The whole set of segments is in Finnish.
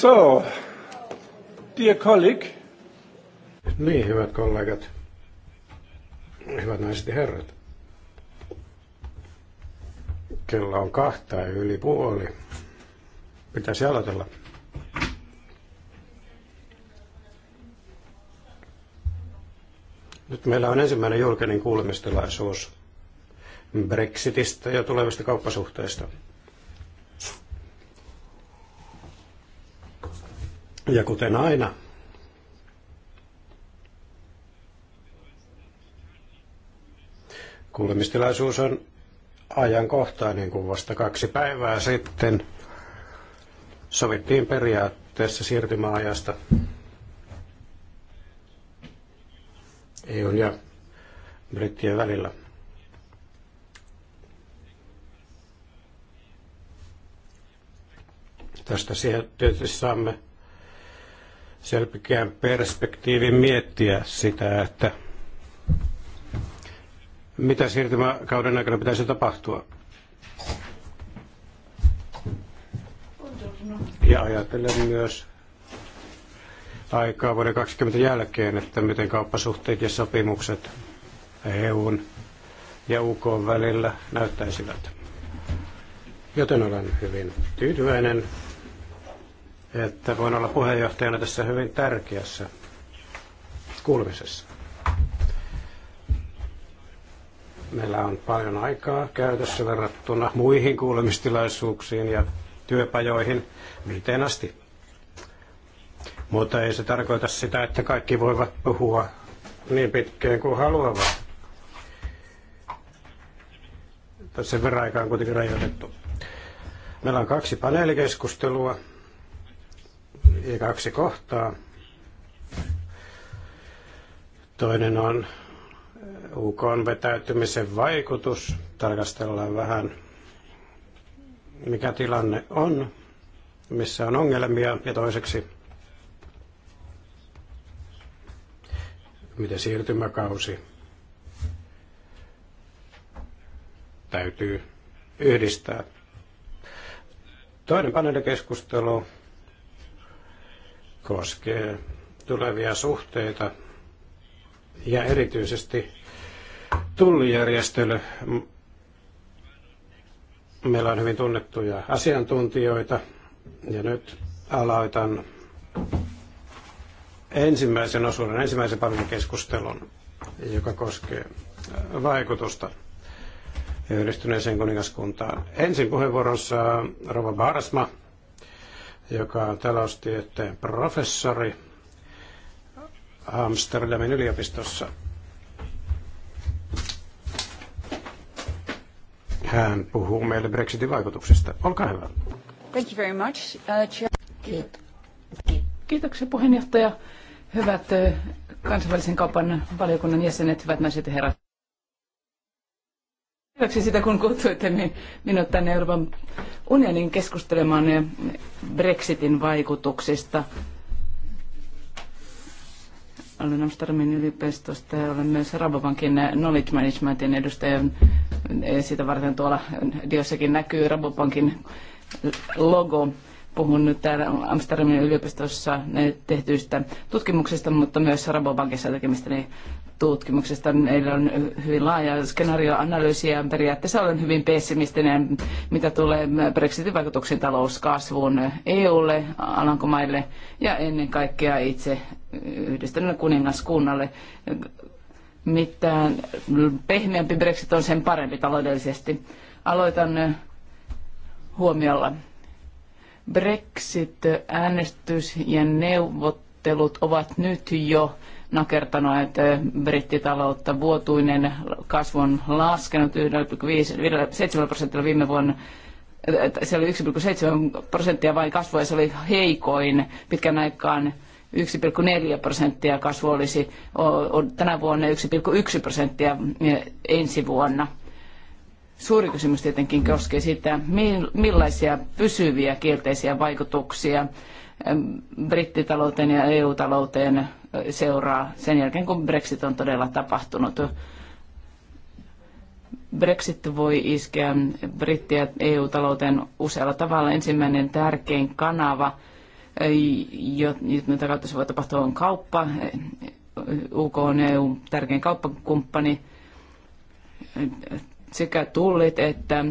So, dear colleague. Niin, hyvät kollegat. Hyvät naiset ja herrat. Kello on kahta ja yli puoli. Pitäisi aloitella. Nyt meillä on ensimmäinen julkinen kuulemistilaisuus Brexitistä ja tulevista kauppasuhteista. Ja kuten aina, kuulemistilaisuus on ajankohtainen, kun vasta kaksi päivää sitten sovittiin periaatteessa siirtymäajasta EUn ja brittien välillä. Tästä tietysti saamme selkeän perspektiivin miettiä sitä, että mitä siirtymäkauden aikana pitäisi tapahtua. Ja ajatellen myös aikaa vuoden 20 jälkeen, että miten kauppasuhteet ja sopimukset EUn ja UK välillä näyttäisivät. Joten olen hyvin tyytyväinen että voin olla puheenjohtajana tässä hyvin tärkeässä kuulemisessa. Meillä on paljon aikaa käytössä verrattuna muihin kuulemistilaisuuksiin ja työpajoihin viiteen asti. Mutta ei se tarkoita sitä, että kaikki voivat puhua niin pitkään kuin haluavat. Tässä verran aikaa on kuitenkin rajoitettu. Meillä on kaksi paneelikeskustelua ja kaksi kohtaa. Toinen on UK on vetäytymisen vaikutus. Tarkastellaan vähän, mikä tilanne on, missä on ongelmia. Ja toiseksi, miten siirtymäkausi täytyy yhdistää. Toinen paneelikeskustelu koskee tulevia suhteita ja erityisesti tullijärjestely. Meillä on hyvin tunnettuja asiantuntijoita ja nyt aloitan ensimmäisen osuuden, ensimmäisen paljon keskustelun, joka koskee vaikutusta yhdistyneeseen kuningaskuntaan. Ensin puheenvuorossa Rova Barsma, joka on taloustieteen professori Amsterdamin yliopistossa. Hän puhuu meille Brexitin vaikutuksista. Olkaa hyvä. Thank you very much. Uh, Kiitoksia puheenjohtaja. Hyvät kansainvälisen kaupan valiokunnan jäsenet, hyvät naiset ja herrat. Hyväksi sitä, kun kutsuitte minut tänne Euroopan unionin keskustelemaan Brexitin vaikutuksista. Olen Amsterdamin yliopistosta ja olen myös Rabobankin Knowledge Managementin edustaja. Sitä varten tuolla diossakin näkyy Rabobankin logo. Puhun nyt täällä Amsterdamin yliopistossa tehtyistä tutkimuksista, mutta myös Rabobankissa niin tutkimuksesta. Meillä on hyvin laaja skenaarioanalyysi ja periaatteessa olen hyvin pessimistinen, mitä tulee Brexitin vaikutuksiin talouskasvuun EUlle, Alankomaille ja ennen kaikkea itse yhdistyneen kuningaskunnalle. mitä pehmeämpi Brexit on sen parempi taloudellisesti. Aloitan huomiolla Brexit-äänestys ja neuvottelut ovat nyt jo nakertaneet äh, brittitaloutta. Vuotuinen kasvu on laskenut 7 prosentilla viime vuonna. Äh, äh, se oli 1,7 prosenttia vain kasvua ja se oli heikoin pitkän aikaan 1,4 prosenttia kasvu olisi tänä vuonna 1,1 prosenttia ensi vuonna. Suuri kysymys tietenkin koskee sitä, millaisia pysyviä kielteisiä vaikutuksia brittitalouteen ja EU-talouteen seuraa sen jälkeen, kun Brexit on todella tapahtunut. Brexit voi iskeä brittiä EU-talouteen usealla tavalla. Ensimmäinen tärkein kanava, jota kautta se voi tapahtua, on kauppa. UK on EU tärkein kauppakumppani sekä tullit että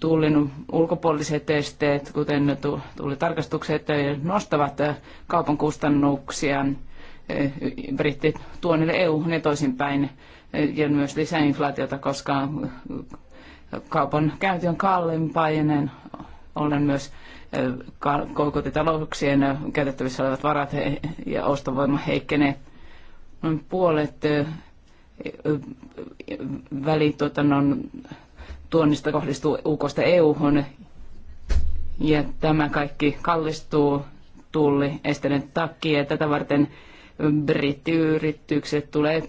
tullin ulkopuoliset esteet, kuten tullitarkastukset, eh, nostavat eh, kaupan kustannuksia eh, brittit tuonnille EU-hun ja toisinpäin ja myös lisää inflaatiota, koska kaupan käynti on kalliimpaa ja näin ollen myös kotitalouksien käytettävissä olevat varat ja ostovoima heikkenee. Noin puolet non, tuonnista kohdistuu UKsta EUhun ja tämä kaikki kallistuu tulli esteiden takia. Tätä varten brittiyritykset tulee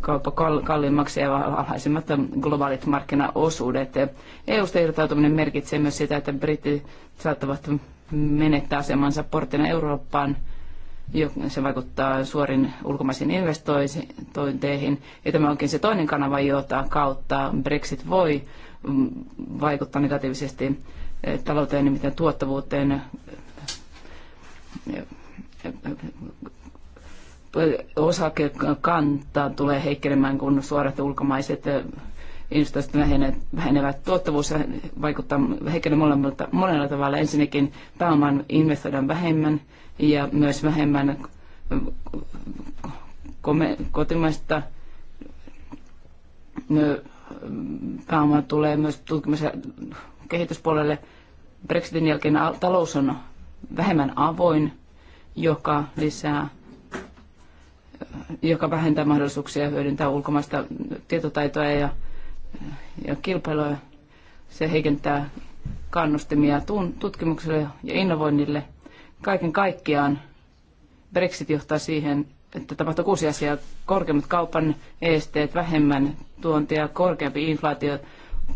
kauppa kalliimmaksi ja alhaisimmat globaalit markkinaosuudet. EU-sta irtautuminen merkitsee myös sitä, että britit saattavat menettää asemansa porttina Eurooppaan – se vaikuttaa suorin ulkomaisiin investointeihin. Ja tämä onkin se toinen kanava, jota kautta Brexit voi mm, vaikuttaa negatiivisesti eh, talouteen, nimittäin tuottavuuteen, eh, osakekanta tulee heikkenemään, kun suorat ulkomaiset eh, investoinnit vähenevät. Tuottavuus vaikuttaa heikkenemään molemmilla, monella tavalla. Ensinnäkin pääoman investoidaan vähemmän, ja myös vähemmän kotimaista pääomaa tulee myös tutkimus- ja kehityspuolelle. Brexitin jälkeen talous on vähemmän avoin, joka lisää joka vähentää mahdollisuuksia hyödyntää ulkomaista tietotaitoa ja, ja kilpailua. Se heikentää kannustimia tutkimukselle ja innovoinnille – Kaiken kaikkiaan Brexit johtaa siihen, että tapahtuu kuusi asiaa. Korkeimmat kaupan esteet, vähemmän tuontia, korkeampi inflaatio,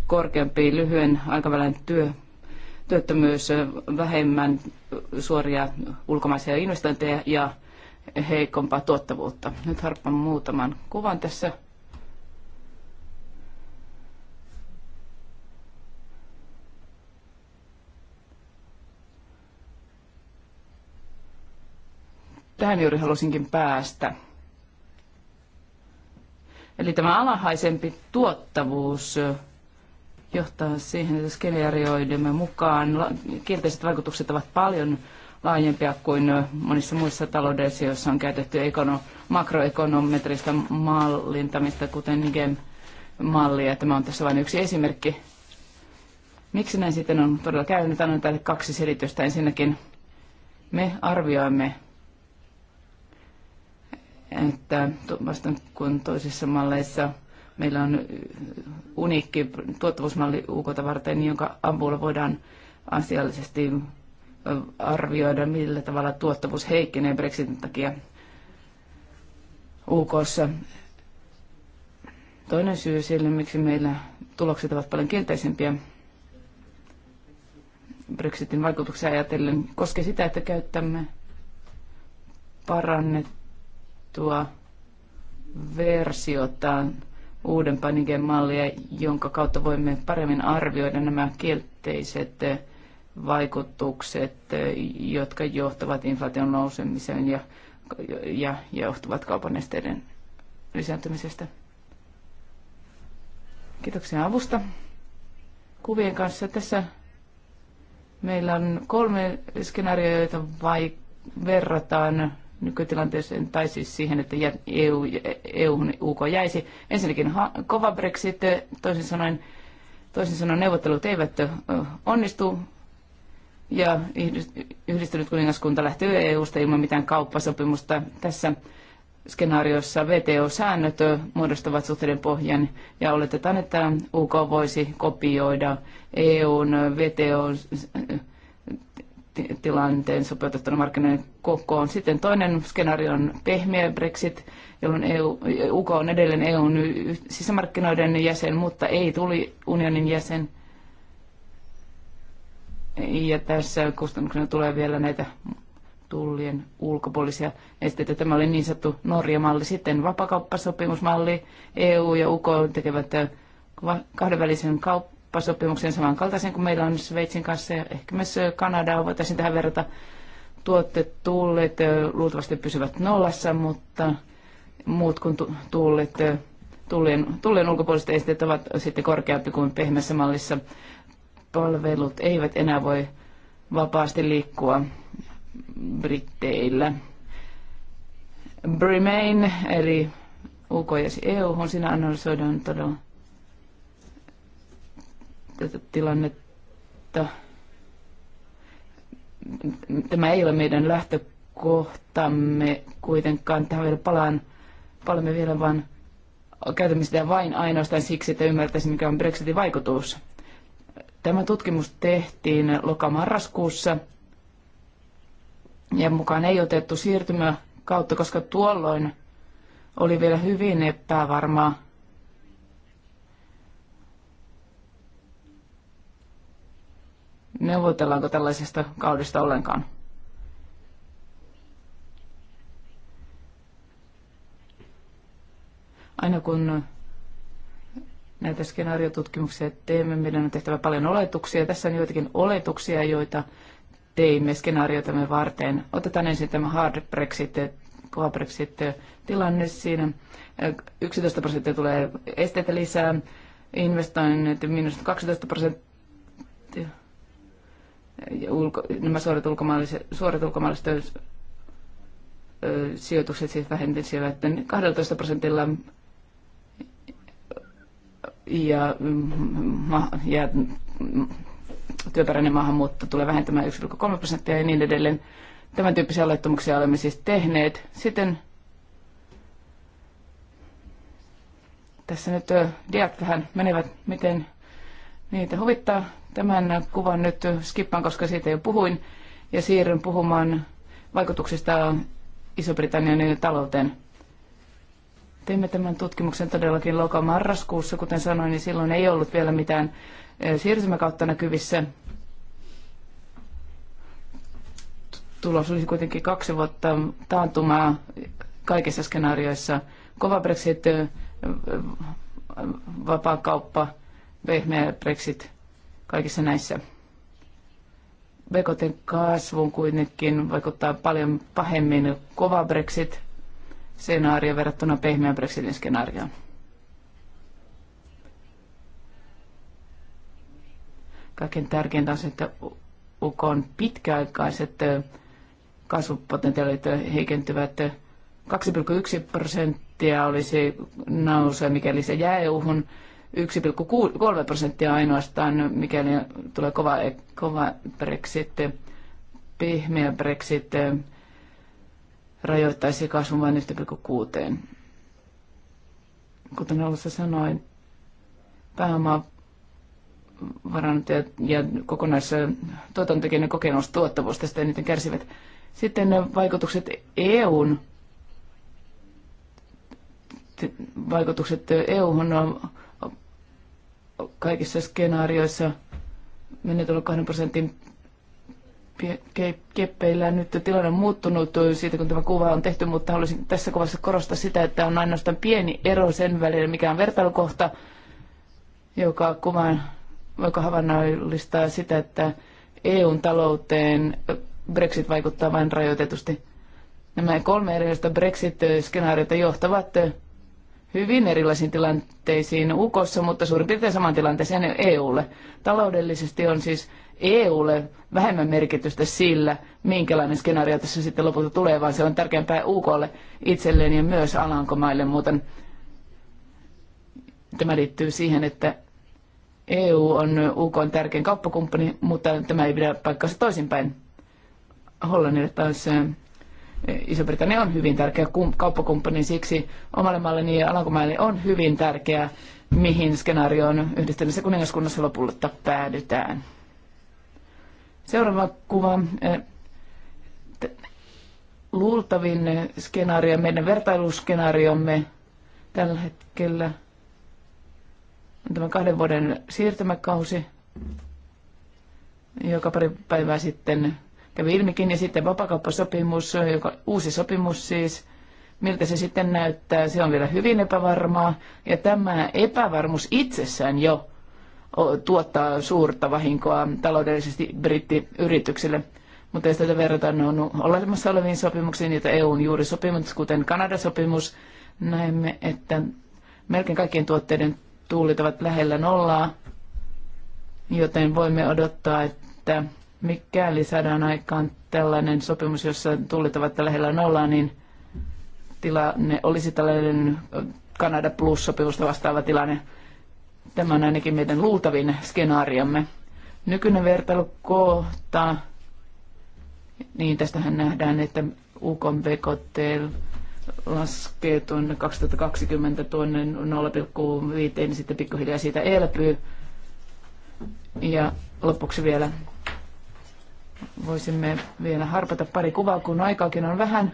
korkeampi lyhyen aikavälin työ, työttömyys, vähemmän suoria ulkomaisia investointeja ja heikompaa tuottavuutta. Nyt harppaan muutaman kuvan tässä Tähän juuri halusinkin päästä. Eli tämä alhaisempi tuottavuus johtaa siihen, että skenearioidemme mukaan kielteiset vaikutukset ovat paljon laajempia kuin monissa muissa taloudellisissa, joissa on käytetty ekono, makroekonometrista mallintamista, kuten Nigen-mallia. Tämä on tässä vain yksi esimerkki. Miksi näin sitten on todella käynyt? Annan tälle kaksi selitystä. Ensinnäkin me arvioimme että vastaan kun toisissa malleissa meillä on uniikki tuottavuusmalli uk varten, jonka avulla voidaan asiallisesti arvioida, millä tavalla tuottavuus heikkenee Brexitin takia UKssa. Toinen syy sille, miksi meillä tulokset ovat paljon kielteisempiä Brexitin vaikutuksia ajatellen, koskee sitä, että käyttämme parannettu uudistettua versiotaan uuden Panigen-mallia, jonka kautta voimme paremmin arvioida nämä kielteiset vaikutukset, jotka johtavat inflaation nousemiseen ja, ja, ja johtuvat kaupan esteiden lisääntymisestä. Kiitoksia avusta. Kuvien kanssa tässä meillä on kolme skenaarioita, joita vai verrataan nykytilanteeseen tai siis siihen, että EU, eu UK jäisi. Ensinnäkin ha- kova Brexit, toisin sanoen, toisin sanoen neuvottelut eivät onnistu ja yhdistynyt kuningaskunta lähtee EUsta ilman mitään kauppasopimusta. Tässä skenaariossa VTO-säännöt muodostavat suhteiden pohjan ja oletetaan, että UK voisi kopioida EUn VTO-säännöt tilanteen sopeutettuna markkinoiden kokoon. Sitten toinen skenaario on pehmeä Brexit, jolloin EU, UK on edelleen EUn sisämarkkinoiden jäsen, mutta ei tuli unionin jäsen. Ja tässä kustannuksena tulee vielä näitä tullien ulkopuolisia esteitä. Tämä oli niin sanottu Norja-malli. Sitten vapakauppasopimusmalli. EU ja UK tekevät äh, kahdenvälisen kaup- kauppasopimuksen samankaltaisen kuin meillä on Sveitsin kanssa ja ehkä myös Kanadaa voitaisiin tähän verrata. tuotteet Tuotetullit luultavasti pysyvät nollassa, mutta muut kuin tullit, tullien, tullien ulkopuoliset esteet ovat sitten korkeampi kuin pehmeässä mallissa. Palvelut eivät enää voi vapaasti liikkua Britteillä. Remain, eli UK ja EU, sinä analysoidaan todella tätä tilannetta. Tämä ei ole meidän lähtökohtamme kuitenkaan. Tähän vielä palaan, palaamme vielä vaan käytämme sitä vain ainoastaan siksi, että ymmärtäisimme, mikä on Brexitin vaikutus. Tämä tutkimus tehtiin lokamarraskuussa ja mukaan ei otettu siirtymä kautta, koska tuolloin oli vielä hyvin epävarmaa neuvotellaanko tällaisesta kaudesta ollenkaan? Aina kun näitä skenaariotutkimuksia teemme, meidän on tehtävä paljon oletuksia. Tässä on joitakin oletuksia, joita teimme skenaariotamme varten. Otetaan ensin tämä hard Brexit, kova Brexit-tilanne siinä. 11 eh, prosenttia tulee esteitä lisää, investoinnit miinus 12 prosenttia ulko, nämä suorat ulkomaalaiset, suorat ulkomaalaiset sijoitukset siis vähentisivät 12 niin prosentilla ja, ja työperäinen maahanmuutto tulee vähentämään 1,3 prosenttia ja niin edelleen. Tämän tyyppisiä olettamuksia olemme siis tehneet. Sitten tässä nyt diat vähän menevät, miten niitä huvittaa. Tämän kuvan nyt skippaan, koska siitä jo puhuin, ja siirryn puhumaan vaikutuksista Iso-Britannian talouteen. Teimme tämän tutkimuksen todellakin loka-marraskuussa, kuten sanoin, niin silloin ei ollut vielä mitään e, siirtymäkautta näkyvissä. Tulos olisi kuitenkin kaksi vuotta taantumaa kaikissa skenaarioissa. Kova Brexit, e, vapaa kauppa, pehmeä Brexit kaikissa näissä. Bekoten kasvuun kuitenkin vaikuttaa paljon pahemmin kova Brexit-skenaario verrattuna pehmeän Brexitin skenaarioon. Kaiken tärkeintä on se, että UK on pitkäaikaiset kasvupotentiaalit heikentyvät 2,1 prosenttia olisi nousu, mikäli se jää EU-hun. 1,3 prosenttia ainoastaan, mikäli tulee kova, kova Brexit, pehmeä Brexit rajoittaisi kasvun vain 1,6. Kuten alussa sanoin, pääoma varannut ja, ja kokonaistuotantokin kokemus tuottavuus tästä eniten kärsivät. Sitten ne vaikutukset EUn vaikutukset eu on kaikissa skenaarioissa menetellyt on kahden prosentin keppeillä. Nyt tilanne on muuttunut siitä, kun tämä kuva on tehty, mutta haluaisin tässä kuvassa korostaa sitä, että on ainoastaan pieni ero sen välillä, mikä on vertailukohta, joka kuvaan joka havainnollistaa sitä, että EUn talouteen Brexit vaikuttaa vain rajoitetusti. Nämä kolme erilaista Brexit-skenaariota johtavat hyvin erilaisiin tilanteisiin UKossa, mutta suurin piirtein saman tilanteeseen EUlle. Taloudellisesti on siis EUlle vähemmän merkitystä sillä, minkälainen skenaario tässä sitten lopulta tulee, vaan se on tärkeämpää UKlle itselleen ja myös Alankomaille. Muuten tämä liittyy siihen, että EU on UK on tärkein kauppakumppani, mutta tämä ei pidä paikkaansa toisinpäin. Hollannille taas äh, Iso-Britannia on hyvin tärkeä kauppakumppani, siksi omalle maalleni ja Alankomaille on hyvin tärkeää, mihin skenaarioon yhdistyneessä kuningaskunnassa lopulta päädytään. Seuraava kuva. Eh, luultavin skenaario, meidän vertailuskenaariomme tällä hetkellä on tämä kahden vuoden siirtymäkausi, joka pari päivää sitten kävi ilmikin. Ja sitten vapakauppasopimus, joka, uusi sopimus siis, miltä se sitten näyttää, se on vielä hyvin epävarmaa. Ja tämä epävarmuus itsessään jo tuottaa suurta vahinkoa taloudellisesti brittiyrityksille. Mutta jos tätä verrataan on olemassa oleviin sopimuksiin, joita EUn juuri sopimus, kuten Kanada-sopimus, näemme, että melkein kaikkien tuotteiden tuulit ovat lähellä nollaa, joten voimme odottaa, että mikäli saadaan aikaan tällainen sopimus, jossa tullit ovat hetkellä nollaa, niin tilanne olisi tällainen Kanada Plus-sopimusta vastaava tilanne. Tämä on ainakin meidän luultavin skenaariomme. Nykyinen vertailukohta, niin tästähän nähdään, että UK BKT laskee tuonne 2020 tuonne 0,5, niin sitten pikkuhiljaa siitä elpyy. Ja lopuksi vielä voisimme vielä harpata pari kuvaa, kun aikaakin on vähän,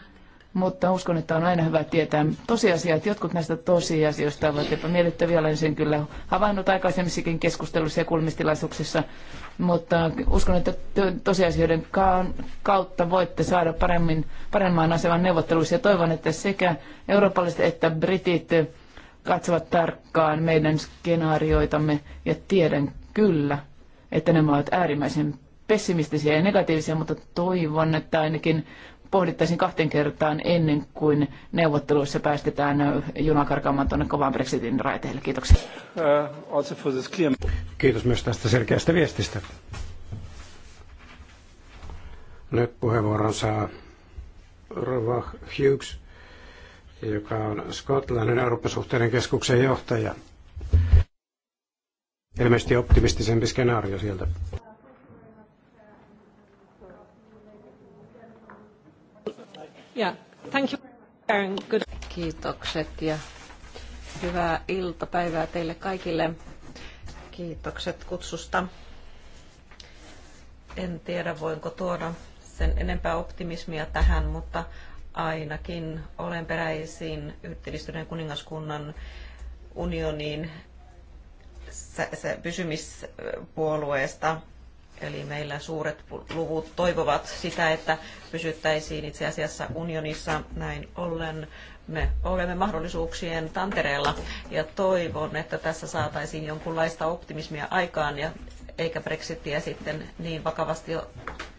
mutta uskon, että on aina hyvä tietää tosiasiat. Jotkut näistä tosiasioista ovat miellyttäviä, olen sen kyllä havainnut aikaisemmissakin keskusteluissa ja kulmistilaisuuksissa, mutta uskon, että tosiasioiden kautta voitte saada paremmin, paremman aseman neuvotteluissa ja toivon, että sekä eurooppalaiset että britit katsovat tarkkaan meidän skenaarioitamme ja tiedän kyllä, että nämä ovat äärimmäisen pessimistisiä ja negatiivisia, mutta toivon, että ainakin pohdittaisiin kahteen kertaan ennen kuin neuvotteluissa päästetään juna karkaamaan tuonne kovan Brexitin raiteille. Kiitoksia. Uh, Kiitos myös tästä selkeästä viestistä. Nyt puheenvuoron saa Rova Hughes, joka on Skotlannin Eurooppa-suhteiden keskuksen johtaja. Ilmeisesti optimistisempi skenaario sieltä. Thank you. Good. Kiitokset ja hyvää iltapäivää teille kaikille. Kiitokset kutsusta. En tiedä, voinko tuoda sen enempää optimismia tähän, mutta ainakin olen peräisin yhdistyneen kuningaskunnan unioniin pysymispuolueesta Eli meillä suuret luvut toivovat sitä, että pysyttäisiin itse asiassa unionissa näin ollen. Me olemme mahdollisuuksien tantereella ja toivon, että tässä saataisiin jonkunlaista optimismia aikaan ja eikä Brexitiä sitten niin vakavasti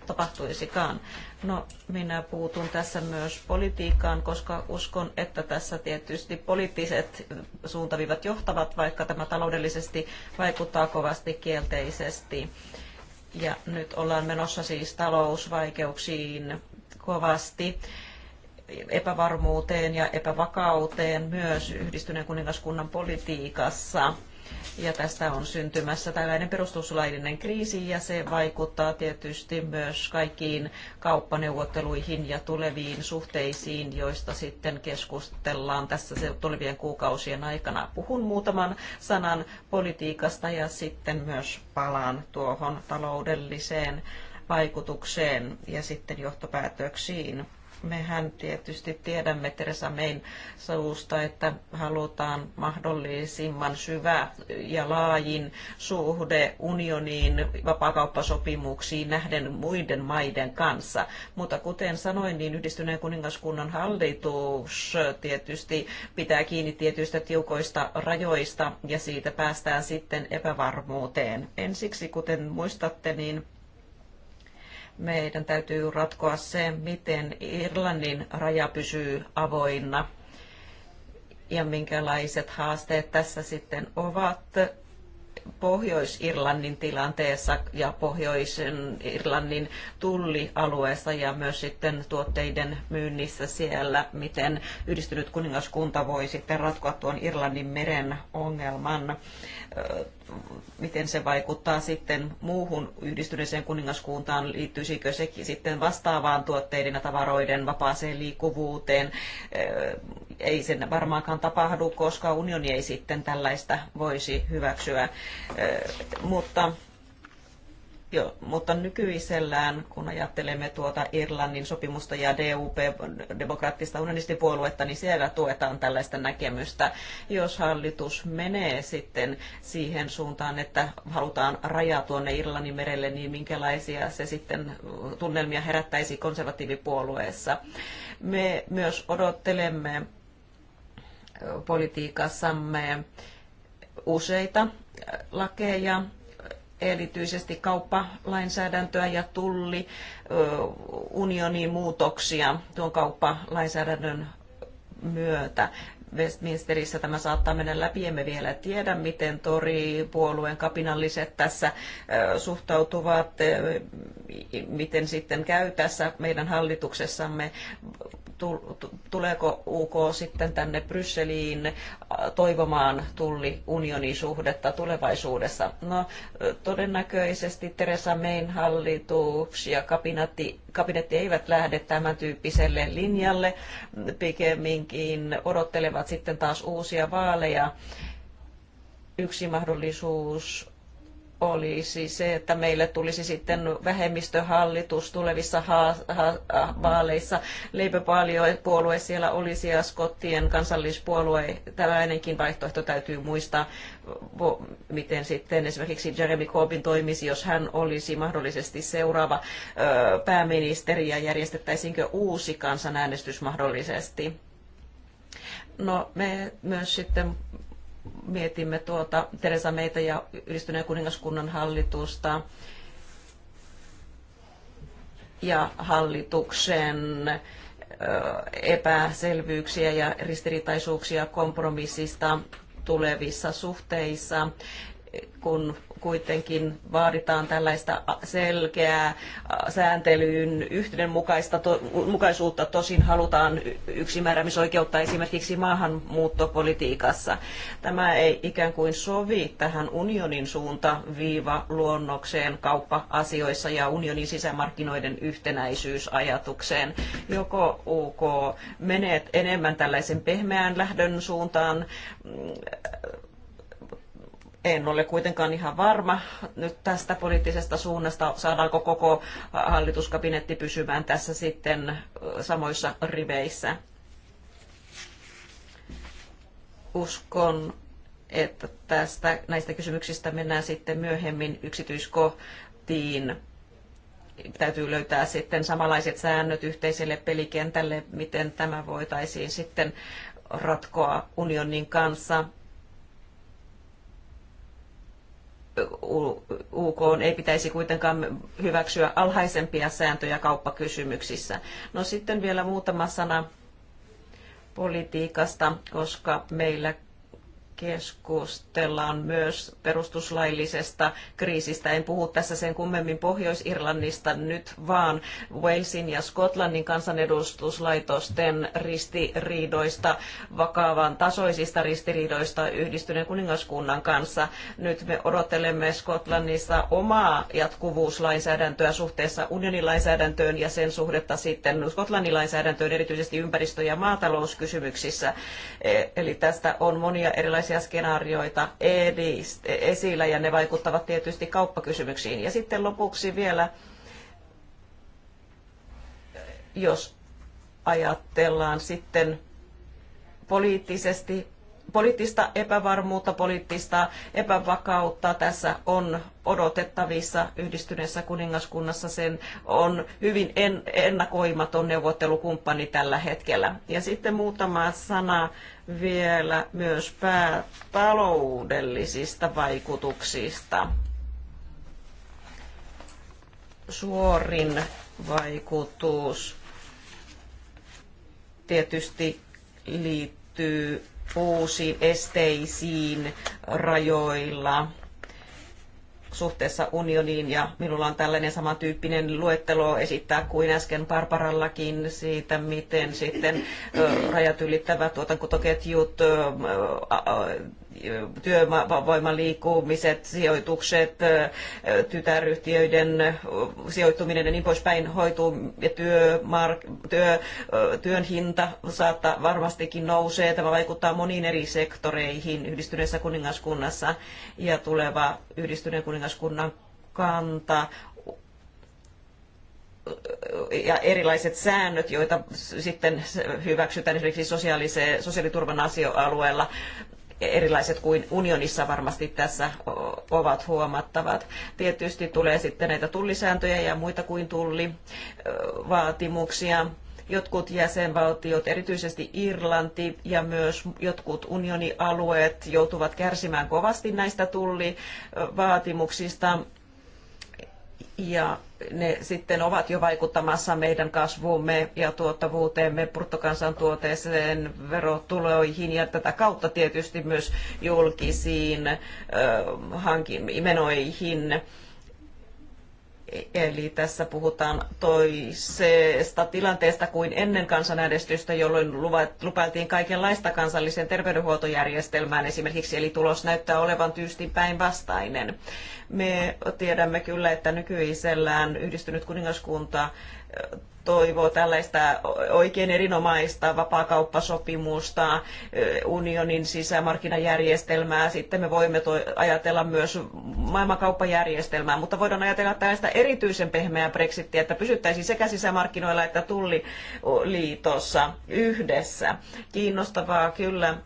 tapahtuisikaan. No, minä puutun tässä myös politiikkaan, koska uskon, että tässä tietysti poliittiset suuntaviivat johtavat, vaikka tämä taloudellisesti vaikuttaa kovasti kielteisesti ja nyt ollaan menossa siis talousvaikeuksiin kovasti epävarmuuteen ja epävakauteen myös yhdistyneen kuningaskunnan politiikassa. Ja tästä on syntymässä tällainen perustuslaillinen kriisi ja se vaikuttaa tietysti myös kaikkiin kauppaneuvotteluihin ja tuleviin suhteisiin, joista sitten keskustellaan tässä tulevien kuukausien aikana. Puhun muutaman sanan politiikasta ja sitten myös palaan tuohon taloudelliseen vaikutukseen ja sitten johtopäätöksiin mehän tietysti tiedämme Teresa Mayn suusta, että halutaan mahdollisimman syvä ja laajin suhde unioniin vapaakauppasopimuksiin nähden muiden maiden kanssa. Mutta kuten sanoin, niin yhdistyneen kuningaskunnan hallitus tietysti pitää kiinni tietyistä tiukoista rajoista ja siitä päästään sitten epävarmuuteen. Ensiksi, kuten muistatte, niin meidän täytyy ratkoa se, miten Irlannin raja pysyy avoinna ja minkälaiset haasteet tässä sitten ovat Pohjois-Irlannin tilanteessa ja Pohjoisen Irlannin tullialueessa ja myös sitten tuotteiden myynnissä siellä, miten yhdistynyt kuningaskunta voi sitten ratkoa tuon Irlannin meren ongelman miten se vaikuttaa sitten muuhun yhdistyneeseen kuningaskuntaan, liittyisikö sekin sitten vastaavaan tuotteiden ja tavaroiden vapaaseen liikkuvuuteen. Ei sen varmaankaan tapahdu, koska unioni ei sitten tällaista voisi hyväksyä. Mutta jo, mutta nykyisellään, kun ajattelemme tuota Irlannin sopimusta ja DUP, demokraattista unionistipuoluetta, niin siellä tuetaan tällaista näkemystä. Jos hallitus menee sitten siihen suuntaan, että halutaan rajaa tuonne Irlannin merelle, niin minkälaisia se sitten tunnelmia herättäisi konservatiivipuolueessa. Me myös odottelemme politiikassamme useita lakeja, erityisesti kauppalainsäädäntöä ja tulliunionin muutoksia tuon kauppalainsäädännön myötä. Westminsterissä tämä saattaa mennä läpi, emme vielä tiedä, miten Tori-puolueen kapinalliset tässä suhtautuvat, miten sitten käy tässä meidän hallituksessamme tuleeko UK sitten tänne Brysseliin toivomaan tulliunionin suhdetta tulevaisuudessa? No, todennäköisesti Teresa Mayn hallitus ja kabinetti, kabinetti eivät lähde tämän tyyppiselle linjalle, pikemminkin odottelevat sitten taas uusia vaaleja. Yksi mahdollisuus olisi se, että meille tulisi sitten vähemmistöhallitus tulevissa ha- ha- vaaleissa. Leipäpuolue siellä olisi ja Skottien kansallispuolue. Tällainenkin vaihtoehto täytyy muistaa, miten sitten esimerkiksi Jeremy Corbyn toimisi, jos hän olisi mahdollisesti seuraava pääministeri ja järjestettäisiinkö uusi kansanäänestys mahdollisesti. No me myös sitten mietimme tuota Teresa Meitä ja Yhdistyneen kuningaskunnan hallitusta ja hallituksen epäselvyyksiä ja ristiriitaisuuksia kompromissista tulevissa suhteissa, kun kuitenkin vaaditaan tällaista selkeää sääntelyyn yhdenmukaisuutta, tosin halutaan yksimääräämisoikeutta esimerkiksi maahanmuuttopolitiikassa. Tämä ei ikään kuin sovi tähän unionin viiva luonnokseen kauppa-asioissa ja unionin sisämarkkinoiden yhtenäisyysajatukseen. Joko UK menee enemmän tällaisen pehmeän lähdön suuntaan, mm, en ole kuitenkaan ihan varma nyt tästä poliittisesta suunnasta, saadaanko koko hallituskabinetti pysymään tässä sitten samoissa riveissä. Uskon, että tästä, näistä kysymyksistä mennään sitten myöhemmin yksityiskohtiin. Täytyy löytää sitten samanlaiset säännöt yhteiselle pelikentälle, miten tämä voitaisiin sitten ratkoa unionin kanssa UK ei pitäisi kuitenkaan hyväksyä alhaisempia sääntöjä kauppakysymyksissä. No sitten vielä muutama sana politiikasta, koska meillä keskustellaan myös perustuslaillisesta kriisistä. En puhu tässä sen kummemmin Pohjois-Irlannista nyt, vaan Walesin ja Skotlannin kansanedustuslaitosten ristiriidoista, vakavan tasoisista ristiriidoista yhdistyneen kuningaskunnan kanssa. Nyt me odottelemme Skotlannissa omaa jatkuvuuslainsäädäntöä suhteessa unionilainsäädäntöön ja sen suhdetta sitten Skotlannin lainsäädäntöön, erityisesti ympäristö- ja maatalouskysymyksissä. E, eli tästä on monia erilaisia erilaisia skenaarioita esillä ja ne vaikuttavat tietysti kauppakysymyksiin. Ja sitten lopuksi vielä, jos ajatellaan sitten poliittisesti poliittista epävarmuutta, poliittista epävakautta tässä on odotettavissa yhdistyneessä kuningaskunnassa. Sen on hyvin ennakoimaton neuvottelukumppani tällä hetkellä. Ja sitten muutama sana vielä myös taloudellisista vaikutuksista. Suorin vaikutus tietysti liittyy uusiin esteisiin rajoilla suhteessa unioniin ja minulla on tällainen samantyyppinen luettelo esittää kuin äsken Barbarallakin siitä, miten sitten rajat ylittävät tuotantoketjut työvoiman liikkumiset, sijoitukset, tytäryhtiöiden sijoittuminen ja niin poispäin hoituu ja työmark- työ, työn hinta saattaa varmastikin nousee. Tämä vaikuttaa moniin eri sektoreihin yhdistyneessä kuningaskunnassa ja tuleva yhdistyneen kuningaskunnan kanta ja erilaiset säännöt, joita sitten hyväksytään esimerkiksi sosiaaliturvan asioalueella erilaiset kuin unionissa varmasti tässä ovat huomattavat. Tietysti tulee sitten näitä tullisääntöjä ja muita kuin tullivaatimuksia jotkut jäsenvaltiot, erityisesti Irlanti ja myös jotkut unionialueet joutuvat kärsimään kovasti näistä tullivaatimuksista ja ne sitten ovat jo vaikuttamassa meidän kasvuumme ja tuottavuuteemme, bruttokansantuoteeseen, verotuloihin ja tätä kautta tietysti myös julkisiin ö, menoihin Eli tässä puhutaan toisesta tilanteesta kuin ennen kansanäänestystä, jolloin lupailtiin kaikenlaista kansalliseen terveydenhuoltojärjestelmään esimerkiksi, eli tulos näyttää olevan tyystin päinvastainen. Me tiedämme kyllä, että nykyisellään yhdistynyt kuningaskunta toivoo tällaista oikein erinomaista vapaakauppasopimusta, eh, unionin sisämarkkinajärjestelmää. Sitten me voimme ajatella myös maailmankauppajärjestelmää, mutta voidaan ajatella tällaista erityisen pehmeää brexittiä, että pysyttäisiin sekä sisämarkkinoilla että tulliliitossa yhdessä. Kiinnostavaa kyllä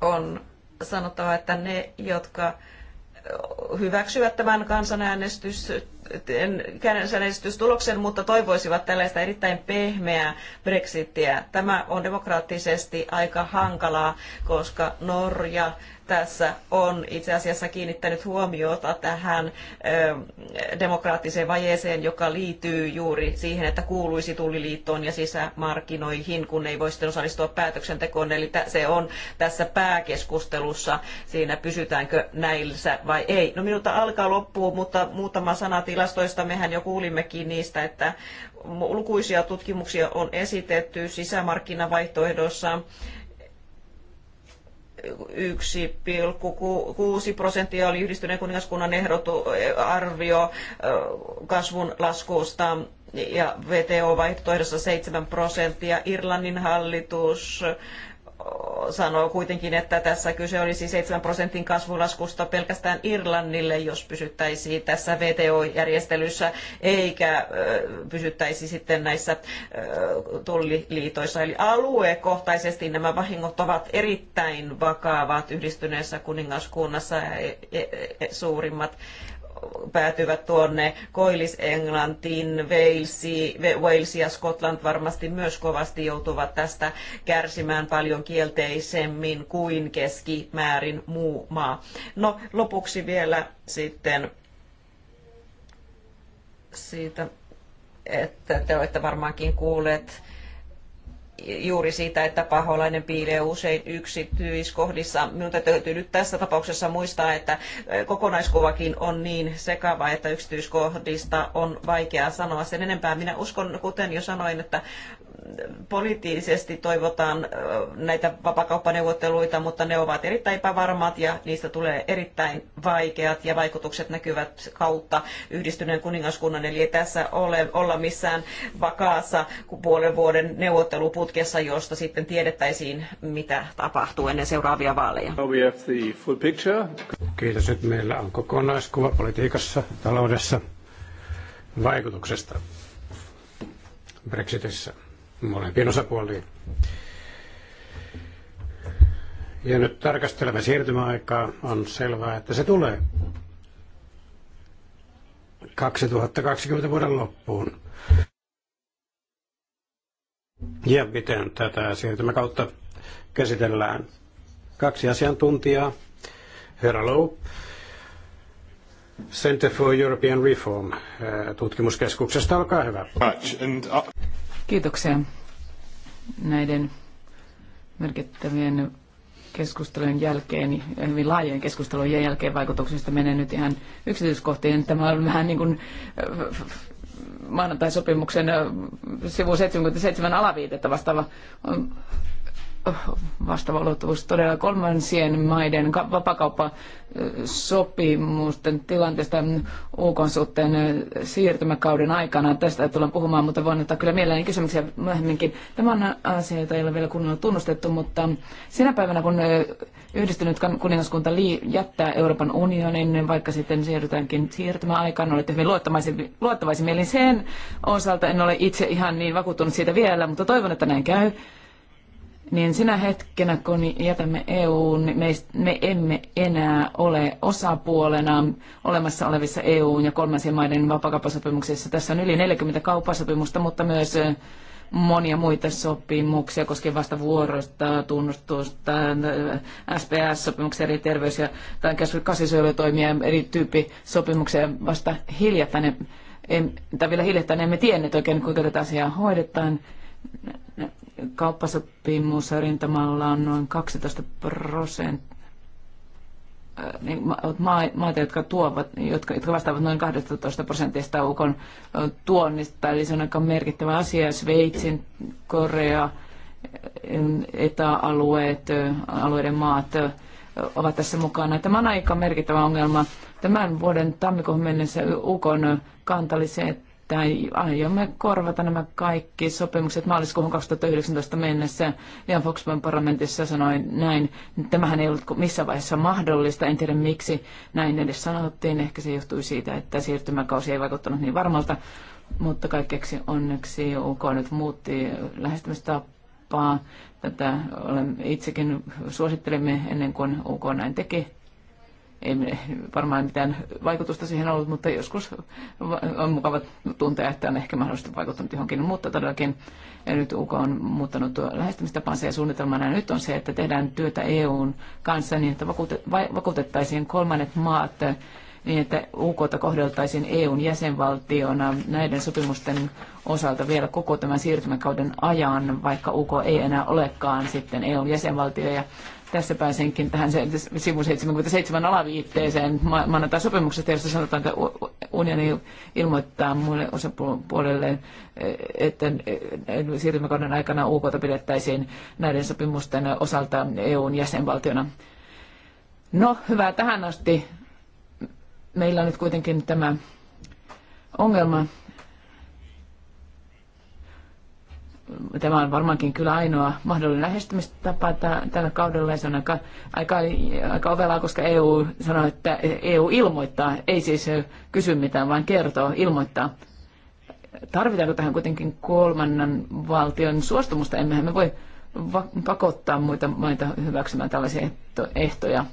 on sanottava, että ne, jotka hyväksyvät tämän kansanäänestys, kansanäänestystuloksen, mutta toivoisivat tällaista erittäin pehmeää brexittiä. Tämä on demokraattisesti aika hankalaa, koska Norja tässä on itse asiassa kiinnittänyt huomiota tähän demokraattiseen vajeeseen, joka liittyy juuri siihen, että kuuluisi tulliliittoon ja sisämarkkinoihin, kun ei voi sitten osallistua päätöksentekoon. Eli se on tässä pääkeskustelussa siinä, pysytäänkö näissä vai ei. No minulta alkaa loppua, mutta muutama sana tilastoista. Mehän jo kuulimmekin niistä, että lukuisia tutkimuksia on esitetty sisämarkkinavaihtoehdossa 1,6 prosenttia oli yhdistyneen kuningaskunnan ehdotu, eh, arvio eh, kasvun laskusta ja VTO-vaihtoehdossa 7 prosenttia. Irlannin hallitus sanoo kuitenkin, että tässä kyse olisi 7 prosentin kasvulaskusta pelkästään Irlannille, jos pysyttäisiin tässä VTO-järjestelyssä, eikä pysyttäisi sitten näissä tulliliitoissa. Eli aluekohtaisesti nämä vahingot ovat erittäin vakavat yhdistyneessä kuningaskunnassa e, e, e, suurimmat päätyvät tuonne Koillis-Englantiin, Wales ja Skotland varmasti myös kovasti joutuvat tästä kärsimään paljon kielteisemmin kuin keskimäärin muu maa. No lopuksi vielä sitten siitä, että te olette varmaankin kuulleet juuri siitä, että paholainen piilee usein yksityiskohdissa. Minun täytyy nyt tässä tapauksessa muistaa, että kokonaiskuvakin on niin sekava, että yksityiskohdista on vaikea sanoa sen enempää. Minä uskon, kuten jo sanoin, että poliittisesti toivotaan näitä vapakauppaneuvotteluita, mutta ne ovat erittäin epävarmat ja niistä tulee erittäin vaikeat ja vaikutukset näkyvät kautta yhdistyneen kuningaskunnan. Eli ei tässä ole, olla missään vakaassa puolen vuoden neuvotteluputkessa, josta sitten tiedettäisiin, mitä tapahtuu ennen seuraavia vaaleja. Kiitos, nyt meillä on kokonaiskuva politiikassa, taloudessa, vaikutuksesta Brexitissä molempiin osapuoliin. Ja nyt tarkastelemme siirtymäaikaa. On selvää, että se tulee 2020 vuoden loppuun. Ja miten tätä siirtymäkautta käsitellään? Kaksi asiantuntijaa. Herra Lou, Center for European Reform eh, tutkimuskeskuksesta. Olkaa hyvä. Uh, Kiitoksia näiden merkittävien keskustelujen jälkeen, hyvin laajojen keskustelujen jälkeen vaikutuksista menee nyt ihan yksityiskohtiin. Tämä on vähän niin kuin äh, maanantai-sopimuksen äh, sivu 77 alaviitettä vastaava äh, vastaava ulottuvuus todella kolmansien maiden vapakauppasopimusten tilanteesta UK suhteen siirtymäkauden aikana. Tästä tullaan puhumaan, mutta voin ottaa kyllä mielelläni kysymyksiä myöhemminkin. Tämä on asia, jota ei ole vielä kunnolla tunnustettu, mutta sinä päivänä, kun yhdistynyt kuningaskunta jättää Euroopan unionin, vaikka sitten siirrytäänkin siirtymäaikaan, olette hyvin luottavaisin mielin sen osalta. En ole itse ihan niin vakuuttunut siitä vielä, mutta toivon, että näin käy niin sinä hetkenä, kun jätämme EUn, niin me emme enää ole osapuolena olemassa olevissa n ja kolmansien maiden vapakauppasopimuksissa. Tässä on yli 40 kauppasopimusta, mutta myös monia muita sopimuksia koskien vasta vuorosta, tunnustusta, SPS-sopimuksia, eri terveys- ja tai kasvisyövätoimia, eri tyyppisopimuksia vasta hiljattain. En, tai vielä hiljattain emme tienneet oikein, kuinka tätä asiaa hoidetaan kauppasopimus rintamalla on noin 12 prosenttia äh, niin maita, jotka, tuovat, jotka, jotka vastaavat noin 12 prosentista ukon tuonnista, eli se on aika merkittävä asia. Sveitsin, Korea, etäalueet, alueiden maat ovat tässä mukana. Tämä on aika merkittävä ongelma. Tämän vuoden tammikuun mennessä UKon kanta oli se, että tai aiomme korvata nämä kaikki sopimukset maaliskuuhun 2019 mennessä. Ja Foxman parlamentissa sanoi näin, että tämähän ei ollut missään vaiheessa mahdollista. En tiedä miksi näin edes sanottiin. Ehkä se johtui siitä, että siirtymäkausi ei vaikuttanut niin varmalta. Mutta kaikkeksi onneksi UK nyt muutti lähestymistapaa. Tätä itsekin suosittelimme ennen kuin UK näin teki ei varmaan mitään vaikutusta siihen ollut, mutta joskus on mukava tuntea, että on ehkä mahdollisesti vaikuttanut johonkin. Mutta todellakin nyt UK on muuttanut lähestymistapansa ja suunnitelmana nyt on se, että tehdään työtä EUn kanssa niin, että vakuutettaisiin kolmannet maat niin, että UK kohdeltaisiin EUn jäsenvaltiona näiden sopimusten osalta vielä koko tämän siirtymäkauden ajan, vaikka UK ei enää olekaan sitten EUn jäsenvaltio. Ja tässä pääsenkin tähän sivu 77 alaviitteeseen maanantai sopimuksesta, jossa sanotaan, että unioni ilmoittaa muille osapuolelle, e-, että e-, e-, siirtymäkauden aikana UK pidettäisiin näiden sopimusten osalta EUn jäsenvaltiona. No, hyvä tähän asti. Meillä on nyt kuitenkin tämä ongelma, Tämä on varmaankin kyllä ainoa mahdollinen lähestymistapa tällä kaudella ja se on aika, aika, aika ovelaa, koska EU sanoo, että EU ilmoittaa, ei siis kysy mitään, vaan kertoo, ilmoittaa. Tarvitaanko tähän kuitenkin kolmannan valtion suostumusta? Emmehän me voi pakottaa muita maita hyväksymään tällaisia ehtoja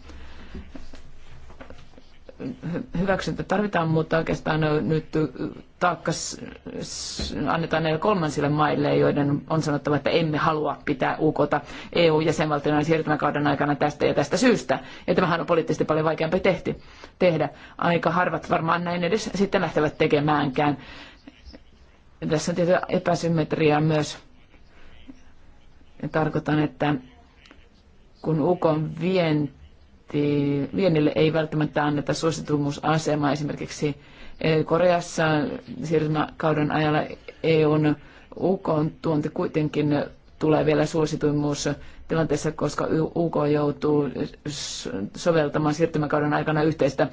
hyväksyntä tarvitaan, mutta oikeastaan nyt taakka annetaan näille kolmansille maille, joiden on sanottava, että emme halua pitää UKta EU-jäsenvaltiona siirtymäkauden aikana tästä ja tästä syystä. Ja tämähän on poliittisesti paljon vaikeampi tehti, tehdä. Aika harvat varmaan näin edes sitten lähtevät tekemäänkään. Tässä on tietysti epäsymmetriaa myös. Ja tarkoitan, että kun UK vienti vienti, viennille ei välttämättä anneta suositumusasemaa. Esimerkiksi eh, Koreassa siirtymäkauden ajalla EUn UK tuonti kuitenkin tulee vielä suosituimmuus tilanteessa, koska UK joutuu soveltamaan siirtymäkauden aikana yhteistä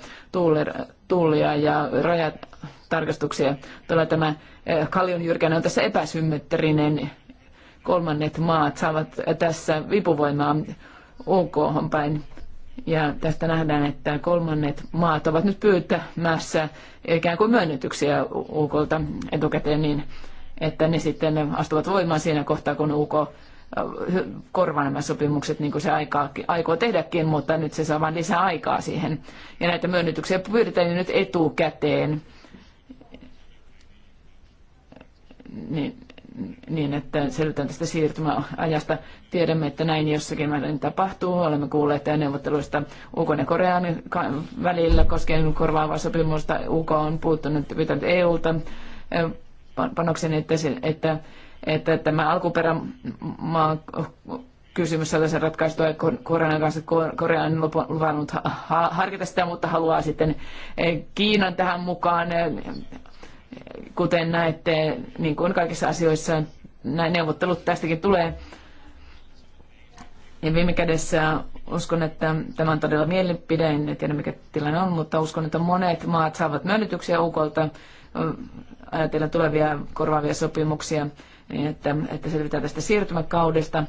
tullia ja rajatarkastuksia. Tällä tämä eh, Kaljun Jyrkänä on tässä epäsymmetrinen. Kolmannet maat saavat tässä vipuvoimaa UK päin. Ja tästä nähdään, että kolmannet maat ovat nyt pyytämässä ikään kuin myönnytyksiä UKlta etukäteen niin, että ne sitten astuvat voimaan siinä kohtaa, kun UK korvaa nämä sopimukset niin kuin se aikaa, aikoo tehdäkin, mutta nyt se saa vain lisää aikaa siihen. Ja näitä myönnytyksiä pyydetään nyt etukäteen. Niin, niin, että selvitään tästä siirtymäajasta. Tiedämme, että näin jossakin määrin tapahtuu. Olemme kuulleet neuvotteluista UK ja Korean välillä koskien korvaavaa sopimusta. UK on puuttunut pitänyt EUlta panoksen, että, se, että, että tämä alkuperämaa kysymys sellaisen ratkaistua Korean kanssa. Korea on luvannut harkita sitä, mutta haluaa sitten Kiinan tähän mukaan Kuten näette, niin kuin kaikissa asioissa, nämä neuvottelut tästäkin tulee. Ja viime kädessä uskon, että tämä on todella mielipide, en tiedä mikä tilanne on, mutta uskon, että monet maat saavat myönnytyksiä UKlta ajatella tulevia korvaavia sopimuksia, niin että, että selvitään tästä siirtymäkaudesta.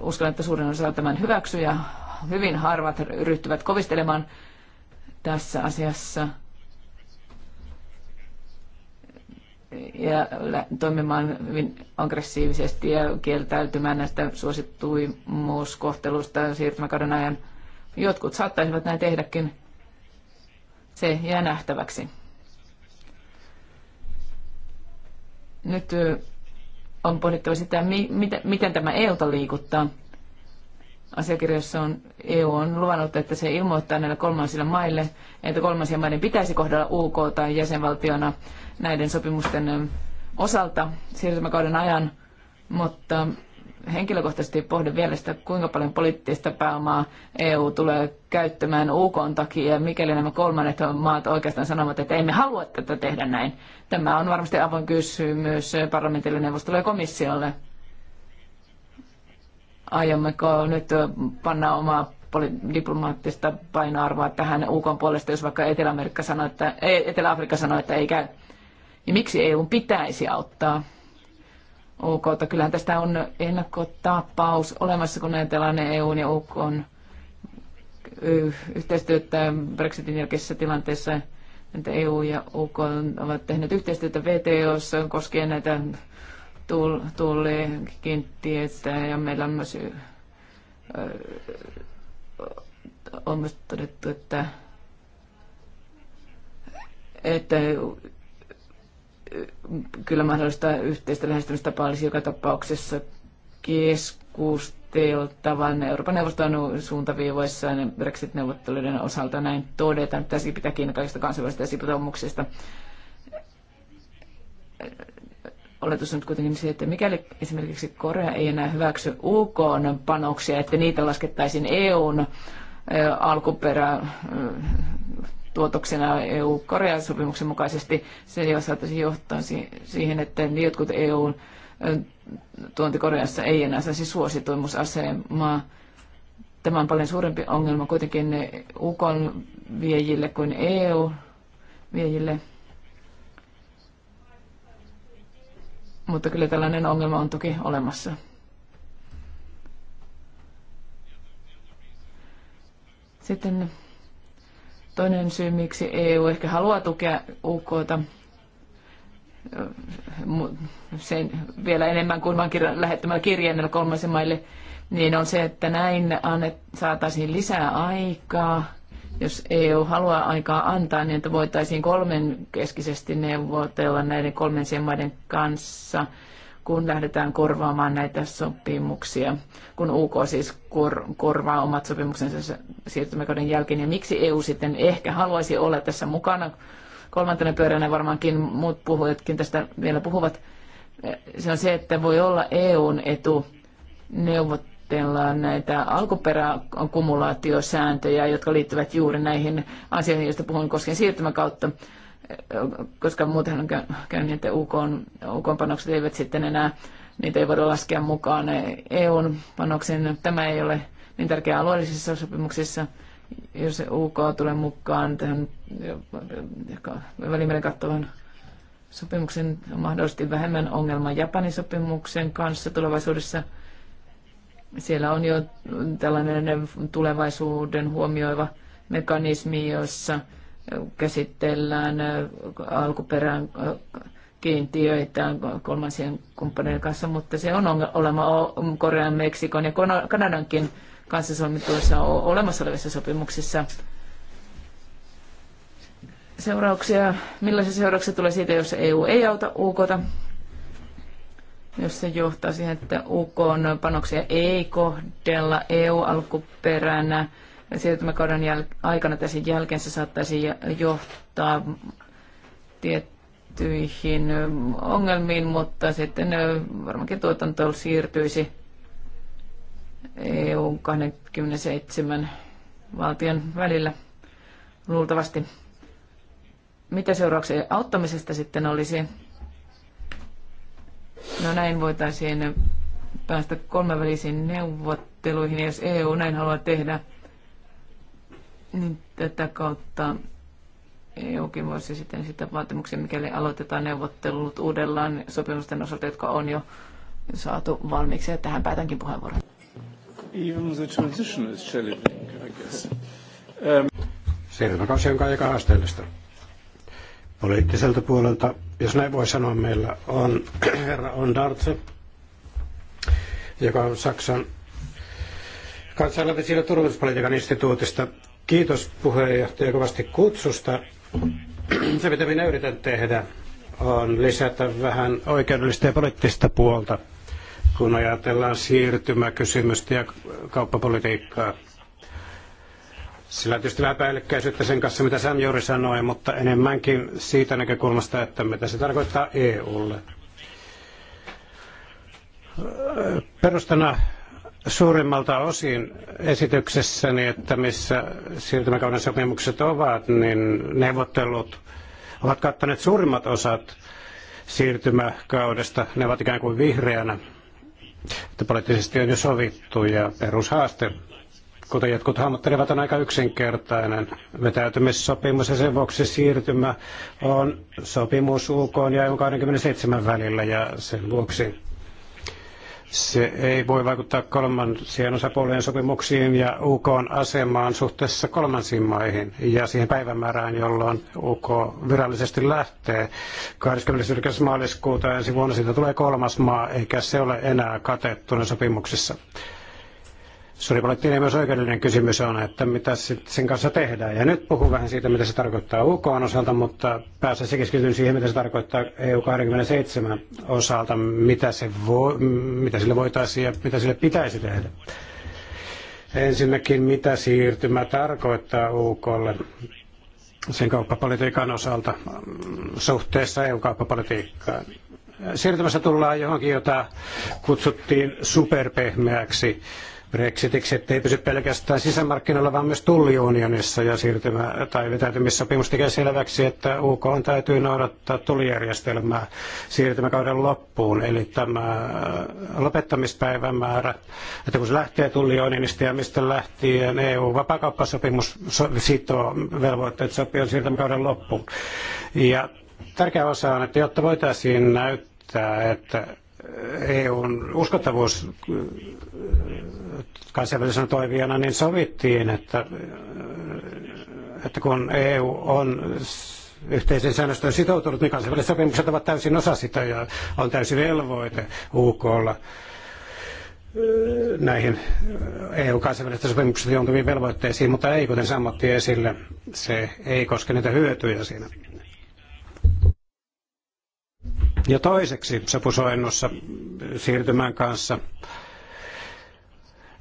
Uskon, että suurin osa tämän hyväksyy ja hyvin harvat ryhtyvät kovistelemaan tässä asiassa. ja toimimaan hyvin aggressiivisesti ja kieltäytymään näistä suosittuimuuskohtelusta siirtymäkauden ajan. Jotkut saattaisivat näin tehdäkin. Se jää nähtäväksi. Nyt on pohdittava sitä, miten tämä EUta liikuttaa. Asiakirjassa on, EU on luvannut, että se ilmoittaa näille kolmansille maille, että kolmansien maiden pitäisi kohdella UK tai jäsenvaltiona – näiden sopimusten osalta siirtymäkauden ajan, mutta henkilökohtaisesti pohdin vielä sitä, kuinka paljon poliittista pääomaa EU tulee käyttämään UK takia, mikäli nämä kolmannet maat oikeastaan sanovat, että emme halua tätä tehdä näin. Tämä on varmasti avoin kysymys parlamentille, neuvostolle ja komissiolle. Aiommeko nyt panna omaa diplomaattista painoarvoa tähän UK puolesta, jos vaikka Etelä-Amerikka sanoo, että, Etelä-Afrikka sanoo, että ei käy. Ja miksi EU pitäisi auttaa UK? -ta? Kyllähän tästä on ennakkotapaus olemassa, kun ajatellaan EU ja UK: on yhteistyötä Brexitin jälkeisessä tilanteessa, että EU ja UK ovat tehneet yhteistyötä VTOssa koskien näitä tullikiintiöitä ja meillä on myös, on myös todettu, että, että kyllä mahdollista yhteistä lähestymistapaa olisi joka tapauksessa keskusteltavan Euroopan neuvoston suuntaviivoissa Brexit-neuvotteluiden osalta näin todetaan. Tässä pitää kiinni kaikista kansainvälisistä sitoumuksista. Oletus on nyt kuitenkin se, että mikäli esimerkiksi Korea ei enää hyväksy UK panoksia, että niitä laskettaisiin EUn alkuperä tuotoksena EU-Korean sopimuksen mukaisesti. Se jo saattaisi johtaa siihen, että jotkut EUn tuonti Koreassa ei enää saisi suosituimusasemaa. Tämä on paljon suurempi ongelma kuitenkin UK viejille kuin EU viejille. Mutta kyllä tällainen ongelma on toki olemassa. Sitten Toinen syy, miksi EU ehkä haluaa tukea UKta sen vielä enemmän kuin vain kirja, lähettämällä kirjeen kolmansien maille, niin on se, että näin annet, saataisiin lisää aikaa, jos EU haluaa aikaa antaa, niin että voitaisiin kolmen keskisesti neuvotella näiden kolmansien maiden kanssa – kun lähdetään korvaamaan näitä sopimuksia, kun UK siis kor- korvaa omat sopimuksensa siirtymäkauden jälkeen, ja miksi EU sitten ehkä haluaisi olla tässä mukana? Kolmantena pyöränä varmaankin muut puhujatkin tästä vielä puhuvat. Se on se, että voi olla EUn etu neuvotella näitä alkuperäkumulaatiosääntöjä, jotka liittyvät juuri näihin asioihin, joista puhuin koskien siirtymäkautta koska muutenhan on käynyt niin, että UK, UK panokset eivät sitten enää, niitä ei voida laskea mukaan EUn panoksiin. Tämä ei ole niin tärkeää alueellisissa sopimuksissa, jos UK tulee mukaan tähän välimeren kattavan sopimuksen mahdollisesti vähemmän ongelma Japanin sopimuksen kanssa tulevaisuudessa. Siellä on jo tällainen tulevaisuuden huomioiva mekanismi, jossa käsitellään alkuperän kiintiöitä kolmansien kumppaneiden kanssa, mutta se on olema Korean, Meksikon ja Kanadankin kanssa solmituissa olemassa olevissa sopimuksissa. Seurauksia, millaisia seurauksia tulee siitä, jos EU ei auta UKta? Jos se johtaa siihen, että UK panoksia ei kohdella EU-alkuperänä siirtymäkauden jäl- aikana tai sen jälkeen se saattaisi johtaa tiettyihin ähm, ongelmiin, mutta sitten äh, varmaankin tuotanto siirtyisi EU 27 valtion välillä luultavasti. Mitä seurauksia auttamisesta sitten olisi? No näin voitaisiin päästä kolmenvälisiin neuvotteluihin, jos EU näin haluaa tehdä – niin tätä kautta EUkin voisi sitten sitä vaatimuksia, mikäli aloitetaan neuvottelut uudellaan sopimusten osalta, jotka on jo saatu valmiiksi. Ja tähän päätänkin puheenvuoron. Even the transition is challenging, I guess. Um... Siirtymäkausi on aika haasteellista. Poliittiselta puolelta, jos näin voi sanoa, meillä on herra Ondartse, joka on Saksan kansainvälisellä turvallisuuspolitiikan instituutista Kiitos puheenjohtaja kovasti kutsusta. Se mitä minä yritän tehdä on lisätä vähän oikeudellista ja poliittista puolta, kun ajatellaan siirtymäkysymystä ja kauppapolitiikkaa. Sillä on tietysti vähän päällekkäisyyttä sen kanssa, mitä Sam juuri sanoi, mutta enemmänkin siitä näkökulmasta, että mitä se tarkoittaa EUlle. Perustana suurimmalta osin esityksessäni, että missä siirtymäkauden sopimukset ovat, niin neuvottelut ovat kattaneet suurimmat osat siirtymäkaudesta. Ne ovat ikään kuin vihreänä, että poliittisesti on jo sovittu ja perushaaste, kuten jotkut hahmottelevat, on aika yksinkertainen vetäytymissopimus ja sen vuoksi siirtymä on sopimus UK ja EU 27 välillä ja sen vuoksi se ei voi vaikuttaa kolmansien osapuolien sopimuksiin ja UK asemaan suhteessa kolmansiin maihin ja siihen päivämäärään, jolloin UK virallisesti lähtee. 29. maaliskuuta ensi vuonna siitä tulee kolmas maa, eikä se ole enää katettuna sopimuksissa. Suuri ja myös oikeudellinen kysymys on, että mitä sen kanssa tehdään. Ja nyt puhun vähän siitä, mitä se tarkoittaa UK osalta, mutta päässä keskityn siihen, mitä se tarkoittaa EU27 osalta, mitä, se vo, mitä sille voitaisiin ja mitä sille pitäisi tehdä. Ensinnäkin, mitä siirtymä tarkoittaa UKlle sen kauppapolitiikan osalta suhteessa EU-kauppapolitiikkaan. Siirtymässä tullaan johonkin, jota kutsuttiin superpehmeäksi Brexitiksi, ettei pysy pelkästään sisämarkkinoilla, vaan myös tulliunionissa ja siirtymä- tai vetäytymissopimus tekee selväksi, että UK on täytyy noudattaa tulijärjestelmää siirtymäkauden loppuun. Eli tämä äh, lopettamispäivämäärä, että kun se lähtee tulliunionista ja mistä lähtien EU-vapakauppasopimus sitoo velvoitteet sopia siirtymäkauden loppuun. Ja tärkeä osa on, että jotta voitaisiin näyttää, että EUn uskottavuus äh, kansainvälisenä toimijana, niin sovittiin, että, äh, että kun EU on yhteisen säännöstön sitoutunut, niin kansainväliset sopimukset ovat täysin osa sitä ja on täysin velvoite UKlla äh, näihin EU-kansainvälisistä sopimuksista joutuviin velvoitteisiin, mutta ei, kuten sammotti esille, se ei koske niitä hyötyjä siinä ja toiseksi sopusoinnussa eh, siirtymän kanssa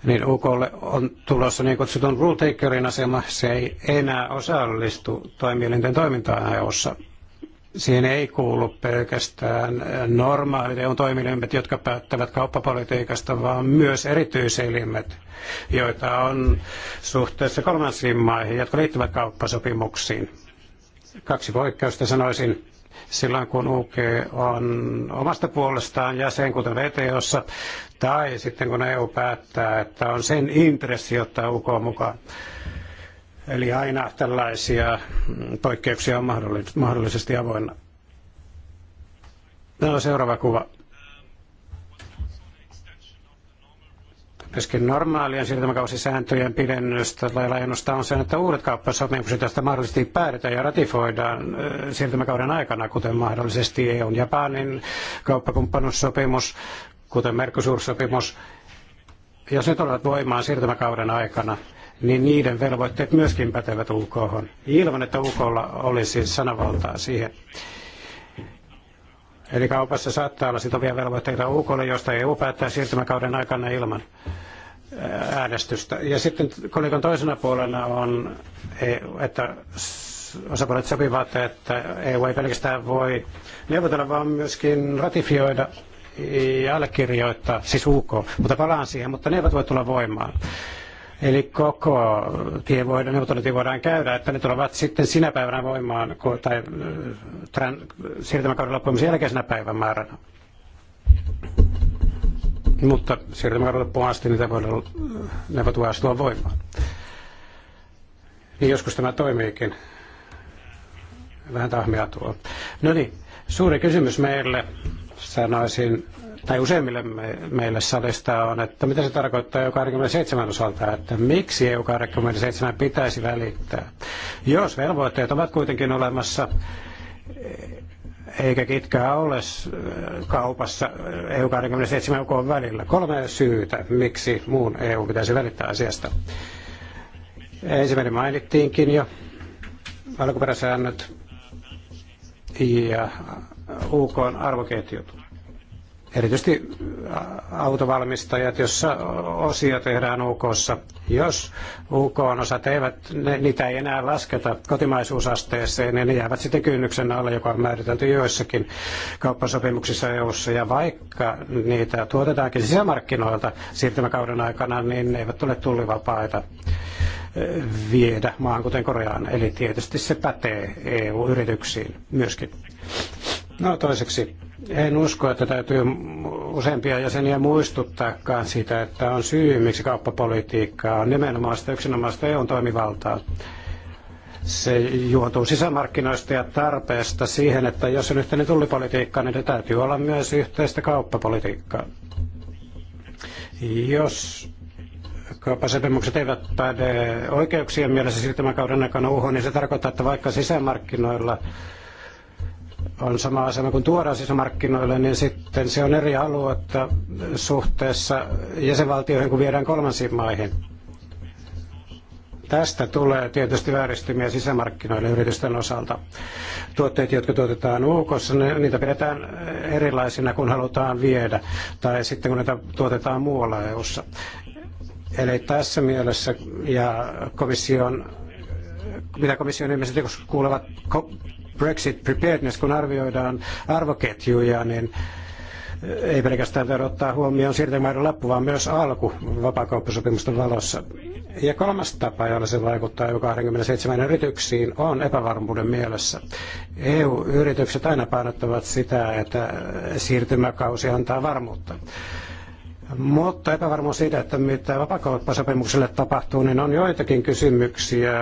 niin UKlle on tulossa niin kutsutun rule takerin asema. Se ei enää osallistu toimielinten toimintaan EUssa. Siihen ei kuulu pelkästään eh, normaalit EUn toimielimet, jotka päättävät kauppapolitiikasta, vaan myös erityiselimet, joita on suhteessa kolmansiin maihin, jotka liittyvät kauppasopimuksiin. Kaksi poikkeusta sanoisin silloin kun UK on omasta puolestaan jäsen, kuten VTOssa, tai sitten kun EU päättää, että on sen intressi ottaa UK mukaan. Eli aina tällaisia poikkeuksia on mahdollisesti avoinna. No, seuraava kuva. Myöskin normaalien siirtymäkausisääntöjen pidennystä tai laajennusta on se, että uudet kauppasopimukset, joista mahdollisesti päädytään ja ratifoidaan siirtymäkauden aikana, kuten mahdollisesti EUn Japanin kauppakumppanussopimus, kuten Mercosur-sopimus, jos ne tulevat voimaan siirtymäkauden aikana, niin niiden velvoitteet myöskin pätevät UKhon, ilman että UKlla olisi sanavaltaa siihen. Eli kaupassa saattaa olla sitovia velvoitteita UKlle, joista EU päättää siirtymäkauden aikana ilman äänestystä. Ja sitten kolikon toisena puolena on, e että osapuolet sopivat, että EU ei pelkästään voi neuvotella, vaan myöskin ratifioida ja allekirjoittaa, siis UK. Mutta palaan siihen, mutta ne eivät voi tulla voimaan. Eli koko tie voidaan, neuvottelutie voidaan käydä, että ne tulevat sitten sinä päivänä voimaan tai äh, tämän siirtymäkauden loppumisen jälkeisenä päivämääränä. Mutta siirtymäkauden loppuun asti niitä voidaan, äh, ne voi astua voimaan. Niin joskus tämä toimiikin. Vähän tahmia tuo. No niin, suuri kysymys meille, sanoisin, tai useimmille me, meille salista on, että mitä se tarkoittaa EU27 osalta, että miksi EU27 pitäisi välittää. Jos velvoitteet ovat kuitenkin olemassa, eikä kitkää ole kaupassa EU27 ja UK välillä. Kolme syytä, miksi muun EU pitäisi välittää asiasta. Ensimmäinen mainittiinkin jo, alkuperäsäännöt ja UK arvoketjut erityisesti autovalmistajat, jossa osia tehdään uk -ssa. Jos UK-osat eivät, ne, niitä ei enää lasketa kotimaisuusasteeseen, niin ne jäävät sitten kynnyksen alle, joka on määritelty joissakin kauppasopimuksissa EU-ssa. Ja vaikka niitä tuotetaankin sisämarkkinoilta siirtymäkauden aikana, niin ne eivät ole tullivapaita viedä maan kuten Koreaan. Eli tietysti se pätee EU-yrityksiin myöskin. No toiseksi, en usko, että täytyy useampia jäseniä muistuttaakaan sitä, että on syy, miksi kauppapolitiikka on nimenomaan sitä yksinomaista EUn toimivaltaa. Se juontuu sisämarkkinoista ja tarpeesta siihen, että jos on yhteinen tullipolitiikka, niin se täytyy olla myös yhteistä kauppapolitiikkaa. Jos kauppasopimukset eivät päde oikeuksien mielessä siirtymäkauden aikana uhoon, niin se tarkoittaa, että vaikka sisämarkkinoilla on sama asema kuin tuodaan sisämarkkinoille, niin sitten se on eri aluetta suhteessa jäsenvaltioihin, kun viedään kolmansiin maihin. Tästä tulee tietysti vääristymiä sisämarkkinoille yritysten osalta. Tuotteet, jotka tuotetaan UKssa, niitä pidetään erilaisina, kun halutaan viedä, tai sitten kun niitä tuotetaan muualla EU-ssa. Eli tässä mielessä ja komission mitä komission ihmiset kuulevat Brexit preparedness, kun arvioidaan arvoketjuja, niin ei pelkästään voida ottaa huomioon siirtymäiden lappu, vaan myös alku vapaakauppasopimusten valossa. Ja kolmas tapa, jolla se vaikuttaa jo 27 yrityksiin, on epävarmuuden mielessä. EU-yritykset aina painottavat sitä, että siirtymäkausi antaa varmuutta. Mutta epävarmuus siitä, että mitä vapakauppasopimukselle tapahtuu, niin on joitakin kysymyksiä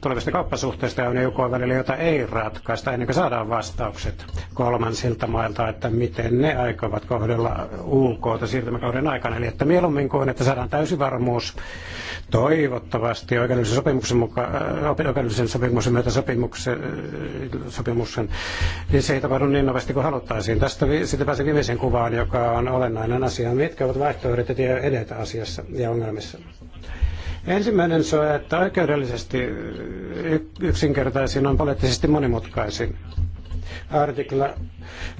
tulevista kauppasuhteista ja EUK välillä, joita ei ratkaista ennen kuin saadaan vastaukset kolmansilta mailta, että miten ne aikovat kohdella UK siirtymäkauden aikana. Eli että mieluummin kuin, että saadaan täysi varmuus toivottavasti oikeudellisen sopimuksen, muka, äh, oikeudellisen sopimuksen myötä sopimuksen, sopimuksen, niin se ei tapahdu niin nopeasti kuin haluttaisiin. Tästä sitten pääsen viimeisen kuvaan, joka on olennainen asia. Mitkä ovat vaihtoehdot ja edetä asiassa ja ongelmissa. Ensimmäinen se on, että oikeudellisesti yksinkertaisin on poliittisesti monimutkaisin. Artikla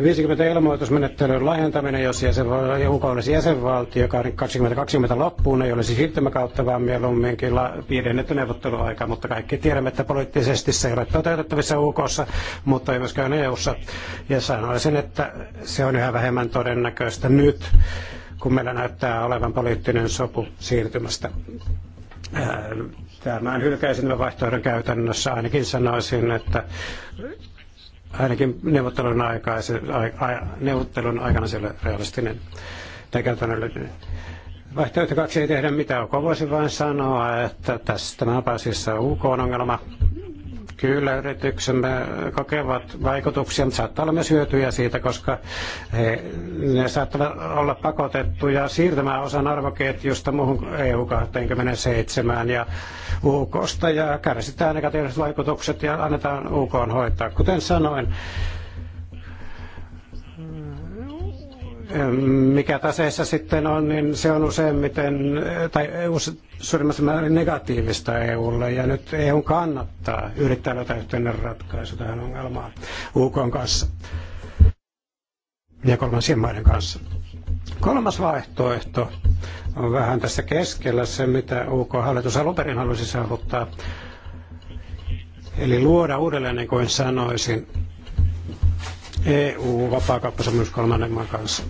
50 ilmoitusmenettelyn laajentaminen, jos jäsenval- UK olisi jäsenvaltio 2020 loppuun, ei olisi siirtymäkautta, vaan mieluumminkin pidennetty neuvotteluaika, mutta kaikki tiedämme, että poliittisesti se ei ole toteutettavissa UKssa, mutta ei myöskään EUssa. Ja sanoisin, että se on yhä vähemmän todennäköistä nyt kun meillä näyttää olevan poliittinen sopu siirtymästä tämän hylkäisimme vaihtoehdon käytännössä ainakin sanoisin, että ainakin neuvottelun, aikaisen, neuvottelun aikana se oli realistinen tai käytännöllinen. Vaihtoehto kaksi ei tehdä mitään, koko vain sanoa, että tässä, tämä on pääasiassa UK-ongelma, Kyllä yrityksemme kokevat vaikutuksia, mutta saattaa olla myös hyötyjä siitä, koska he, ne saattavat olla pakotettuja siirtämään osan arvoketjusta muuhun EU-27 ja UKsta ja kärsitään negatiiviset vaikutukset ja annetaan UK hoitaa. Kuten sanoin, mikä taseessa sitten on, niin se on useimmiten, eh, tai suurimmassa määrin negatiivista EUlle, ja nyt EU kannattaa yrittää löytää yhteinen ratkaisu tähän ongelmaan UK kanssa ja kolmansien maiden kanssa. Kolmas vaihtoehto on vähän tässä keskellä se, mitä UK-hallitus alun perin halusi saavuttaa, eli luoda uudelleen, niin kuin sanoisin, EU-vapaakauppasopimus kolmannen maan kanssa.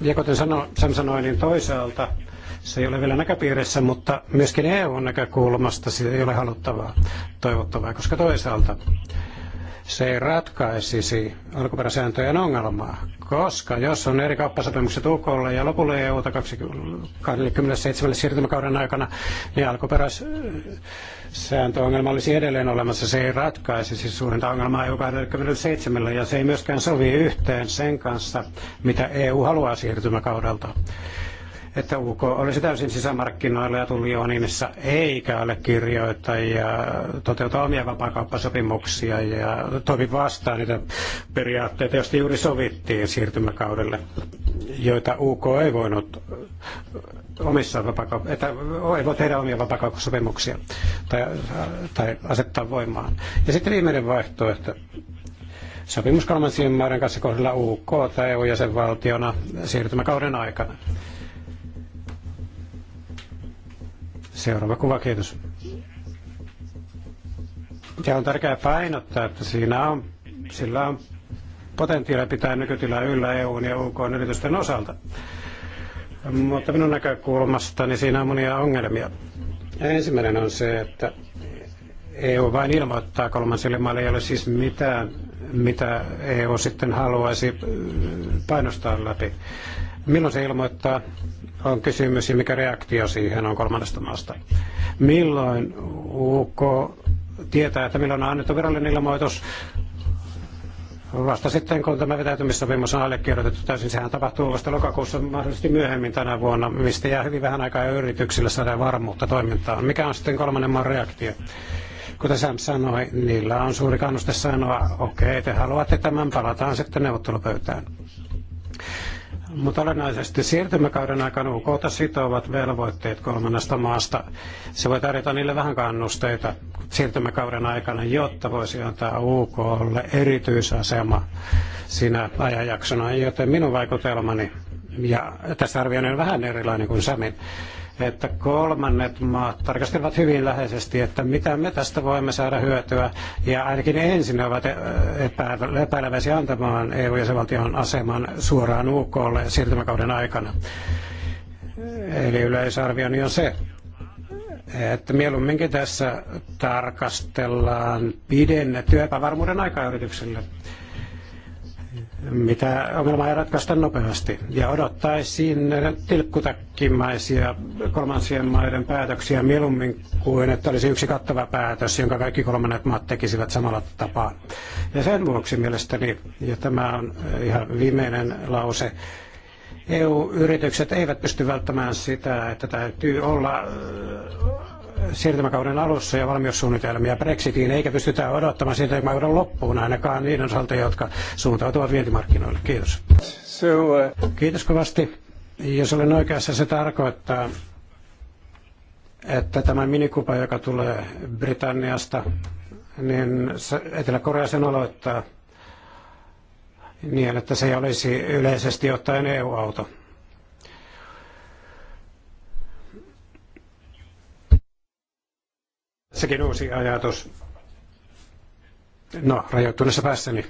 Ja kuten sano, Sam sanoi, niin toisaalta se ei ole vielä näköpiirissä, mutta myöskin EU-näkökulmasta se ei ole haluttavaa, toivottavaa, koska toisaalta se ei ratkaisisi alkuperäsääntöjen ongelmaa, koska jos on eri kauppasopimukset UKlle ja lopulle EUta 27. siirtymäkauden aikana, niin alkuperäis sääntöongelma olisi edelleen olemassa. Se ei ratkaisisi suurinta ongelmaa EU-27 ja se ei myöskään sovi yhteen sen kanssa, mitä EU haluaa siirtymäkaudelta että UK olisi täysin sisämarkkinoilla ja tulioonissa eikä ole kirjoittajia, toteuta omia vapaakauppasopimuksia ja toimi vastaan niitä periaatteita, joista juuri sovittiin siirtymäkaudelle, joita UK ei voinut omissa että ei voi tehdä omia vapaakauppasopimuksia tai, tai asettaa voimaan. Ja sitten viimeinen vaihtoehto, sopimus kolmansien maiden kanssa kohdella UK tai EU-jäsenvaltiona siirtymäkauden aikana. Seuraava kuva, kiitos. Ja on tärkeää painottaa, että siinä on, sillä on potentiaalia pitää nykytilaa yllä EUn ja UK yritysten osalta. Mutta minun näkökulmastani siinä on monia ongelmia. Ensimmäinen on se, että EU vain ilmoittaa kolmansille maille, ei ole siis mitään, mitä EU sitten haluaisi painostaa läpi. Milloin se ilmoittaa on kysymys ja mikä reaktio siihen on kolmannesta maasta. Milloin UK tietää, että milloin on annettu virallinen ilmoitus, Vasta sitten, kun tämä vetäytymissopimus on allekirjoitettu täysin, sehän tapahtuu vasta lokakuussa mahdollisesti myöhemmin tänä vuonna, mistä jää hyvin vähän aikaa yrityksille saada varmuutta toimintaan. Mikä on sitten kolmannen maan reaktio? Kuten Sam sanoi, niillä on suuri kannuste sanoa, okei, okay, te haluatte tämän, palataan sitten neuvottelupöytään mutta olennaisesti siirtymäkauden aikana UKta sitovat velvoitteet kolmannesta maasta. Se voi tarjota niille vähän kannusteita siirtymäkauden aikana, jotta voisi antaa UKlle erityisasema siinä ajanjaksona, joten minun vaikutelmani, ja tässä arvioin on vähän erilainen kuin Samin, että kolmannet maat tarkastelevat hyvin läheisesti, että mitä me tästä voimme saada hyötyä. Ja ainakin ensin ovat epäileväisiä antamaan EU-jäsenvaltion aseman suoraan UKlle siirtymäkauden aikana. Eli yleisarvioni on se, että mieluumminkin tässä tarkastellaan pidennettyä epävarmuuden aikaa yrityksille mitä ongelmaa ei ratkaista nopeasti. Ja odottaisin tilkkutakkimaisia kolmansien maiden päätöksiä mieluummin kuin, että olisi yksi kattava päätös, jonka kaikki kolmannet maat tekisivät samalla tapaa. Ja sen vuoksi mielestäni, ja tämä on ihan viimeinen lause, EU-yritykset eivät pysty välttämään sitä, että täytyy olla siirtymäkauden alussa ja valmiussuunnitelmia Brexitiin, eikä pystytä odottamaan siirtymäkauden loppuun ainakaan niiden osalta, jotka suuntautuvat vientimarkkinoille. Kiitos. So, uh... Kiitos kovasti. Jos olen oikeassa, se tarkoittaa, että tämä minikupa, joka tulee Britanniasta, niin Etelä-Korea sen aloittaa niin, että se ei olisi yleisesti ottaen EU-auto. Sekin uusi ajatus. No, rajoittuneessa päässäni.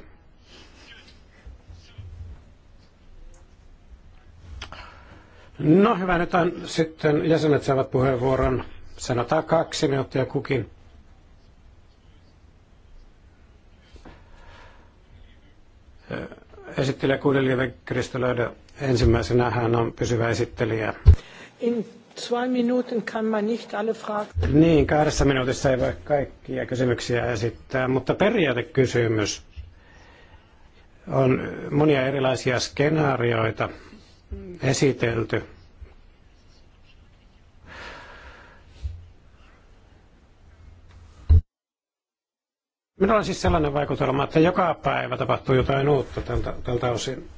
No hyvä, nyt on sitten jäsenet saavat puheenvuoron. Sanotaan kaksi minuuttia kukin. Esittelijä kuudelija Kristolöydä ensimmäisenä hän on pysyvä esittelijä. In Zwei Minuten kann man nicht alle fragen. Niin, kahdessa minuutissa ei voi kaikkia kysymyksiä esittää, mutta periaatekysymys on monia erilaisia skenaarioita esitelty. Minulla on siis sellainen vaikutelma, että joka päivä tapahtuu jotain uutta tältä, tältä osin.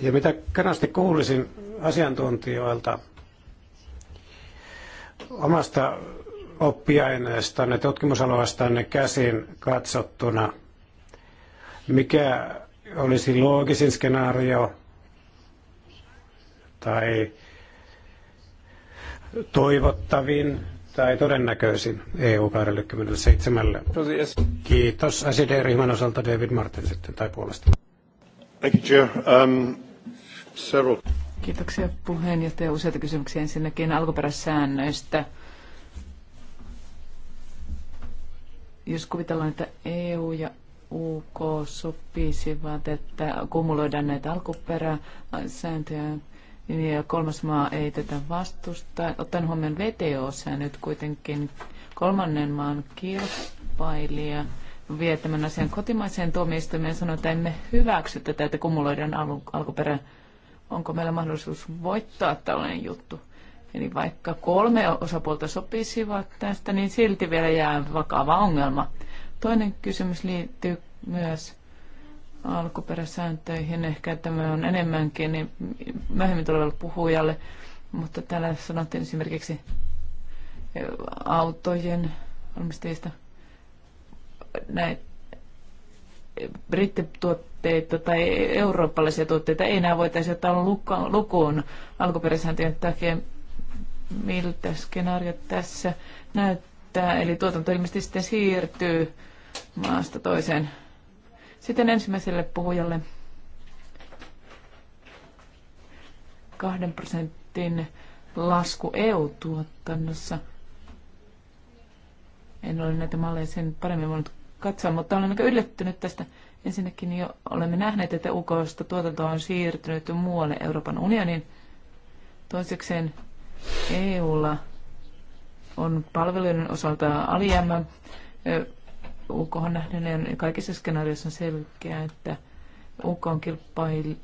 Ja mitä kanasti kuulisin asiantuntijoilta omasta oppiaineestanne, tutkimusalueestanne käsin katsottuna, mikä olisi loogisin skenaario tai toivottavin tai todennäköisin EU-27. Kiitos SID-ryhmän osalta David Martin sitten tai puolesta. Thank you, Chair. Um, several... Kiitoksia puheenjohtaja. Useita kysymyksiä ensinnäkin alkuperäissäännöistä. Jos kuvitellaan, että EU ja UK sopisivat, että kumuloidaan näitä alkuperäsääntöjä niin ja kolmas maa ei tätä vastusta. Otan huomioon VTO-säännöt kuitenkin kolmannen maan kilpailija vie tämän asian kotimaiseen tuomioistuimeen ja sanoo, että emme hyväksy tätä, että kumuloidaan alkuperä onko meillä mahdollisuus voittaa tällainen juttu. Eli vaikka kolme osapuolta sopisivat tästä, niin silti vielä jää vakava ongelma. Toinen kysymys liittyy myös alkuperäsääntöihin. Ehkä tämä on enemmänkin niin myöhemmin tulevalle puhujalle, mutta täällä sanottiin esimerkiksi eh, autojen valmistajista näitä brittituotteita tai eurooppalaisia tuotteita ei enää voitaisiin ottaa lukuun alkuperäisääntöjen takia. Miltä skenaario tässä näyttää? Eli tuotanto ilmeisesti sitten siirtyy maasta toiseen. Sitten ensimmäiselle puhujalle kahden prosentin lasku EU-tuotannossa. En ole näitä malleja sen paremmin voinut katsoa, mutta olen aika yllättynyt tästä. Ensinnäkin jo olemme nähneet, että UKsta tuotanto on siirtynyt muualle Euroopan unionin. Toisekseen EUlla on palveluiden osalta alijäämä. UK on ja kaikissa skenaarioissa on selkeää, että UK on kilpail,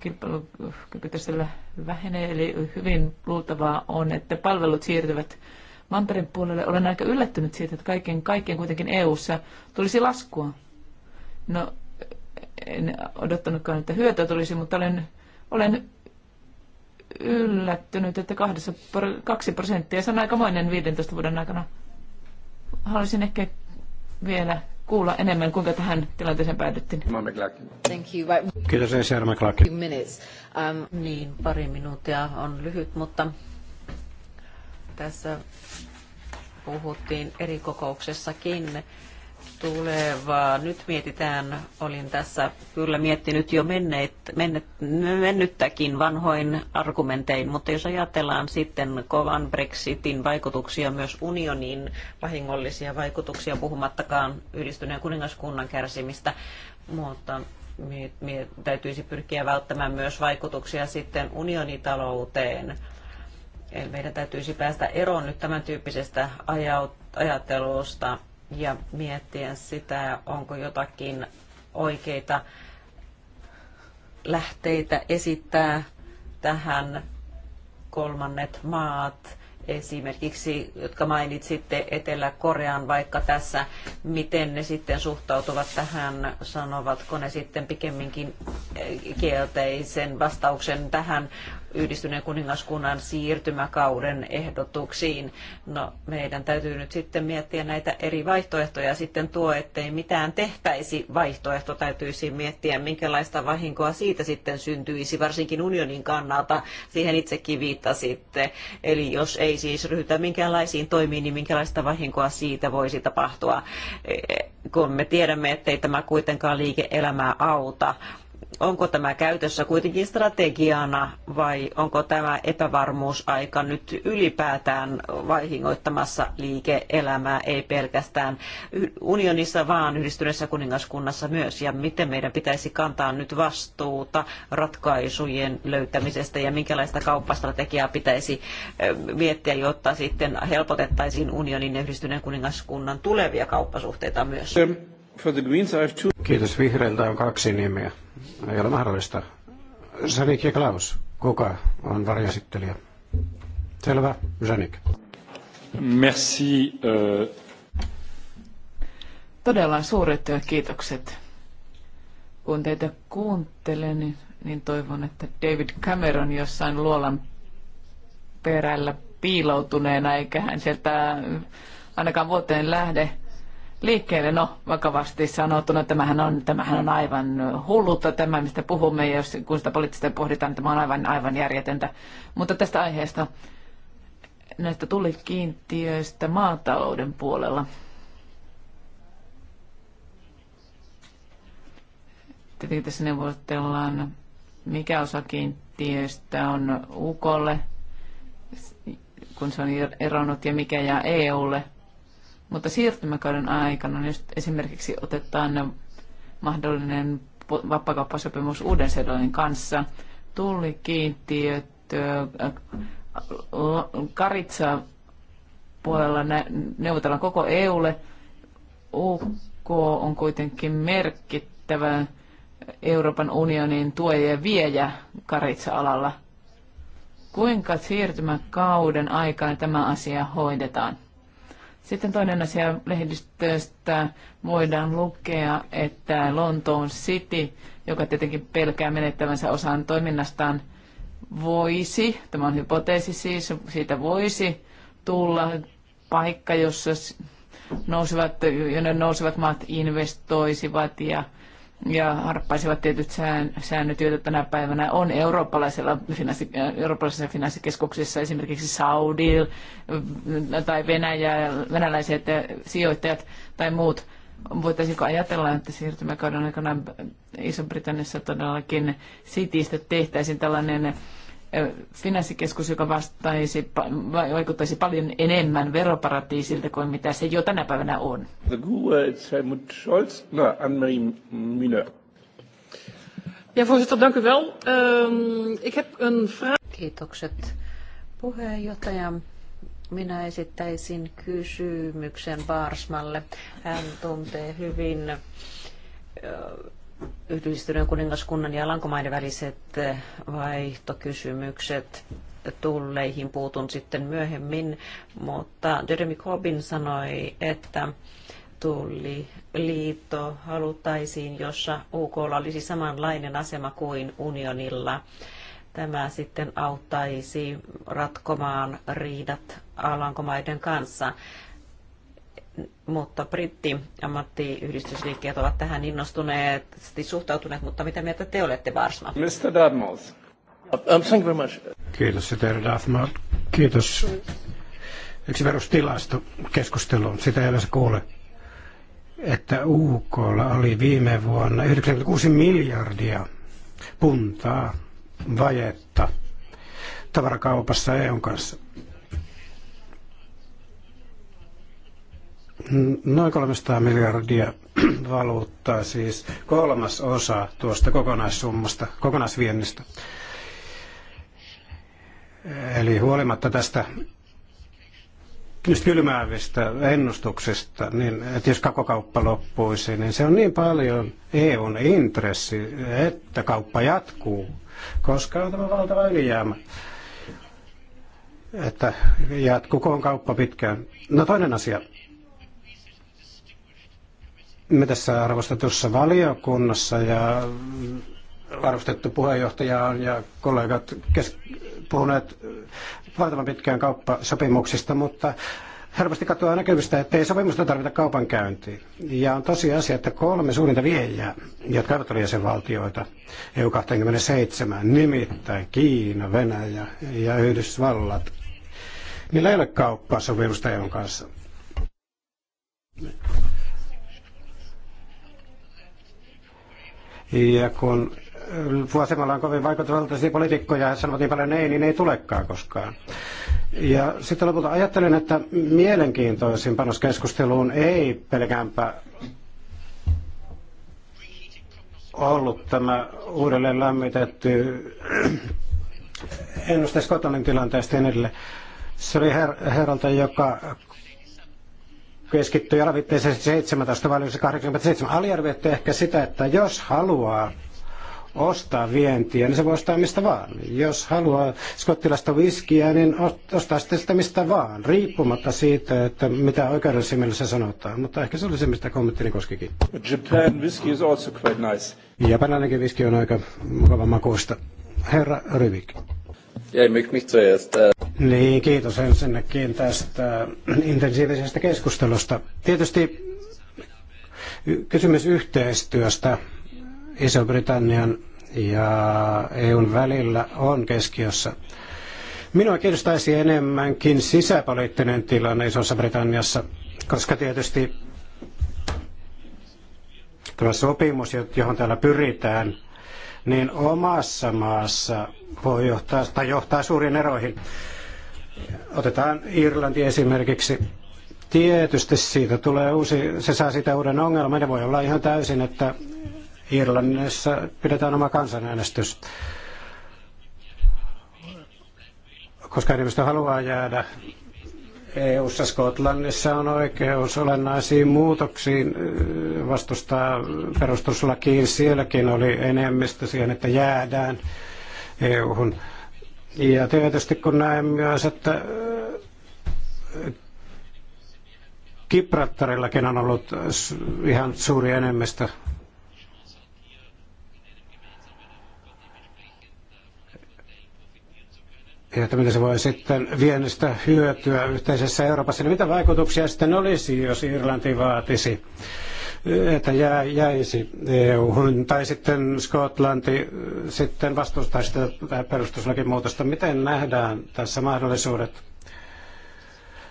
kilpailukyky tässä vähenee, eli hyvin luultavaa on, että palvelut siirtyvät Mantarin puolelle. Olen aika yllättynyt siitä, että kaiken kaikkien kuitenkin EU-ssa tulisi laskua. No, en odottanutkaan, että hyötyä tulisi, mutta olen, olen yllättynyt, että kahdessa, kaksi prosenttia, se on aikamoinen 15 vuoden aikana. Haluaisin ehkä vielä kuulla enemmän, kuinka tähän tilanteeseen päädyttiin. Thank you. Kiitos, Sarah McLaughlin. Um, niin, pari minuuttia on lyhyt, mutta tässä puhuttiin eri kokouksessakin tulevaa. Nyt mietitään, olin tässä kyllä miettinyt jo menneet, mennet, mennyttäkin vanhoin argumentein, mutta jos ajatellaan sitten kovan Brexitin vaikutuksia myös unionin vahingollisia vaikutuksia, puhumattakaan yhdistyneen kuningaskunnan kärsimistä, mutta me, me täytyisi pyrkiä välttämään myös vaikutuksia sitten unionitalouteen Eli meidän täytyisi päästä eroon nyt tämän tyyppisestä ajattelusta ja miettiä sitä, onko jotakin oikeita lähteitä esittää tähän kolmannet maat, esimerkiksi, jotka mainitsitte Etelä-Korean vaikka tässä, miten ne sitten suhtautuvat tähän, sanovatko ne sitten pikemminkin kielteisen vastauksen tähän yhdistyneen kuningaskunnan siirtymäkauden ehdotuksiin. No, meidän täytyy nyt sitten miettiä näitä eri vaihtoehtoja sitten tuo, ettei mitään tehtäisi vaihtoehto. Täytyisi miettiä, minkälaista vahinkoa siitä sitten syntyisi, varsinkin unionin kannalta. Siihen itsekin viittasitte. Eli jos ei siis ryhdytä minkäänlaisiin toimiin, niin minkälaista vahinkoa siitä voisi tapahtua, e, e, kun me tiedämme, ettei tämä kuitenkaan liike-elämää auta Onko tämä käytössä kuitenkin strategiana vai onko tämä epävarmuusaika nyt ylipäätään vaihingoittamassa liike-elämää, ei pelkästään unionissa, vaan yhdistyneessä kuningaskunnassa myös? Ja miten meidän pitäisi kantaa nyt vastuuta ratkaisujen löytämisestä ja minkälaista kauppastrategiaa pitäisi miettiä, jotta sitten helpotettaisiin unionin ja yhdistyneen kuningaskunnan tulevia kauppasuhteita myös? For the Greens, I have two. Kiitos. Vihreiltä on kaksi nimeä. Ei ole mahdollista. Zanik ja Klaus. Kuka on varjasittelijä? Selvä. Zanik. Merci. Uh... Todella suuret kiitokset. Kun teitä kuuntelen, niin, niin toivon, että David Cameron jossain luolan perällä piiloutuneena, eikä hän sieltä ainakaan vuoteen lähde – liikkeelle. No, vakavasti sanottuna, tämähän on, tämähän on aivan hullutta tämä, mistä puhumme, ja jos, kun sitä poliittista pohditaan, niin tämä on aivan, aivan järjetöntä. Mutta tästä aiheesta, näistä tulikiintiöistä maatalouden puolella. Tietenkin tässä neuvotellaan, mikä osa kiintiöistä on UKlle, kun se on eronnut, ja mikä jää EUlle – mutta siirtymäkauden aikana, niin jos esimerkiksi otetaan mahdollinen vapakauppasopimus uuden seelannin kanssa, kiintiöt. karitsa puolella neuvotellaan koko EUlle. UK on kuitenkin merkittävä Euroopan unionin tuoja ja viejä karitsa-alalla. Kuinka siirtymäkauden aikana tämä asia hoidetaan? Sitten toinen asia lehdistöstä voidaan lukea, että Lontoon City, joka tietenkin pelkää menettävänsä osan toiminnastaan, voisi, tämä on hypoteesi siis, siitä voisi tulla paikka, jossa nousevat, jonne nousevat maat investoisivat ja ja harppaisivat tietyt säännöt, joita tänä päivänä on eurooppalaisilla finanssi, eurooppalaisissa finanssikeskuksissa, esimerkiksi Saudi mm, tai Venäjä, venäläiset sijoittajat tai muut. Voitaisiinko ajatella, että siirtymäkauden aikana Iso-Britanniassa todellakin Citystä tehtäisiin tällainen finanssikeskus, joka vastaisi, vaikuttaisi paljon enemmän veroparatiisilta kuin mitä se jo tänä päivänä on. The Google, Helmut Scholz. No, Anne-Marie Mineur. Ja voorzitter, dank u wel. Um, ik heb een vraag. Kiitokset puheenjohtaja. Minä esittäisin kysymyksen Baarsmalle. Hän tuntee hyvin Yhdistyneen kuningaskunnan ja Lankomaiden väliset eh, vaihtokysymykset tulleihin puutun sitten myöhemmin, mutta Jeremy Corbyn sanoi, että tuli liitto haluttaisiin, jossa UK olisi samanlainen asema kuin unionilla. Tämä sitten auttaisi ratkomaan riidat Alankomaiden kanssa mutta britti ammattiyhdistysliikkeet ovat tähän innostuneesti suhtautuneet, mutta mitä mieltä te olette Varsma? Mr. Dartmouth. Um, thank you very much. Kiitos, Mr. Dartmouth. Kiitos. Yksi perustilasto keskusteluun, sitä ei yleensä kuule, että UK oli viime vuonna 96 miljardia puntaa vajetta tavarakaupassa EUn kanssa. noin 300 miljardia valuuttaa, siis kolmas osa tuosta kokonaissummasta, kokonaisviennistä. Eli huolimatta tästä kylmäävistä ennustuksista, niin että jos kakokauppa loppuisi, niin se on niin paljon EUn intressi, että kauppa jatkuu, koska on tämä valtava ylijäämä että jatkukoon kauppa pitkään. No toinen asia me tässä arvostetussa valiokunnassa ja arvostettu puheenjohtaja on ja kollegat kes- puhuneet valtavan pitkään kauppasopimuksista, mutta helposti katoaa näkyvistä, että ei sopimusta tarvita kaupankäyntiin. Ja on tosiasia, että kolme suurinta viejää, jotka eivät ole jäsenvaltioita, EU27, nimittäin Kiina, Venäjä ja Yhdysvallat, niillä ei ole kauppasopimusta EUn kanssa. Ja kun asemalla äh, on kovin vaikutusvaltaisia poliitikkoja, ja sanoo niin paljon ei, niin ei tulekaan koskaan. Ja sitten lopulta ajattelin, että mielenkiintoisin panoskeskusteluun ei pelkäänpä ollut tämä uudelleen lämmitetty ennuste Skotlannin tilanteesta ja niin edelleen. Se oli her- herralta, joka keskittyi alavitteeseen 17 vai 87. Aliarvioitte ehkä sitä, että jos haluaa ostaa vientiä, niin se voi ostaa mistä vaan. Jos haluaa skottilasta viskiä, niin ostaa sitten sitä mistä vaan, riippumatta siitä, että mitä oikeudellisessa mielessä sanotaan. Mutta ehkä se oli se, mistä kommenttini koskikin. Japan whisky is also quite nice. Japanilainenkin viski on aika mukava makuista. Herra Rivik. Jäi mycket Niin, kiitos ensinnäkin tästä intensiivisestä keskustelusta. Tietysti kysymys yhteistyöstä Iso-Britannian ja EUn välillä on keskiössä. Minua kiinnostaisi enemmänkin sisäpoliittinen tilanne Isossa Britanniassa, koska tietysti tämä sopimus, johon täällä pyritään, niin omassa maassa voi johtaa, tai johtaa suuriin eroihin. Otetaan Irlanti esimerkiksi. Tietysti siitä tulee uusi, se saa siitä uuden ongelman. Ne voi olla ihan täysin, että Irlannissa pidetään oma kansanäänestys. Koska enemmistö haluaa jäädä EU-ssa Skotlannissa on oikeus olennaisiin muutoksiin vastustaa perustuslakiin. Sielläkin oli enemmistö siihen, että jäädään EU-hun. Ja tietysti kun näen myös, että Gibraltarillakin on ollut ihan suuri enemmistö ja että miten se voi sitten viennistä hyötyä yhteisessä Euroopassa, niin mitä vaikutuksia sitten olisi, jos Irlanti vaatisi, että jää, jäisi eu tai sitten Skotlanti sitten vastustaisi tätä perustuslakimuutosta. Miten nähdään tässä mahdollisuudet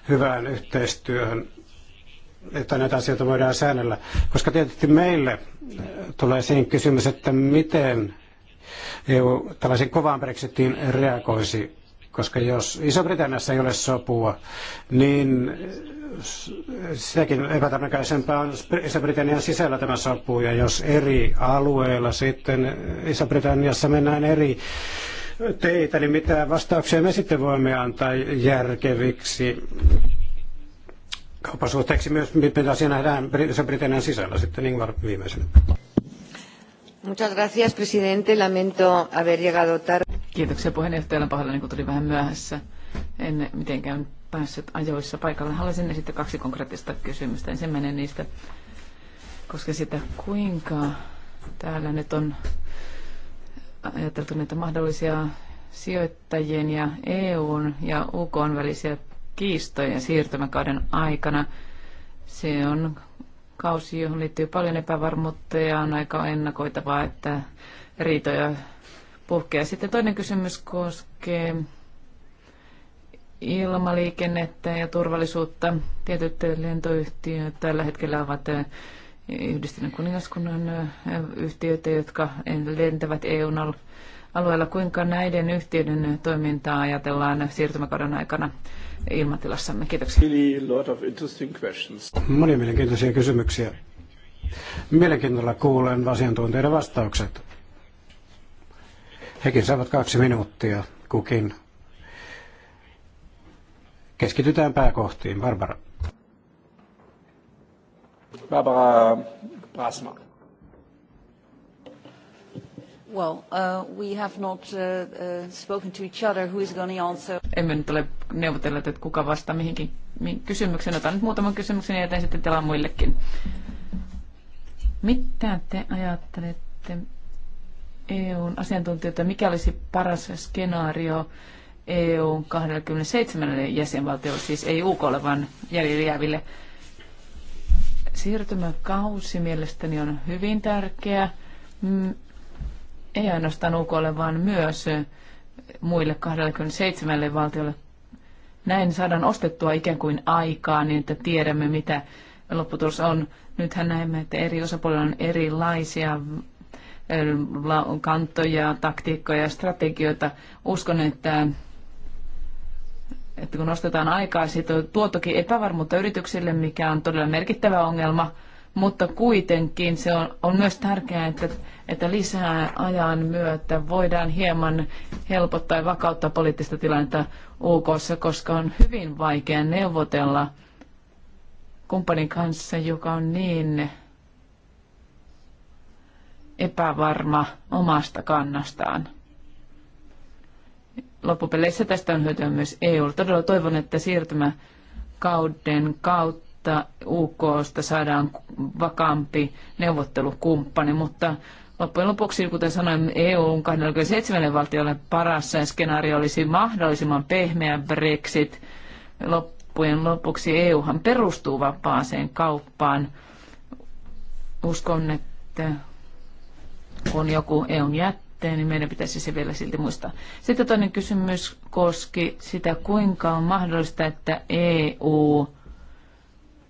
hyvään yhteistyöhön, että näitä asioita voidaan säännellä? Koska tietysti meille tulee siihen kysymys, että miten EU tällaisen kovaan Brexitiin reagoisi koska jos Iso-Britanniassa ei ole sopua, niin sitäkin epätarnakaisempaa on Iso-Britannian sisällä tämä sopu, ja jos eri alueilla sitten Iso-Britanniassa mennään eri teitä, niin mitä vastauksia me sitten voimme antaa järkeviksi kauppasuhteeksi myös, mitä asia nähdään Britannian sisällä sitten Ingvar niin viimeisenä. Muchas gracias, presidente. Lamento haber llegado tarde. Kiitoksia puheenjohtajalle olen pahoillani, kun tuli vähän myöhässä. En mitenkään päässyt ajoissa paikalle. Haluaisin esittää kaksi konkreettista kysymystä. Ensimmäinen niistä koska sitä, kuinka täällä nyt on ajateltu näitä mahdollisia sijoittajien ja EUn ja UKn välisiä kiistoja siirtymäkauden aikana. Se on kausi, johon liittyy paljon epävarmuutta ja on aika ennakoitavaa, että riitoja puhkea. Sitten toinen kysymys koskee ilmaliikennettä ja turvallisuutta. Tietyt lentoyhtiöt tällä hetkellä ovat eh, yhdistyneen kuningaskunnan eh, yhtiöitä, jotka lentävät EUn alueella. Kuinka näiden yhtiöiden toimintaa ajatellaan siirtymäkauden aikana ilmatilassamme? Kiitoksia. Really lot of interesting questions. Monia mielenkiintoisia kysymyksiä. Mielenkiinnolla kuulen asiantuntijoiden vastaukset. Hekin saavat kaksi minuuttia kukin. Keskitytään pääkohtiin. Barbara. Barbara Brasma. Well, uh, we have not uh, uh, spoken to each other who is going to answer. Emme nyt ole neuvotelleet, että kuka vastaa mihinkin kysymykseen. Otan nyt muutaman kysymyksen ja jätän sitten tilaa muillekin. Mitä te ajattelette EUn asiantuntijoita, mikä olisi paras skenaario EUn 27 jäsenvaltiolle, siis ei UKlle, vaan jäljelle jääville. Siirtymäkausi mielestäni on hyvin tärkeä, mm, ei ainoastaan UKlle, vaan myös muille 27 valtiolle. Näin saadaan ostettua ikään kuin aikaa niin, että tiedämme, mitä lopputulos on. Nythän näemme, että eri osapuolilla on erilaisia kantoja, taktiikkoja ja strategioita. Uskon, että, että kun nostetaan aikaa, siitä tuo toki epävarmuutta yrityksille, mikä on todella merkittävä ongelma, mutta kuitenkin se on, on myös tärkeää, että, että lisää ajan myötä voidaan hieman helpottaa ja vakauttaa poliittista tilannetta UK, koska on hyvin vaikea neuvotella kumppanin kanssa, joka on niin epävarma omasta kannastaan. Loppupeleissä tästä on hyötyä myös EU. Todella toivon, että siirtymäkauden kautta UKsta saadaan vakaampi neuvottelukumppani, mutta loppujen lopuksi, kuten sanoin, EUn 27 valtiolle paras skenaario olisi mahdollisimman pehmeä Brexit. Loppujen lopuksi EUhan perustuu vapaaseen kauppaan. Uskon, että on joku EUn jätteen, niin meidän pitäisi se vielä silti muistaa. Sitten toinen kysymys koski sitä, kuinka on mahdollista, että EU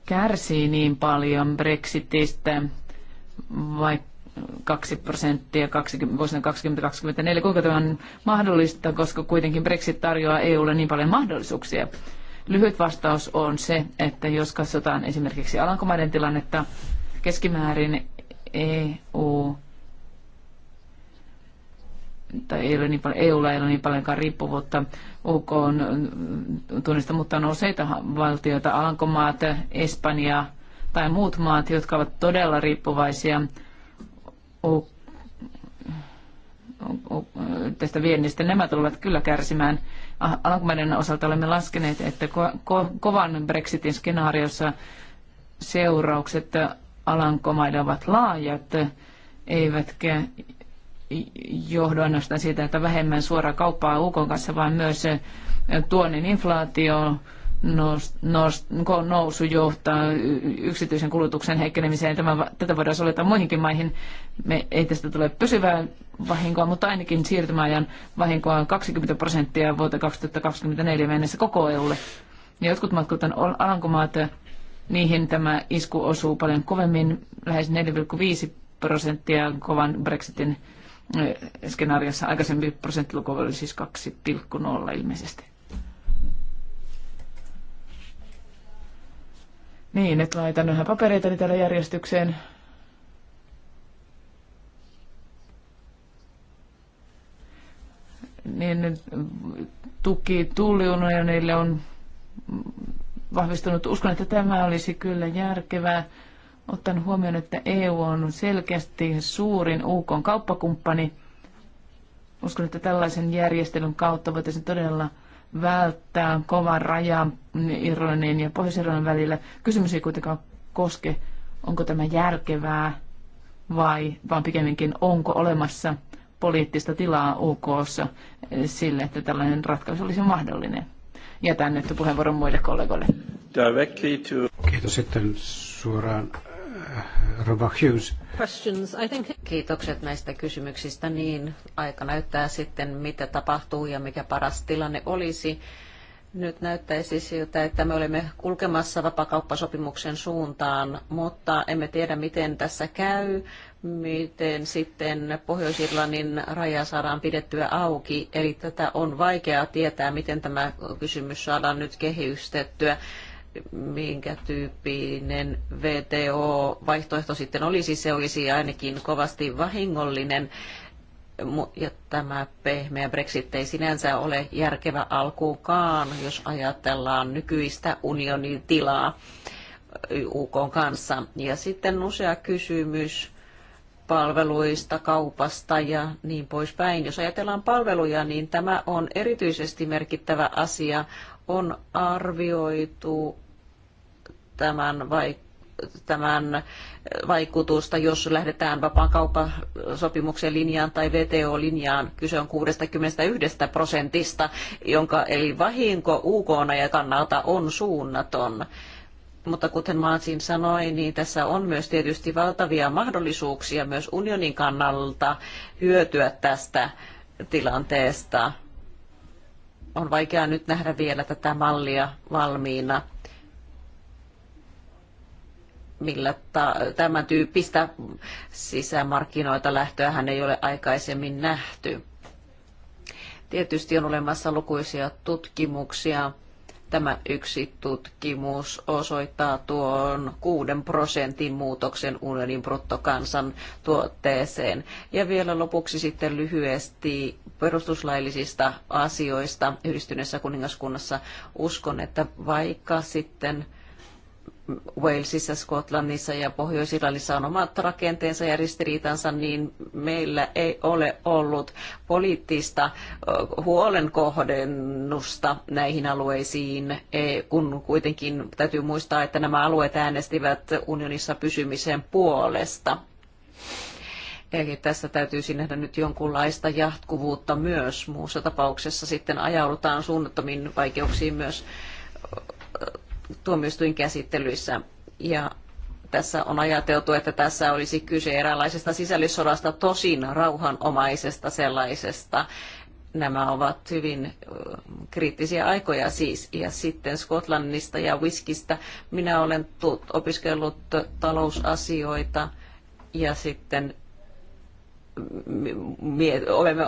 kärsii niin paljon Brexitistä, vaikka 2 prosenttia 20, vuosina 2024. Kuinka tämä on mahdollista, koska kuitenkin Brexit tarjoaa EUlle niin paljon mahdollisuuksia? Lyhyt vastaus on se, että jos katsotaan esimerkiksi Alankomaiden tilannetta, keskimäärin EU tai ei ole niin paljon, EUlla ei ole niin paljonkaan riippuvuutta UK on mm, tunnista, mutta on useita valtioita, Alankomaat, Espanja tai muut maat, jotka ovat todella riippuvaisia tästä viennistä. Nämä tulevat kyllä kärsimään. Ah, Alankomaiden osalta olemme laskeneet, että ko- ko- kovan Brexitin skenaariossa seuraukset Alankomaiden ovat laajat, eivätkä johdu ainoastaan siitä, että vähemmän suoraa kauppaa UK kanssa, vaan myös tuonnin inflaatio nous, nous, nousu johtaa yksityisen kulutuksen heikkenemiseen. Tämä, tätä voidaan soveltaa muihinkin maihin. Me, ei tästä tule pysyvää vahinkoa, mutta ainakin siirtymäajan vahinkoa on 20 prosenttia vuoteen 2024 mennessä koko EUlle. Ja jotkut maat, kuten Alankomaat, niihin tämä isku osuu paljon kovemmin, lähes 4,5 prosenttia kovan Brexitin skenaariossa. Aikaisempi prosenttiluku oli siis 2,0 ilmeisesti. Niin, nyt laitan yhä papereitani tällä järjestykseen. Niin tuki tulliunionille on vahvistunut. Uskon, että tämä olisi kyllä järkevää Ottan huomioon, että EU on selkeästi suurin UK kauppakumppani. Uskon, että tällaisen järjestelyn kautta voitaisiin todella välttää kovan rajan Irlannin ja pohjois välillä. Kysymys ei kuitenkaan koske, onko tämä järkevää vai vaan pikemminkin onko olemassa poliittista tilaa UKssa sille, että tällainen ratkaisu olisi mahdollinen. Jätän nyt puheenvuoron muille kollegoille. Kiitos sitten suoraan Rova Hughes. Kiitokset näistä kysymyksistä. Niin, aika näyttää sitten, mitä tapahtuu ja mikä paras tilanne olisi. Nyt näyttäisi siltä, että me olemme kulkemassa vapakauppasopimuksen suuntaan, mutta emme tiedä, miten tässä käy, miten sitten Pohjois-Irlannin raja saadaan pidettyä auki. Eli tätä on vaikea tietää, miten tämä kysymys saadaan nyt kehystettyä minkä tyyppinen VTO-vaihtoehto sitten olisi, siis se olisi ainakin kovasti vahingollinen. Ja tämä pehmeä Brexit ei sinänsä ole järkevä alkuunkaan, jos ajatellaan nykyistä unionin tilaa UK kanssa. Ja sitten usea kysymys palveluista, kaupasta ja niin poispäin. Jos ajatellaan palveluja, niin tämä on erityisesti merkittävä asia. On arvioitu tämän, vai, tämän vaikutusta, jos lähdetään vapaan kauppasopimuksen linjaan tai VTO-linjaan. Kyse on 61 prosentista, jonka eli vahinko UK ja kannalta on suunnaton. Mutta kuten Maatsin sanoi, niin tässä on myös tietysti valtavia mahdollisuuksia myös unionin kannalta hyötyä tästä tilanteesta. On vaikea nyt nähdä vielä tätä mallia valmiina millä ta- tämän tyyppistä sisämarkkinoita hän ei ole aikaisemmin nähty. Tietysti on olemassa lukuisia tutkimuksia. Tämä yksi tutkimus osoittaa tuon 6 prosentin muutoksen unionin bruttokansan tuotteeseen. Ja vielä lopuksi sitten lyhyesti perustuslaillisista asioista yhdistyneessä kuningaskunnassa. Uskon, että vaikka sitten Walesissa, Skotlannissa ja Pohjois-Irlannissa on omat rakenteensa ja ristiriitansa, niin meillä ei ole ollut poliittista huolenkohdennusta näihin alueisiin, e, kun kuitenkin täytyy muistaa, että nämä alueet äänestivät unionissa pysymisen puolesta. Eli tässä täytyisi nähdä nyt jonkunlaista jatkuvuutta myös. Muussa tapauksessa sitten ajaudutaan suunnattomiin vaikeuksiin myös tuomioistuinkäsittelyissä. Ja tässä on ajateltu, että tässä olisi kyse eräänlaisesta sisällissodasta, tosin rauhanomaisesta sellaisesta. Nämä ovat hyvin kriittisiä aikoja siis. Ja sitten Skotlannista ja Whiskistä. Minä olen opiskellut talousasioita ja sitten olemme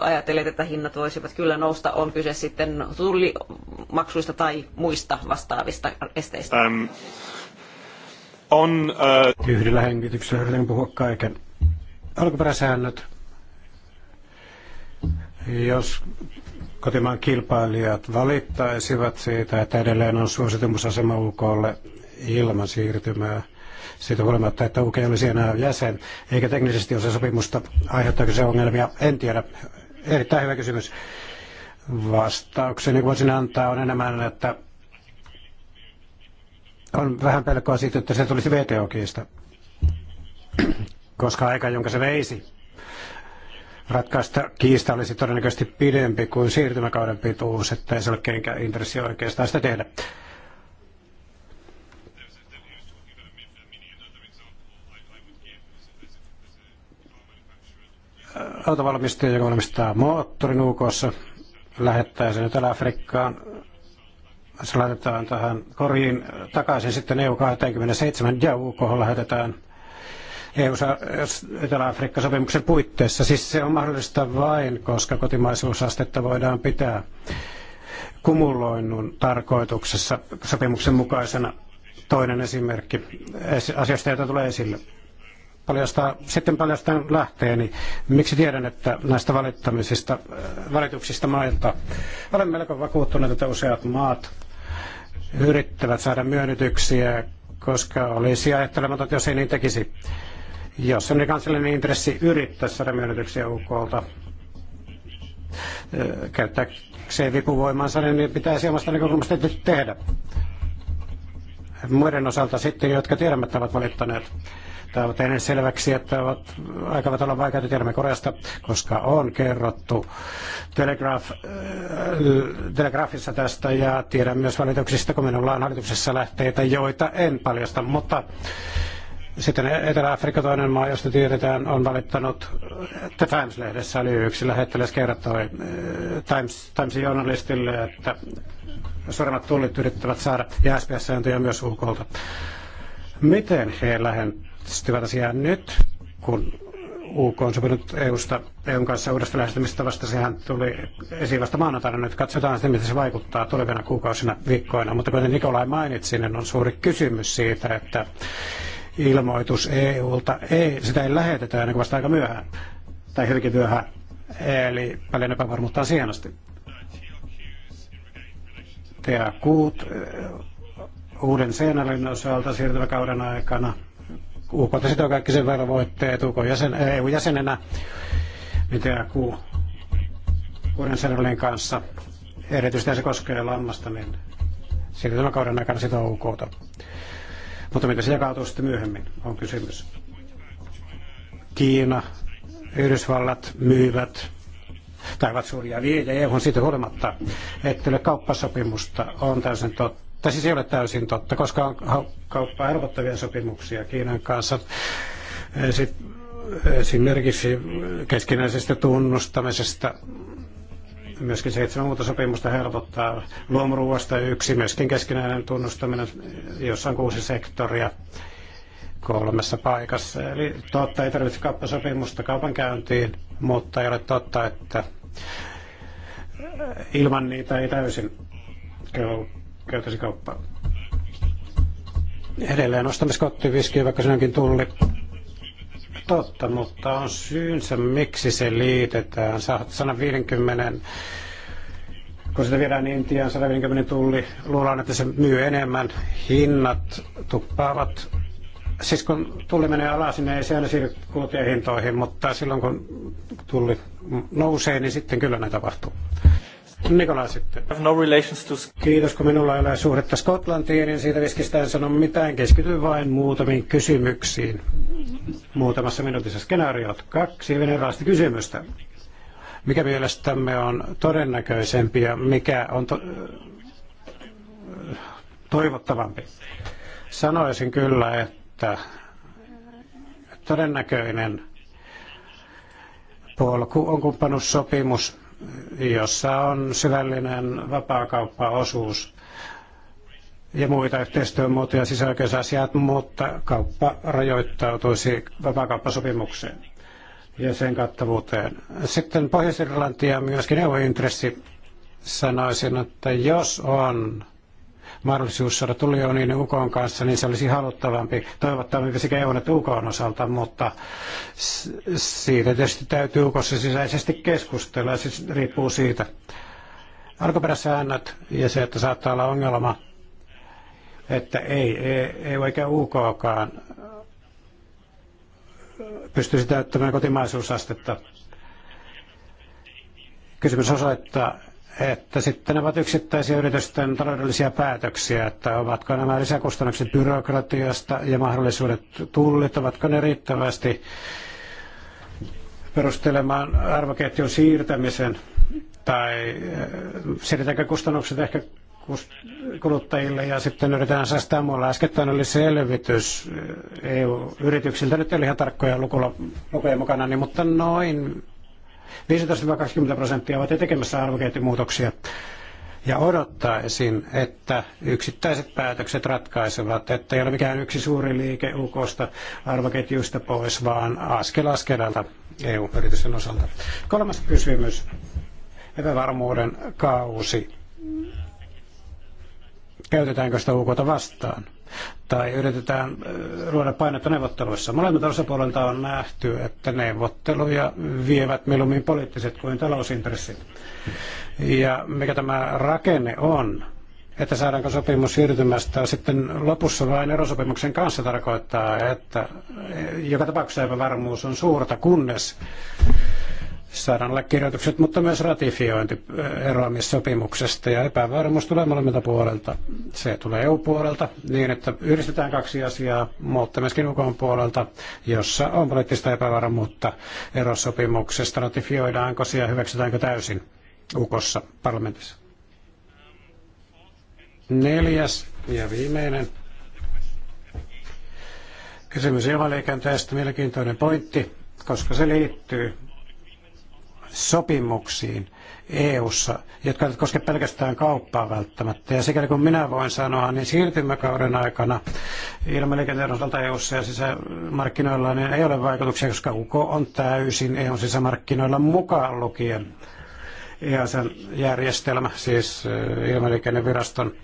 ajatelleet, että hinnat voisivat kyllä nousta, on kyse sitten tullimaksuista tai muista vastaavista esteistä. Um, on, uh... Yhdellä hengityksellä yritän puhua kaiken. Alkuperäsäännöt, jos kotimaan kilpailijat valittaisivat siitä, että edelleen on suositumusasema UKlle ilman siirtymää – siitä huolimatta, että UK olisi enää jäsen, eikä teknisesti osa sopimusta. Aiheuttaako se ongelmia? En tiedä. Erittäin hyvä kysymys. Vastaukseni voisin antaa on enemmän, että on vähän pelkoa siitä, että se tulisi VTO-kiista, koska aika, jonka se veisi ratkaista kiista olisi todennäköisesti pidempi kuin siirtymäkauden pituus, että ei se ole kenenkään intressi oikeastaan sitä tehdä. autovalmistaja, joka valmistaa moottorin UKssa, lähettää sen Etelä-Afrikkaan. Se laitetaan tähän koriin takaisin sitten EU-27 ja UK lähetetään eu Etelä-Afrikka sopimuksen puitteissa. Siis se on mahdollista vain, koska kotimaisuusastetta voidaan pitää kumuloinnun tarkoituksessa sopimuksen mukaisena. Toinen esimerkki asiasta, jota tulee esille paljastaa, sitten paljastan lähteeni. Niin miksi tiedän, että näistä valittamisista, äh, valituksista mailta olen melko vakuuttunut, että useat maat yrittävät saada myönnytyksiä, koska olisi ajattelematon, jos ei niin tekisi. Jos sellainen kansallinen intressi yrittää saada myönnytyksiä UKlta, äh, käyttääkseen vipuvoimansa, niin pitäisi omasta näkökulmasta tehdä muiden osalta sitten, jotka tiedämättä ovat valittaneet tai ovat tehneet selväksi, että ovat, aikavat olla vaikeita tiedämme Koreasta, koska on kerrottu Telegraph, äh, Telegraphissa tästä ja tiedän myös valituksista, kun minulla on hallituksessa lähteitä, joita en paljasta, mutta sitten Etelä-Afrikka, toinen maa, josta tiedetään, on valittanut, The Times-lehdessä oli yksi lähettiläs kertoi äh, Times, Timesin journalistille, että suuremmat tullit yrittävät saada, ja myös UKlta. Miten he lähen, sitten asiaan nyt, kun UK on sopinut EUsta, EUn kanssa uudesta lähestymistavasta. Sehän tuli esiin vasta maanantaina. Nyt katsotaan sitten, miten se vaikuttaa tulevina kuukausina, viikkoina. Mutta kuten Nikolai mainitsi, niin on suuri kysymys siitä, että ilmoitus EUlta, ei, sitä ei lähetetä ennen kuin vasta aika myöhään, tai hyvinkin myöhään. Eli paljon epävarmuutta on ta kuut uuden seinällin osalta siirtymäkauden aikana UK sitä kaikki sen velvoitteet UK jäsen, eh, EU-jäsenenä, mitä kuuden kanssa, erityisesti se koskee lammasta, niin kauden aikana on UKta. Mutta mitä se jakautuu sitten myöhemmin, on kysymys. Kiina, Yhdysvallat myyvät tai ovat suuria viejä EU-hun siitä huolimatta, että kauppasopimusta on täysin totta tai siis ei ole täysin totta, koska on kauppaa helpottavia sopimuksia Kiinan kanssa. Sitten esimerkiksi keskinäisestä tunnustamisesta myöskin seitsemän muuta sopimusta helpottaa. Luomuruuasta yksi, myöskin keskinäinen tunnustaminen, jossa on kuusi sektoria kolmessa paikassa. Eli totta, ei tarvitse kauppasopimusta kaupankäyntiin, mutta ei ole totta, että ilman niitä ei täysin käytäisi kauppaa. Edelleen ostamme skottiviskiä, vaikka se onkin tulli. Totta, mutta on syynsä, miksi se liitetään. 150 kun sitä viedään Intiaan 150 tulli, luullaan, että se myy enemmän. Hinnat tuppaavat. Siis kun tulli menee alas, niin ei se aina siirry kuluttajahintoihin, mutta silloin kun tulli nousee, niin sitten kyllä ne tapahtuu. Nikola sitten. No to... Kiitos, kun minulla ei ole suhdetta Skotlantiin, niin siitä viskistä en sano mitään. Keskity vain muutamiin kysymyksiin. Muutamassa minuutissa skenaariot. Kaksi veneraasta kysymystä. Mikä mielestämme on todennäköisempi ja mikä on to- toivottavampi? Sanoisin kyllä, että todennäköinen polku on kumppanussopimus jossa on syvällinen vapaakauppaosuus ja muita yhteistyön muotoja sisäoikeusasiat, mutta kauppa rajoittautuisi vapaakauppasopimukseen ja sen kattavuuteen. Sitten Pohjois-Irlanti ja myöskin EU-intressi sanoisin, että jos on mahdollisuus saada tulioniin UKon kanssa, niin se olisi haluttavampi, toivottavampi sekä EUn että UKon osalta, mutta siitä tietysti täytyy UKossa sisäisesti keskustella, siis riippuu siitä. Alkuperäsäännöt ja se, että saattaa olla ongelma, että ei, ei, ei eikä UKkaan pystyisi täyttämään kotimaisuusastetta. Kysymys osoittaa, että sitten ovat yksittäisiä yritysten taloudellisia päätöksiä, että ovatko nämä lisäkustannukset byrokratiasta ja mahdollisuudet tullit, ovatko ne riittävästi perustelemaan arvoketjun siirtämisen tai eh, siirretäänkö kustannukset ehkä kuluttajille ja sitten yritetään säästää muualla. Äskettäin oli selvitys eh, EU-yrityksiltä, nyt ei ole ihan tarkkoja lukuja mukana, niin, mutta noin 15-20 prosenttia ovat jo tekemässä arvoketjumuutoksia. Ja odottaisin, että yksittäiset päätökset ratkaisevat, että ei ole mikään yksi suuri liike UKsta arvoketjuista pois, vaan askel askelalta EU-yritysten osalta. Kolmas kysymys. Epävarmuuden kausi. Käytetäänkö sitä UKta vastaan? tai yritetään äh, luoda painetta neuvotteluissa. Molemmat osapuolilta on nähty, että neuvotteluja vievät mieluummin poliittiset kuin talousintressit. Ja mikä tämä rakenne on, että saadaanko sopimus siirtymästä sitten lopussa vain erosopimuksen kanssa tarkoittaa, että äh, joka tapauksessa epävarmuus on suurta, kunnes saadaan allekirjoitukset, mutta myös ratifiointi äh, eroamissopimuksesta ja epävarmuus tulee molemmilta puolelta. Se tulee EU-puolelta niin, että yhdistetään kaksi asiaa, mutta myöskin UK-puolelta, jossa on poliittista epävarmuutta erosopimuksesta, ratifioidaanko se ja hyväksytäänkö täysin UKossa parlamentissa. Neljäs ja viimeinen kysymys ilmaliikenteestä, mielenkiintoinen pointti, koska se liittyy sopimuksiin EU-ssa, jotka eivät koske pelkästään kauppaa välttämättä. Ja sikäli kuin minä voin sanoa, niin siirtymäkauden aikana ilmaliikenteen osalta EU-ssa ja sisämarkkinoilla niin ei ole vaikutuksia, koska UK on täysin EUn sisämarkkinoilla mukaan lukien. Ja e sen järjestelmä, siis ilmaliikenneviraston viraston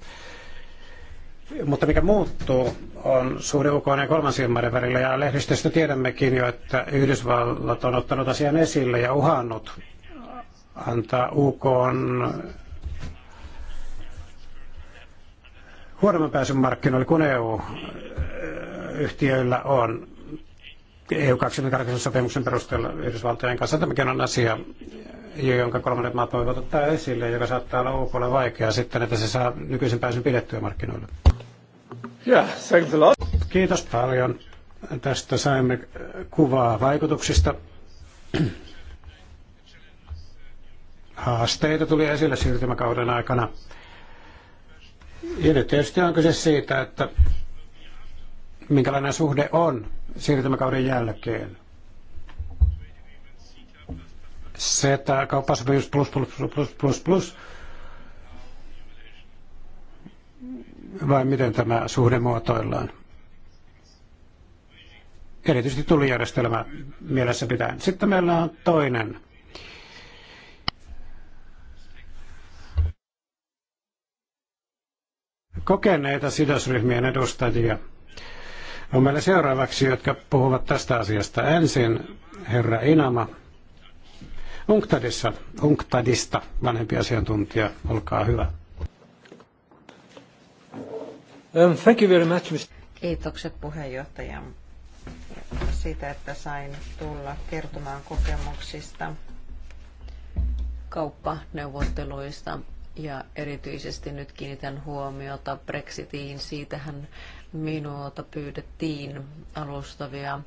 mutta mikä muuttuu on suuri UK ja kolmansien maiden välillä ja lehdistöstä tiedämmekin jo, että Yhdysvallat on ottanut asian esille ja uhannut antaa UK on huonomman pääsyn markkinoille kuin EU-yhtiöillä on. EU-28-sopimuksen perusteella Yhdysvaltojen kanssa. Tämäkin on asia, jonka kolmannet maat voivat ottaa esille, joka saattaa olla UKlle vaikea sitten, että se saa nykyisen pääsyn pidettyä markkinoille. Yeah, thanks a lot. Kiitos paljon. Tästä saimme äh, kuvaa vaikutuksista. Haasteita tuli esille siirtymäkauden aikana. Ja nyt tietysti on kyse siitä, että minkälainen suhde on siirtymäkauden jälkeen. Se, että kauppasopimus plus, plus, plus, plus, plus, plus vai miten tämä suhde muotoillaan? Erityisesti tulijärjestelmä mielessä pitäen. Sitten meillä on toinen kokeneita sidosryhmien edustajia on meillä seuraavaksi, jotka puhuvat tästä asiasta. Ensin herra Inama UNCTADissa, UNCTADista, vanhempi asiantuntija, olkaa hyvä. Um, thank you very much, Mr. Kiitokset puheenjohtaja siitä, että sain tulla kertomaan kokemuksista kauppaneuvotteluista ja erityisesti nyt kiinnitän huomiota Brexitiin. Siitähän minulta pyydettiin alustavia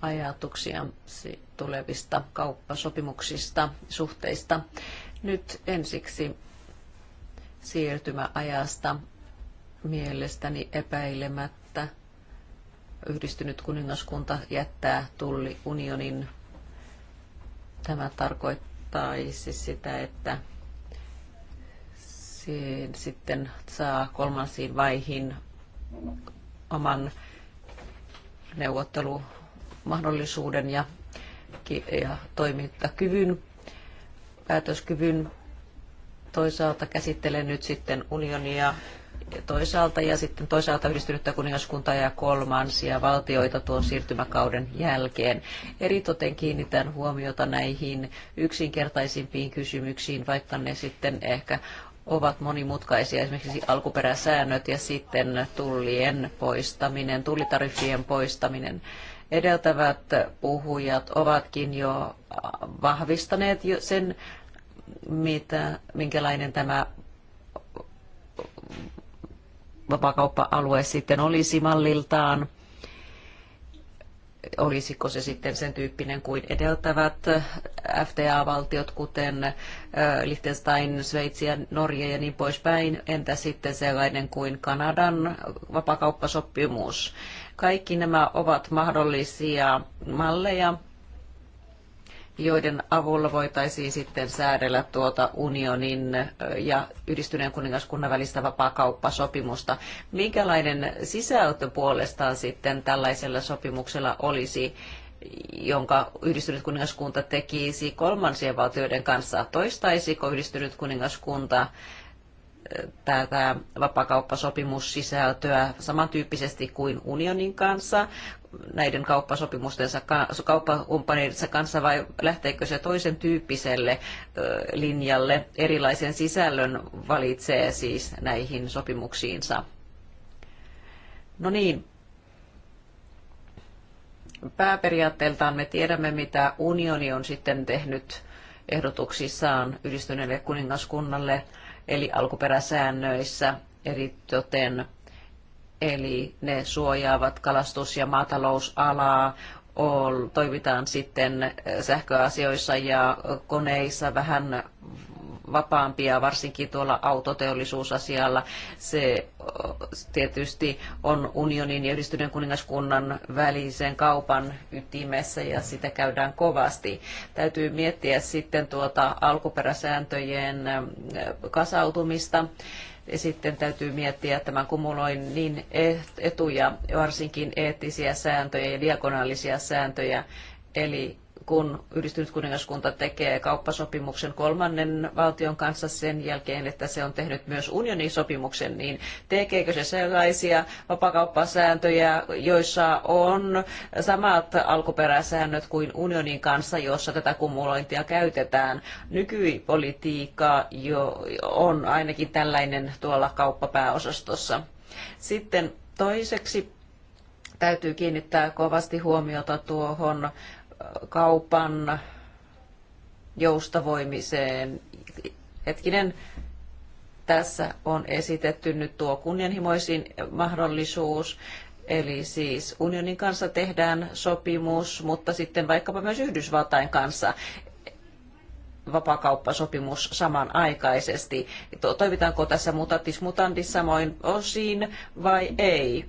ajatuksia tulevista kauppasopimuksista, suhteista. Nyt ensiksi siirtymäajasta mielestäni epäilemättä yhdistynyt kuningaskunta jättää tulliunionin. Tämä tarkoittaisi sitä, että sitten saa kolmansiin vaihin oman neuvottelumahdollisuuden ja, ja toimintakyvyn, päätöskyvyn. Toisaalta käsittelen nyt sitten unionia toisaalta ja sitten toisaalta yhdistynyttä kuningaskuntaa ja kolmansia valtioita tuon siirtymäkauden jälkeen. Eritoten kiinnitän huomiota näihin yksinkertaisimpiin kysymyksiin, vaikka ne sitten ehkä ovat monimutkaisia, esimerkiksi alkuperäsäännöt ja sitten tullien poistaminen, tullitariffien poistaminen. Edeltävät puhujat ovatkin jo vahvistaneet jo sen, mitä, minkälainen tämä vapaakauppa-alue sitten olisi malliltaan. Olisiko se sitten sen tyyppinen kuin edeltävät FTA-valtiot, kuten Liechtenstein, Sveitsi ja Norja ja niin poispäin? Entä sitten sellainen kuin Kanadan vapakauppasopimus? Kaikki nämä ovat mahdollisia malleja joiden avulla voitaisiin sitten säädellä tuota unionin ja yhdistyneen kuningaskunnan välistä vapaakauppasopimusta. Minkälainen sisältö puolestaan sitten tällaisella sopimuksella olisi? jonka yhdistynyt kuningaskunta tekisi kolmansien valtioiden kanssa. Toistaisiko yhdistynyt kuningaskunta tätä vapakauppasopimussisältöä samantyyppisesti kuin unionin kanssa, näiden kauppasopimustensa, kauppakumppaneidensa kanssa vai lähteekö se toisen tyyppiselle linjalle? Erilaisen sisällön valitsee siis näihin sopimuksiinsa. No niin, pääperiaatteeltaan me tiedämme, mitä unioni on sitten tehnyt ehdotuksissaan yhdistyneelle kuningaskunnalle – eli alkuperäsäännöissä eritoten. Eli ne suojaavat kalastus- ja maatalousalaa, toimitaan sitten sähköasioissa ja koneissa vähän vapaampia, varsinkin tuolla autoteollisuusasialla. Se tietysti on unionin ja yhdistyneen kuningaskunnan välisen kaupan ytimessä ja sitä käydään kovasti. Täytyy miettiä sitten tuota alkuperäsääntöjen kasautumista ja sitten täytyy miettiä tämän niin etuja, varsinkin eettisiä sääntöjä ja diagonaalisia sääntöjä. Eli kun yhdistynyt kuningaskunta tekee kauppasopimuksen kolmannen valtion kanssa sen jälkeen, että se on tehnyt myös unionin sopimuksen, niin tekeekö se sellaisia vapakauppasääntöjä, joissa on samat alkuperäsäännöt kuin unionin kanssa, jossa tätä kumulointia käytetään. Nykypolitiikka jo on ainakin tällainen tuolla kauppapääosastossa. Sitten toiseksi täytyy kiinnittää kovasti huomiota tuohon kaupan joustavoimiseen. Hetkinen, tässä on esitetty nyt tuo kunnianhimoisin mahdollisuus, eli siis unionin kanssa tehdään sopimus, mutta sitten vaikkapa myös Yhdysvaltain kanssa vapakauppasopimus samanaikaisesti. Toivitaanko tässä mutatis mutandis samoin osin vai ei?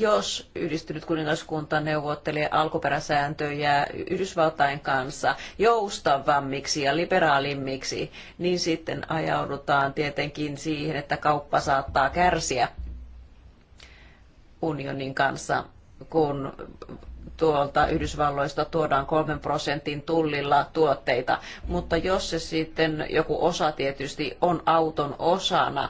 jos yhdistynyt kuningaskunta neuvottelee alkuperäsääntöjä Yhdysvaltain kanssa joustavammiksi ja liberaalimmiksi, niin sitten ajaudutaan tietenkin siihen, että kauppa saattaa kärsiä unionin kanssa, kun tuolta Yhdysvalloista tuodaan kolmen prosentin tullilla tuotteita, mutta jos se sitten joku osa tietysti on auton osana,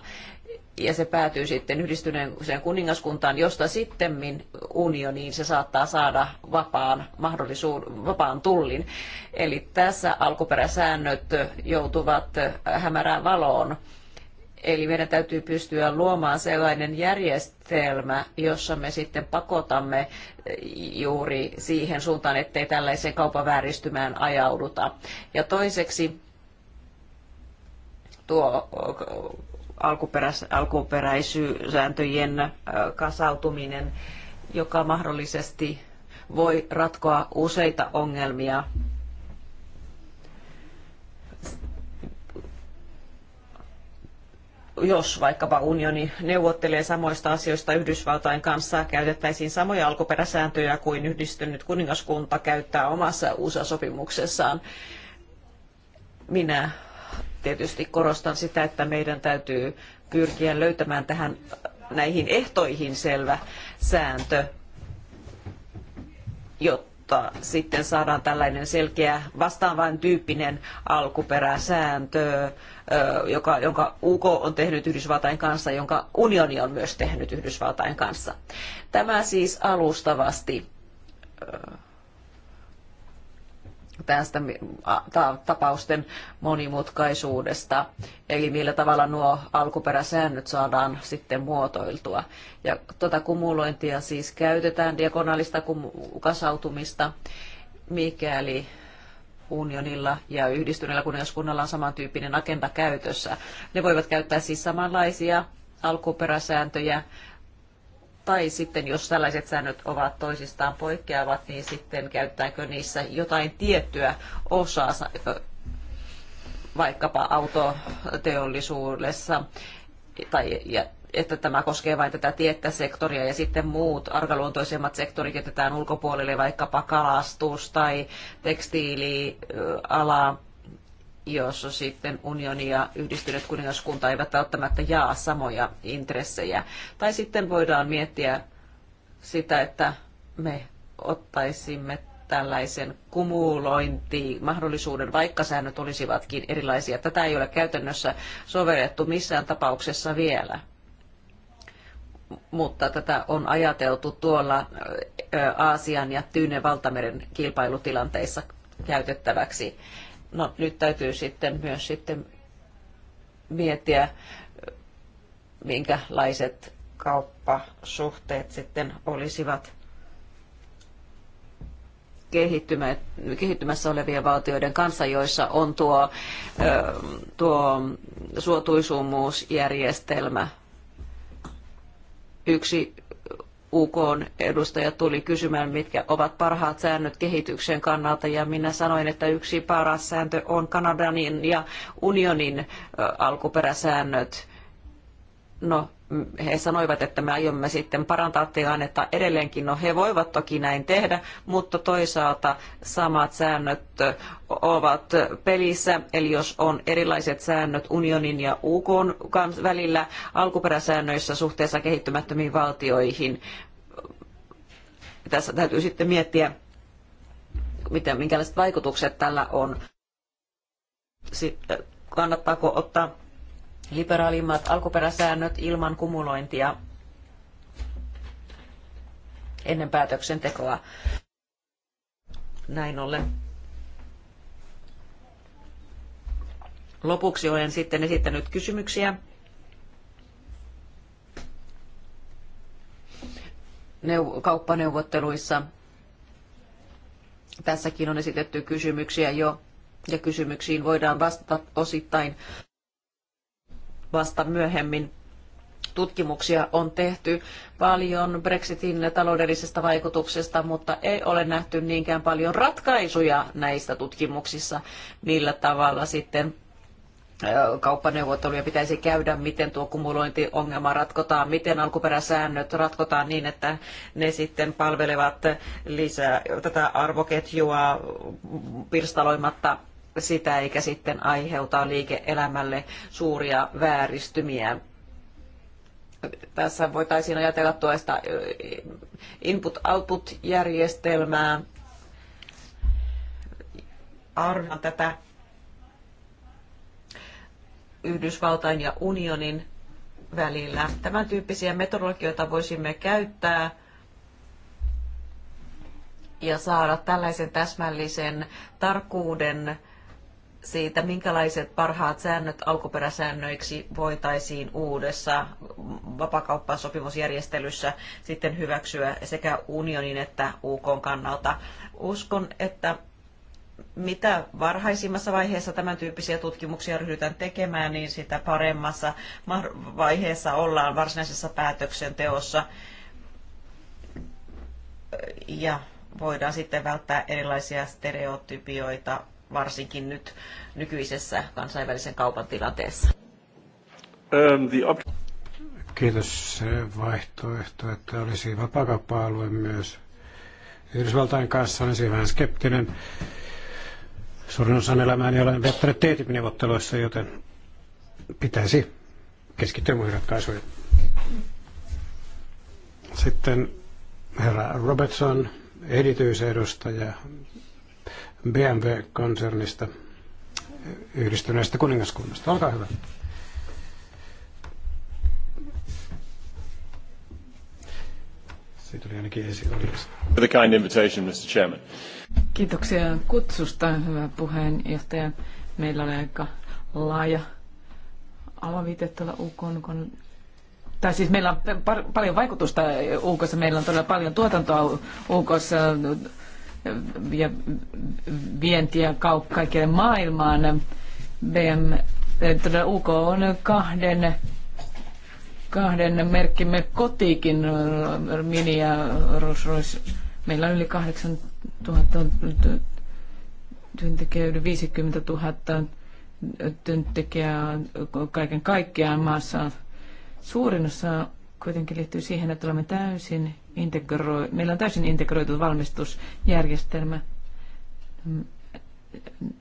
ja se päätyy sitten yhdistyneeseen kuningaskuntaan, josta sitten unioniin se saattaa saada vapaan, mahdollisuuden, vapaan tullin. Eli tässä alkuperäsäännöt joutuvat hämärään valoon. Eli meidän täytyy pystyä luomaan sellainen järjestelmä, jossa me sitten pakotamme juuri siihen suuntaan, ettei tällaiseen kaupavääristymään ajauduta. Ja toiseksi tuo alkuperäis, alkuperäisyysääntöjen kasautuminen, joka mahdollisesti voi ratkoa useita ongelmia. Jos vaikkapa unioni neuvottelee samoista asioista Yhdysvaltain kanssa, käytettäisiin samoja alkuperäsääntöjä kuin yhdistynyt kuningaskunta käyttää omassa USA-sopimuksessaan. Minä tietysti korostan sitä, että meidän täytyy pyrkiä löytämään tähän näihin ehtoihin selvä sääntö, jotta sitten saadaan tällainen selkeä vastaavan tyyppinen alkuperäsääntö, joka, jonka UK on tehnyt Yhdysvaltain kanssa, jonka unioni on myös tehnyt Yhdysvaltain kanssa. Tämä siis alustavasti tästä tapausten monimutkaisuudesta, eli millä tavalla nuo alkuperäsäännöt saadaan sitten muotoiltua. Ja tuota kumulointia siis käytetään, diagonaalista kasautumista, mikäli unionilla ja yhdistyneellä kuningaskunnalla on samantyyppinen agenda käytössä. Ne voivat käyttää siis samanlaisia alkuperäsääntöjä tai sitten jos tällaiset säännöt ovat toisistaan poikkeavat, niin sitten käyttääkö niissä jotain tiettyä osaa vaikkapa autoteollisuudessa tai ja, että tämä koskee vain tätä tiettä sektoria ja sitten muut arkaluontoisemmat sektorit jätetään ulkopuolelle, vaikkapa kalastus tai tekstiiliala jos sitten unioni ja yhdistynyt kuningaskunta eivät välttämättä jaa samoja intressejä. Tai sitten voidaan miettiä sitä, että me ottaisimme tällaisen kumulointimahdollisuuden, vaikka säännöt olisivatkin erilaisia. Tätä ei ole käytännössä sovellettu missään tapauksessa vielä. Mutta tätä on ajateltu tuolla Aasian ja Tyynen valtameren kilpailutilanteissa käytettäväksi. No nyt täytyy sitten myös sitten miettiä, minkälaiset kauppasuhteet sitten olisivat kehittymässä olevien valtioiden kanssa, joissa on tuo, tuo suotuisuusjärjestelmä Yksi UK edustaja tuli kysymään, mitkä ovat parhaat säännöt kehityksen kannalta, ja minä sanoin, että yksi paras sääntö on Kanadan ja unionin alkuperäsäännöt. No, he sanoivat, että me aiomme sitten parantaa tilannetta edelleenkin. No he voivat toki näin tehdä, mutta toisaalta samat säännöt ovat pelissä. Eli jos on erilaiset säännöt unionin ja UK välillä alkuperäsäännöissä suhteessa kehittymättömiin valtioihin, tässä täytyy sitten miettiä, miten, minkälaiset vaikutukset tällä on. Sitten äh, kannattaako ottaa liberaalimmat alkuperäsäännöt ilman kumulointia ennen päätöksentekoa. Näin ollen. Lopuksi olen sitten esittänyt kysymyksiä. kauppaneuvotteluissa tässäkin on esitetty kysymyksiä jo, ja kysymyksiin voidaan vastata osittain vasta myöhemmin tutkimuksia on tehty paljon Brexitin taloudellisesta vaikutuksesta, mutta ei ole nähty niinkään paljon ratkaisuja näistä tutkimuksissa, millä tavalla sitten kauppaneuvotteluja pitäisi käydä, miten tuo kumulointiongelma ratkotaan, miten alkuperäsäännöt ratkotaan niin, että ne sitten palvelevat lisää tätä arvoketjua pirstaloimatta sitä eikä sitten aiheuta liike-elämälle suuria vääristymiä. Tässä voitaisiin ajatella tuosta input-output-järjestelmää. Arvan tätä Yhdysvaltain ja unionin välillä. Tämän tyyppisiä metodologioita voisimme käyttää ja saada tällaisen täsmällisen tarkkuuden siitä, minkälaiset parhaat säännöt alkuperäsäännöiksi voitaisiin uudessa vapakauppasopimusjärjestelyssä sitten hyväksyä sekä unionin että UK kannalta. Uskon, että mitä varhaisimmassa vaiheessa tämän tyyppisiä tutkimuksia ryhdytään tekemään, niin sitä paremmassa vaiheessa ollaan varsinaisessa päätöksenteossa. Ja voidaan sitten välttää erilaisia stereotypioita varsinkin nyt nykyisessä kansainvälisen kaupan tilanteessa? Ähm, Kiitos. Se vaihtoehto, että olisi vapakauppa alue myös Yhdysvaltain kanssa, olisi vähän skeptinen. Suurin osan elämääni olen viettänyt TTIP-neuvotteluissa, joten pitäisi keskittyä muihin ratkaisuihin. Sitten herra Robertson, erityisedustaja BMW-konsernista yhdistyneestä kuningaskunnasta. Olkaa hyvä. Se tuli ainakin esiin. The kind invitation, Mr. Chairman. Kiitoksia kutsusta, hyvä puheenjohtaja. Meillä oli aika laaja alaviite tuolla UK. Kun... Tai siis meillä on par- paljon vaikutusta UK. Meillä on todella paljon tuotantoa UK ja vientiä kaikkeen maailmaan. BM, eh, UK tuota on kahden kahden merkkimme kotiikin eh, Mini ja Rolls Royce. Meillä on yli 8000 työntekijää, yli 50 000 työntekijää kaiken kaikkiaan maassa. Suurin osa kuitenkin liittyy siihen, että olemme täysin integroi, meillä on täysin integroitu valmistusjärjestelmä.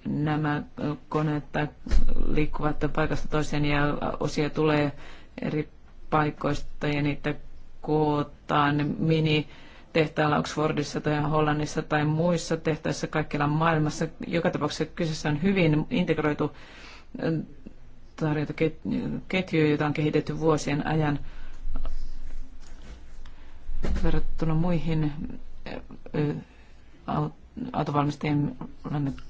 Nämä koneet liikkuvat paikasta toiseen ja osia tulee eri paikoista ja niitä kootaan mini tehtailla Oxfordissa tai Hollannissa tai muissa tehtaissa kaikkialla maailmassa. Joka tapauksessa kyseessä on hyvin integroitu ketju, jota on kehitetty vuosien ajan verrattuna muihin autovalmistajien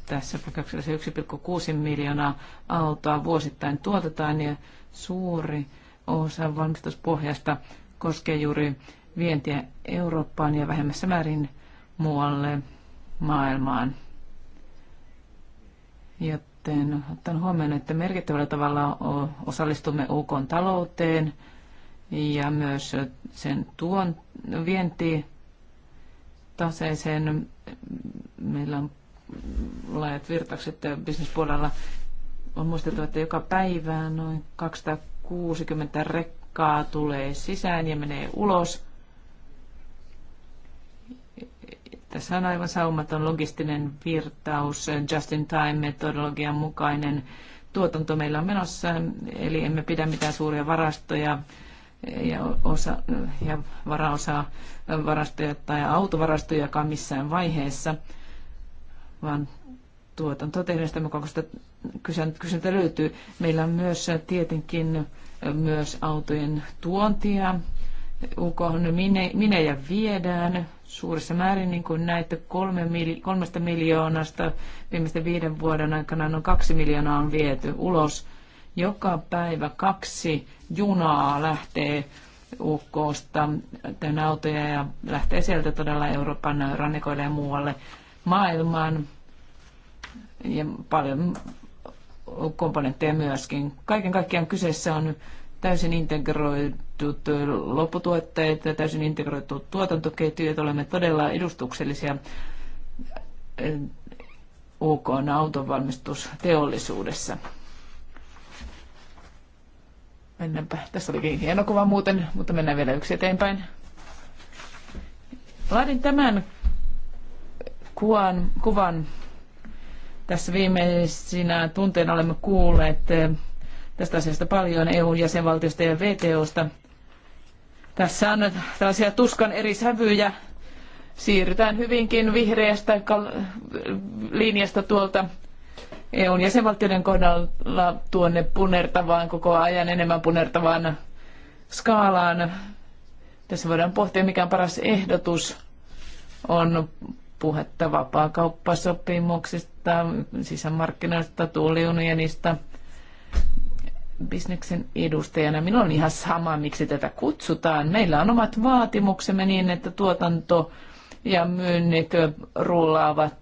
tässä poikkeuksessa 1,6 miljoonaa autoa vuosittain tuotetaan ja suuri osa valmistuspohjasta koskee juuri vientiä Eurooppaan ja vähemmässä määrin muualle maailmaan. Joten otan huomioon, että merkittävällä tavalla osallistumme UK talouteen – ja myös sen tuon taseeseen. Meillä on laajat virtaukset bisnespuolella. On muistettava, että joka päivä noin 260 rekkaa tulee sisään ja menee ulos. Tässä on aivan saumaton logistinen virtaus, just-in-time-metodologian mukainen tuotanto meillä on menossa, eli emme pidä mitään suuria varastoja ja, osa, ja varaosaa varastoja tai autovarastojakaan missään vaiheessa, vaan tuotanto tehdään sitä mukaan, kun sitä kysyntä löytyy. Meillä on myös tietenkin myös autojen tuontia. UK no mine, minejä viedään suurissa määrin, niin kuin näette, kolme, kolmesta miljoonasta viimeisten viiden vuoden aikana noin kaksi miljoonaa on viety ulos joka päivä kaksi junaa lähtee UKsta täynnä autoja ja lähtee sieltä todella Euroopan rannikoille ja muualle maailmaan. Ja paljon komponentteja myöskin. Kaiken kaikkiaan kyseessä on täysin integroidut lopputuotteet ja täysin integroitu tuotantoketju, olemme todella edustuksellisia UK autonvalmistusteollisuudessa. Mennäänpä. Tässä oli hieno kuva muuten, mutta mennään vielä yksi eteenpäin. Laitin tämän kuvan, kuvan tässä viimeisinä tunteina olemme kuulleet eh, tästä asiasta paljon EU-jäsenvaltiosta ja VTOsta. Tässä on tällaisia tuskan eri sävyjä. Siirrytään hyvinkin vihreästä linjasta tuolta EUn jäsenvaltioiden kohdalla tuonne punertavaan, koko ajan enemmän punertavaan skaalaan. Tässä voidaan pohtia, mikä on paras ehdotus. On puhetta vapaakauppasopimuksista, sisämarkkinoista, tuuliunionista, bisneksen edustajana. Minulla on ihan sama, miksi tätä kutsutaan. Meillä on omat vaatimuksemme niin, että tuotanto ja myynnit rullaavat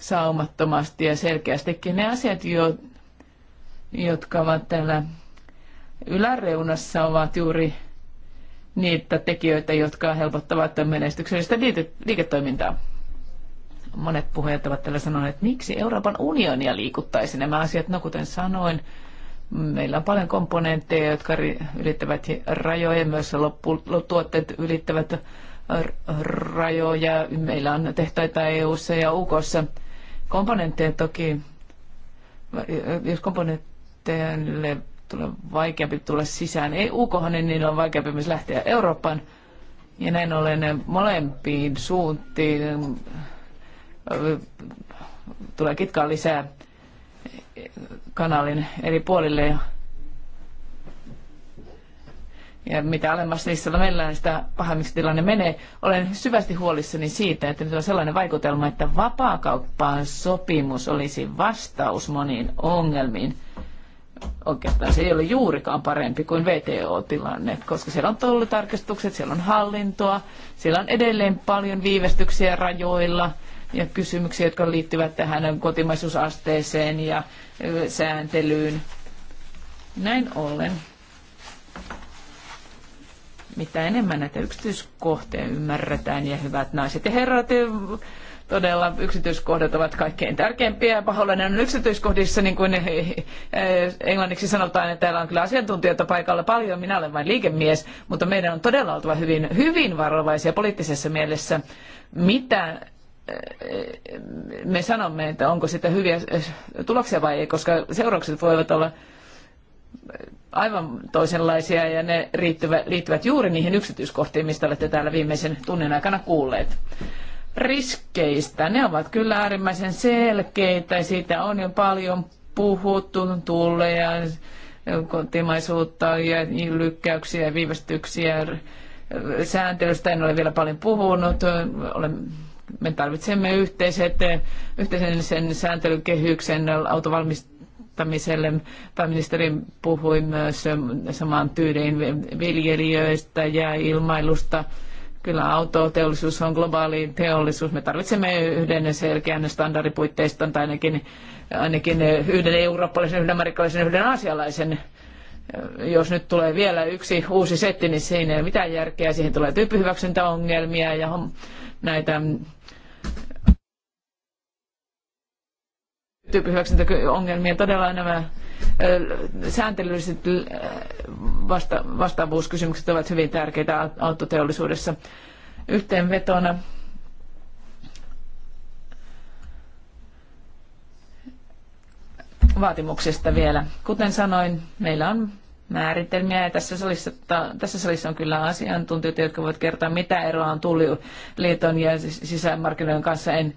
saumattomasti ja selkeästikin ne asiat, jo, jotka ovat täällä yläreunassa, ovat juuri niitä tekijöitä, jotka helpottavat menestyksellistä liiketoimintaa. Monet puhujat ovat täällä sanoneet, että miksi Euroopan unionia liikuttaisi nämä asiat. No kuten sanoin, meillä on paljon komponentteja, jotka ylittävät rajoja, myös lopputuotteet ylittävät rajoja. Meillä on tehtaita EU-ssa ja UKssa komponenttien toki, jos komponentteille tulee vaikeampi tulla sisään EU-kohan, niin niillä on vaikeampi myös lähteä Eurooppaan. Ja näin ollen molempiin suuntiin äh, tulee kitkaa lisää kanalin eri puolille ja mitä alemmassa niissä mennään, sitä pahemmiksi tilanne menee. Olen syvästi huolissani siitä, että nyt on sellainen vaikutelma, että vapaakauppaan sopimus olisi vastaus moniin ongelmiin. Oikeastaan se ei ole juurikaan parempi kuin VTO-tilanne, koska siellä on tullitarkastukset, siellä on hallintoa, siellä on edelleen paljon viivästyksiä rajoilla ja kysymyksiä, jotka liittyvät tähän kotimaisuusasteeseen ja sääntelyyn. Näin ollen mitä enemmän näitä yksityiskohtia ymmärretään ja hyvät naiset ja herrat, niin todella yksityiskohdat ovat kaikkein tärkeimpiä. Paholainen on yksityiskohdissa, niin kuin eh, englanniksi sanotaan, että täällä on kyllä asiantuntijoita paikalla paljon, minä olen vain liikemies, mutta meidän on todella oltava hyvin, hyvin varovaisia poliittisessa mielessä, mitä eh, me sanomme, että onko sitä hyviä eh, tuloksia vai ei, koska seuraukset voivat olla aivan toisenlaisia ja ne liittyvät juuri niihin yksityiskohtiin, mistä olette täällä viimeisen tunnin aikana kuulleet. Riskeistä. Ne ovat kyllä äärimmäisen selkeitä. Siitä on jo paljon puhuttu, tulleja, kotimaisuutta ja lykkäyksiä ja viivästyksiä. Sääntelystä en ole vielä paljon puhunut. Olen me tarvitsemme yhteiset, yhteisen sääntelykehyksen autovalmist, vahvistamiselle. Pääministeri puhui myös saman tyyden viljelijöistä ja ilmailusta. Kyllä autoteollisuus on globaali teollisuus. Me tarvitsemme yhden selkeän standardipuitteiston tai ainakin, ainakin yhden eurooppalaisen, yhden amerikkalaisen, yhden asialaisen jos nyt tulee vielä yksi uusi setti, niin siinä ei ole mitään järkeä. Siihen tulee tyyppihyväksyntäongelmia ja näitä tyyppi-90-ongelmia. todella nämä sääntelylliset vasta- vastaavuuskysymykset ovat hyvin tärkeitä autoteollisuudessa. Yhteenvetona vaatimuksesta vielä. Kuten sanoin, meillä on määritelmiä ja tässä salissa, tässä salissa on kyllä asiantuntijoita, jotka voivat kertoa, mitä eroa on tulliliiton ja sisämarkkinoiden kanssa. En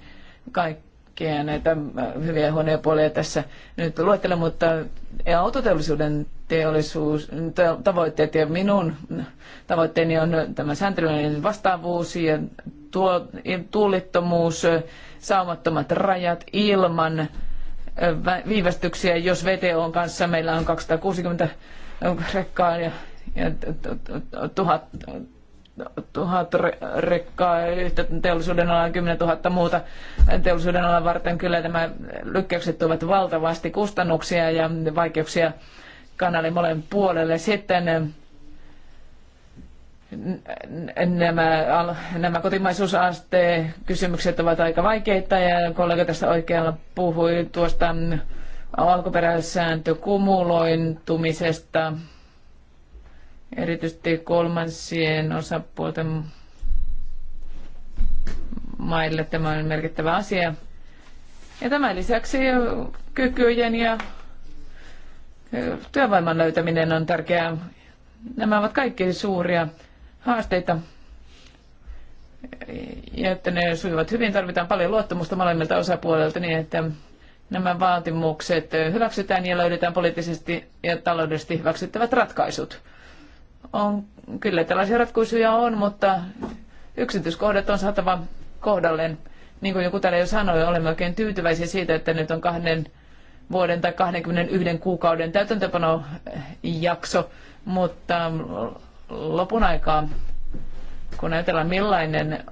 kaikki kaikkea näitä äh, hyviä huoneenpuolia tässä nyt luettelen, mutta äh, autoteollisuuden teollisuus, tavoitteet ja minun tavoitteeni on tämä sääntelyinen vastaavuus ja tuo, tuulittomuus, äh, saumattomat rajat ilman viivästyksiä, jos VTO on kanssa meillä on 260 rekkaa ja, ja tuhat tuhat rekkaa yhtä teollisuuden alaa, 10 000 muuta teollisuuden alaa varten. Kyllä nämä lykkäykset tuovat valtavasti kustannuksia ja vaikeuksia kanalin molemmin puolelle. Sitten nämä, nämä kotimaisuusasteen kysymykset ovat aika vaikeita ja kollega tässä oikealla puhui tuosta alkuperäisääntö kumulointumisesta erityisesti kolmansien osapuolten maille tämä on merkittävä asia. Ja tämän lisäksi kykyjen ja työvoiman löytäminen on tärkeää. Nämä ovat kaikki suuria haasteita. Ja että ne sujuvat hyvin, tarvitaan paljon luottamusta molemmilta osapuolelta niin, että nämä vaatimukset hyväksytään ja löydetään poliittisesti ja taloudellisesti hyväksyttävät ratkaisut on, kyllä tällaisia ratkaisuja on, mutta yksityiskohdat on saatava kohdalleen. Niin kuin joku täällä jo sanoi, olemme oikein tyytyväisiä siitä, että nyt on kahden vuoden tai 21 kuukauden täytäntöpanojakso, mutta lopun aikaa, kun ajatellaan millainen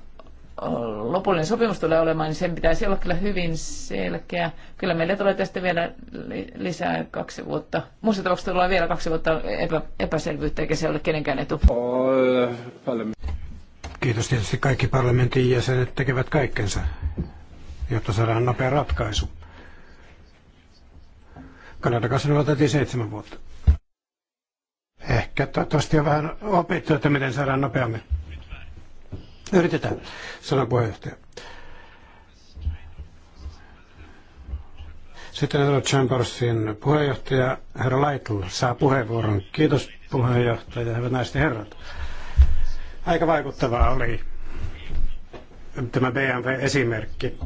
lopullinen sopimus tulee olemaan, niin sen pitäisi olla kyllä hyvin selkeä. Kyllä meille tulee tästä vielä lisää kaksi vuotta. Muussa tapauksessa tulee vielä kaksi vuotta epä, epäselvyyttä, eikä se ole kenenkään etu. Kiitos tietysti kaikki parlamentin jäsenet tekevät kaikkensa, jotta saadaan nopea ratkaisu. Kanada otettiin seitsemän vuotta. Ehkä toivottavasti on vähän opittu, että miten saadaan nopeammin. Yritetään, sanoi puheenjohtaja. Sitten herra Chambersin puheenjohtaja, herra Laitl, saa puheenvuoron. Kiitos puheenjohtaja, hyvät naiset herrat. Aika vaikuttavaa oli tämä BMW-esimerkki.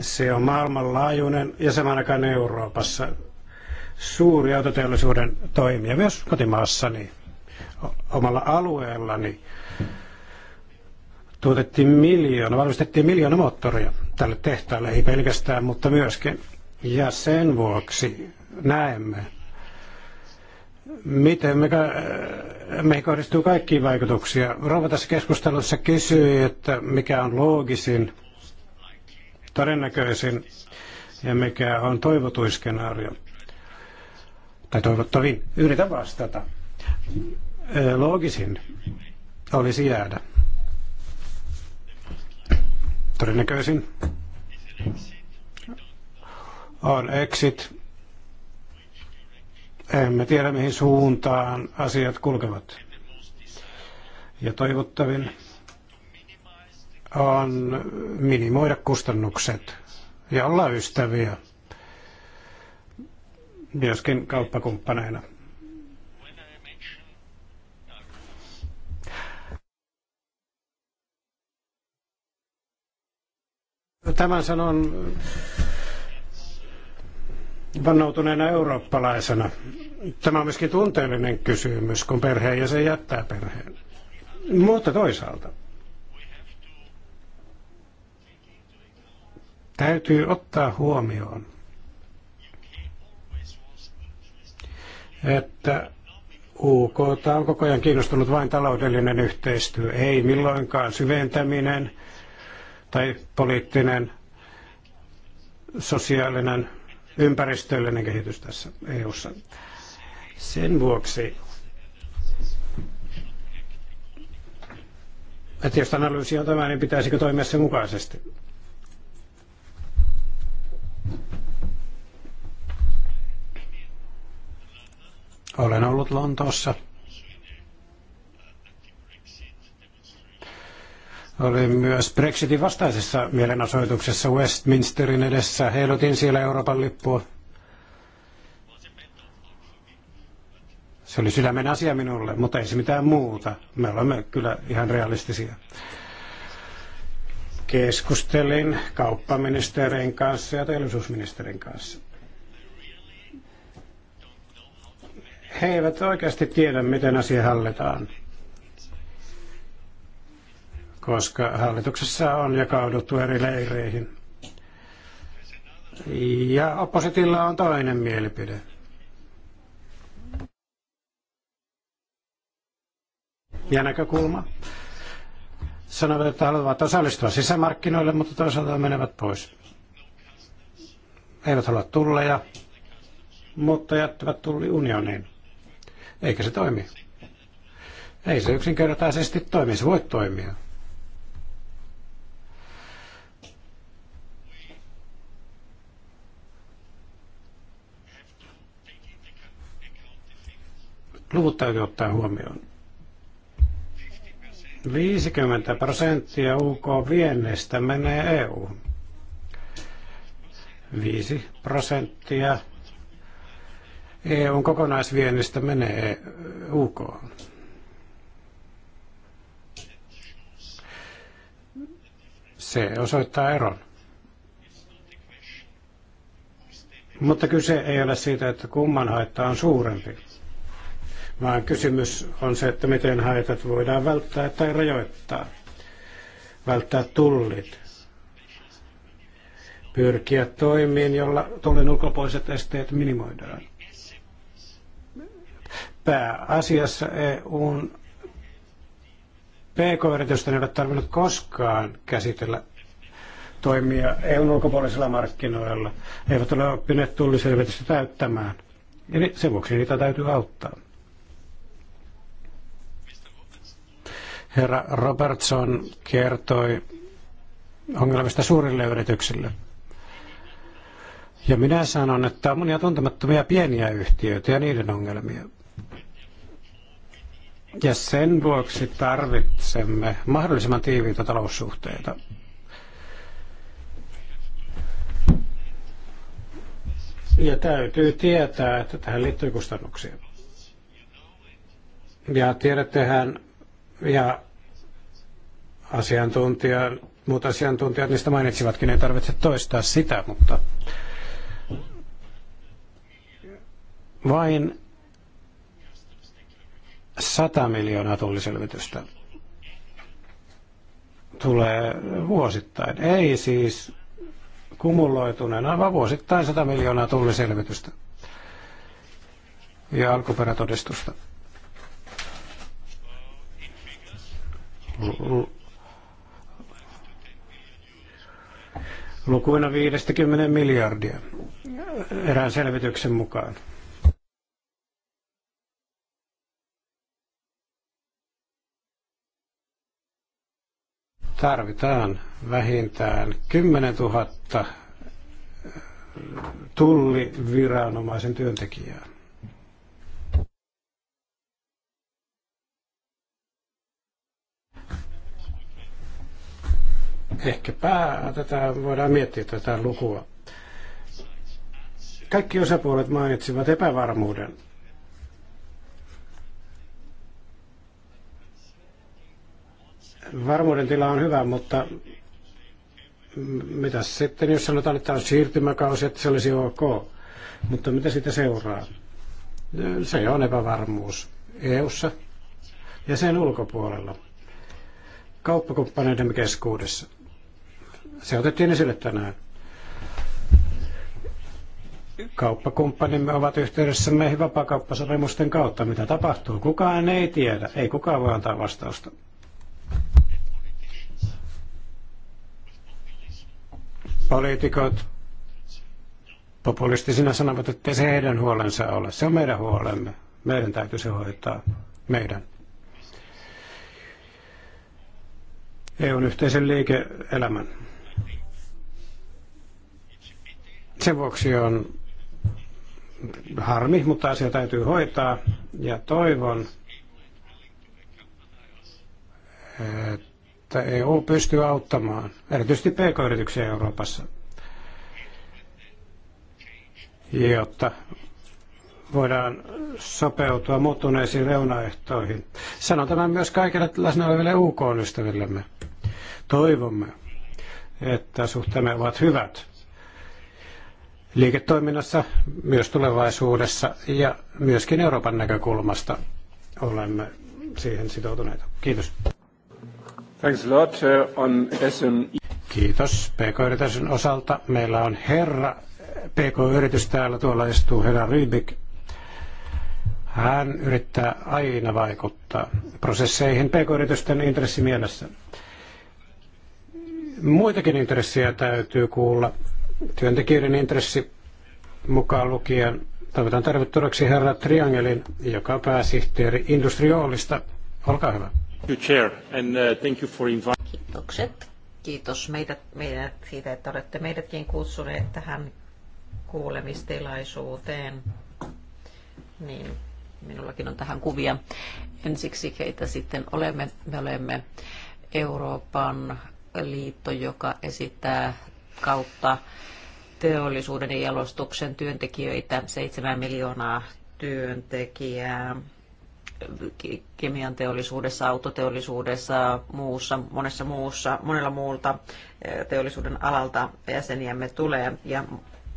Se on maailmanlaajuinen ja samaan aikaan Euroopassa suuri autoteollisuuden toimija myös kotimaassani, omalla alueellani tuotettiin miljoona, valmistettiin miljoona moottoria tälle tehtaalle, ei pelkästään, mutta myöskin. Ja sen vuoksi näemme, miten me, meihin kohdistuu kaikkia vaikutuksia. Rova tässä keskustelussa kysyi, että mikä on loogisin, todennäköisin ja mikä on toivotuin skenaario. Tai toivottavin. Yritän vastata. Loogisin olisi jäädä todennäköisin on exit. Emme tiedä, mihin suuntaan asiat kulkevat. Ja toivottavin on minimoida kustannukset ja olla ystäviä, myöskin kauppakumppaneina. Tämän sanon eh, vannoutuneena eurooppalaisena. Tämä on myöskin tunteellinen kysymys, kun perheen ja se jättää perheen. Mutta toisaalta täytyy ottaa huomioon, että UK on koko ajan kiinnostunut vain taloudellinen yhteistyö, ei milloinkaan syventäminen – tai poliittinen, sosiaalinen, ympäristöllinen kehitys tässä EU:ssa. Sen vuoksi, että jos analyysi on tämä, niin pitäisikö toimia sen mukaisesti? Olen ollut Lontoossa Olin myös Brexitin vastaisessa mielenosoituksessa Westminsterin edessä. Heilutin siellä Euroopan lippua. Se oli sydämen asia minulle, mutta ei se mitään muuta. Me olemme kyllä ihan realistisia. Keskustelin kauppaministerin kanssa ja teollisuusministerin kanssa. He eivät oikeasti tiedä, miten asia hallitaan koska hallituksessa on jakauduttu eri leireihin. Ja oppositilla on toinen mielipide. Ja näkökulma. Sanovat, että haluavat osallistua sisämarkkinoille, mutta toisaalta menevät pois. Eivät halua tulleja, mutta jättävät tulli unioniin. Eikä se toimi. Ei se yksinkertaisesti toimi, se voi toimia. Luvut täytyy ottaa huomioon. 50 prosenttia UK-viennistä menee EU. 5 prosenttia EUn kokonaisviennistä menee UK. Se osoittaa eron. Mutta kyse ei ole siitä, että kumman haitta on suurempi vaan kysymys on se, että miten haitat voidaan välttää tai rajoittaa. Välttää tullit. Pyrkiä toimiin, jolla tullin ulkopuoliset esteet minimoidaan. Pääasiassa EUn PK-yritysten ei ole tarvinnut koskaan käsitellä toimia EUn ulkopuolisilla markkinoilla. He eivät ole oppineet tulliselvitystä täyttämään. Eli sen vuoksi niitä täytyy auttaa. Herra Robertson kertoi ongelmista suurille yrityksille. Ja minä sanon, että on monia tuntemattomia pieniä yhtiöitä ja niiden ongelmia. Ja sen vuoksi tarvitsemme mahdollisimman tiiviitä taloussuhteita. Ja täytyy tietää, että tähän liittyy kustannuksia. Ja tiedättehän, ja asiantuntijat, muut asiantuntijat niistä mainitsivatkin, ei tarvitse toistaa sitä, mutta vain 100 miljoonaa tulliselvitystä tulee vuosittain. Ei siis kumuloituneena, vaan vuosittain 100 miljoonaa tulliselvitystä ja alkuperätodistusta. lukuina 50 miljardia erään selvityksen mukaan. Tarvitaan vähintään 10 000 tulliviranomaisen työntekijää. ehkäpä tätä voidaan miettiä tätä lukua. Kaikki osapuolet mainitsivat epävarmuuden. Varmuuden tila on hyvä, mutta mitä sitten, jos sanotaan, että on siirtymäkausi, että se olisi ok, mutta mitä siitä seuraa? Se on epävarmuus EU-ssa ja sen ulkopuolella kauppakumppaneiden keskuudessa. Se otettiin esille tänään. Kauppakumppanimme ovat meihin vapakauppasopimusten kautta. Mitä tapahtuu? Kukaan ei tiedä. Ei kukaan voi antaa vastausta. Poliitikot populistisina sanovat, että se heidän huolensa ole. Se on meidän huolemme. Meidän täytyy se hoitaa. Meidän. EUn yhteisen liike-elämän. Sen vuoksi on harmi, mutta asia täytyy hoitaa ja toivon, että EU pystyy auttamaan, erityisesti pk-yrityksiä Euroopassa, jotta voidaan sopeutua muuttuneisiin reunaehtoihin. Sanon tämän myös kaikille läsnä oleville UK-ystävillemme. Toivomme, että suhteemme ovat hyvät liiketoiminnassa myös tulevaisuudessa ja myöskin Euroopan näkökulmasta olemme siihen sitoutuneita. Kiitos. Thanks a lot uh, on SMI. E. Kiitos. PK-yritysten osalta meillä on herra PK-yritys täällä, tuolla istuu herra Rybik. Hän yrittää aina vaikuttaa prosesseihin PK-yritysten intressimielessä. Muitakin intressejä täytyy kuulla työntekijöiden intressi mukaan lukien. Toivotan tervetulleeksi herra Triangelin, joka pääsihteeri Industriolista. Olkaa hyvä. Uh, Kiitokset. Kiitos meidät, meidät siitä, että olette meidätkin kutsuneet tähän kuulemistilaisuuteen. Niin, minullakin on tähän kuvia. Ensiksi keitä sitten olemme. Me olemme Euroopan liitto, joka esittää kautta teollisuuden ja jalostuksen työntekijöitä, 7 miljoonaa työntekijää kemian teollisuudessa, autoteollisuudessa, muussa, monessa muussa, monella muulta e, teollisuuden alalta jäseniämme tulee. Ja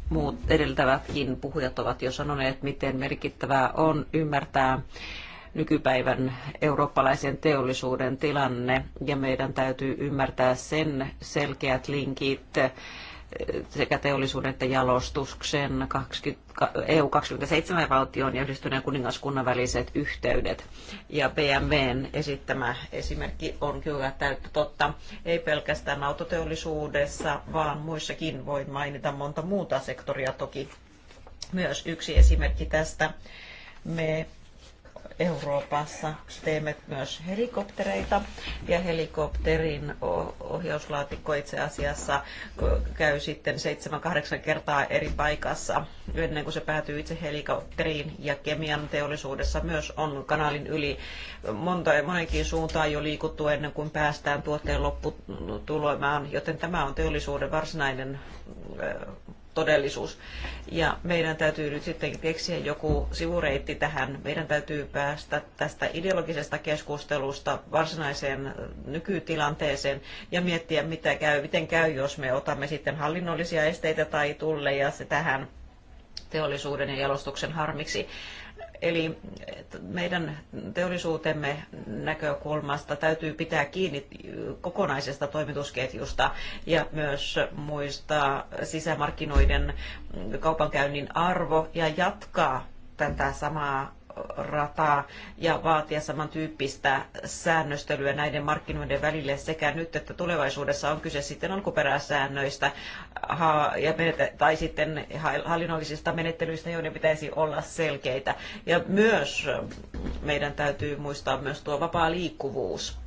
muut edeltävätkin puhujat ovat jo sanoneet, miten merkittävää on ymmärtää nykypäivän eurooppalaisen teollisuuden tilanne ja meidän täytyy ymmärtää sen selkeät linkit eh, sekä teollisuuden että jalostuksen 20, EU 27 valtion ja yhdistyneen kuningaskunnan väliset yhteydet. Ja BMWn esittämä esimerkki on kyllä täyttä totta. Ei pelkästään autoteollisuudessa, vaan muissakin voi mainita monta muuta sektoria toki. Myös yksi esimerkki tästä. Me Euroopassa teemme myös helikoptereita ja helikopterin ohjauslaatikko itse asiassa käy sitten 7-8 kertaa eri paikassa ennen kuin se päätyy itse helikopteriin ja kemian teollisuudessa myös on kanaalin yli monta, monenkin suuntaan jo liikuttu ennen kuin päästään tuotteen lopputulemaan, joten tämä on teollisuuden varsinainen todellisuus. Ja meidän täytyy nyt sitten keksiä joku sivureitti tähän. Meidän täytyy päästä tästä ideologisesta keskustelusta varsinaiseen nykytilanteeseen ja miettiä, mitä käy, miten käy, jos me otamme sitten hallinnollisia esteitä tai tulleja tähän teollisuuden ja jalostuksen harmiksi. Eli eh, meidän teollisuutemme näkökulmasta täytyy pitää kiinni eh, kokonaisesta toimitusketjusta ja myös muistaa sisämarkkinoiden mm, kaupankäynnin arvo ja jatkaa tätä samaa rataa ja vaatia samantyyppistä säännöstelyä näiden markkinoiden välille sekä nyt että tulevaisuudessa on kyse sitten alkuperäsäännöistä ja menet tai sitten hallinnollisista menettelyistä, joiden pitäisi olla selkeitä. Ja myös meidän täytyy muistaa myös tuo vapaa liikkuvuus.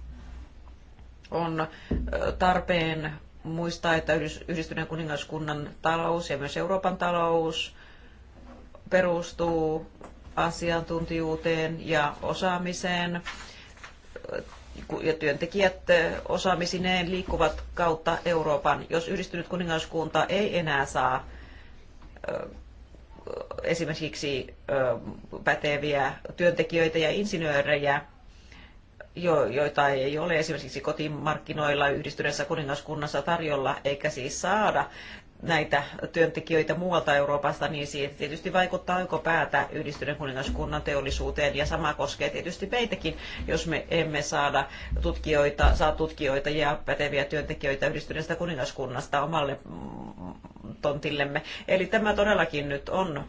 On tarpeen muistaa, että yhdistyneen kuningaskunnan talous ja myös Euroopan talous perustuu asiantuntijuuteen ja osaamiseen ja työntekijät osaamisineen liikkuvat kautta Euroopan. Jos yhdistynyt kuningaskunta ei enää saa esimerkiksi päteviä työntekijöitä ja insinöörejä, joita ei ole esimerkiksi kotimarkkinoilla yhdistyneessä kuningaskunnassa tarjolla, eikä siis saada näitä työntekijöitä muualta Euroopasta, niin siitä tietysti vaikuttaa joko päätä yhdistyneen kuningaskunnan teollisuuteen ja sama koskee tietysti meitäkin, jos me emme saada tutkijoita, saa tutkijoita ja päteviä työntekijöitä yhdistyneestä kuningaskunnasta omalle mm, tontillemme. Eli tämä todellakin nyt on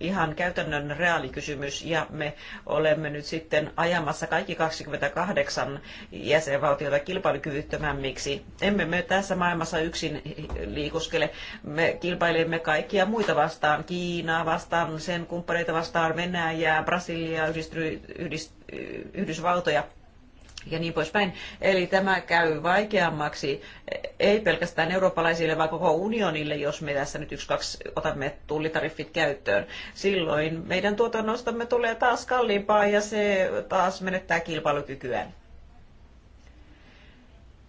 ihan käytännön reaalikysymys ja me olemme nyt sitten ajamassa kaikki 28 jäsenvaltiota kilpailukyvyttömämmiksi. Emme me tässä maailmassa yksin liikuskele. Me kilpailemme kaikkia muita vastaan, Kiinaa vastaan, sen kumppaneita vastaan, Venäjää, Brasiliaa, Yhdistry- Yhdist- Yhdysvaltoja ja niin poispäin. Eli tämä käy vaikeammaksi ei pelkästään eurooppalaisille, vaan koko unionille, jos me tässä nyt yksi kaksi otamme tullitariffit käyttöön. Silloin meidän tuotannostamme tulee taas kalliimpaa ja se taas menettää kilpailukykyään.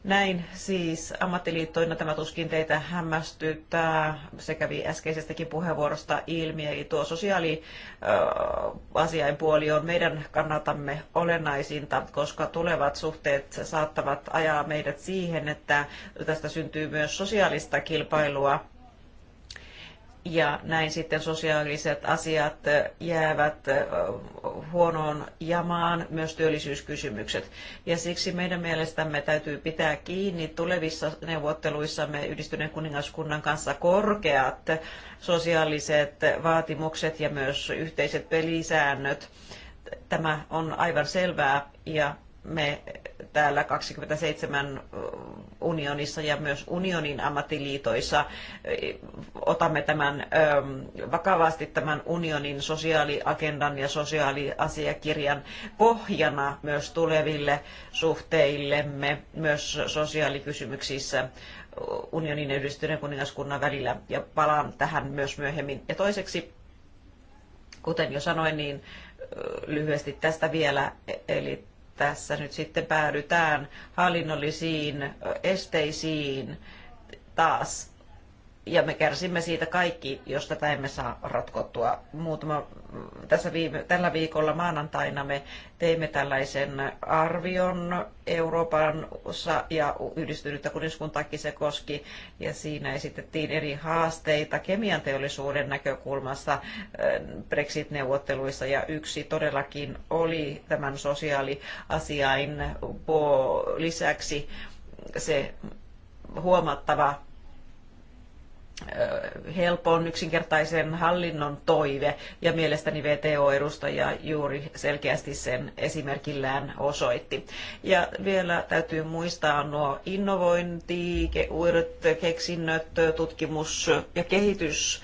Näin siis ammattiliittoina tämä tuskin teitä hämmästyttää. Se kävi äskeisestäkin puheenvuorosta ilmi, eli tuo sosiaaliasiain puoli on meidän kannatamme olennaisinta, koska tulevat suhteet saattavat ajaa meidät siihen, että tästä syntyy myös sosiaalista kilpailua ja näin sitten sosiaaliset asiat jäävät huonoon jamaan, myös työllisyyskysymykset. Ja siksi meidän mielestämme täytyy pitää kiinni tulevissa neuvotteluissamme yhdistyneen kuningaskunnan kanssa korkeat sosiaaliset vaatimukset ja myös yhteiset pelisäännöt. Tämä on aivan selvää ja me täällä 27 unionissa ja myös unionin ammattiliitoissa otamme tämän vakavasti tämän unionin sosiaaliagendan ja sosiaaliasiakirjan pohjana myös tuleville suhteillemme myös sosiaalikysymyksissä unionin ja yhdistyneen kuningaskunnan välillä ja palaan tähän myös myöhemmin. Ja toiseksi, kuten jo sanoin, niin lyhyesti tästä vielä, e, eli tässä nyt sitten päädytään hallinnollisiin esteisiin taas ja me kärsimme siitä kaikki, jos tätä emme saa ratkottua. Muutama, tässä viime, tällä viikolla maanantaina me teimme tällaisen arvion Euroopan ja yhdistynyttä kuningaskuntaakin se koski, ja siinä esitettiin eri haasteita kemian teollisuuden näkökulmassa äh, Brexit-neuvotteluissa, ja yksi todellakin oli tämän sosiaaliasiain lisäksi se huomattava helpon, yksinkertaisen hallinnon toive, ja mielestäni VTO-edustaja juuri selkeästi sen esimerkillään osoitti. Ja vielä täytyy muistaa nuo innovointi, uudet keksinnöt, tutkimus ja kehitys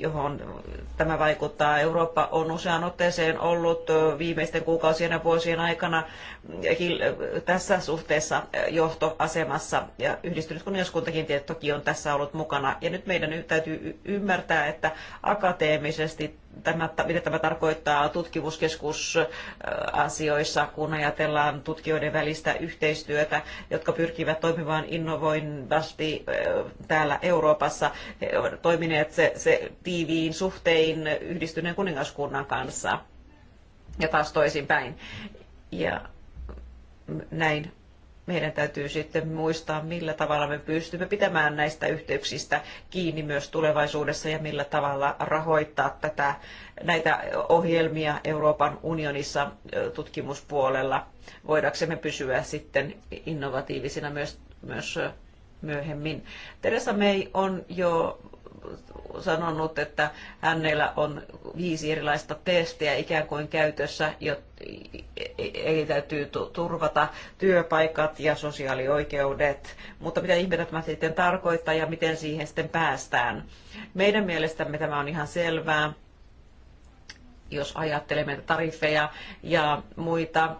johon tämä vaikuttaa. Eurooppa on useaan otteeseen ollut viimeisten kuukausien ja vuosien aikana tässä suhteessa johtoasemassa ja yhdistynyt kuningaskuntakin toki on tässä ollut mukana. Ja nyt meidän täytyy ymmärtää, että akateemisesti tämä, mitä tämä tarkoittaa tutkimuskeskusasioissa, kun ajatellaan tutkijoiden välistä yhteistyötä, jotka pyrkivät toimimaan innovoivasti täällä Euroopassa, He toimineet se, se tiiviin suhtein yhdistyneen kuningaskunnan kanssa ja taas toisinpäin. Ja näin meidän täytyy sitten muistaa, millä tavalla me pystymme pitämään näistä yhteyksistä kiinni myös tulevaisuudessa ja millä tavalla rahoittaa tätä, näitä ohjelmia Euroopan unionissa tutkimuspuolella, voidaksemme pysyä sitten innovatiivisina myös, myös myöhemmin. Teresa May on jo sanonut, että hänellä on viisi erilaista testiä ikään kuin käytössä, eli täytyy turvata työpaikat ja sosiaalioikeudet. Mutta mitä ihmettä tämä sitten tarkoittaa ja miten siihen sitten päästään? Meidän mielestämme tämä on ihan selvää, jos ajattelemme tariffeja ja muita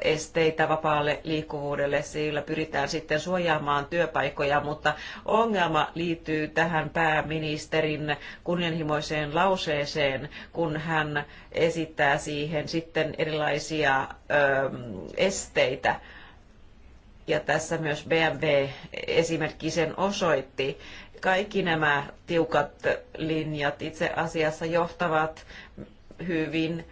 esteitä vapaalle liikkuvuudelle. Sillä pyritään sitten suojaamaan työpaikkoja, mutta ongelma liittyy tähän pääministerin kunnianhimoiseen lauseeseen, kun hän esittää siihen sitten erilaisia ö, esteitä. Ja tässä myös BMW-esimerkki sen osoitti. Kaikki nämä tiukat linjat itse asiassa johtavat hyvin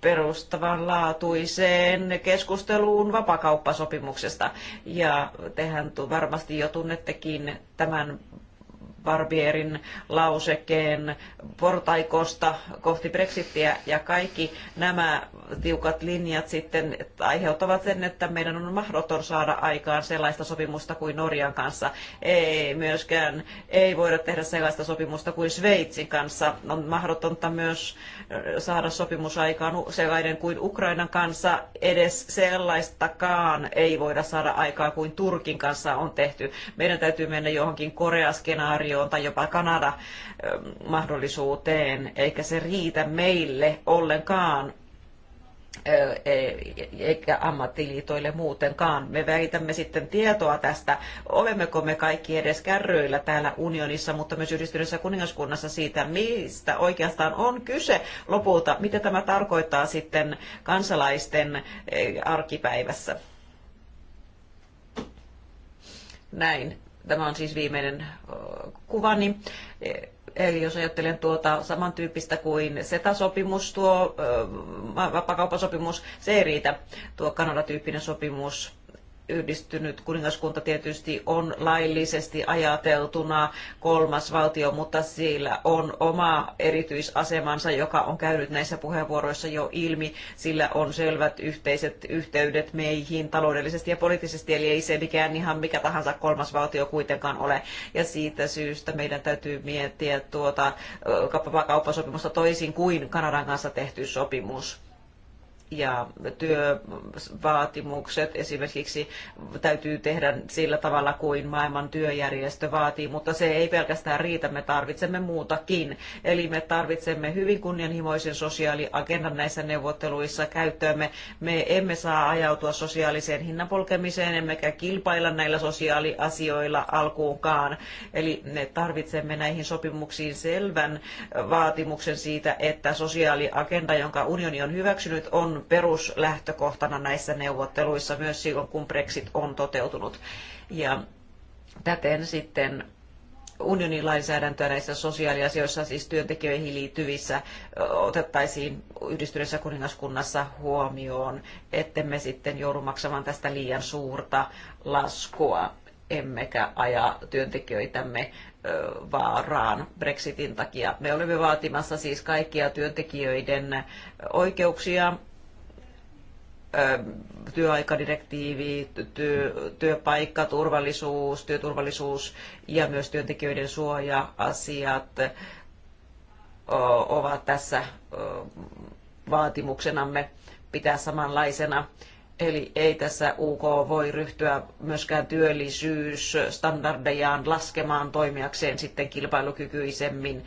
perustavanlaatuiseen keskusteluun vapakauppasopimuksesta. Ja tehän varmasti jo tunnettekin tämän Barbierin lausekkeen portaikosta kohti Brexittiä ja kaikki nämä tiukat linjat sitten aiheuttavat sen, että meidän on mahdoton saada aikaan sellaista sopimusta kuin Norjan kanssa. Ei myöskään, ei voida tehdä sellaista sopimusta kuin Sveitsin kanssa. On mahdotonta myös äh, saada sopimus aikaan sellainen kuin Ukrainan kanssa. Edes sellaistakaan ei voida saada aikaan kuin Turkin kanssa on tehty. Meidän täytyy mennä johonkin Korea-skenaarioon valtioon tai jopa Kanada ähm, mahdollisuuteen, eikä se riitä meille ollenkaan äh, eikä ammattiliitoille muutenkaan. Me välitämme sitten tietoa tästä, olemmeko me kaikki edes kärryillä täällä unionissa, mutta myös yhdistyneessä kuningaskunnassa siitä, mistä oikeastaan on kyse lopulta, mitä tämä tarkoittaa sitten kansalaisten äh, arkipäivässä. Näin Tämä on siis viimeinen kuvani. E, eli jos ajattelen tuota samantyyppistä kuin SETA-sopimus, tuo vapakaupasopimus, se ei riitä, tuo Kanada-tyyppinen sopimus yhdistynyt kuningaskunta tietysti on laillisesti ajateltuna kolmas valtio, mutta sillä on oma erityisasemansa, joka on käynyt näissä puheenvuoroissa jo ilmi. Sillä on selvät yhteiset yhteydet meihin taloudellisesti ja poliittisesti, eli ei se mikään ihan mikä tahansa kolmas valtio kuitenkaan ole. Ja siitä syystä meidän täytyy miettiä tuota vapaakauppasopimusta toisin kuin Kanadan kanssa tehty sopimus ja työvaatimukset esimerkiksi täytyy tehdä sillä tavalla kuin maailman työjärjestö vaatii, mutta se ei pelkästään riitä, me tarvitsemme muutakin. Eli me tarvitsemme hyvin kunnianhimoisen sosiaaliagendan näissä neuvotteluissa käyttöömme. Me emme saa ajautua sosiaaliseen hinnanpolkemiseen, emmekä kilpailla näillä sosiaaliasioilla alkuunkaan. Eli me tarvitsemme näihin sopimuksiin selvän vaatimuksen siitä, että sosiaaliagenda, jonka unioni on hyväksynyt, on peruslähtökohtana näissä neuvotteluissa myös silloin, kun Brexit on toteutunut. Ja täten sitten unionin lainsäädäntöä näissä sosiaaliasioissa, siis työntekijöihin liittyvissä, otettaisiin yhdistyneessä kuningaskunnassa huomioon, ettemme sitten joudu maksamaan tästä liian suurta laskua, emmekä aja työntekijöitämme vaaraan Brexitin takia. Me olemme vaatimassa siis kaikkia työntekijöiden oikeuksia työaikadirektiivi, työ, työpaikka, turvallisuus, työturvallisuus ja myös työntekijöiden suoja-asiat ovat tässä vaatimuksenamme pitää samanlaisena. Eli ei tässä UK voi ryhtyä myöskään työllisyysstandardejaan laskemaan toimijakseen sitten kilpailukykyisemmin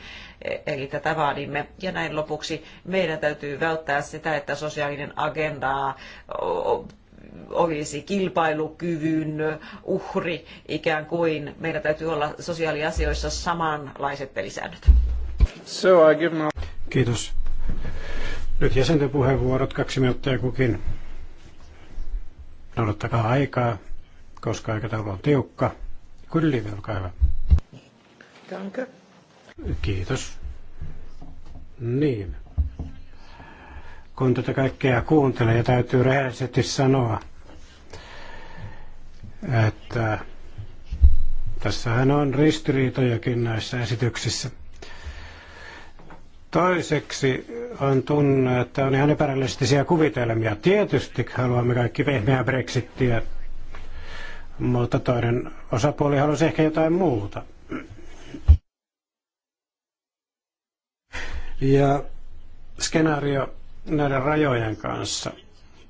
eli tätä vaadimme. Ja näin lopuksi meidän täytyy välttää sitä, että sosiaalinen agenda olisi kilpailukyvyn uhri ikään kuin. Meidän täytyy olla sosiaaliasioissa samanlaiset pelisäännöt. So I give my... Kiitos. Nyt jäsenten puheenvuorot, kaksi minuuttia kukin. Noudattakaa aikaa, koska aikataulu on tiukka. Kyllä, olkaa hyvä. Danke. Kiitos. Niin. Kun tätä kaikkea kuuntelee ja täytyy rehellisesti sanoa, että tässähän on ristiriitojakin näissä esityksissä. Toiseksi on tunne, että on ihan epärealistisia kuvitelmia. Tietysti haluamme kaikki pehmeää brexittiä, mutta toinen osapuoli halusi ehkä jotain muuta. ja skenaario näiden rajojen kanssa.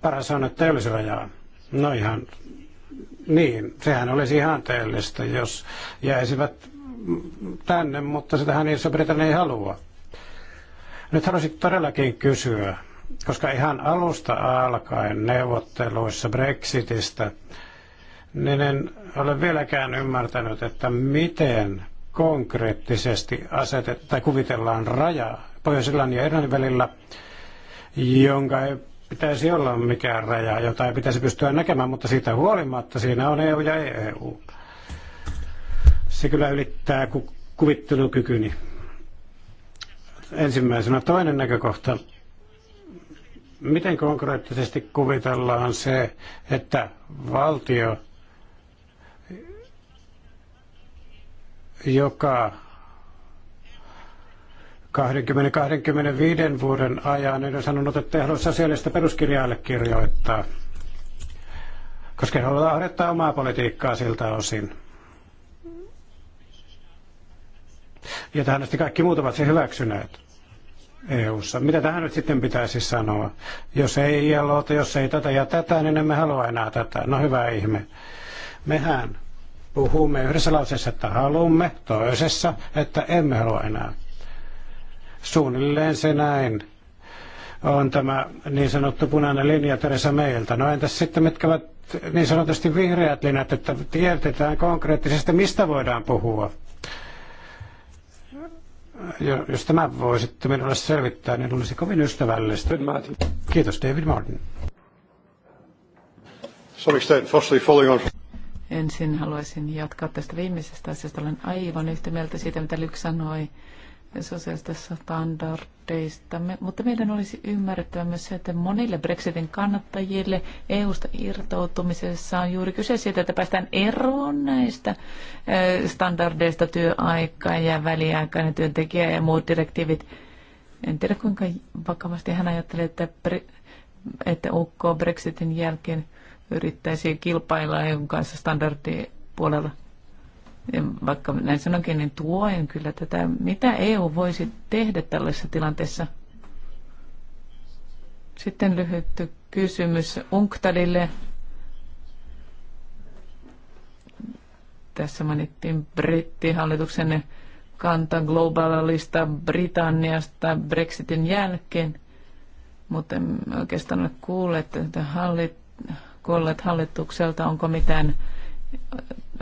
Paras on, että ei olisi rajaa. No ihan niin, sehän olisi ihanteellista, jos jäisivät tänne, mutta sitähän Iso-Britannia ei halua. Nyt haluaisin todellakin kysyä, koska ihan alusta alkaen neuvotteluissa Brexitistä, niin en ole vieläkään ymmärtänyt, että miten konkreettisesti asetet, tai kuvitellaan rajaa Pohjois-Irlannin ja Irlannin välillä, jonka ei pitäisi olla mikään raja, jota ei pitäisi pystyä näkemään, mutta siitä huolimatta siinä on EU ja EU. Se kyllä ylittää ku- kuvittelukykyni. Ensimmäisenä toinen näkökohta. Miten konkreettisesti kuvitellaan se, että valtio, joka 20-25 vuoden ajan en ole sanonut, että he halua sosiaalista peruskirjaalle kirjoittaa, koska he haluavat harjoittaa omaa politiikkaa siltä osin. Ja tähän asti kaikki muut ovat se hyväksyneet eu -ssa. Mitä tähän nyt sitten pitäisi sanoa? Jos ei ILO, jos ei tätä ja tätä, niin emme halua enää tätä. No hyvä ihme. Mehän puhumme yhdessä lauseessa, että haluamme, toisessa, että emme halua enää. Suunnilleen se näin on tämä niin sanottu punainen linja Teresa meiltä. No entäs sitten mitkä ovat niin sanotusti vihreät linjat, että tietetään konkreettisesti mistä voidaan puhua? Jos tämä voisitte minulle selvittää, niin olisi kovin ystävällistä. Kiitos, David Martin. Ensin haluaisin jatkaa tästä viimeisestä asiasta. Olen aivan yhtä mieltä siitä, mitä Lyk sanoi sosiaalista standardeista. mutta meidän olisi ymmärrettävä myös se, että monille Brexitin kannattajille EU-sta irtautumisessa on juuri kyse siitä, että päästään eroon näistä standardeista työaika ja väliaikainen työntekijä ja muut direktiivit. En tiedä kuinka vakavasti hän ajattelee, että, että UK Brexitin jälkeen yrittäisi kilpailla EUn kanssa standardipuolella vaikka näin sanonkin, niin tuoin kyllä tätä. Mitä EU voisi tehdä tällaisessa tilanteessa? Sitten lyhyt kysymys Unktadille. Tässä mainittiin brittihallituksen kanta globaalista Britanniasta Brexitin jälkeen, mutta oikeastaan ole että hallit, kuulleet hallitukselta, onko mitään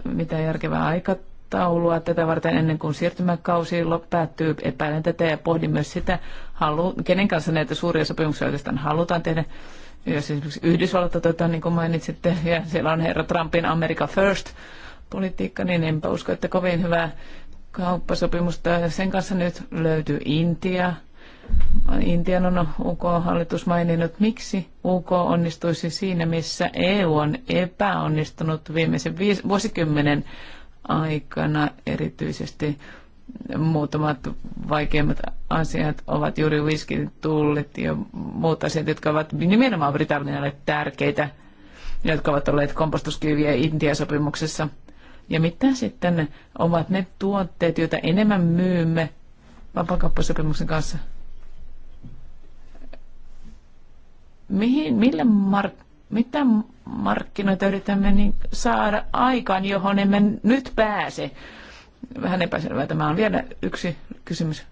mitään järkevää aikataulua tätä varten ennen kuin siirtymäkausi päättyy. Epäilen tätä ja pohdin myös sitä, halu, kenen kanssa näitä suuria sopimuksia oikeastaan halutaan tehdä. Jos esimerkiksi Yhdysvallat otetaan, niin kuin mainitsitte, ja siellä on herra Trumpin America First politiikka, niin enpä usko, että kovin hyvää kauppasopimusta. Sen kanssa nyt löytyy Intia, Intian on UK-hallitus maininnut, miksi UK onnistuisi siinä, missä EU on epäonnistunut viimeisen viis- vuosikymmenen aikana erityisesti muutamat vaikeimmat asiat ovat juuri whiskin tullit ja muut asiat, jotka ovat nimenomaan Britannialle tärkeitä, jotka ovat olleet kompostuskyviä Intian sopimuksessa Ja mitä sitten ovat ne tuotteet, joita enemmän myymme vapaakauppasopimuksen kanssa? mihin, millä mark, mitä markkinoita yritämme niin saada aikaan, johon emme nyt pääse? Vähän epäselvää tämä on. Vielä yksi kysymys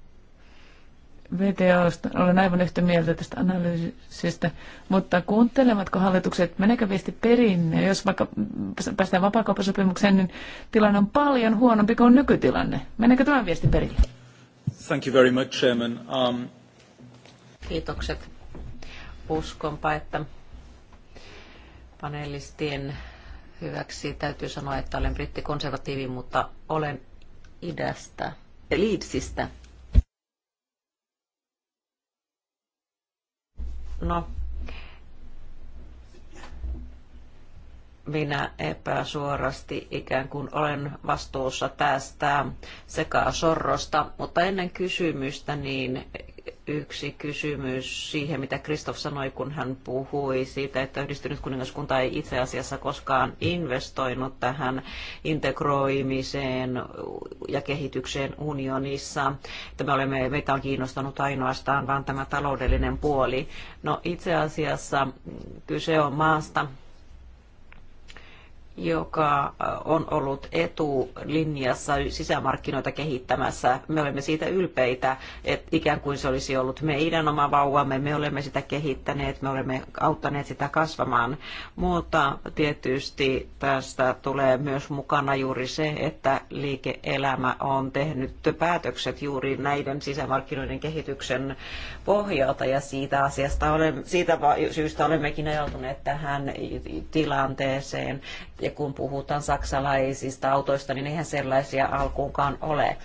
VTOsta. Olen aivan yhtä mieltä tästä analyysistä, mutta kuuntelematko hallitukset, menekö viesti perinne? Jos vaikka päästään vapaakauppasopimukseen, niin tilanne on paljon huonompi kuin nykytilanne. Menekö tämä viesti perille? Thank you very much, Chairman. Um... Kiitokset uskonpa, että panelistien hyväksi täytyy sanoa, että olen brittikonservatiivi, mutta olen idästä, Leedsistä. No, minä epäsuorasti ikään kuin olen vastuussa tästä sekä sorrosta, mutta ennen kysymystä niin yksi kysymys siihen, mitä Kristoff sanoi, kun hän puhui siitä, että yhdistynyt kuningaskunta ei itse asiassa koskaan investoinut tähän integroimiseen ja kehitykseen unionissa. Että me olemme, meitä on kiinnostanut ainoastaan vain tämä taloudellinen puoli. No itse asiassa kyse on maasta, joka äh, on ollut etulinjassa sisämarkkinoita kehittämässä. Me olemme siitä ylpeitä, että ikään kuin se olisi ollut meidän oma vauvamme, me olemme sitä kehittäneet, me olemme auttaneet sitä kasvamaan. Mutta tietysti tästä tulee myös mukana juuri se, että liike-elämä on tehnyt päätökset juuri näiden sisämarkkinoiden kehityksen pohjalta ja siitä asiasta olemme, siitä syystä olemmekin ajautuneet tähän tilanteeseen ja kun puhutaan saksalaisista autoista, niin eihän sellaisia alkuunkaan ole.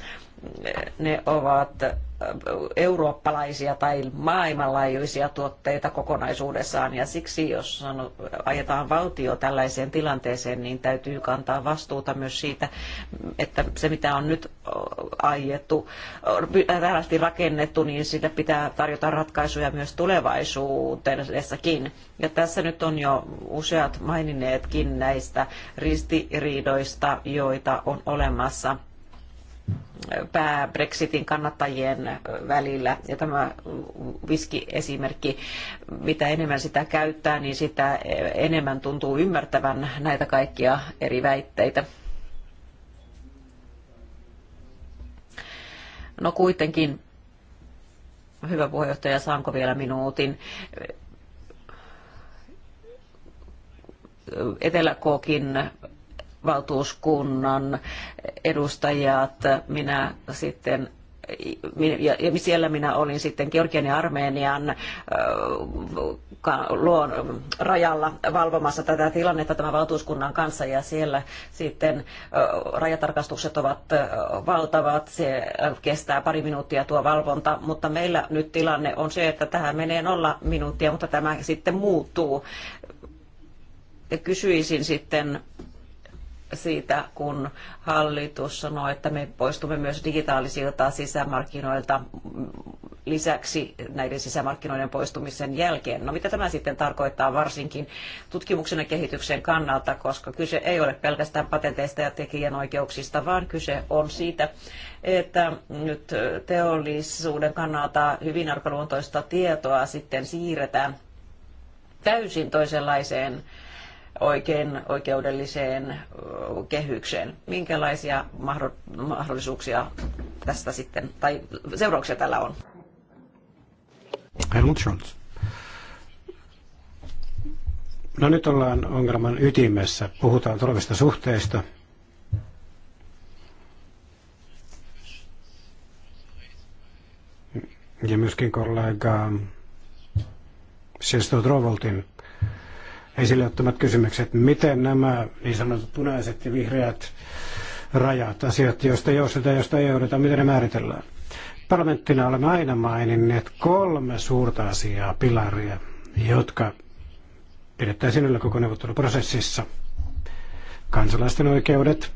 Ne ovat eurooppalaisia tai maailmanlaajuisia tuotteita kokonaisuudessaan. Ja siksi, jos ajetaan valtio tällaiseen tilanteeseen, niin täytyy kantaa vastuuta myös siitä, että se mitä on nyt aiettu, tällaisesti rakennettu, niin sitä pitää tarjota ratkaisuja myös tulevaisuudessakin. Ja tässä nyt on jo useat maininneetkin näistä ristiriidoista, joita on olemassa pää-Brexitin kannattajien välillä. Ja tämä viskiesimerkki, esimerkki mitä enemmän sitä käyttää, niin sitä enemmän tuntuu ymmärtävän näitä kaikkia eri väitteitä. No kuitenkin, hyvä puheenjohtaja, saanko vielä minuutin? Etelä-Kookin valtuuskunnan edustajat, minä sitten ja siellä minä olin sitten Georgian ja Armenian luon rajalla valvomassa tätä tilannetta tämän valtuuskunnan kanssa ja siellä sitten rajatarkastukset ovat valtavat, se kestää pari minuuttia tuo valvonta, mutta meillä nyt tilanne on se, että tähän menee nolla minuuttia, mutta tämä sitten muuttuu. Kysyisin sitten siitä, kun hallitus sanoi, että me poistumme myös digitaalisilta sisämarkkinoilta lisäksi näiden sisämarkkinoiden poistumisen jälkeen. No mitä tämä sitten tarkoittaa varsinkin tutkimuksen ja kehityksen kannalta, koska kyse ei ole pelkästään patenteista ja tekijänoikeuksista, vaan kyse on siitä, että nyt teollisuuden kannalta hyvin arkaluontoista tietoa sitten siirretään täysin toisenlaiseen oikein oikeudelliseen kehykseen. Minkälaisia mahdollisuuksia tästä sitten, tai seurauksia tällä on? Helmut Scholz. No nyt ollaan ongelman ytimessä. Puhutaan tulevista suhteista. Ja myöskin kollega Siesto Drovoltin esille ottamat kysymykset. Miten nämä niin sanotut punaiset ja vihreät rajat, asiat, joista joustetaan, joista ei jouduta, miten ne määritellään? Parlamenttina olemme aina maininneet kolme suurta asiaa, pilaria, jotka pidettäisiin yllä koko neuvotteluprosessissa. Kansalaisten oikeudet,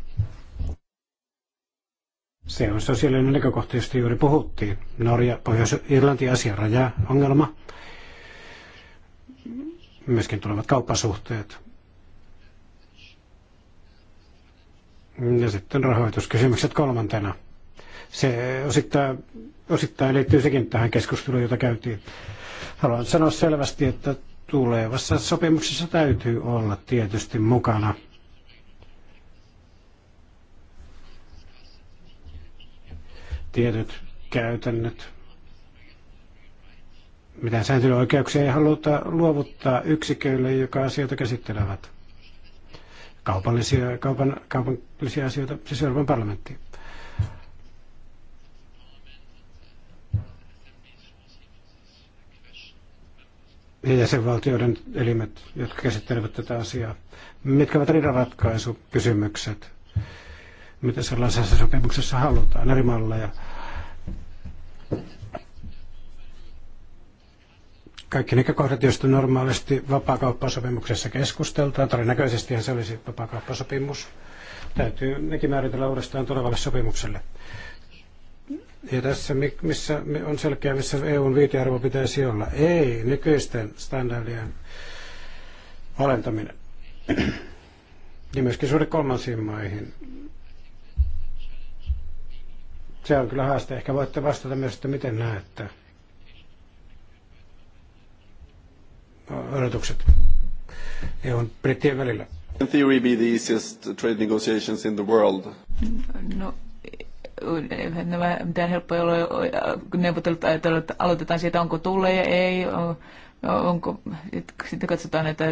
se on sosiaalinen näkökohta, josta juuri puhuttiin. Norja, Pohjois-Irlanti, raja ongelma – myöskin tulevat kauppasuhteet. Ja sitten rahoituskysymykset kolmantena. Se osittain, osittain liittyy sekin tähän keskusteluun, jota käytiin. Haluan sanoa selvästi, että tulevassa sopimuksessa täytyy olla tietysti mukana tietyt käytännöt, mitään sääntelyoikeuksia ei haluta luovuttaa yksiköille, joka asioita käsittelevät. Kaupallisia, kaupan, kaupallisia asioita, siis Euroopan parlamentti. Ja jäsenvaltioiden elimet, jotka käsittelevät tätä asiaa. Mitkä ovat riidanratkaisukysymykset? Mitä sellaisessa sopimuksessa halutaan? Eri malleja kaikki ne kohdat, joista normaalisti vapaakauppasopimuksessa keskusteltaan, todennäköisesti se olisi vapaakauppasopimus, täytyy nekin määritellä uudestaan tulevalle sopimukselle. Ja tässä missä on selkeä, missä EUn viitearvo pitäisi olla. Ei nykyisten standardien alentaminen. Ja myöskin suuri kolmansiin maihin. Se on kyllä haaste. Ehkä voitte vastata myös, että miten näette. ehdotukset EUn brittien välillä? In theory be the easiest trade negotiations in the world. No, nämä mitään helppoja ole, kun neuvottelut aloitetaan siitä, onko tulee ja ei, onko, sitten katsotaan, että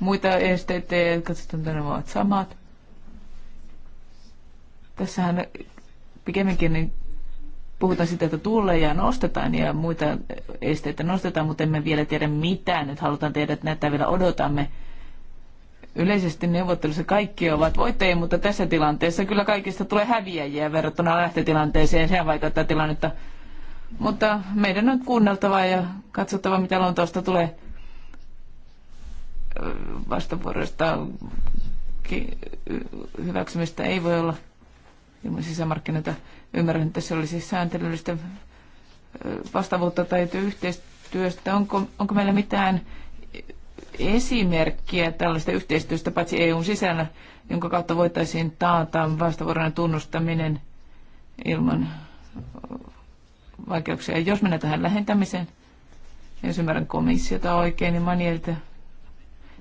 muita esteitä ja katsotaan, että ne ovat samat. Tässähän pikemminkin niin puhutaan siitä, että tulleja nostetaan ja muita esteitä nostetaan, mutta emme vielä tiedä mitään. nyt halutaan tehdä, että näitä vielä odotamme. Yleisesti neuvottelussa kaikki ovat voittajia, mutta tässä tilanteessa kyllä kaikista tulee häviäjiä verrattuna lähtötilanteeseen. Sehän vaikuttaa tilannetta. Mutta meidän on kuunneltava ja katsottava, mitä Lontoosta tulee vastavuoroista hyväksymistä ei voi olla ilman sisämarkkinoita Ymmärrän, että se olisi sääntelyllistä vastaavuutta tai yhteistyöstä. Onko, onko meillä mitään esimerkkiä tällaista yhteistyöstä paitsi EUn sisällä, jonka kautta voitaisiin taata vastavuoroinen tunnustaminen ilman vaikeuksia. Jos mennään tähän lähentämiseen, jos ymmärrän komissiota oikein, niin manieltä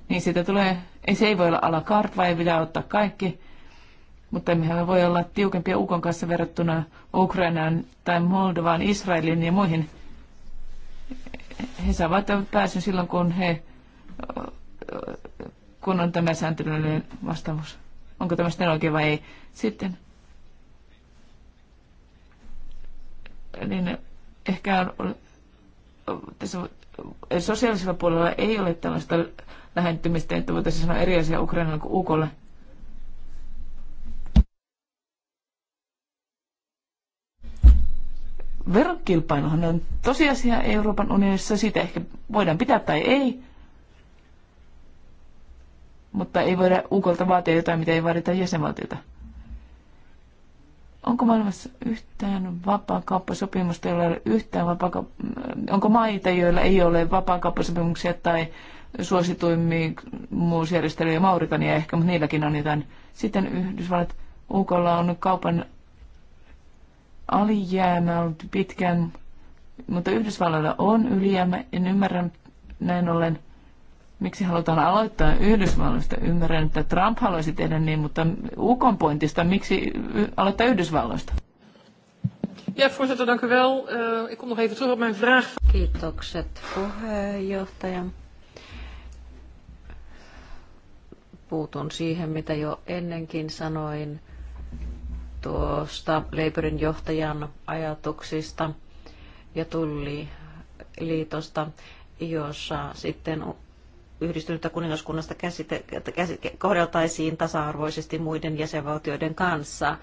niin siitä tulee, ei se ei voi olla ala carte, vai ei pitää ottaa kaikki, mutta mehän voi olla tiukempia UKon kanssa verrattuna Ukrainaan tai Moldovaan, Israelin ja muihin. He saavat pääsyn silloin, kun, he, kun on tämä sääntelyllinen vastaus Onko tämä sitten oikein vai ei? Sitten niin ehkä on, tässä sosiaalisella puolella ei ole tällaista lähentymistä, että voitaisiin sanoa eri asia Ukrainalle kuin Ukolle. Verokilpailuhan on tosiasia Euroopan unionissa, siitä ehkä voidaan pitää tai ei, mutta ei voida UKlta vaatia jotain, mitä ei vaadita jäsenvaltiota. Onko maailmassa yhtään vapaakauppasopimusta, jolla ei ole yhtään vapaaka... Onko maita, joilla ei ole vapaakauppasopimuksia tai muusjärjestelyjä Mauritania ehkä, mutta niilläkin on jotain. Sitten Yhdysvallat, UKlla on kaupan alijäämä ollut pitkään, mutta Yhdysvalloilla on ylijäämä. En ymmärrä näin ollen, miksi halutaan aloittaa Yhdysvalloista. Ymmärrän, että Trump haluaisi tehdä niin, mutta Ukon pointista, miksi aloittaa Yhdysvalloista? Ja, voorzitter, dank u wel. Uh, ik kom nog even terug op mijn vraag. Kiitokset puheenjohtaja. Puutun siihen, mitä jo ennenkin sanoin tuosta Labourin johtajan ajatuksista ja liitosta, jossa sitten yhdistynyttä kuningaskunnasta käsite, käsite, kohdeltaisiin tasa-arvoisesti muiden jäsenvaltioiden kanssa.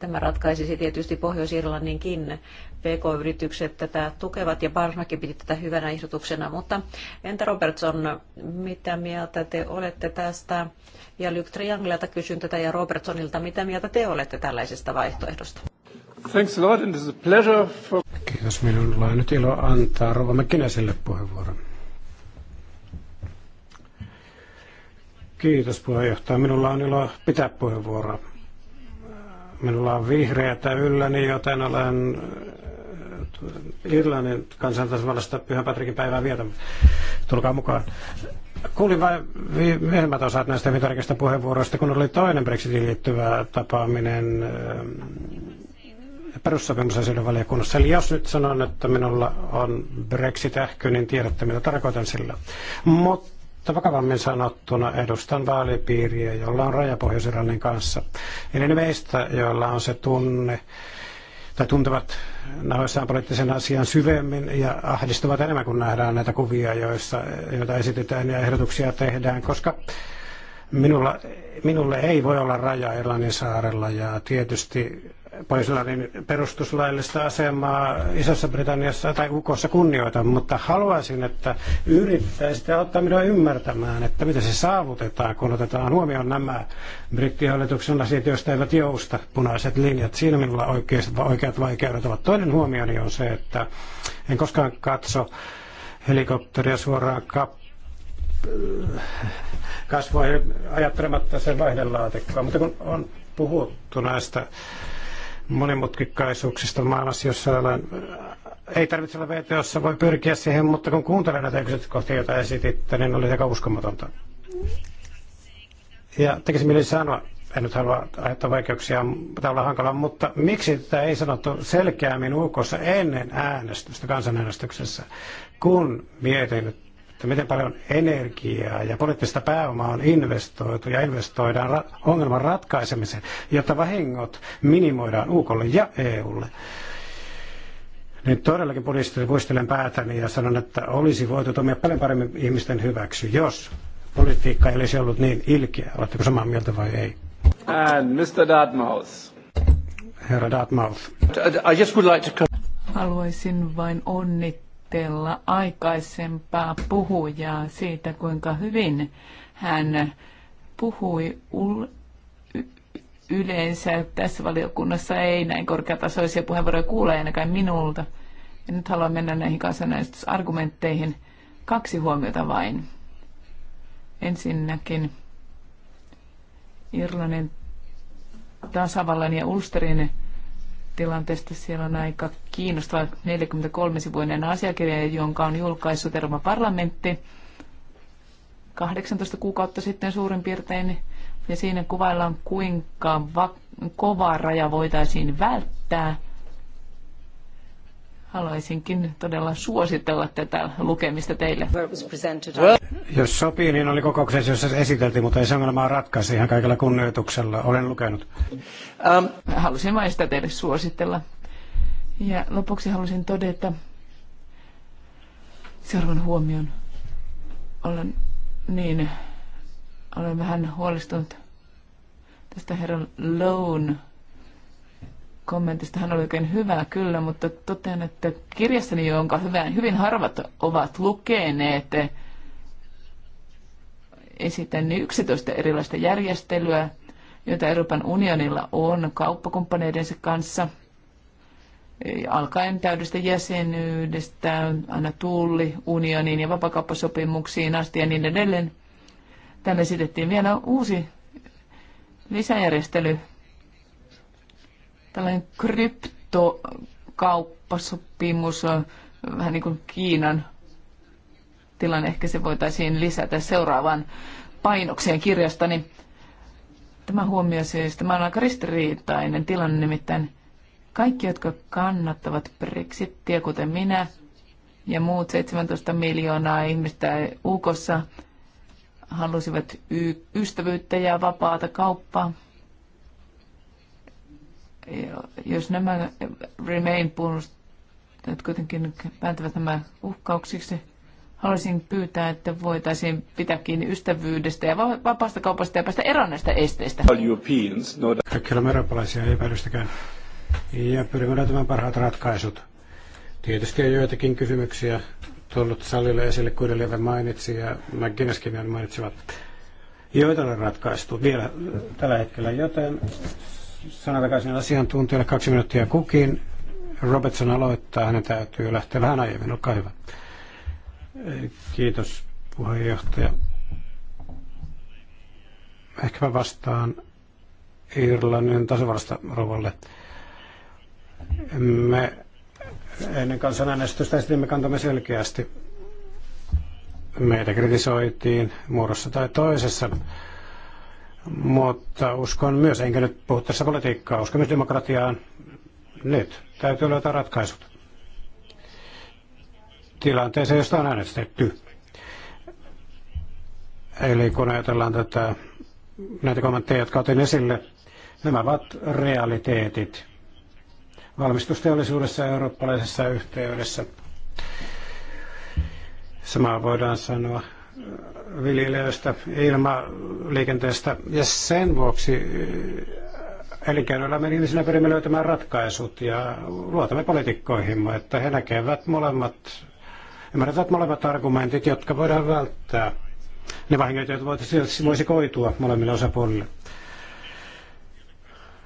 Tämä ratkaisisi tietysti Pohjois-Irlanninkin PK-yritykset tätä tukevat ja Barnakin piti tätä hyvänä ehdotuksena, mutta entä Robertson, mitä mieltä te olette tästä? Ja Luke Trianglelta kysyn tätä ja Robertsonilta, mitä mieltä te olette tällaisesta vaihtoehdosta? Thanks a lot and it's a pleasure for... Kiitos, minulla on nyt ilo antaa Rova Mäkinäiselle puheenvuoron. Kiitos puheenjohtaja. Minulla on ilo pitää puheenvuoroa. Minulla on vihreätä ylläni, joten olen Irlannin kansantasvallasta Pyhän Patrikin päivää vietä. Tulkaa mukaan. Kuulin vain myöhemmät osat näistä hyvin tärkeistä puheenvuoroista, kun oli toinen Brexitiin liittyvä tapaaminen ähm, perussopimusasioiden valiokunnassa. Eli jos nyt sanon, että minulla on Brexit-ähky, niin tiedätte, mitä tarkoitan sillä. Mutta vakavammin sanottuna edustan vaalipiiriä, jolla on raja pohjois kanssa. Eli ne meistä, joilla on se tunne, tai tuntevat nahoissaan poliittisen asian syvemmin ja ahdistuvat enemmän, kun nähdään näitä kuvia, joissa, joita esitetään ja ehdotuksia tehdään, koska minulla, minulle ei voi olla raja Irlannin saarella ja tietysti Pohjois-Irlannin perustuslaillista asemaa Isossa Britanniassa tai UKssa kunnioita, mutta haluaisin, että yrittäisitte auttaa minua ymmärtämään, että mitä se saavutetaan, kun otetaan huomioon nämä brittihallituksen asiat, joista eivät jousta punaiset linjat. Siinä minulla oikeat, oikeat vaikeudet ovat. Toinen huomioni on se, että en koskaan katso helikopteria suoraan kap kasvoihin ajattelematta sen vaihdelaatikkoa, mutta kun on puhuttu näistä monimutkikkaisuuksista maailmassa, jossa ollaan, äh, ei tarvitse olla VTOssa, voi pyrkiä siihen, mutta kun kuuntelen näitä yksityiskohtia, joita esititte, niin oli aika uskomatonta. Ja tekisi mieli sanoa, en nyt halua aiheuttaa vaikeuksia, tämä olla hankalaa, mutta miksi tätä ei sanottu selkeämmin UKssa ennen äänestystä kansanäänestyksessä, kun mietin, että miten paljon energiaa ja poliittista pääomaa on investoitu ja investoidaan ra- ongelman ratkaisemiseen, jotta vahingot minimoidaan UKlle ja EUlle. Nyt todellakin puistelen päätäni ja sanon, että olisi voitu toimia paljon paremmin ihmisten hyväksi, jos politiikka ei olisi ollut niin ilkeä. Oletteko samaa mieltä vai ei? And Mr. Dartmouth. Herra Dartmouth. I just would like to... Haluaisin vain onnittaa haastatella aikaisempaa puhujaa siitä, kuinka hyvin hän puhui yleensä. Tässä valiokunnassa ei näin korkeatasoisia puheenvuoroja kuule ainakaan minulta. Ja nyt haluan mennä näihin kansanäistysargumentteihin. Kaksi huomiota vain. Ensinnäkin Irlannin tasavallan ja Ulsterin tilanteesta. Siellä on aika kiinnostava 43-sivuinen asiakirja, jonka on julkaissut Euroopan parlamentti 18 kuukautta sitten suurin piirtein. Ja siinä kuvaillaan, kuinka va- kova raja voitaisiin välttää – haluaisinkin todella suositella tätä lukemista teille. Jos sopii, niin oli kokouksessa, jossa esiteltiin, mutta ei se ongelmaa ratkaisi ihan kaikella kunnioituksella. Olen lukenut. Um. Halusin vain sitä teille suositella. Ja lopuksi halusin todeta seuraavan huomion. Olen niin, olen vähän huolestunut tästä herran Lone kommentista. Hän oli oikein hyvä kyllä, mutta totean, että kirjassani, jonka hyvän, hyvin harvat ovat lukeneet, esitän 11 niin erilaista järjestelyä, joita Euroopan unionilla on kauppakumppaneidensa kanssa, alkaen täydestä jäsenyydestä, aina tulli, unioniin ja vapakauppasopimuksiin asti ja niin edelleen. Tänne esitettiin vielä uusi lisäjärjestely tällainen kryptokauppasopimus, äh, vähän niin kuin Kiinan tilanne, ehkä se voitaisiin lisätä seuraavaan painokseen Niin Tämä huomio siis, tämä on aika ristiriitainen tilanne, nimittäin kaikki, jotka kannattavat Brexittiä, kuten minä ja muut 17 miljoonaa ihmistä UKossa, halusivat ystävyyttä ja vapaata kauppaa jos nämä remain puolustajat kuitenkin päätävät nämä uhkauksiksi, haluaisin pyytää, että voitaisiin pitää kiinni ystävyydestä ja vapaasta kaupasta ja päästä eroon näistä esteistä. Kaikki olemme eurooppalaisia, ei epäilystäkään. Ja pyrimme löytämään parhaat ratkaisut. Tietysti on joitakin kysymyksiä tullut salille esille, kuten Leve mainitsi ja McGinneskin mainitsivat, joita on ratkaistu vielä tällä hetkellä, joten sanan takaisin asiantuntijalle kaksi minuuttia kukin. Robertson aloittaa, hänen täytyy lähteä vähän aiemmin, olkaa hyvä. Kiitos puheenjohtaja. Ehkäpä vastaan Irlannin tasavallasta rovalle. Me ennen kansanäänestystä esitimme kantamme selkeästi. Meitä kritisoitiin muodossa tai toisessa mutta uskon myös, enkä nyt puhu tässä politiikkaa, uskon myös demokratiaan. Nyt täytyy löytää ratkaisut tilanteeseen, josta on äänestetty. Eli kun ajatellaan tätä, näitä kommentteja, jotka otin esille, nämä ovat realiteetit valmistusteollisuudessa ja eurooppalaisessa yhteydessä. Samaa voidaan sanoa viljelijöistä, ilmaliikenteestä ja sen vuoksi eh, elinkeinoelämän ihmisinä pyrimme löytämään ratkaisut ja luotamme poliitikkoihin, että he näkevät molemmat, ymmärtävät molemmat argumentit, jotka voidaan välttää. Ne vahingot, joita voisi koitua molemmille osapuolille.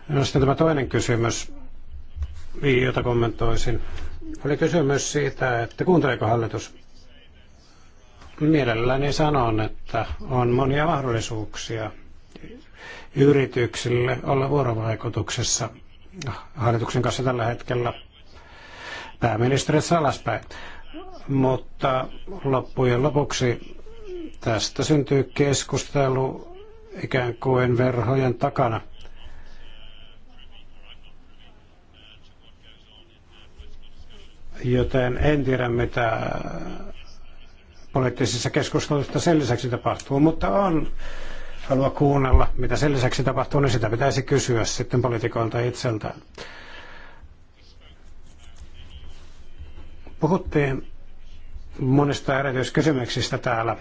No sitten tämä toinen kysymys, jota kommentoisin, oli kysymys siitä, että kuunteleeko hallitus Mielelläni sanon, että on monia mahdollisuuksia yrityksille olla vuorovaikutuksessa hallituksen kanssa tällä hetkellä pääministeriössä alaspäin. Mutta loppujen lopuksi tästä syntyy keskustelu ikään kuin verhojen takana. Joten en tiedä, mitä poliittisissa keskusteluissa sen lisäksi tapahtuu, mutta on halua kuunnella, mitä sen lisäksi tapahtuu, niin sitä pitäisi kysyä sitten poliitikoilta itseltään. Puhuttiin monista erityiskysymyksistä täällä.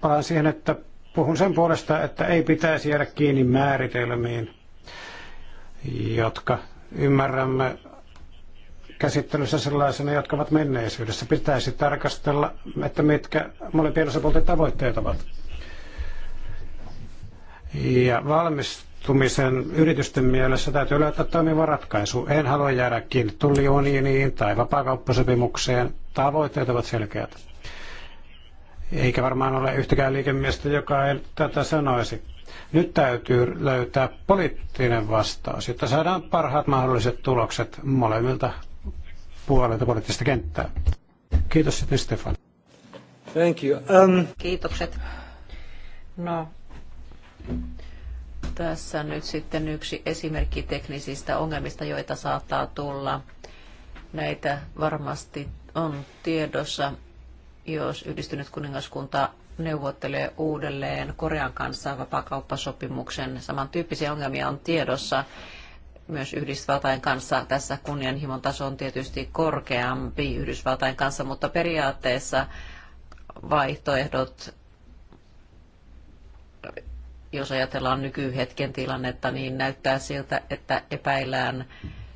Palaan siihen, että puhun sen puolesta, että ei pitäisi jäädä kiinni määritelmiin, jotka ymmärrämme käsittelyssä sellaisena, jotka ovat menneisyydessä. Pitäisi tarkastella, että mitkä molempien osapuolten tavoitteet ovat. Ja valmistumisen yritysten mielessä täytyy löytää toimiva ratkaisu. En halua jäädä kiinni tulliuniiniin tai vapaakauppasopimukseen. Tavoitteet ovat selkeät. Eikä varmaan ole yhtäkään liikemiestä, joka ei tätä sanoisi. Nyt täytyy löytää poliittinen vastaus, jotta saadaan parhaat mahdolliset tulokset molemmilta puolelta poliittista kenttää. Kiitos sitten Stefan. Thank you. Um... Kiitokset. No, tässä nyt sitten yksi esimerkki teknisistä ongelmista, joita saattaa tulla. Näitä varmasti on tiedossa, jos yhdistynyt kuningaskunta neuvottelee uudelleen Korean kanssa vapakauppasopimuksen. Samantyyppisiä ongelmia on tiedossa myös Yhdysvaltain kanssa. Tässä kunnianhimon taso on tietysti korkeampi Yhdysvaltain kanssa, mutta periaatteessa vaihtoehdot, jos ajatellaan nykyhetken tilannetta, niin näyttää siltä, että epäillään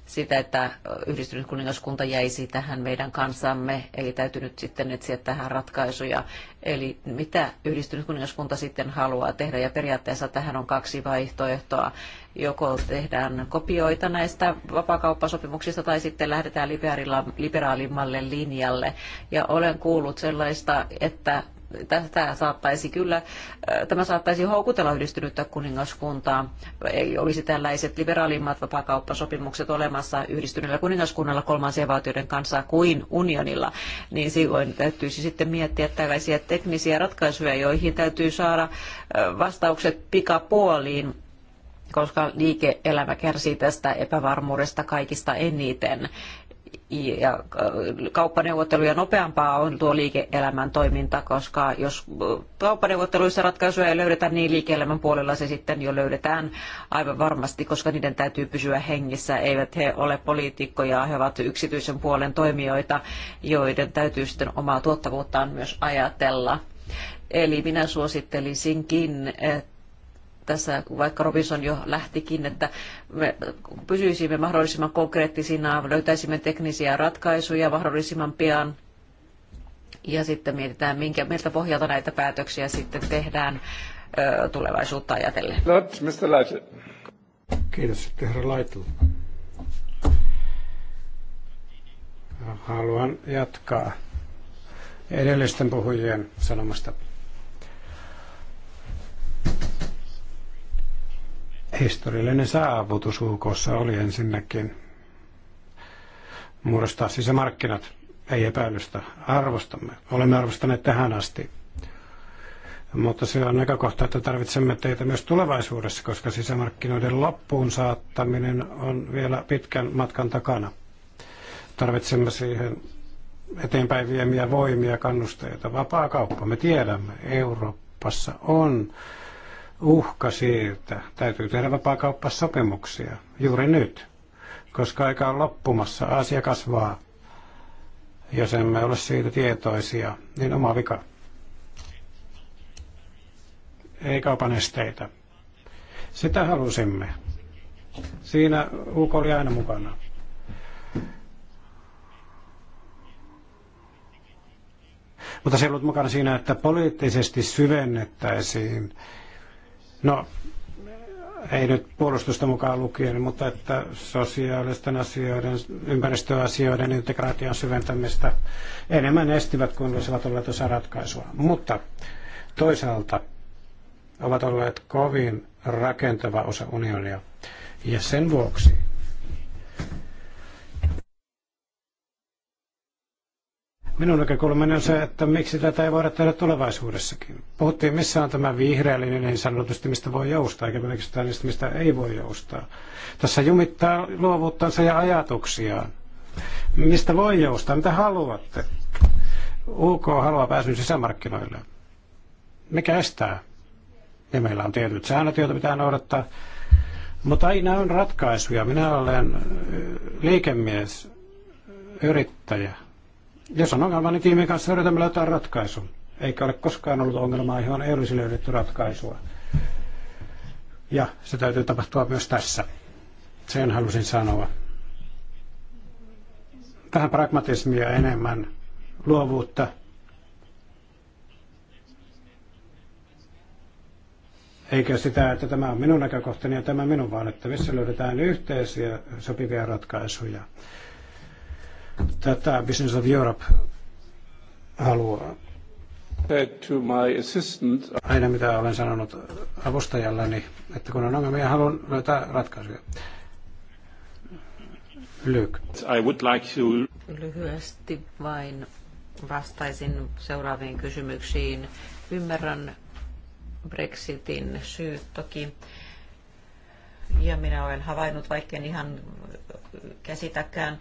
sitä, että yhdistynyt kuningaskunta jäisi tähän meidän kanssamme eli täytyy nyt sitten etsiä tähän ratkaisuja. Eli mitä yhdistynyt kuningaskunta sitten haluaa tehdä, ja periaatteessa tähän on kaksi vaihtoehtoa. Joko tehdään kopioita näistä vapakauppasopimuksista tai sitten lähdetään liberaalimmalle linjalle. Ja olen kuullut sellaista, että tämä saattaisi kyllä, äh, tämä saattaisi houkutella yhdistynyttä kuningaskuntaa. Ei olisi tällaiset liberaalimmat vapaakauppasopimukset olemassa yhdistyneellä kuningaskunnalla kolmansien valtioiden kanssa kuin unionilla, niin silloin täytyisi sitten miettiä tällaisia teknisiä ratkaisuja, joihin täytyy saada äh, vastaukset pikapuoliin koska liike-elämä kärsii tästä epävarmuudesta kaikista eniten. Ja äh, kauppaneuvotteluja nopeampaa on tuo liike-elämän toiminta, koska jos äh, kauppaneuvotteluissa ratkaisuja ei löydetä, niin liike-elämän puolella se sitten jo löydetään aivan varmasti, koska niiden täytyy pysyä hengissä. Eivät he ole poliitikkoja, he ovat yksityisen puolen toimijoita, joiden täytyy sitten omaa tuottavuuttaan myös ajatella. Eli minä suosittelisinkin, että tässä, vaikka Robinson jo lähtikin, että me pysyisimme mahdollisimman konkreettisina, löytäisimme teknisiä ratkaisuja mahdollisimman pian ja sitten mietitään, minkä, miltä pohjalta näitä päätöksiä sitten tehdään ö, tulevaisuutta ajatellen. No, Mr. Leitl. Kiitos, sitten herra Leitl. Haluan jatkaa edellisten puhujien sanomasta. historiallinen saavutus UK oli ensinnäkin muodostaa sisämarkkinat, ei epäilystä, arvostamme. Olemme arvostaneet tähän asti. Mutta se on näkökohta, että tarvitsemme teitä myös tulevaisuudessa, koska sisämarkkinoiden loppuun saattaminen on vielä pitkän matkan takana. Tarvitsemme siihen eteenpäin viemiä voimia, kannusteita. Vapaa kauppa, me tiedämme, Euroopassa on uhka siitä. Täytyy tehdä vapaakauppasopimuksia juuri nyt, koska aika on loppumassa, asia kasvaa. Jos emme ole siitä tietoisia, niin oma vika. Ei kaupan esteitä. Sitä halusimme. Siinä UK oli aina mukana. Mutta se ei ollut mukana siinä, että poliittisesti syvennettäisiin No, ei nyt puolustusta mukaan lukien, mutta että sosiaalisten asioiden, ympäristöasioiden integraation syventämistä enemmän estivät kuin olisivat olleet osa ratkaisua. Mutta toisaalta ovat olleet kovin rakentava osa unionia. Ja sen vuoksi Minun näkökulmani on se, että miksi tätä ei voida tehdä tulevaisuudessakin. Puhuttiin, missä on tämä vihreä linja niin sanotusti, mistä voi joustaa, eikä pelkästään niistä, mistä ei voi joustaa. Tässä jumittaa luovuuttansa ja ajatuksiaan. Mistä voi joustaa, mitä haluatte? UK haluaa pääsyä sisämarkkinoille. Mikä estää? Ja meillä on tietyt säännöt, joita pitää noudattaa. Mutta aina on ratkaisuja. Minä olen liikemies, yrittäjä, jos on ongelma, niin tiimin kanssa yritämme löytää ratkaisun. Eikä ole koskaan ollut ongelmaa, johon ei olisi löydetty ratkaisua. Ja se täytyy tapahtua myös tässä. Sen halusin sanoa. Vähän pragmatismia enemmän, luovuutta. Eikä sitä, että tämä on minun näkökohtani ja tämä minun, vaan että missä löydetään yhteisiä sopivia ratkaisuja tätä Business of Europe haluaa. Uh, Aina mitä olen sanonut avustajalleni, että kun on ongelmia, haluan löytää ratkaisuja. Lyk. I would like to... Lyhyesti vain vastaisin seuraaviin kysymyksiin. Ymmärrän Brexitin syyt toki. Ja minä olen havainnut, vaikken ihan käsitäkään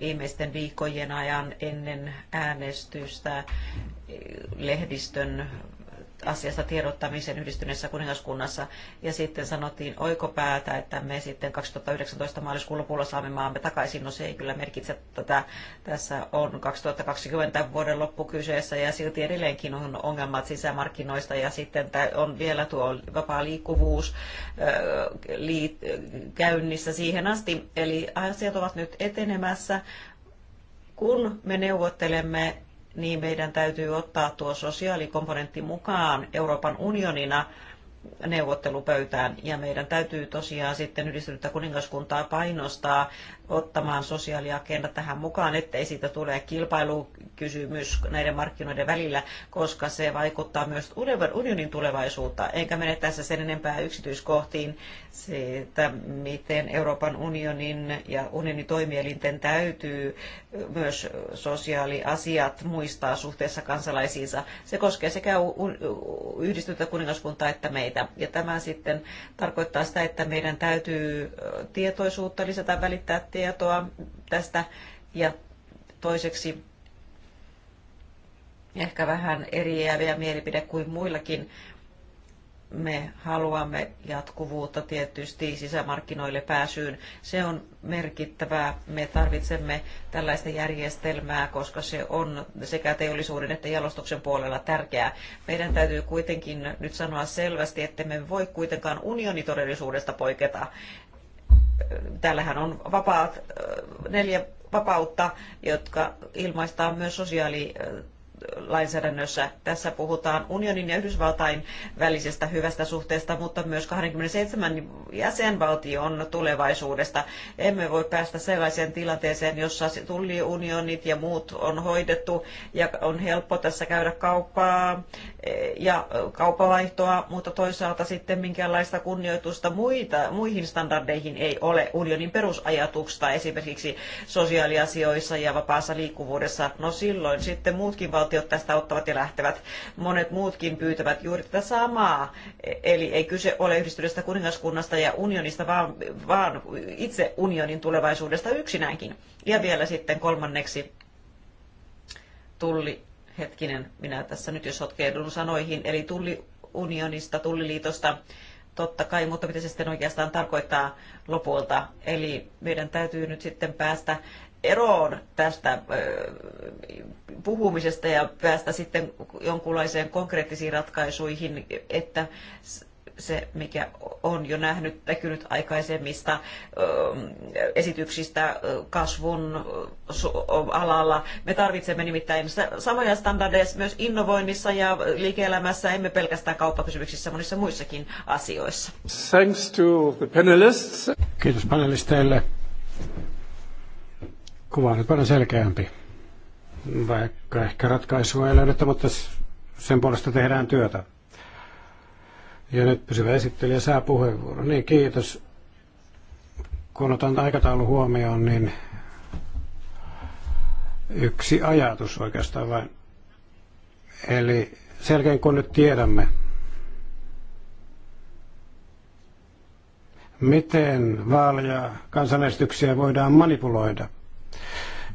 viimeisten viikkojen ajan ennen äänestystä lehdistön asiasta tiedottamisen yhdistyneessä kuningaskunnassa. Ja sitten sanottiin oikopäätä, että me sitten 2019 maaliskuun lopulla saamme maamme takaisin. No se ei kyllä merkitse tätä. Tässä on 2020 vuoden loppu kyseessä ja silti edelleenkin on ongelmat sisämarkkinoista ja sitten on vielä tuo vapaa liikkuvuus käynnissä siihen asti. Eli asiat ovat nyt etenemässä kun me neuvottelemme niin meidän täytyy ottaa tuo sosiaalikomponentti mukaan Euroopan unionina neuvottelupöytään. Ja meidän täytyy tosiaan sitten yhdistynyttä kuningaskuntaa painostaa ottamaan sosiaaliagenda tähän mukaan, ettei siitä tule kilpailukysymys näiden markkinoiden välillä, koska se vaikuttaa myös unionin tulevaisuutta. Enkä mene tässä sen enempää yksityiskohtiin siitä, miten Euroopan unionin ja unionin toimielinten täytyy myös sosiaaliasiat muistaa suhteessa kansalaisiinsa. Se koskee sekä yhdistyntä kuningaskuntaa että meitä. Ja tämä sitten tarkoittaa sitä, että meidän täytyy tietoisuutta lisätä, välittää tietoa tästä. Ja toiseksi ehkä vähän eriäviä mielipide kuin muillakin. Me haluamme jatkuvuutta tietysti sisämarkkinoille pääsyyn. Se on merkittävää. Me tarvitsemme tällaista järjestelmää, koska se on sekä teollisuuden että jalostuksen puolella tärkeää. Meidän täytyy kuitenkin nyt sanoa selvästi, että me voi kuitenkaan unionitodellisuudesta poiketa täällähän on vapaat, neljä vapautta, jotka ilmaistaan myös sosiaali lainsäädännössä. Tässä puhutaan unionin ja Yhdysvaltain välisestä hyvästä suhteesta, mutta myös 27 jäsenvaltion tulevaisuudesta. Emme voi päästä sellaiseen tilanteeseen, jossa tulliunionit ja muut on hoidettu ja on helppo tässä käydä kauppaa e, ja kaupavaihtoa, mutta toisaalta sitten minkäänlaista kunnioitusta muita, muihin standardeihin ei ole unionin perusajatuksesta esimerkiksi sosiaaliasioissa ja vapaassa liikkuvuudessa. No silloin sitten muutkin valtiot valtiot tästä ottavat ja lähtevät. Monet muutkin pyytävät juuri tätä samaa. E- eli ei kyse ole yhdistyneestä kuningaskunnasta ja unionista, vaan, vaan itse unionin tulevaisuudesta yksinäänkin. Ja vielä sitten kolmanneksi tulli, hetkinen, minä tässä nyt jo sotkeudun sanoihin, eli tulliunionista, tulliliitosta, totta kai, mutta mitä se sitten oikeastaan tarkoittaa lopulta. Eli meidän täytyy nyt sitten päästä eroon tästä puhumisesta ja päästä sitten jonkunlaiseen konkreettisiin ratkaisuihin, että se, mikä on jo nähnyt, näkynyt aikaisemmista esityksistä kasvun alalla. Me tarvitsemme nimittäin samoja standardeja myös innovoinnissa ja liike-elämässä, emme pelkästään kauppakysymyksissä, monissa muissakin asioissa. Thanks to the panelists. Kiitos panelisteille. Kuva oli paljon selkeämpi, vaikka ehkä ratkaisua ei löydetä, mutta sen puolesta tehdään työtä. Ja nyt pysyvä esittelijä saa puheenvuoron. Niin, kiitos. Kun otan aikataulu huomioon, niin yksi ajatus oikeastaan vain. Eli selkein kun nyt tiedämme, miten vaaleja kansanäänestyksiä voidaan manipuloida –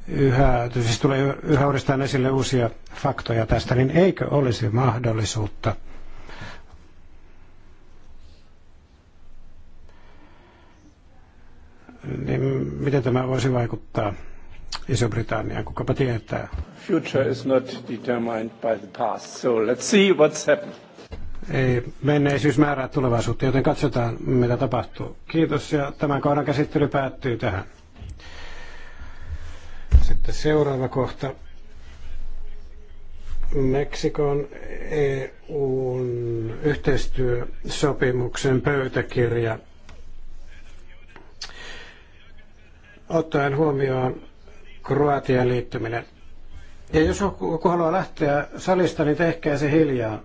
yhä, siis tulee yhä uudestaan esille uusia faktoja tästä, niin eikö olisi mahdollisuutta niin miten tämä voisi vaikuttaa Iso-Britanniaan, kukapa tietää. Future is not determined by the past, so let's see what's happened. Ei, menneisyys määrää tulevaisuutta, joten katsotaan mitä tapahtuu. Kiitos ja tämän kohdan käsittely päättyy tähän. Sitten seuraava kohta. Meksikon EUn yhteistyösopimuksen pöytäkirja. Ottaen huomioon Kroatian liittyminen. Ja jos joku haluaa lähteä salista, niin tehkää se hiljaa.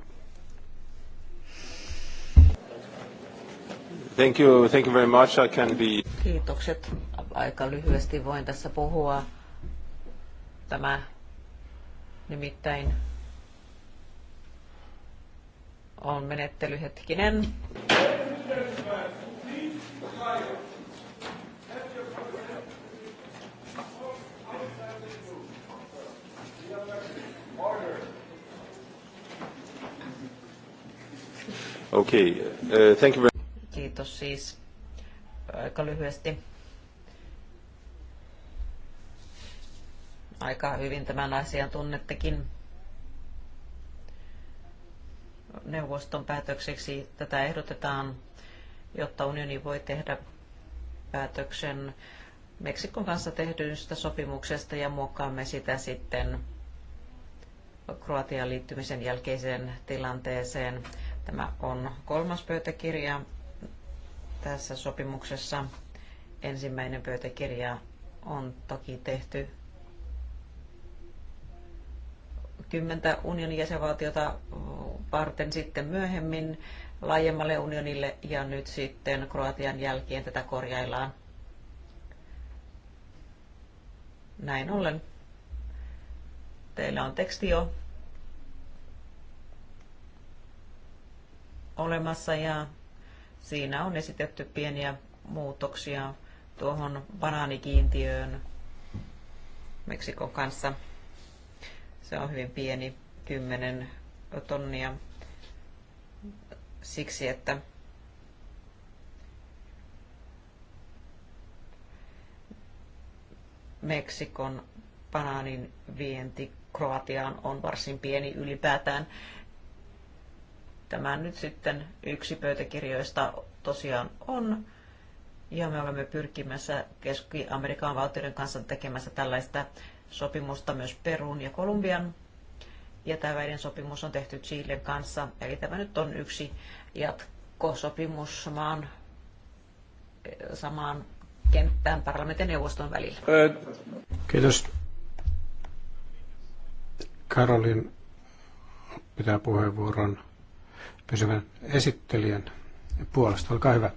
Thank you, thank you very much. I can be... Kiitokset. Aika lyhyesti voin tässä puhua tämä nimittäin on menettely hetkinen. Okay. Uh, thank you very... Kiitos siis aika lyhyesti aika hyvin tämän asian tunnettekin neuvoston päätökseksi. Tätä ehdotetaan, jotta unioni voi tehdä päätöksen Meksikon kanssa tehdyistä sopimuksesta ja muokkaamme sitä sitten Kroatian liittymisen jälkeiseen tilanteeseen. Tämä on kolmas pöytäkirja tässä sopimuksessa. Ensimmäinen pöytäkirja on toki tehty kymmentä unionin jäsenvaltiota varten sitten myöhemmin laajemmalle unionille ja nyt sitten Kroatian jälkeen tätä korjaillaan. Näin ollen. Teillä on teksti jo olemassa ja siinä on esitetty pieniä muutoksia tuohon banaanikiintiöön Meksikon kanssa. Se on hyvin pieni, 10 tonnia, siksi että Meksikon banaanin vienti Kroatiaan on varsin pieni ylipäätään. Tämä nyt sitten yksi pöytäkirjoista tosiaan on. Ja me olemme pyrkimässä Keski-Amerikan valtioiden kanssa tekemässä tällaista sopimusta myös Perun ja Kolumbian. Ja tämä sopimus on tehty Chilen kanssa, eli tämä nyt on yksi jatkosopimus samaan, samaan kenttään parlamentin neuvoston välillä. Kiitos. Karolin pitää puheenvuoron pysyvän esittelijän puolesta. Olkaa hyvä.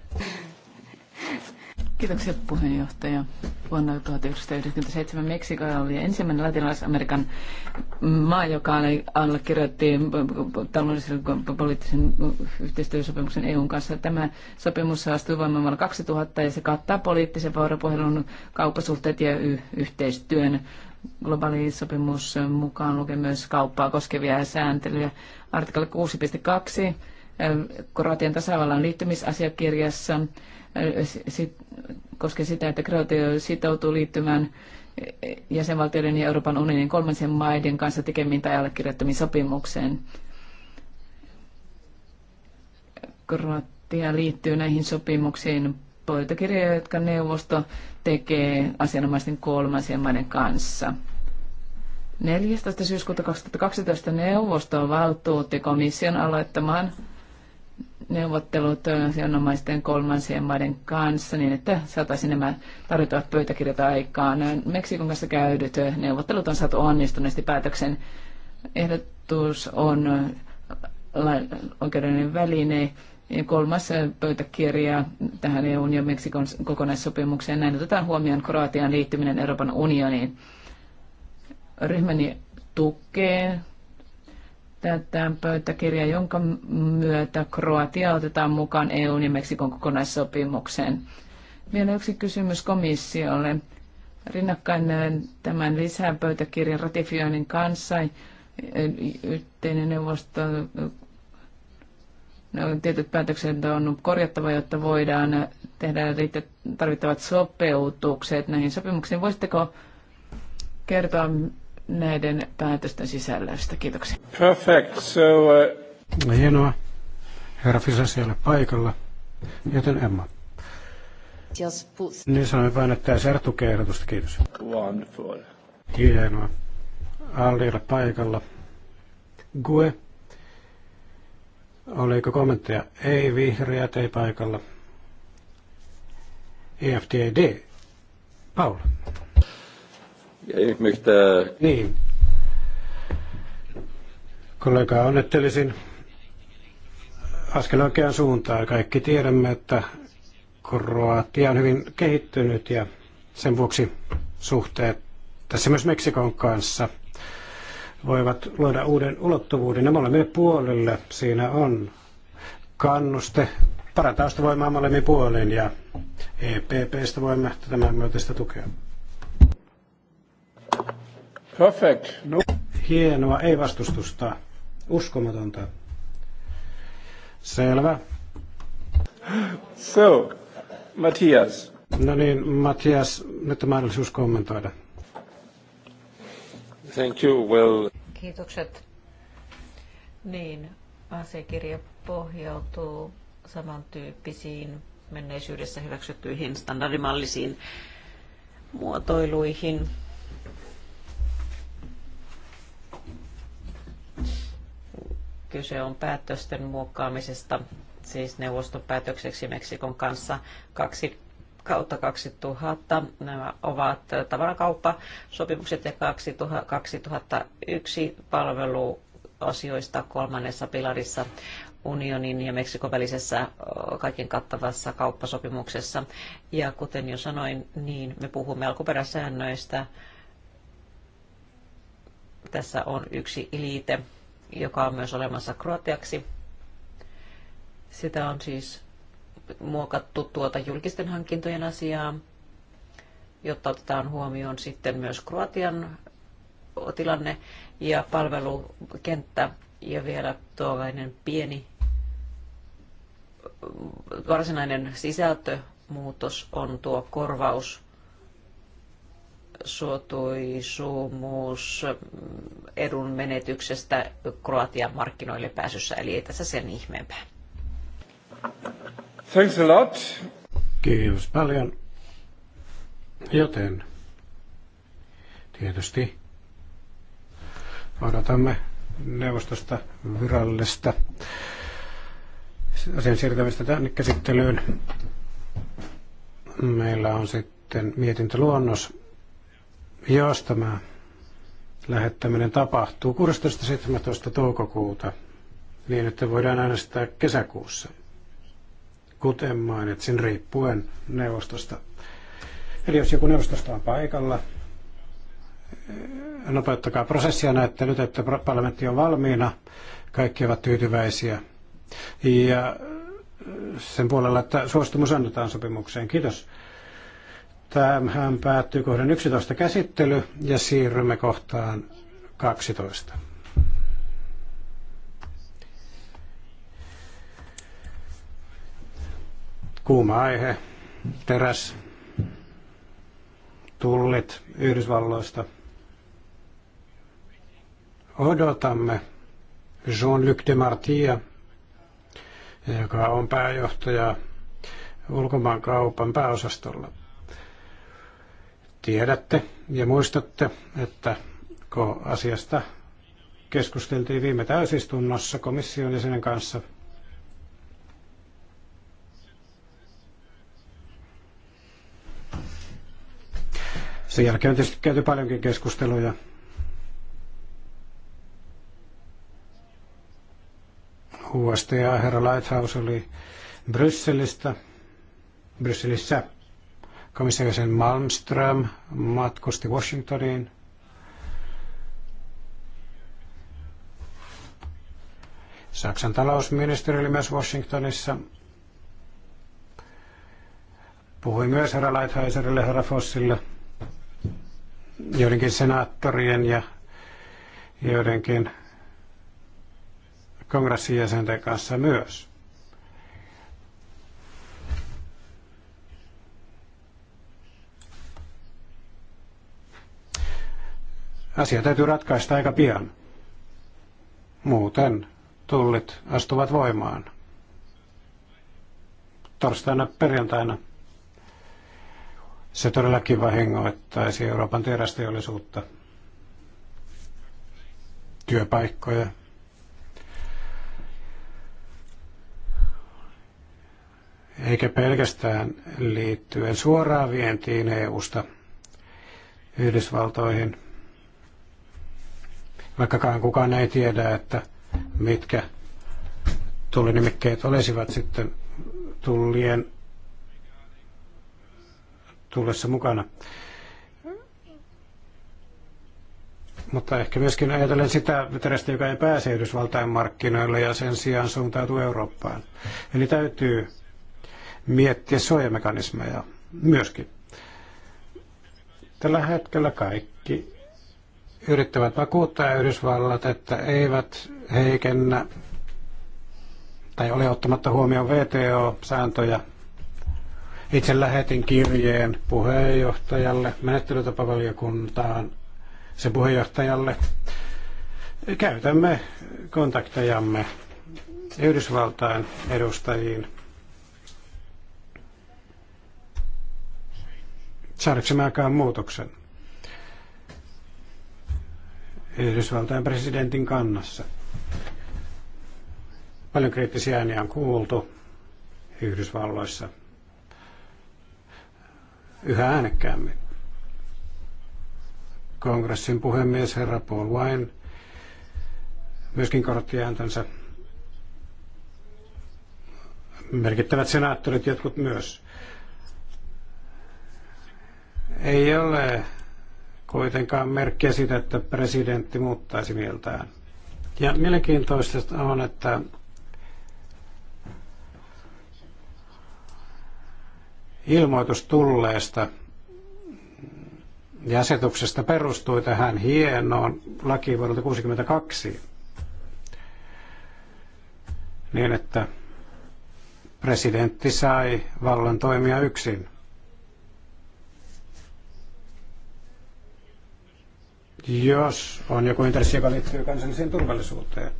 Kiitoksia puheenjohtaja. Vuonna 1997 Meksiko oli ensimmäinen latinalaisamerikan maa, joka allekirjoitti taloudellisen poliittisen yhteistyösopimuksen EUn kanssa. Tämä sopimus saastui voimaan vuonna 2000 ja se kattaa poliittisen vuoropuhelun, kauppasuhteet ja y- yhteistyön. Globaali sopimus mukaan lukee myös kauppaa koskevia sääntelyjä. Artikla 6.2 eh, Kroatian tasavallan liittymisasiakirjassa koske sitä, että Kroatia sitoutuu liittymään jäsenvaltioiden ja Euroopan unionin kolmansien maiden kanssa tekemiin tai allekirjoittamiin sopimukseen. Kroatia liittyy näihin sopimuksiin pöytäkirjoja, jotka neuvosto tekee asianomaisten kolmansien maiden kanssa. 14. syyskuuta 2012 neuvosto valtuutti komission aloittamaan neuvottelut äh, asianomaisten kolmansien maiden kanssa niin, että saataisiin nämä tarvittavat pöytäkirjat aikaan. Meksikon kanssa käydyt äh, neuvottelut on saatu onnistuneesti päätöksen. Ehdotus on äh, oikeudellinen väline ja kolmas pöytäkirja tähän EUn ja Meksikon kokonaissopimukseen. Näin otetaan huomioon Kroatian liittyminen Euroopan unioniin. Ryhmäni tukee tätä pöytäkirjaa, jonka myötä Kroatia otetaan mukaan EUn ja Meksikon kokonaissopimukseen. Vielä yksi kysymys komissiolle. Rinnakkain tämän lisäpöytäkirjan ratifioinnin kanssa yhteinen neuvosto no, tietyt päätökset on korjattava, jotta voidaan tehdä tarvittavat sopeutukset näihin sopimuksiin. Voisitteko kertoa näiden päätösten sisällöstä. Kiitoksia. Perfect. So, uh... No hienoa. Herra Fisas ei ole paikalla, joten Emma. Niin sanoin vain, että Sertu tukee ehdotusta. Kiitos. Wonderful. Hienoa. Aldi ole paikalla. Gue. Oliko kommentteja? Ei, vihreät ei paikalla. EFTD. E Paula. Ich möchte... Niin. Kollega, onnettelisin askel oikeaan suuntaan. Kaikki tiedämme, että Kroatia on hyvin kehittynyt ja sen vuoksi suhteet tässä myös Meksikon kanssa voivat luoda uuden ulottuvuuden. Ja molemmille puolille siinä on kannuste parantaa ostovoimaa molemmin puolin ja EPPstä voimme tämän myötä sitä tukea. Perfect. No. Hienoa, ei vastustusta. Uskomatonta. Selvä. So, Matthias. No niin, Matthias, nyt on mahdollisuus kommentoida. Thank you, well. Kiitokset. Niin, asiakirja pohjautuu samantyyppisiin menneisyydessä hyväksyttyihin standardimallisiin muotoiluihin. Kyse on päätösten muokkaamisesta, siis neuvostopäätökseksi Meksikon kanssa kaksi kautta 2000. Nämä ovat tavarakauppasopimukset ja 2001 palveluasioista kolmannessa pilarissa unionin ja Meksikon välisessä kaiken kattavassa kauppasopimuksessa. Ja kuten jo sanoin, niin me puhumme alkuperäsäännöistä. Tässä on yksi liite joka on myös olemassa kroatiaksi. Sitä on siis muokattu tuota julkisten hankintojen asiaa, jotta otetaan huomioon sitten myös Kroatian tilanne ja palvelukenttä ja vielä tuollainen pieni varsinainen sisältömuutos on tuo korvaus suotuisuus mm, edun menetyksestä Kroatian markkinoille pääsyssä, eli ei tässä sen ihmeempää. Thanks a lot. Kiitos paljon. Joten tietysti odotamme neuvostosta virallista asian siirtämistä tänne käsittelyyn. Meillä on sitten mietintöluonnos jos tämä lähettäminen tapahtuu 16.17. toukokuuta, niin että voidaan äänestää kesäkuussa, kuten mainitsin, riippuen neuvostosta. Eli jos joku neuvostosta on paikalla, nopeuttakaa prosessia, näette nyt, että parlamentti on valmiina, kaikki ovat tyytyväisiä. Ja sen puolella, että suostumus annetaan sopimukseen. Kiitos. Tämähän päättyy kohdan 11 käsittely ja siirrymme kohtaan 12. Kuuma aihe, teräs, tullit Yhdysvalloista. Odotamme Jean-Luc Martia, joka on pääjohtaja ulkomaankaupan pääosastolla. Tiedätte ja muistatte, että kun asiasta keskusteltiin viime täysistunnossa komission jäsenen kanssa, Sen jälkeen on tietysti käyty paljonkin keskusteluja. UST herra Lighthouse oli Brysselistä, Brysselissä Komissiojäsen Malmström matkusti Washingtoniin Saksan talousministeri oli myös Washingtonissa. Puhui myös herra Lighthizerille, herra Fossille, joidenkin senaattorien ja joidenkin kongressijäsenten kanssa myös. Asia täytyy ratkaista aika pian. Muuten tullit astuvat voimaan. Torstaina perjantaina se todellakin vahingoittaisi Euroopan terästeollisuutta, työpaikkoja. Eikä pelkästään liittyen suoraan vientiin EU-sta Yhdysvaltoihin – vaikkakaan kukaan ei tiedä, että mitkä tullinimikkeet olisivat sitten tullien tullessa mukana. Mutta ehkä myöskin ajatellen sitä terästä, joka ei pääse Yhdysvaltain markkinoille ja sen sijaan suuntautuu Eurooppaan. Eli täytyy miettiä suojamekanismeja myöskin. Tällä hetkellä kaikki yrittävät vakuuttaa Yhdysvallat, että eivät heikennä tai ole ottamatta huomioon VTO-sääntöjä. Itse lähetin kirjeen puheenjohtajalle, menettelytapavaliokuntaan, sen puheenjohtajalle. Käytämme kontaktejamme Yhdysvaltain edustajiin. Saadaanko aikaan muutoksen? Yhdysvaltain presidentin kannassa. Paljon kriittisiä ääniä on kuultu Yhdysvalloissa yhä äänekkäämmin. Kongressin puhemies herra Paul Wine myöskin korotti ääntänsä. Merkittävät senaattorit jotkut myös. Ei ole kuitenkaan merkkiä siitä, että presidentti muuttaisi mieltään. Ja mielenkiintoista on, että ilmoitus tulleesta ja asetuksesta perustui tähän hienoon lakiin vuodelta 62 niin, että presidentti sai vallan toimia yksin. jos on joku intressi, joka liittyy kansalliseen turvallisuuteen.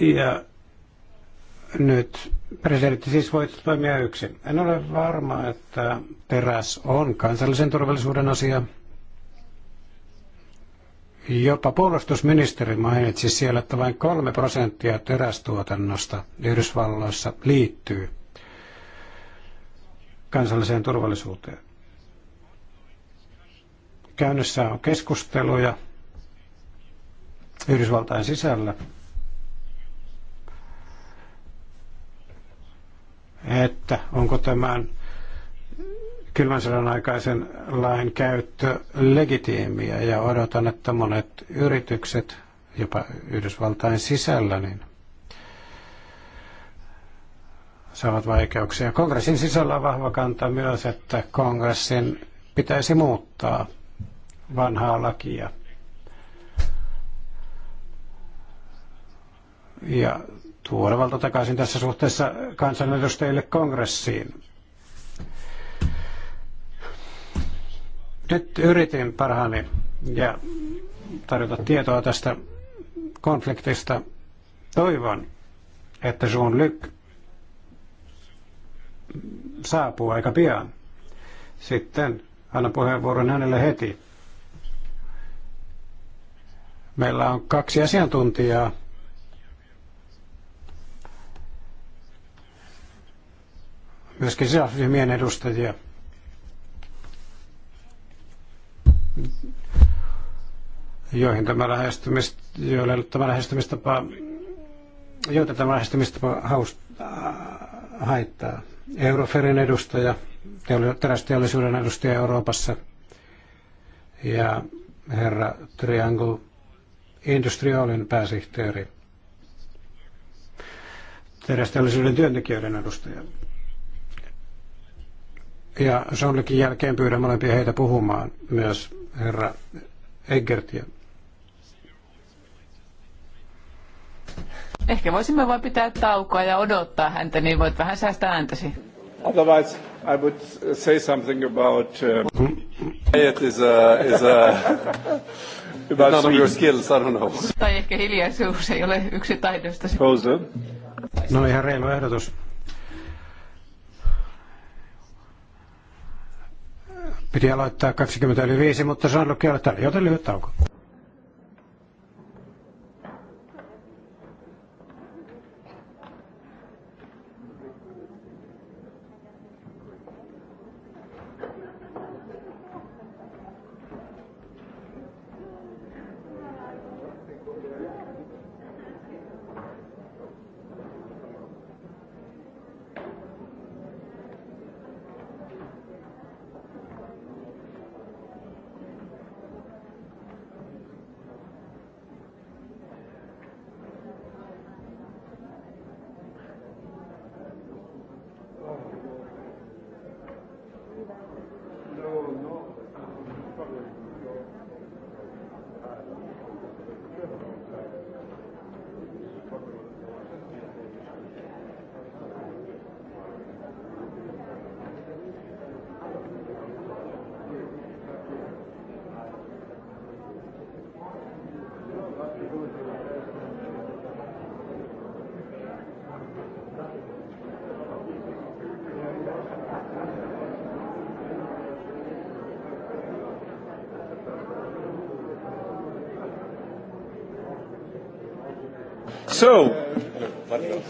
Ja nyt presidentti siis voi toimia yksin. En ole varma, että teräs on kansallisen turvallisuuden asia. Jopa puolustusministeri mainitsi siellä, että vain kolme prosenttia terästuotannosta Yhdysvalloissa liittyy kansalliseen turvallisuuteen. Käynnissä on keskusteluja Yhdysvaltain sisällä, että onko tämän kylmän sodan aikaisen lain käyttö legitiimiä ja odotan, että monet yritykset, jopa Yhdysvaltain sisällä, niin saavat vaikeuksia. Kongressin sisällä on vahva kanta myös, että kongressin pitäisi muuttaa vanhaa lakia. Ja tuoda valta takaisin tässä suhteessa kansanedustajille kongressiin. Nyt yritin parhaani ja tarjota tietoa tästä konfliktista. Toivon, että Jean-Luc saapuu aika pian. Sitten anna puheenvuoron hänelle heti. Meillä on kaksi asiantuntijaa. Myöskin sidosryhmien edustajia. joihin tämä joille tämä lähestymistapa, joita tämä lähestymistapa haust, haittaa. Euroferin edustaja, terästeollisuuden edustaja Euroopassa ja herra Triangle Industrialin pääsihteeri, terästeollisuuden työntekijöiden edustaja. Ja Sonlikin jälkeen pyydän molempia heitä puhumaan myös herra Eggertia. Ehkä voisimme vain pitää taukoa ja odottaa ääntä, niin voit vähän säästää ääntäsi. Otherwise, I would say something about um, uh, it is a, uh, is uh, a about no, no, your skills, I don't know. Tai ehkä hiljaisuus ei ole yksi taidosta. No ihan reilu ehdotus. Piti aloittaa 20 yli 5, mutta saanut aloittaa, joten lyhyt tauko.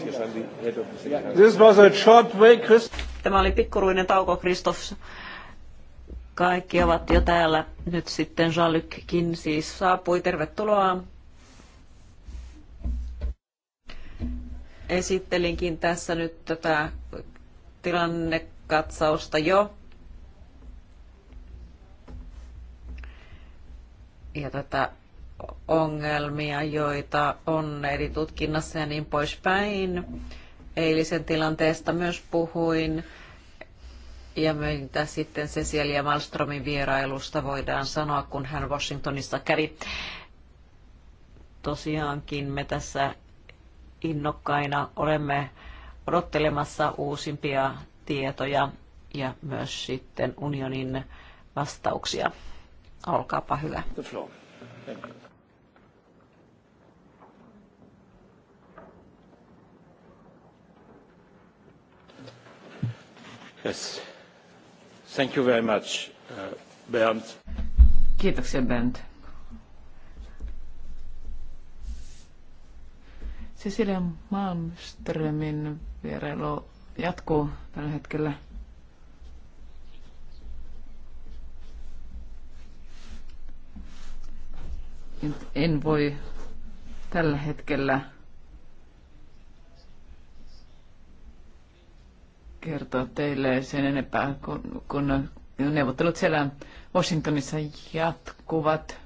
This was a short break, Chris. Tämä oli pikkuruinen tauko, Kristoff. Kaikki ovat jo täällä. Nyt sitten Jalykkin siis saapui. Tervetuloa. Esittelinkin tässä nyt tätä tilannekatsausta jo. Ja tätä ongelmia, joita on eri tutkinnassa ja niin poispäin. Eilisen tilanteesta myös puhuin. Ja mitä sitten Cecilia Malmströmin vierailusta voidaan sanoa, kun hän Washingtonissa kävi. Tosiaankin me tässä innokkaina olemme odottelemassa uusimpia tietoja ja myös sitten unionin vastauksia. Olkaapa hyvä. The floor. Thank you. Yes. Thank you very much, uh, Bernd. Kiitoksia, Bernd. Cecilia Malmströmin vierailu jatkuu tällä hetkellä. En voi tällä hetkellä kertoa teille sen enempää, kun, kun neuvottelut siellä Washingtonissa jatkuvat.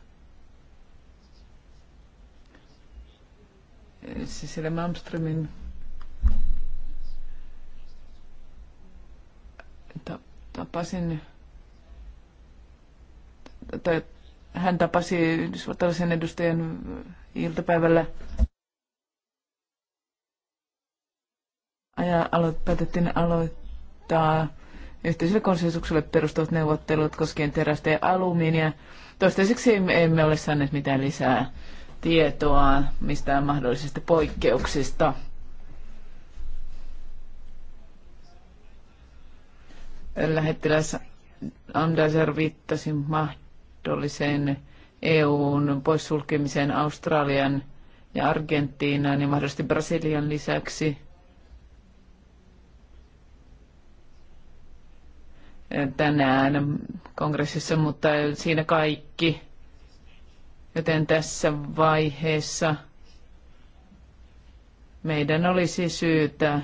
Cecilia Malmströmin tapasin tai hän tapasi Yhdysvaltalaisen edustajan iltapäivällä ja alo- päätettiin aloittaa yhteiselle konsensukselle perustuvat neuvottelut koskien terästä ja alumiinia. Toistaiseksi emme ole saaneet mitään lisää tietoa mistään mahdollisista poikkeuksista. Lähettiläs Andaser viittasi mahdolliseen EUn poissulkemiseen Australian ja Argentiinan ja mahdollisesti Brasilian lisäksi – tänään kongressissa, mutta siinä kaikki. Joten tässä vaiheessa meidän olisi syytä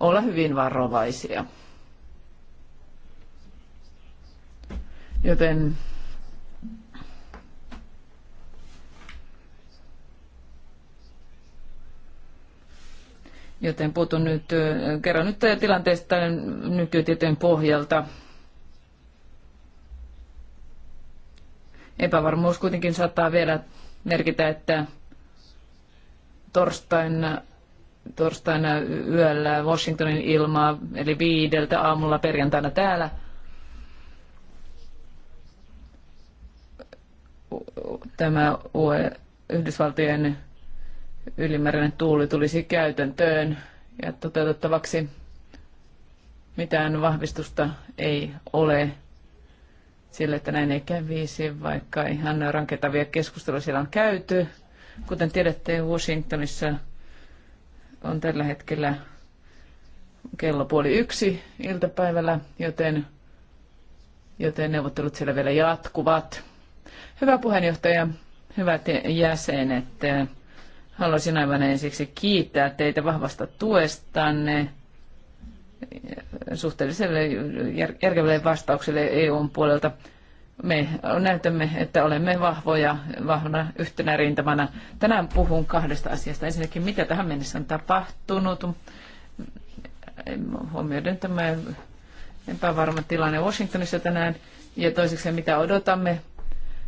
olla hyvin varovaisia. Joten Joten puutun nyt, kerron nyt tilanteesta nykytietojen pohjalta. Epävarmuus kuitenkin saattaa vielä merkitä, että torstaina, torstaina yöllä Washingtonin ilmaa, eli viideltä aamulla perjantaina täällä, tämä Yhdysvaltojen ylimääräinen tuuli tulisi käytäntöön ja toteutettavaksi. Mitään vahvistusta ei ole sille, että näin ei kävisi, vaikka ihan rankentavia keskusteluja siellä on käyty. Kuten tiedätte, Washingtonissa on tällä hetkellä kello puoli yksi iltapäivällä, joten, joten neuvottelut siellä vielä jatkuvat. Hyvä puheenjohtaja, hyvät jäsenet. Haluaisin aivan ensiksi kiittää teitä vahvasta tuestanne suhteelliselle järkevälle vastaukselle EUn puolelta. Me näytämme, että olemme vahvoja, vahvana yhtenä rintamana. Tänään puhun kahdesta asiasta. Ensinnäkin, mitä tähän mennessä on tapahtunut. Huomioiden tämä epävarma tilanne Washingtonissa tänään. Ja toiseksi, mitä odotamme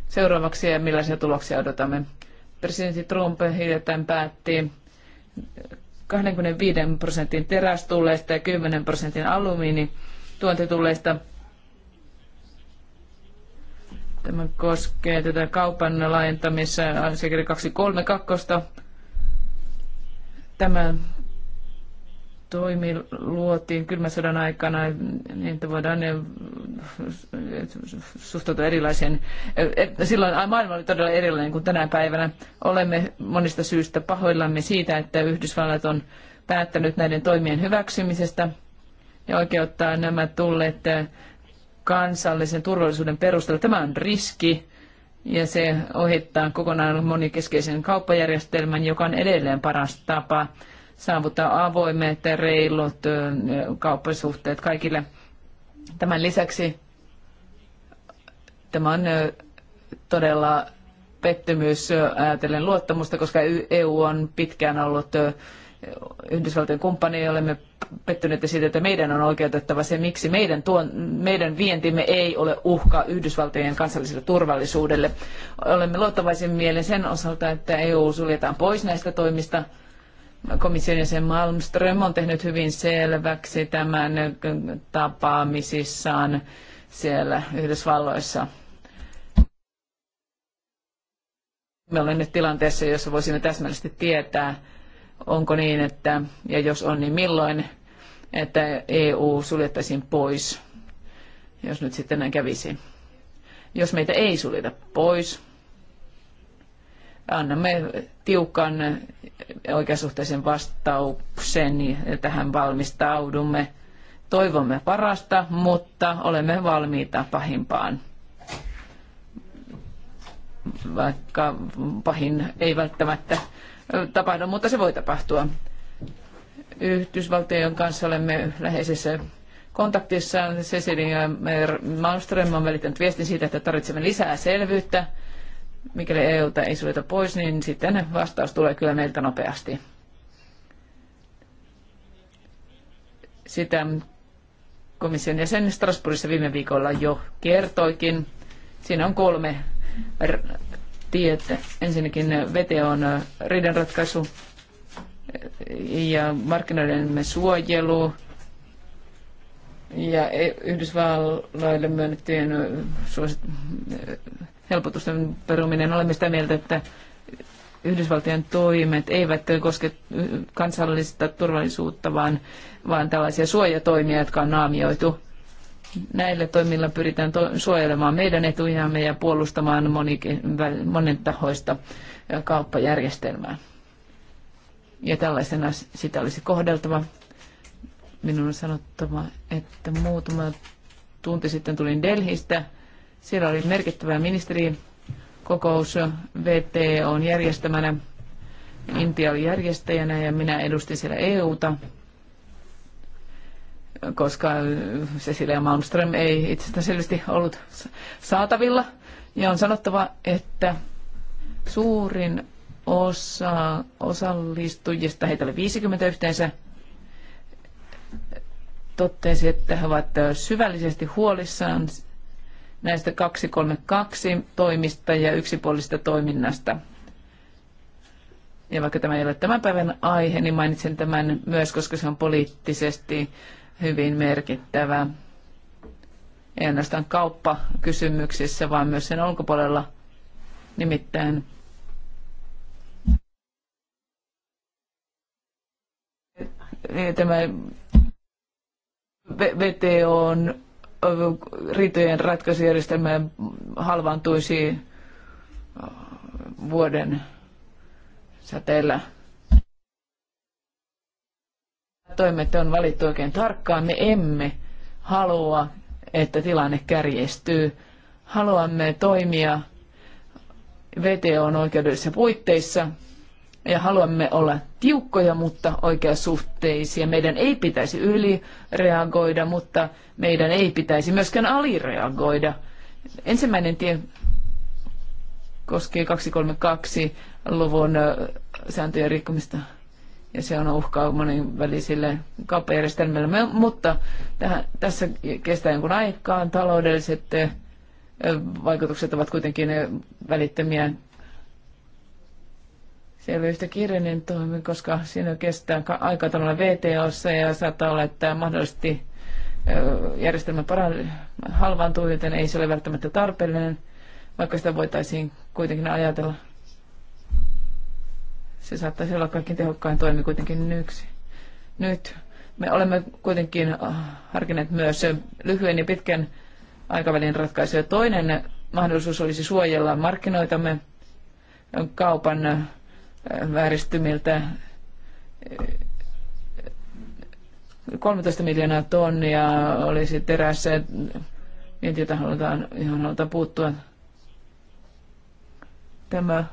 seuraavaksi ja millaisia tuloksia odotamme presidentti Trump hiljattain päätti 25 prosentin terästulleista ja 10 prosentin alumiinituontitulleista. Tämä koskee tätä kaupan laajentamissa asiakirja 232. Tämä toimi luotiin kylmän sodan aikana, niin että voidaan eh, suhtautua erilaisiin. Eh, eh, silloin maailma oli todella erilainen kuin tänä päivänä. Olemme monista syystä pahoillamme siitä, että Yhdysvallat on päättänyt näiden toimien hyväksymisestä ja oikeuttaa nämä tulleet kansallisen turvallisuuden perusteella. Tämä on riski ja se ohittaa kokonaan monikeskeisen kauppajärjestelmän, joka on edelleen paras tapa saavuttaa avoimet ja reilut kauppasuhteet kaikille. Tämän lisäksi tämä on todella pettymys ajatellen luottamusta, koska EU on pitkään ollut Yhdysvaltojen kumppani ja olemme pettyneet siitä, että meidän on oikeutettava se, miksi meidän, tuon, meidän vientimme ei ole uhka Yhdysvaltojen kansalliselle turvallisuudelle. Olemme luottavaisin mielen sen osalta, että EU suljetaan pois näistä toimista Komission jäsen Malmström on tehnyt hyvin selväksi tämän tapaamisissaan siellä Yhdysvalloissa. Me olemme nyt tilanteessa, jossa voisimme täsmällisesti tietää, onko niin, että, ja jos on, niin milloin, että EU suljettaisiin pois, jos nyt sitten näin kävisi. Jos meitä ei suljeta pois, annamme tiukan oikeasuhteisen vastauksen ja tähän valmistaudumme. Toivomme parasta, mutta olemme valmiita pahimpaan. Vaikka pahin ei välttämättä tapahdu, mutta se voi tapahtua. Yhdysvaltojen kanssa olemme läheisessä kontaktissa. Cecilia Malmström on välittänyt viestin siitä, että tarvitsemme lisää selvyyttä mikäli EUta ei suljeta pois, niin sitten vastaus tulee kyllä meiltä nopeasti. Sitä komission jäsen Strasbourgissa viime viikolla jo kertoikin. Siinä on kolme tietä. Ensinnäkin on riidanratkaisu ja markkinoiden suojelu ja e- Yhdysvalloille myönnettyjen helpotusten peruminen. Olemme sitä mieltä, että Yhdysvaltojen toimet eivät koske kansallista turvallisuutta, vaan, vaan tällaisia suojatoimia, jotka on naamioitu. Näillä toimilla pyritään to- suojelemaan meidän etujamme ja puolustamaan monen tahoista kauppajärjestelmää. Ja tällaisena sitä olisi kohdeltava. Minun on sanottava, että muutama tunti sitten tulin Delhistä – siellä oli merkittävä ministerikokous VTOn järjestämänä. Intia oli järjestäjänä ja minä edustin siellä EUta, koska Cecilia Malmström ei itsestään selvästi ollut saatavilla. Ja on sanottava, että suurin osa osallistujista, heitä oli 50 yhteensä, totesi, että he ovat syvällisesti huolissaan näistä 232 toimista ja yksipuolisesta toiminnasta. Ja vaikka tämä ei ole tämän päivän aihe, niin mainitsen tämän myös, koska se on poliittisesti hyvin merkittävä. Ei ainoastaan kauppakysymyksissä, vaan myös sen ulkopuolella. Nimittäin tämä VTO on riitojen ratkaisujärjestelmä halvaantuisi äh, vuoden säteellä. Toimet on valittu oikein tarkkaan. Me emme halua, että tilanne kärjestyy. Haluamme toimia VTOn oikeudellisissa puitteissa ja haluamme olla tiukkoja, mutta oikeasuhteisia. Meidän ei pitäisi ylireagoida, mutta meidän ei pitäisi myöskään alireagoida. Ensimmäinen tie koskee 232 luvun sääntöjen rikkomista ja se on uhkaa välisille kauppajärjestelmille, mutta tähän, tässä kestää jonkun aikaan. Taloudelliset vaikutukset ovat kuitenkin välittömiä se ei ole yhtä kiireinen toimi, koska siinä kestää aika tavalla VTOssa ja saattaa olla, että mahdollisesti järjestelmä halvaantuu, joten ei se ole välttämättä tarpeellinen, vaikka sitä voitaisiin kuitenkin ajatella. Se saattaisi olla kaikkein tehokkain toimi kuitenkin yksi. Nyt me olemme kuitenkin harkineet myös lyhyen ja pitkän aikavälin ratkaisuja. Toinen mahdollisuus olisi suojella markkinoitamme kaupan vääristymiltä 13 miljoonaa tonnia olisi terässä, vienti, jota halutaan, johon halutaan puuttua. Tämä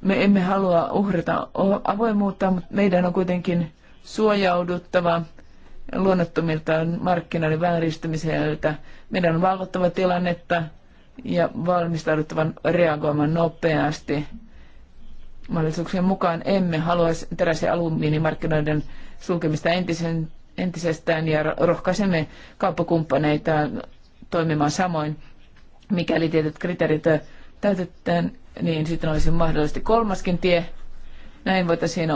me emme halua uhrata avoimuutta, mutta meidän on kuitenkin suojauduttava luonnottomilta markkinoiden vääristymiseltä. Meidän on valvottava tilannetta ja valmistauduttavan reagoimaan nopeasti. Mahdollisuuksien mukaan emme haluaisi teräs- ja alumiinimarkkinoiden sulkemista entisen, entisestään ja rohkaisemme kauppakumppaneita toimimaan samoin. Mikäli tietyt kriteerit täytetään, niin sitten olisi mahdollisesti kolmaskin tie. Näin voitaisiin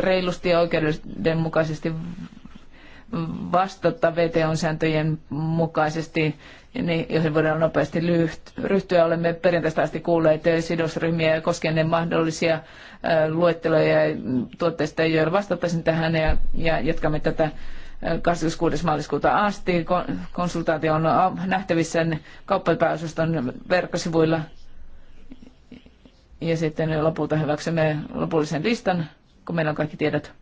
reilusti ja oikeudenmukaisesti vastata VTO-sääntöjen mukaisesti niin, joihin voidaan nopeasti ryhtyä. Olemme perinteistä asti kuulleet sidosryhmiä koskien ne mahdollisia luetteloja ja tuotteista, joilla vastattaisin tähän ja, ja jatkamme tätä 26. maaliskuuta asti. Konsultaatio on nähtävissä kauppapääosaston verkkosivuilla. Ja sitten lopulta hyväksymme lopullisen listan, kun meillä on kaikki tiedot.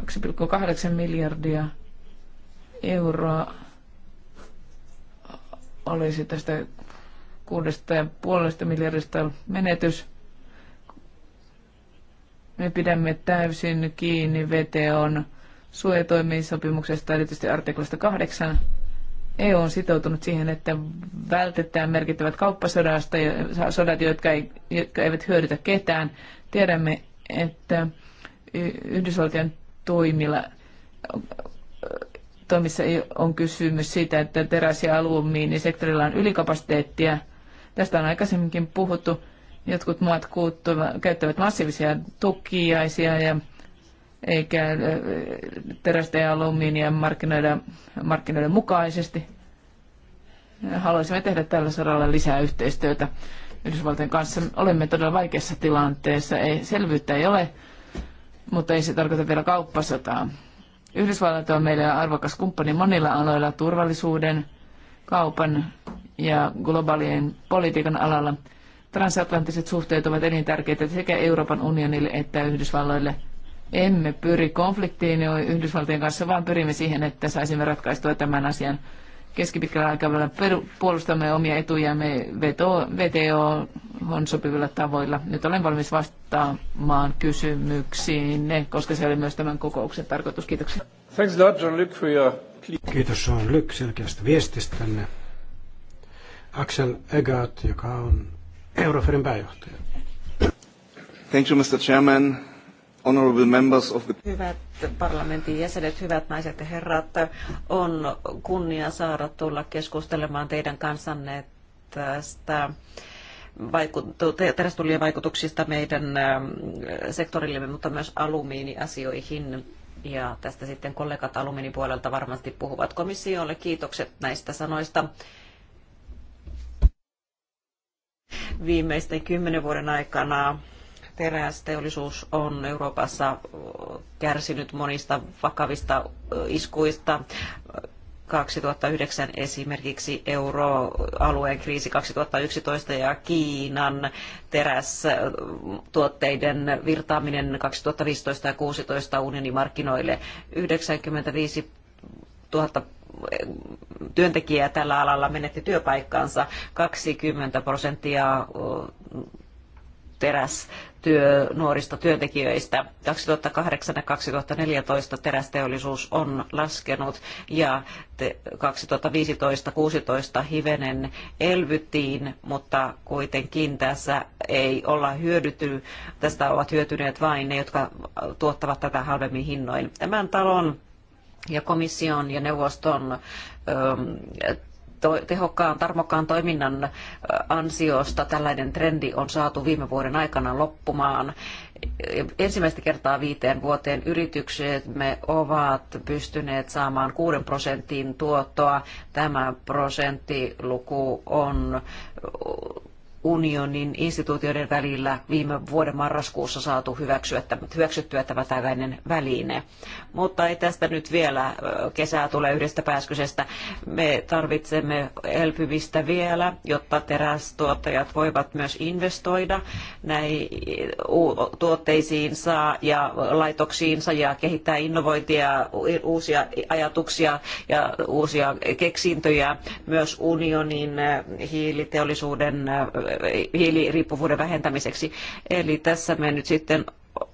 2,8 miljardia euroa olisi tästä kuudesta ja puolesta miljardista menetys. Me pidämme täysin kiinni VTOn suojatoimisopimuksesta, erityisesti artiklasta 8. EU on sitoutunut siihen, että vältetään merkittävät kauppasodasta ja sodat, jotka, ei, jotka eivät hyödytä ketään. Tiedämme, että Yhdysvaltojen toimilla toimissa on kysymys siitä, että teräs- ja alumiinisektorilla on ylikapasiteettia. Tästä on aikaisemminkin puhuttu. Jotkut maat käyttävät massiivisia tukiaisia ja eikä äh, terästä ja alumiinia markkinoida, markkinoiden mukaisesti. Haluaisimme tehdä tällä saralla lisää yhteistyötä Yhdysvaltojen kanssa. Olemme todella vaikeassa tilanteessa. Ei, selvyyttä ei ole, mutta ei se tarkoita vielä kauppasotaa. Yhdysvallat on meille arvokas kumppani monilla aloilla, turvallisuuden, kaupan ja globaalien politiikan alalla. Transatlanttiset suhteet ovat elintärkeitä sekä Euroopan unionille että Yhdysvalloille. Emme pyri konfliktiin Yhdysvaltojen kanssa, vaan pyrimme siihen, että saisimme ratkaistua tämän asian keskipitkällä aikavälillä puolustamme omia etujamme VTO, on sopivilla tavoilla. Nyt olen valmis vastaamaan kysymyksiin, koska se oli myös tämän kokouksen tarkoitus. Kiitoksia. Thanks a lot, Jean-Luc, for your... Kiitos Jean-Luc selkeästä viestistänne. Axel Egat, joka on Euroferin pääjohtaja. Thank you, Mr. Chairman. Hyvät parlamentin jäsenet, hyvät naiset ja herrat, on kunnia saada tulla keskustelemaan teidän kanssanne tästä terästulien vaikutuksista meidän ähm, sektorillemme, mutta myös alumiiniasioihin. Ja tästä sitten kollegat alumiinipuolelta varmasti puhuvat komissiolle. Kiitokset näistä sanoista. Viimeisten kymmenen vuoden aikana Terästeollisuus on Euroopassa kärsinyt monista vakavista iskuista. 2009 esimerkiksi euroalueen kriisi 2011 ja Kiinan terästuotteiden virtaaminen 2015 ja 2016 unionimarkkinoille. 95 000 työntekijää tällä alalla menetti työpaikkaansa, 20 prosenttia teräs työ, nuorista työntekijöistä. 2008 ja 2014 terästeollisuus on laskenut ja 2015-2016 hivenen elvyttiin, mutta kuitenkin tässä ei olla hyödytty. Tästä ovat hyötyneet vain ne, jotka tuottavat tätä halvemmin hinnoin. Tämän talon ja komission ja neuvoston to- tehokkaan, tarmokkaan toiminnan ansiosta tällainen trendi on saatu viime vuoden aikana loppumaan. Ensimmäistä kertaa viiteen vuoteen me ovat pystyneet saamaan 6 prosentin tuottoa. Tämä prosenttiluku on unionin instituutioiden välillä viime vuoden marraskuussa saatu hyväksyttyä tämä tällainen väline. Mutta ei tästä nyt vielä kesää tule yhdestä pääskysestä. Me tarvitsemme elpymistä vielä, jotta terästuottajat voivat myös investoida näihin tuotteisiinsa ja laitoksiinsa ja kehittää innovointia, uusia ajatuksia ja uusia keksintöjä myös unionin hiiliteollisuuden hiiliriippuvuuden vähentämiseksi. Eli tässä me nyt sitten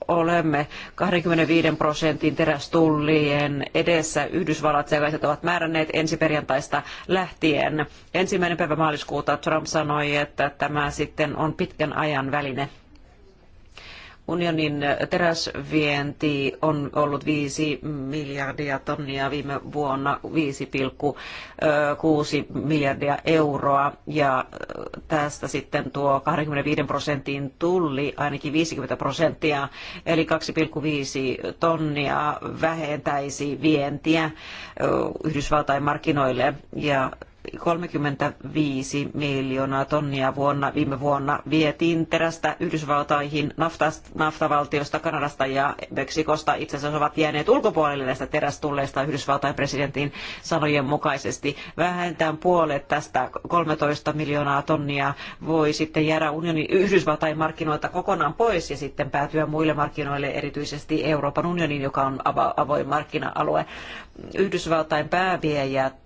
olemme 25 prosentin terästullien edessä. Yhdysvallat sellaiset ovat määränneet ensi perjantaista lähtien. Ensimmäinen päivä maaliskuuta Trump sanoi, että tämä sitten on pitkän ajan väline Unionin teräsvienti on ollut 5 miljardia tonnia viime vuonna, 5,6 miljardia euroa ja tästä sitten tuo 25 prosentin tulli ainakin 50 prosenttia eli 2,5 tonnia vähentäisi vientiä Yhdysvaltain markkinoille ja 35 miljoonaa tonnia vuonna, viime vuonna vietiin terästä Yhdysvaltoihin naftast, naftavaltiosta, Kanadasta ja Meksikosta. Itse asiassa ovat jääneet ulkopuolelle näistä terästulleista Yhdysvaltain presidentin sanojen mukaisesti. Vähintään puolet tästä 13 miljoonaa tonnia voi sitten jäädä unionin Yhdysvaltain markkinoilta kokonaan pois ja sitten päätyä muille markkinoille, erityisesti Euroopan unionin, joka on avoin markkina-alue. Yhdysvaltain pääviejät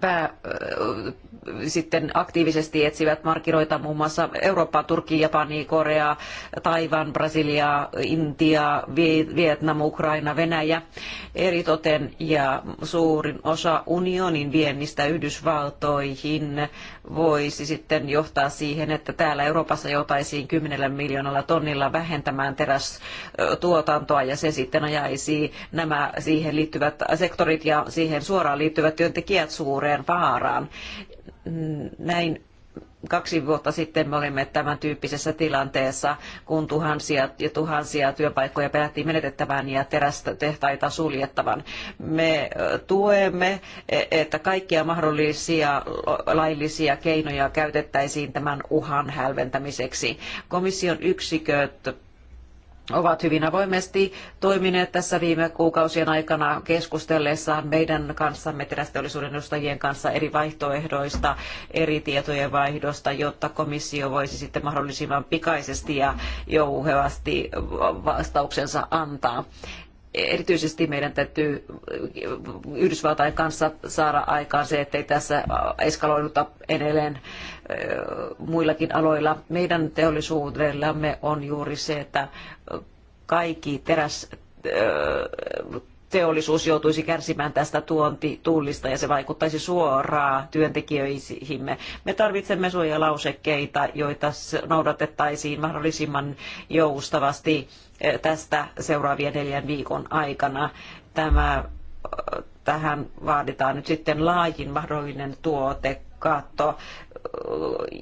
pää, sitten aktiivisesti etsivät markkinoita muun muassa Eurooppaa, Turkki, Japani, Korea, Taivan, Brasilia, Intia, Vietnam, Ukraina, Venäjä eritoten ja suurin osa unionin viennistä Yhdysvaltoihin voisi sitten johtaa siihen, että täällä Euroopassa joutaisiin 10 miljoonalla tonnilla vähentämään terästuotantoa ja se sitten ajaisi nämä siihen liittyvät sektorit ja siihen suoraan liittyvät työntekijät suureen vaaraan näin kaksi vuotta sitten me olimme tämän tyyppisessä tilanteessa, kun tuhansia ja tuhansia työpaikkoja pelättiin menetettävän ja terästehtaita suljettavan. Me tuemme, e, että kaikkia mahdollisia laillisia keinoja käytettäisiin tämän uhan hälventämiseksi. Komission yksiköt ovat hyvin avoimesti toimineet tässä viime kuukausien aikana keskustellessaan meidän kanssamme terästeollisuuden edustajien kanssa eri vaihtoehdoista, eri tietojen vaihdosta, jotta komissio voisi sitten mahdollisimman pikaisesti ja jouhevasti vastauksensa antaa erityisesti meidän täytyy Yhdysvaltain kanssa saada aikaan se, ettei tässä eskaloiduta edelleen muillakin aloilla. Meidän teollisuudellamme on juuri se, että kaikki teräs teollisuus joutuisi kärsimään tästä tuontitullista ja se vaikuttaisi suoraan työntekijöihimme. Me tarvitsemme suojalausekkeita, joita noudatettaisiin mahdollisimman joustavasti tästä seuraavien neljän viikon aikana. Tämä, tähän vaaditaan nyt sitten laajin mahdollinen tuotekatto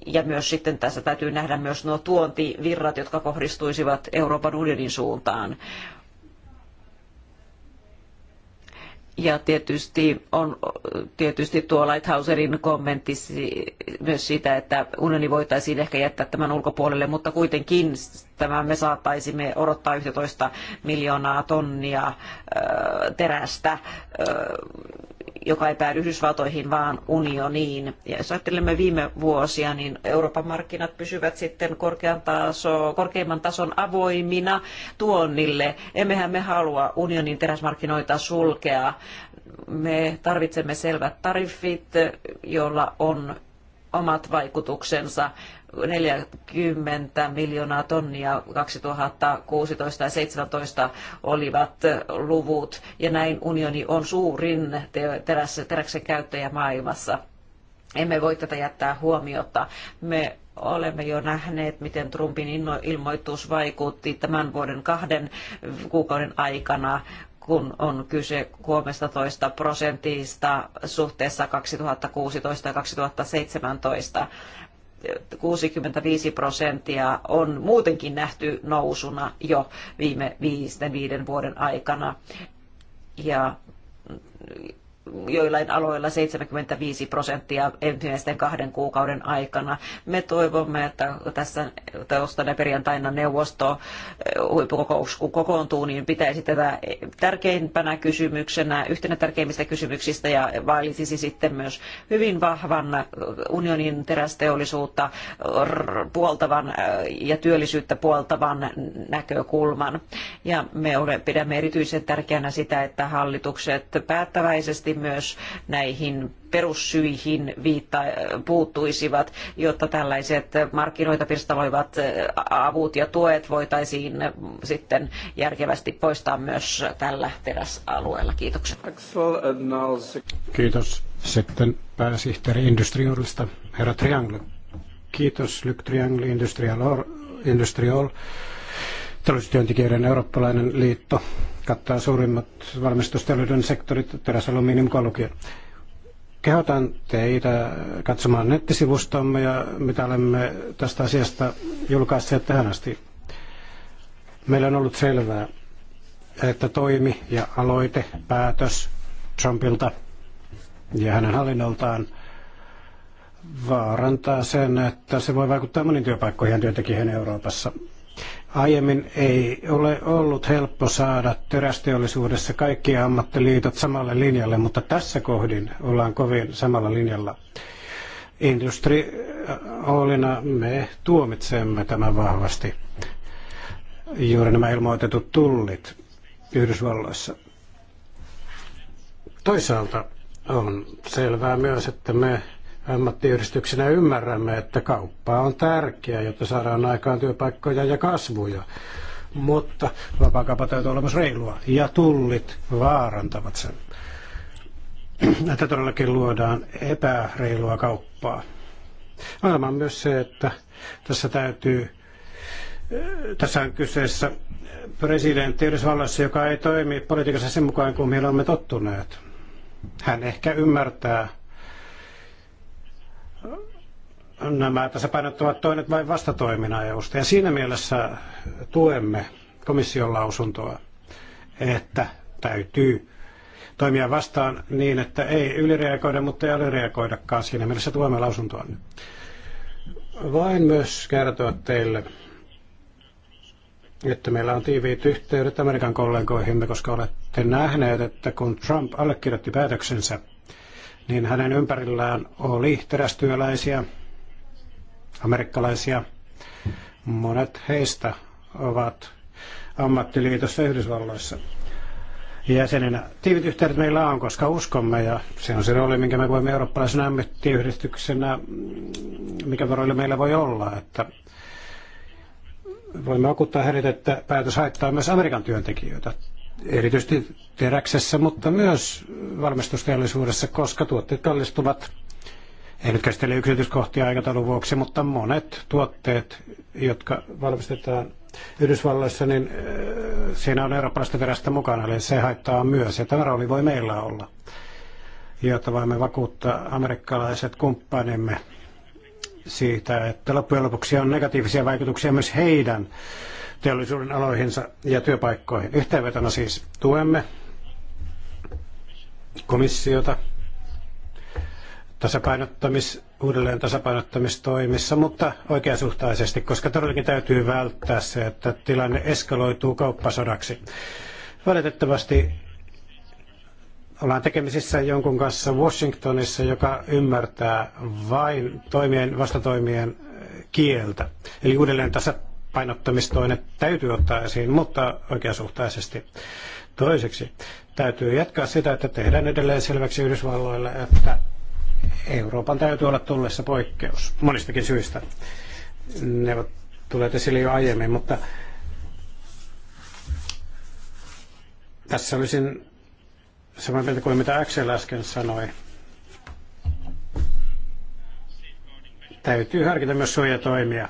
ja myös sitten tässä täytyy nähdä myös nuo tuontivirrat, jotka kohdistuisivat Euroopan unionin suuntaan. Ja tietysti on tietysti tuo Lighthouserin kommentti myös siitä, että unioni voitaisiin ehkä jättää tämän ulkopuolelle, mutta kuitenkin tämä me saattaisimme odottaa 11 miljoonaa tonnia terästä joka ei päädy Yhdysvaltoihin, vaan unioniin. Ja jos ajattelemme viime vuosia, niin Euroopan markkinat pysyvät sitten korkean taso, korkeimman tason avoimina tuonnille. Emmehän me halua unionin teräsmarkkinoita sulkea. Me tarvitsemme selvät tariffit, joilla on omat vaikutuksensa 40 miljoonaa tonnia 2016 ja 2017 olivat luvut, ja näin unioni on suurin teräksen käyttäjä maailmassa. Emme voi tätä jättää huomiota. Me olemme jo nähneet, miten Trumpin ilmoitus vaikutti tämän vuoden kahden kuukauden aikana kun on kyse 13 prosentista suhteessa 2016 ja 2017. 65 prosenttia on muutenkin nähty nousuna jo viime viisten viiden vuoden aikana. Ja joillain aloilla 75 prosenttia ensimmäisten kahden kuukauden aikana. Me toivomme, että tässä torstaina perjantaina neuvosto huippukokous kun kokoontuu, niin pitäisi tätä tärkeimpänä kysymyksenä, yhtenä tärkeimmistä kysymyksistä ja vaalitsisi sitten myös hyvin vahvan unionin terästeollisuutta puoltavan ja työllisyyttä puoltavan näkökulman. Ja me pidämme erityisen tärkeänä sitä, että hallitukset päättäväisesti myös näihin perussyihin viitta- puuttuisivat, jotta tällaiset markkinoita pirstaloivat avut ja tuet voitaisiin sitten järkevästi poistaa myös tällä teräsalueella. Kiitoksia. Kiitos. Sitten pääsihteeri Industriolista, herra Triangle. Kiitos Lyk Triangle Industrial, Industrial teollisuustyöntekijöiden eurooppalainen liitto kattaa suurimmat valmistusteollisuuden sektorit, teräs, mukaan lukien. Kehotan teitä katsomaan nettisivustamme ja mitä olemme tästä asiasta julkaisseet tähän asti. Meillä on ollut selvää, että toimi ja aloite, päätös Trumpilta ja hänen hallinnoltaan vaarantaa sen, että se voi vaikuttaa moniin työpaikkoihin ja työntekijöihin Euroopassa. Aiemmin ei ole ollut helppo saada terästeollisuudessa kaikki ammattiliitot samalle linjalle, mutta tässä kohdin ollaan kovin samalla linjalla. Industri äh, Oolina me tuomitsemme tämän vahvasti, juuri nämä ilmoitetut tullit Yhdysvalloissa. Toisaalta on selvää myös, että me ammattiyhdistyksenä ymmärrämme, että kauppa on tärkeä, jotta saadaan aikaan työpaikkoja ja kasvuja. Mutta vapaakauppa täytyy olla myös reilua, ja tullit vaarantavat sen. Näitä todellakin luodaan epäreilua kauppaa. Ongelma on myös se, että tässä täytyy, tässä on kyseessä presidentti Yhdysvalloissa, joka ei toimi politiikassa sen mukaan kuin meillä olemme tottuneet. Hän ehkä ymmärtää nämä tasapainottavat toimet vain vastatoimina EUsta. Ja siinä mielessä tuemme komission lausuntoa, että täytyy toimia vastaan niin, että ei ylireagoida, mutta ei alireagoidakaan. Siinä mielessä tuemme lausuntoa. Vain myös kertoa teille, että meillä on tiiviit yhteydet Amerikan kollegoihimme, koska olette nähneet, että kun Trump allekirjoitti päätöksensä, niin hänen ympärillään oli terästyöläisiä, amerikkalaisia. Monet heistä ovat ammattiliitossa Yhdysvalloissa jäsenenä. Tiivit yhteydet meillä on, koska uskomme ja se on se rooli, minkä me voimme eurooppalaisen ammattiyhdistyksenä, mikä rooli meillä voi olla, että voimme okuttaa heidät, että päätös haittaa myös Amerikan työntekijöitä, erityisesti teräksessä, mutta myös valmistusteollisuudessa, koska tuotteet kallistuvat en nyt käsittele yksityiskohtia aikataulun vuoksi, mutta monet tuotteet, jotka valmistetaan Yhdysvalloissa, niin äh, siinä on eurooppalaista terästä mukana, eli se haittaa myös. Ja tämä rooli voi meillä olla, jotta voimme vakuuttaa amerikkalaiset kumppanimme siitä, että loppujen lopuksi on negatiivisia vaikutuksia myös heidän teollisuuden aloihinsa ja työpaikkoihin. Yhteenvetona siis tuemme komissiota tasapainottamis, uudelleen tasapainottamistoimissa, mutta oikeasuhtaisesti, koska todellakin täytyy välttää se, että tilanne eskaloituu kauppasodaksi. Valitettavasti ollaan tekemisissä jonkun kanssa Washingtonissa, joka ymmärtää vain toimien, vastatoimien kieltä. Eli uudelleen tasapainottamistoimet täytyy ottaa esiin, mutta oikeasuhtaisesti. Toiseksi täytyy jatkaa sitä, että tehdään edelleen selväksi Yhdysvalloille, että Euroopan täytyy olla tullessa poikkeus monistakin syistä. Ne tulee esille jo aiemmin, mutta tässä olisin samaa mieltä kuin mitä Axel äsken sanoi. Täytyy harkita myös suojatoimia,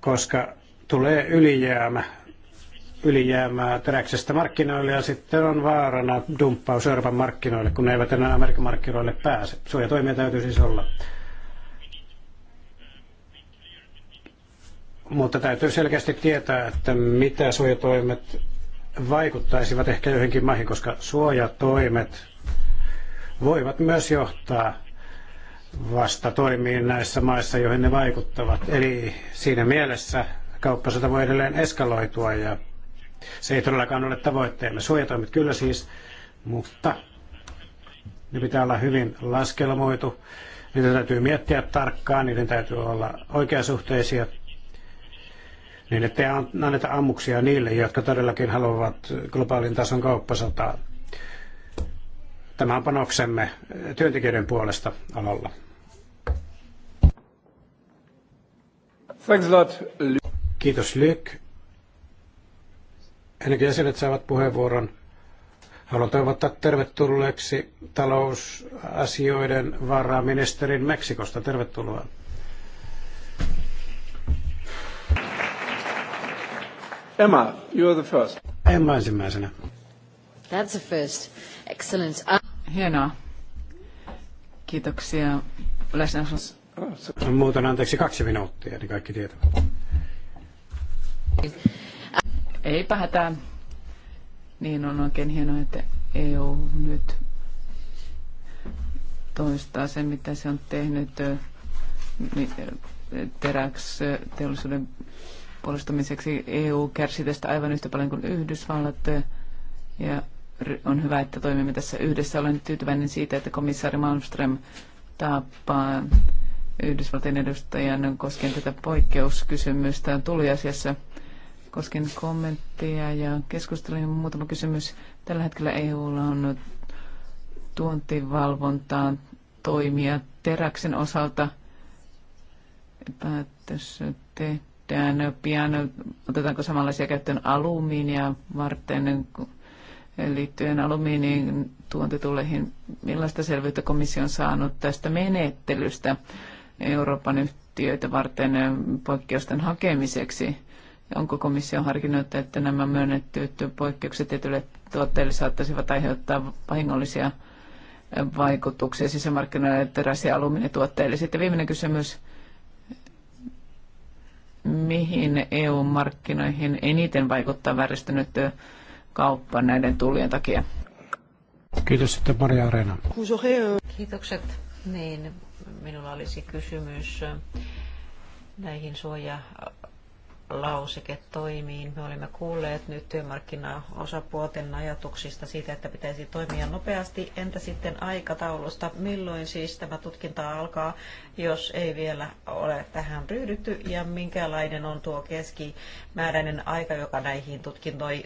koska tulee ylijäämä ylijäämää teräksestä markkinoille ja sitten on vaarana dumppaus Euroopan markkinoille, kun ne eivät enää Amerikan markkinoille pääse. Suojatoimia täytyy siis olla. Mutta täytyy selkeästi tietää, että mitä suojatoimet vaikuttaisivat ehkä johonkin maihin, koska suojatoimet voivat myös johtaa vasta toimiin näissä maissa, joihin ne vaikuttavat. Eli siinä mielessä kauppasota voi edelleen eskaloitua ja se ei todellakaan ole tavoitteemme. Suojatoimet kyllä siis, mutta ne pitää olla hyvin laskelmoitu. Niitä täytyy miettiä tarkkaan, niiden täytyy olla oikeasuhteisia, niin ettei anneta ammuksia niille, jotka todellakin haluavat globaalin tason kauppasotaa. Tämä on panoksemme työntekijöiden puolesta alalla. Thanks a lot. Kiitos Luke. Ennen kuin jäsenet saavat puheenvuoron, haluan toivottaa tervetulleeksi talousasioiden varaministerin Meksikosta. Tervetuloa. Emma, you are the first. Emma ensimmäisenä. That's the first. Excellent. Uh, Hienoa. Kiitoksia läsnäolosta. Muuten anteeksi kaksi minuuttia, niin kaikki tietävät. Eipä hätää. Niin on oikein hienoa, että EU nyt toistaa sen, mitä se on tehnyt teräksi teollisuuden puolustamiseksi. EU kärsi tästä aivan yhtä paljon kuin Yhdysvallat. Ja on hyvä, että toimimme tässä yhdessä. Olen tyytyväinen siitä, että komissaari Malmström tapaa Yhdysvaltain edustajan koskien tätä poikkeuskysymystä tuli asiassa koskien kommentteja ja keskustelin muutama kysymys. Tällä hetkellä EUlla on tuontivalvontaan toimia teräksen osalta. Päätös tehdään pian. Otetaanko samanlaisia käyttöön alumiinia varten liittyen alumiinin tuontituleihin? Millaista selvyyttä komissio on saanut tästä menettelystä Euroopan yhtiöitä varten poikkeusten hakemiseksi? Onko komissio harkinnut, että nämä myönnettyt poikkeukset tietyille tuotteille saattaisivat aiheuttaa vahingollisia vaikutuksia sisämarkkinoille teräs- ja alumiinituotteille? Sitten viimeinen kysymys. Mihin EU-markkinoihin eniten vaikuttaa vääristynyt kauppa näiden tulien takia? Kiitos sitten Maria Arena. Kiitokset. Niin, minulla olisi kysymys näihin suoja lauseke toimiin. Me olemme kuulleet nyt työmarkkinaosapuolten ajatuksista siitä, että pitäisi toimia nopeasti. Entä sitten aikataulusta? Milloin siis tämä tutkinta alkaa, jos ei vielä ole tähän ryhdytty? Ja minkälainen on tuo keskimääräinen aika, joka näihin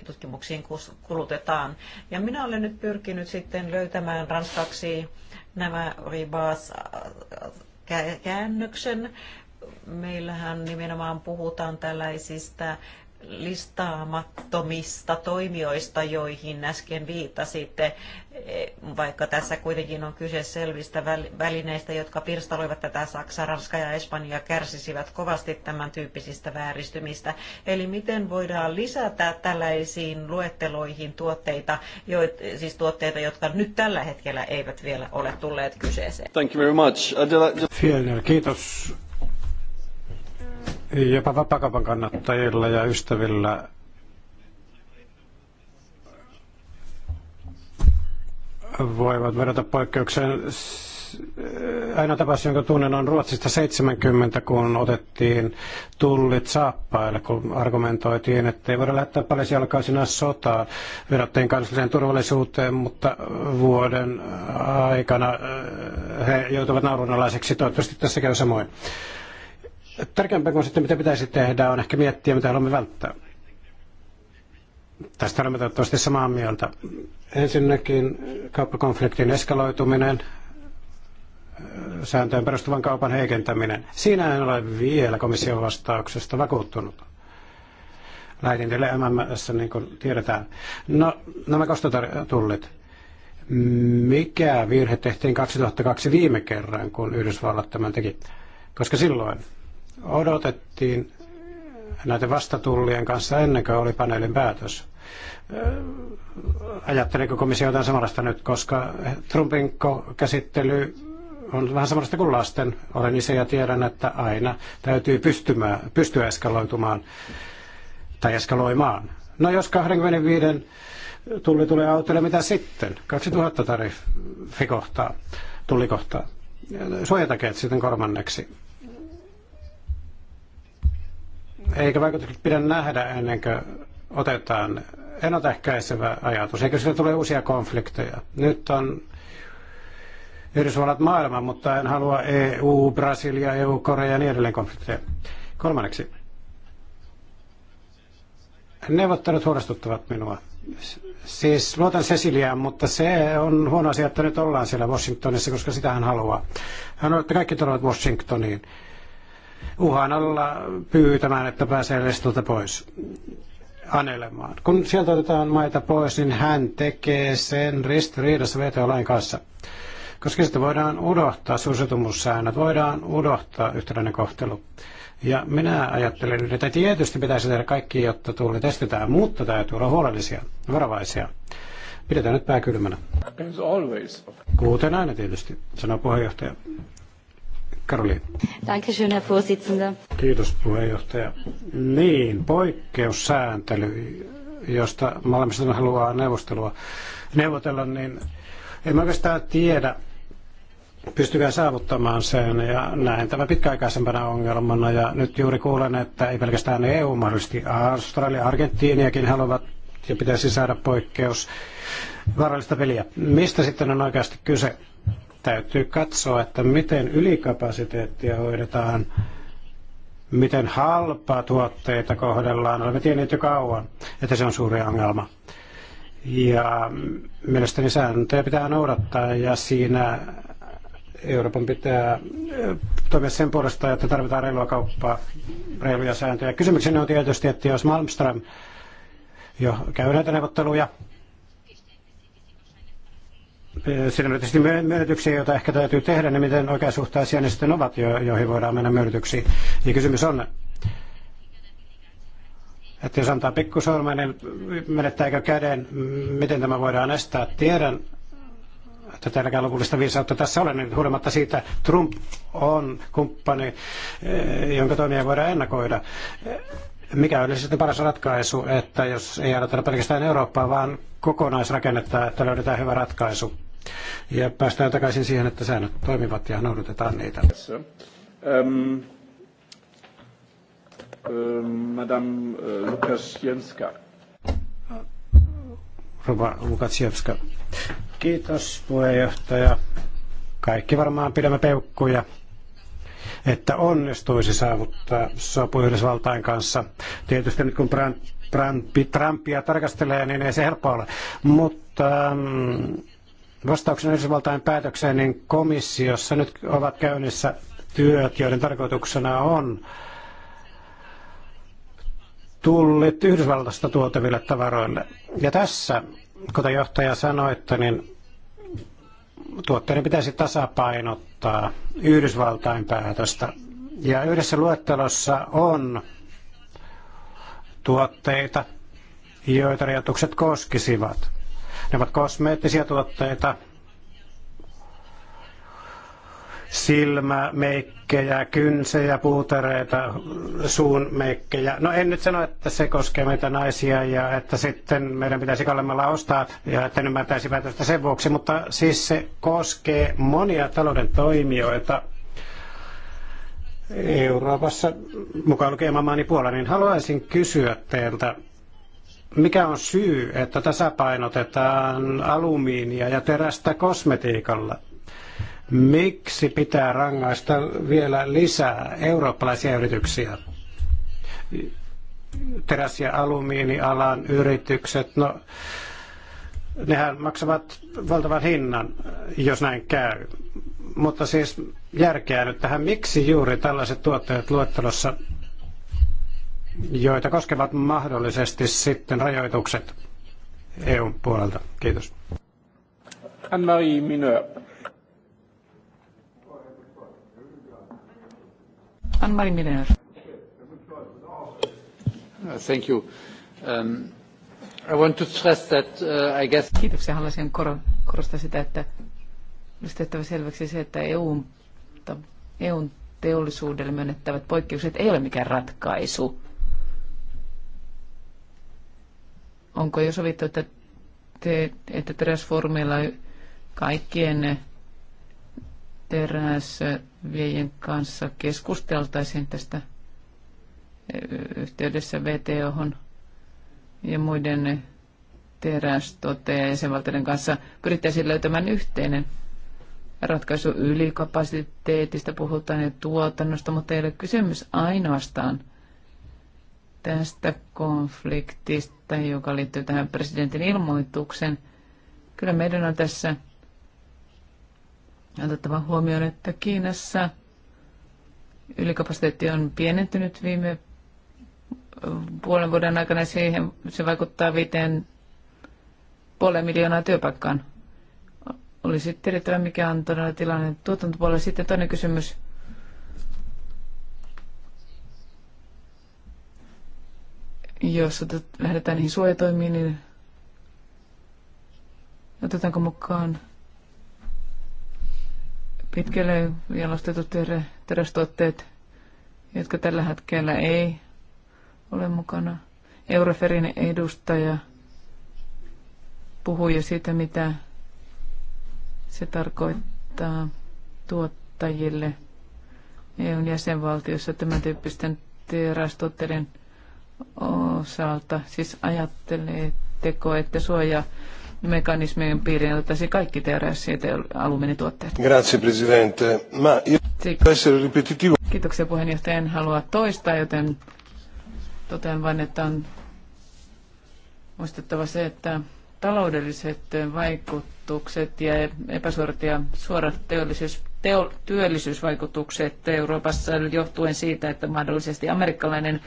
tutkimuksiin kulutetaan? Ja minä olen nyt pyrkinyt sitten löytämään ranskaksi nämä ribas äh, äh, käännöksen meillähän nimenomaan puhutaan tällaisista listaamattomista toimijoista, joihin äsken viittasitte, e, vaikka tässä kuitenkin on kyse selvistä välineistä, jotka pirstaloivat tätä Saksa, Ranska ja Espanja kärsisivät kovasti tämän tyyppisistä vääristymistä. Eli miten voidaan lisätä tällaisiin luetteloihin tuotteita, joit, siis tuotteita, jotka nyt tällä hetkellä eivät vielä ole tulleet kyseeseen? Thank you very much. Adela... Fielner, kiitos. Jopa vapakaupan kannattajilla ja ystävillä voivat vedota poikkeukseen. Aina tapaus, jonka tunnen, on Ruotsista 70, kun otettiin tullit saappaille, kun argumentoitiin, että ei voida lähettää palesialkaisina sotaa. Verrattiin kansalliseen turvallisuuteen, mutta vuoden aikana eh, he joutuvat naurunalaiseksi. Toivottavasti tässä käy samoin. Tärkeämpää kuin sitten mitä pitäisi tehdä on ehkä miettiä, mitä haluamme välttää. Tästä olemme toivottavasti samaa mieltä. Ensinnäkin kauppakonfliktin eskaloituminen, sääntöön perustuvan kaupan heikentäminen. Siinä en ole vielä komission vastauksesta vakuuttunut. Lähetin teille MMS, niin kuin tiedetään. No, nämä kostotullit. Mikä virhe tehtiin 2002 viime kerran, kun Yhdysvallat tämän teki? Koska silloin odotettiin näiden vastatullien kanssa ennen kuin oli paneelin päätös. Ajatteleeko komissio jotain samanlaista nyt, koska Trumpin käsittely on vähän samanlaista kuin lasten. Olen isä ja tiedän, että aina täytyy pystymään, pystyä eskaloitumaan tai eskaloimaan. No jos 25 tulli tulee autolle, niin mitä sitten? 2000 tariffi kohtaa, tulli kohtaa. Suojatakeet sitten kolmanneksi. Eikä vaikutukset pidä nähdä ennen kuin otetaan ennaltaehkäisevä ajatus. Eikö siitä tule uusia konflikteja? Nyt on Yhdysvallat maailma, mutta en halua EU, Brasilia, EU, Korea ja niin edelleen konflikteja. Kolmanneksi. Neuvottelut huolestuttavat minua. Siis luotan Ceciliaan, mutta se on huono asia, että nyt ollaan siellä Washingtonissa, koska sitä hän haluaa. Hän on, että kaikki tulevat Washingtoniin uhan alla pyytämään, että pääsee lestolta pois anelemaan. Kun sieltä otetaan maita pois, niin hän tekee sen ristiriidassa VTO-lain kanssa. Koska sitten voidaan unohtaa suositumussäännöt, voidaan unohtaa yhtenäinen kohtelu. Ja minä ajattelen, että tietysti pitäisi tehdä kaikki, jotta tuuli testitään, mutta täytyy olla huolellisia, varovaisia. Pidetään nyt pää kylmänä. Kuten aina tietysti, sanoo puheenjohtaja. Karoliin. Dankeschön, Herr Vorsitzender. Kiitos puheenjohtaja. Niin, poikkeussääntely, josta maailmasta haluaa neuvostelua neuvotella, niin en oikeastaan tiedä, pystykää saavuttamaan sen ja näen tämä pitkäaikaisempana ongelmana ja nyt juuri kuulen, että ei pelkästään EU, mahdollisesti Australia, Argentiiniakin haluavat ja pitäisi saada poikkeus vaarallista peliä. Mistä sitten on oikeasti kyse? Täytyy katsoa, että miten ylikapasiteettia hoidetaan, miten halpaa tuotteita kohdellaan. Olemme tienneet jo kauan, että se on suuri ongelma. Ja mielestäni sääntöjä pitää noudattaa ja siinä Euroopan pitää toimia sen puolesta, että tarvitaan reilua kauppaa, reiluja sääntöjä. Kysymykseni on tietysti, että jos Malmström jo käy näitä neuvotteluja, sydämetisesti myönnytyksiä, joita ehkä täytyy tehdä, niin miten oikeasuhtaisia ne sitten ovat, joihin voidaan mennä myönnytyksiin. Ja kysymys on, että jos antaa pikkusormen, niin menettääkö käden, miten tämä voidaan estää? Tiedän, että tälläkään lopullista viisautta tässä ole, niin huolimatta siitä Trump on kumppani, eh, jonka toimia voidaan ennakoida. Mikä olisi sitten paras ratkaisu, että jos ei ajatella pelkästään Eurooppaa, vaan kokonaisrakennetta, että löydetään hyvä ratkaisu? Ja päästään takaisin siihen, että säännöt toimivat ja noudatetaan niitä. Um, um, Madame äh, uh, Lukasjenska. Rova Lukatsjevska. Kiitos puheenjohtaja. Kaikki varmaan pidämme peukkuja että onnistuisi saavuttaa sopu Yhdysvaltain kanssa. Tietysti nyt kun Trump, Trumpia tarkastelee, niin ei se helppo ole. Mutta um, Vastauksena Yhdysvaltain päätökseen niin komissiossa nyt ovat käynnissä työt, joiden tarkoituksena on tullit Yhdysvalloista tuotaville tavaroille. Ja tässä, kuten johtaja sanoitte, niin tuotteiden pitäisi tasapainottaa Yhdysvaltain päätöstä. Ja yhdessä luettelossa on tuotteita, joita rajoitukset koskisivat. Ne ovat kosmeettisia tuotteita, meikkejä, kynsejä, puutereita, meikkejä. No en nyt sano, että se koskee meitä naisia ja että sitten meidän pitäisi kallemmalla ostaa ja että ymmärtäisi päätöstä sen vuoksi, mutta siis se koskee monia talouden toimijoita Euroopassa, mukaan lukee maani Puola, niin haluaisin kysyä teiltä, mikä on syy, että tasapainotetaan alumiinia ja terästä kosmetiikalla? Miksi pitää rangaista vielä lisää eurooppalaisia yrityksiä? Teräs- ja alumiinialan yritykset, no nehän maksavat valtavan hinnan, jos näin käy. Mutta siis järkeä nyt tähän, miksi juuri tällaiset tuotteet luettelossa joita koskevat mahdollisesti sitten rajoitukset EUn puolelta. Kiitos. Anna-Marie Anne-Marie uh, Thank you. Um, I want to stress that, uh, I guess... Kiitoksia. Haluaisin korostaa sitä, että olisi tehtävä selväksi se, että EUn, EUn teollisuudelle myönnettävät poikkeukset ei ole mikään ratkaisu Onko jo sovittu, että, te, että teräsfoorumilla kaikkien teräsviejien kanssa keskusteltaisiin tästä e, yhteydessä VTO ja muiden terästoteja ja jäsenvaltioiden kanssa pyrittäisiin löytämään yhteinen ratkaisu ylikapasiteetista, puhutaan jo tuotannosta, mutta ei ole kysymys ainoastaan tästä konfliktista, joka liittyy tähän presidentin ilmoitukseen. Kyllä meidän on tässä otettava huomioon, että Kiinassa ylikapasiteetti on pienentynyt viime puolen vuoden aikana siihen se vaikuttaa viiteen puoleen miljoonaa työpaikkaan. Olisi tiedettävä, mikä on todella tilanne tuotantopuolella. Sitten toinen kysymys jos lähdetään niihin suojatoimiin, niin otetaanko mukaan pitkälle jalostetut terästuotteet, jotka tällä hetkellä ei ole mukana. Euroferin edustaja puhui jo siitä, mitä se tarkoittaa tuottajille EUn jäsenvaltiossa tämän tyyppisten terästuotteiden osalta? Siis ajatteletteko, että suoja mekanismien piiriin otettaisiin kaikki teräsiä ja alumiinituotteet? Grazie, presidente. Ma io... Kiitoksia puheenjohtaja. En halua toistaa, joten totean vain, että on muistettava se, että taloudelliset vaikutukset ja epäsuorat ja suorat teollisuus, teo, työllisyysvaikutukset Euroopassa johtuen siitä, että mahdollisesti amerikkalainen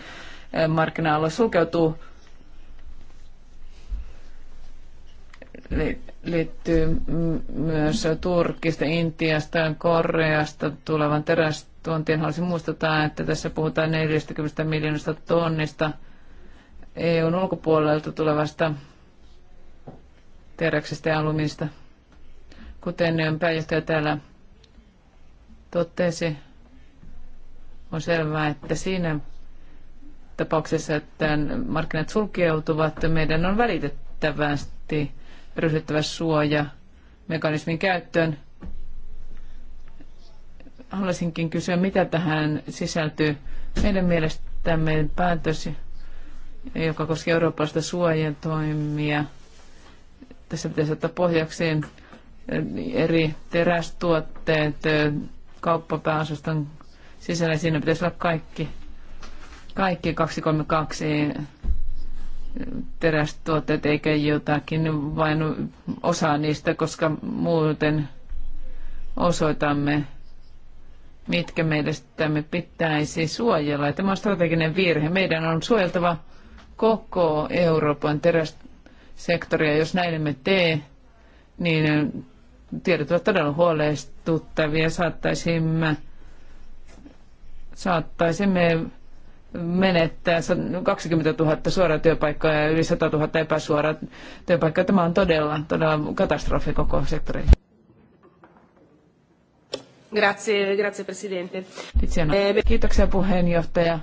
markkina-alue sulkeutuu, liittyy myös Turkista, Intiasta ja Koreasta tulevan terästuontien. Haluaisin muistuttaa, että tässä puhutaan 40 miljoonasta tonnista EUn ulkopuolelta tulevasta teräksestä ja alumista. Kuten pääjohtaja täällä totesi, on selvää, että siinä tapauksessa, että markkinat sulkeutuvat, meidän on välitettävästi ryhdyttävä suoja mekanismin käyttöön. Haluaisinkin kysyä, mitä tähän sisältyy. Meidän mielestämme päätös, joka koskee eurooppalaista suojatoimia, tässä pitäisi ottaa pohjakseen eri terästuotteet kauppapääosaston sisällä. Siinä pitäisi olla kaikki kaikki 232 terästuotteet eikä jotakin, vain osa niistä, koska muuten osoitamme, mitkä me pitäisi suojella. Tämä on strateginen virhe. Meidän on suojeltava koko Euroopan terässektoria. Jos näin emme tee, niin tiedot ovat todella huolestuttavia. Saattaisimme, saattaisimme menettää 20 000 suoraa työpaikkaa ja yli 100 000 epäsuoraa työpaikkaa. Tämä on todella, todella katastrofi koko sektorille. Grazie, grazie Presidente. Eh, kiitoksia puheenjohtaja.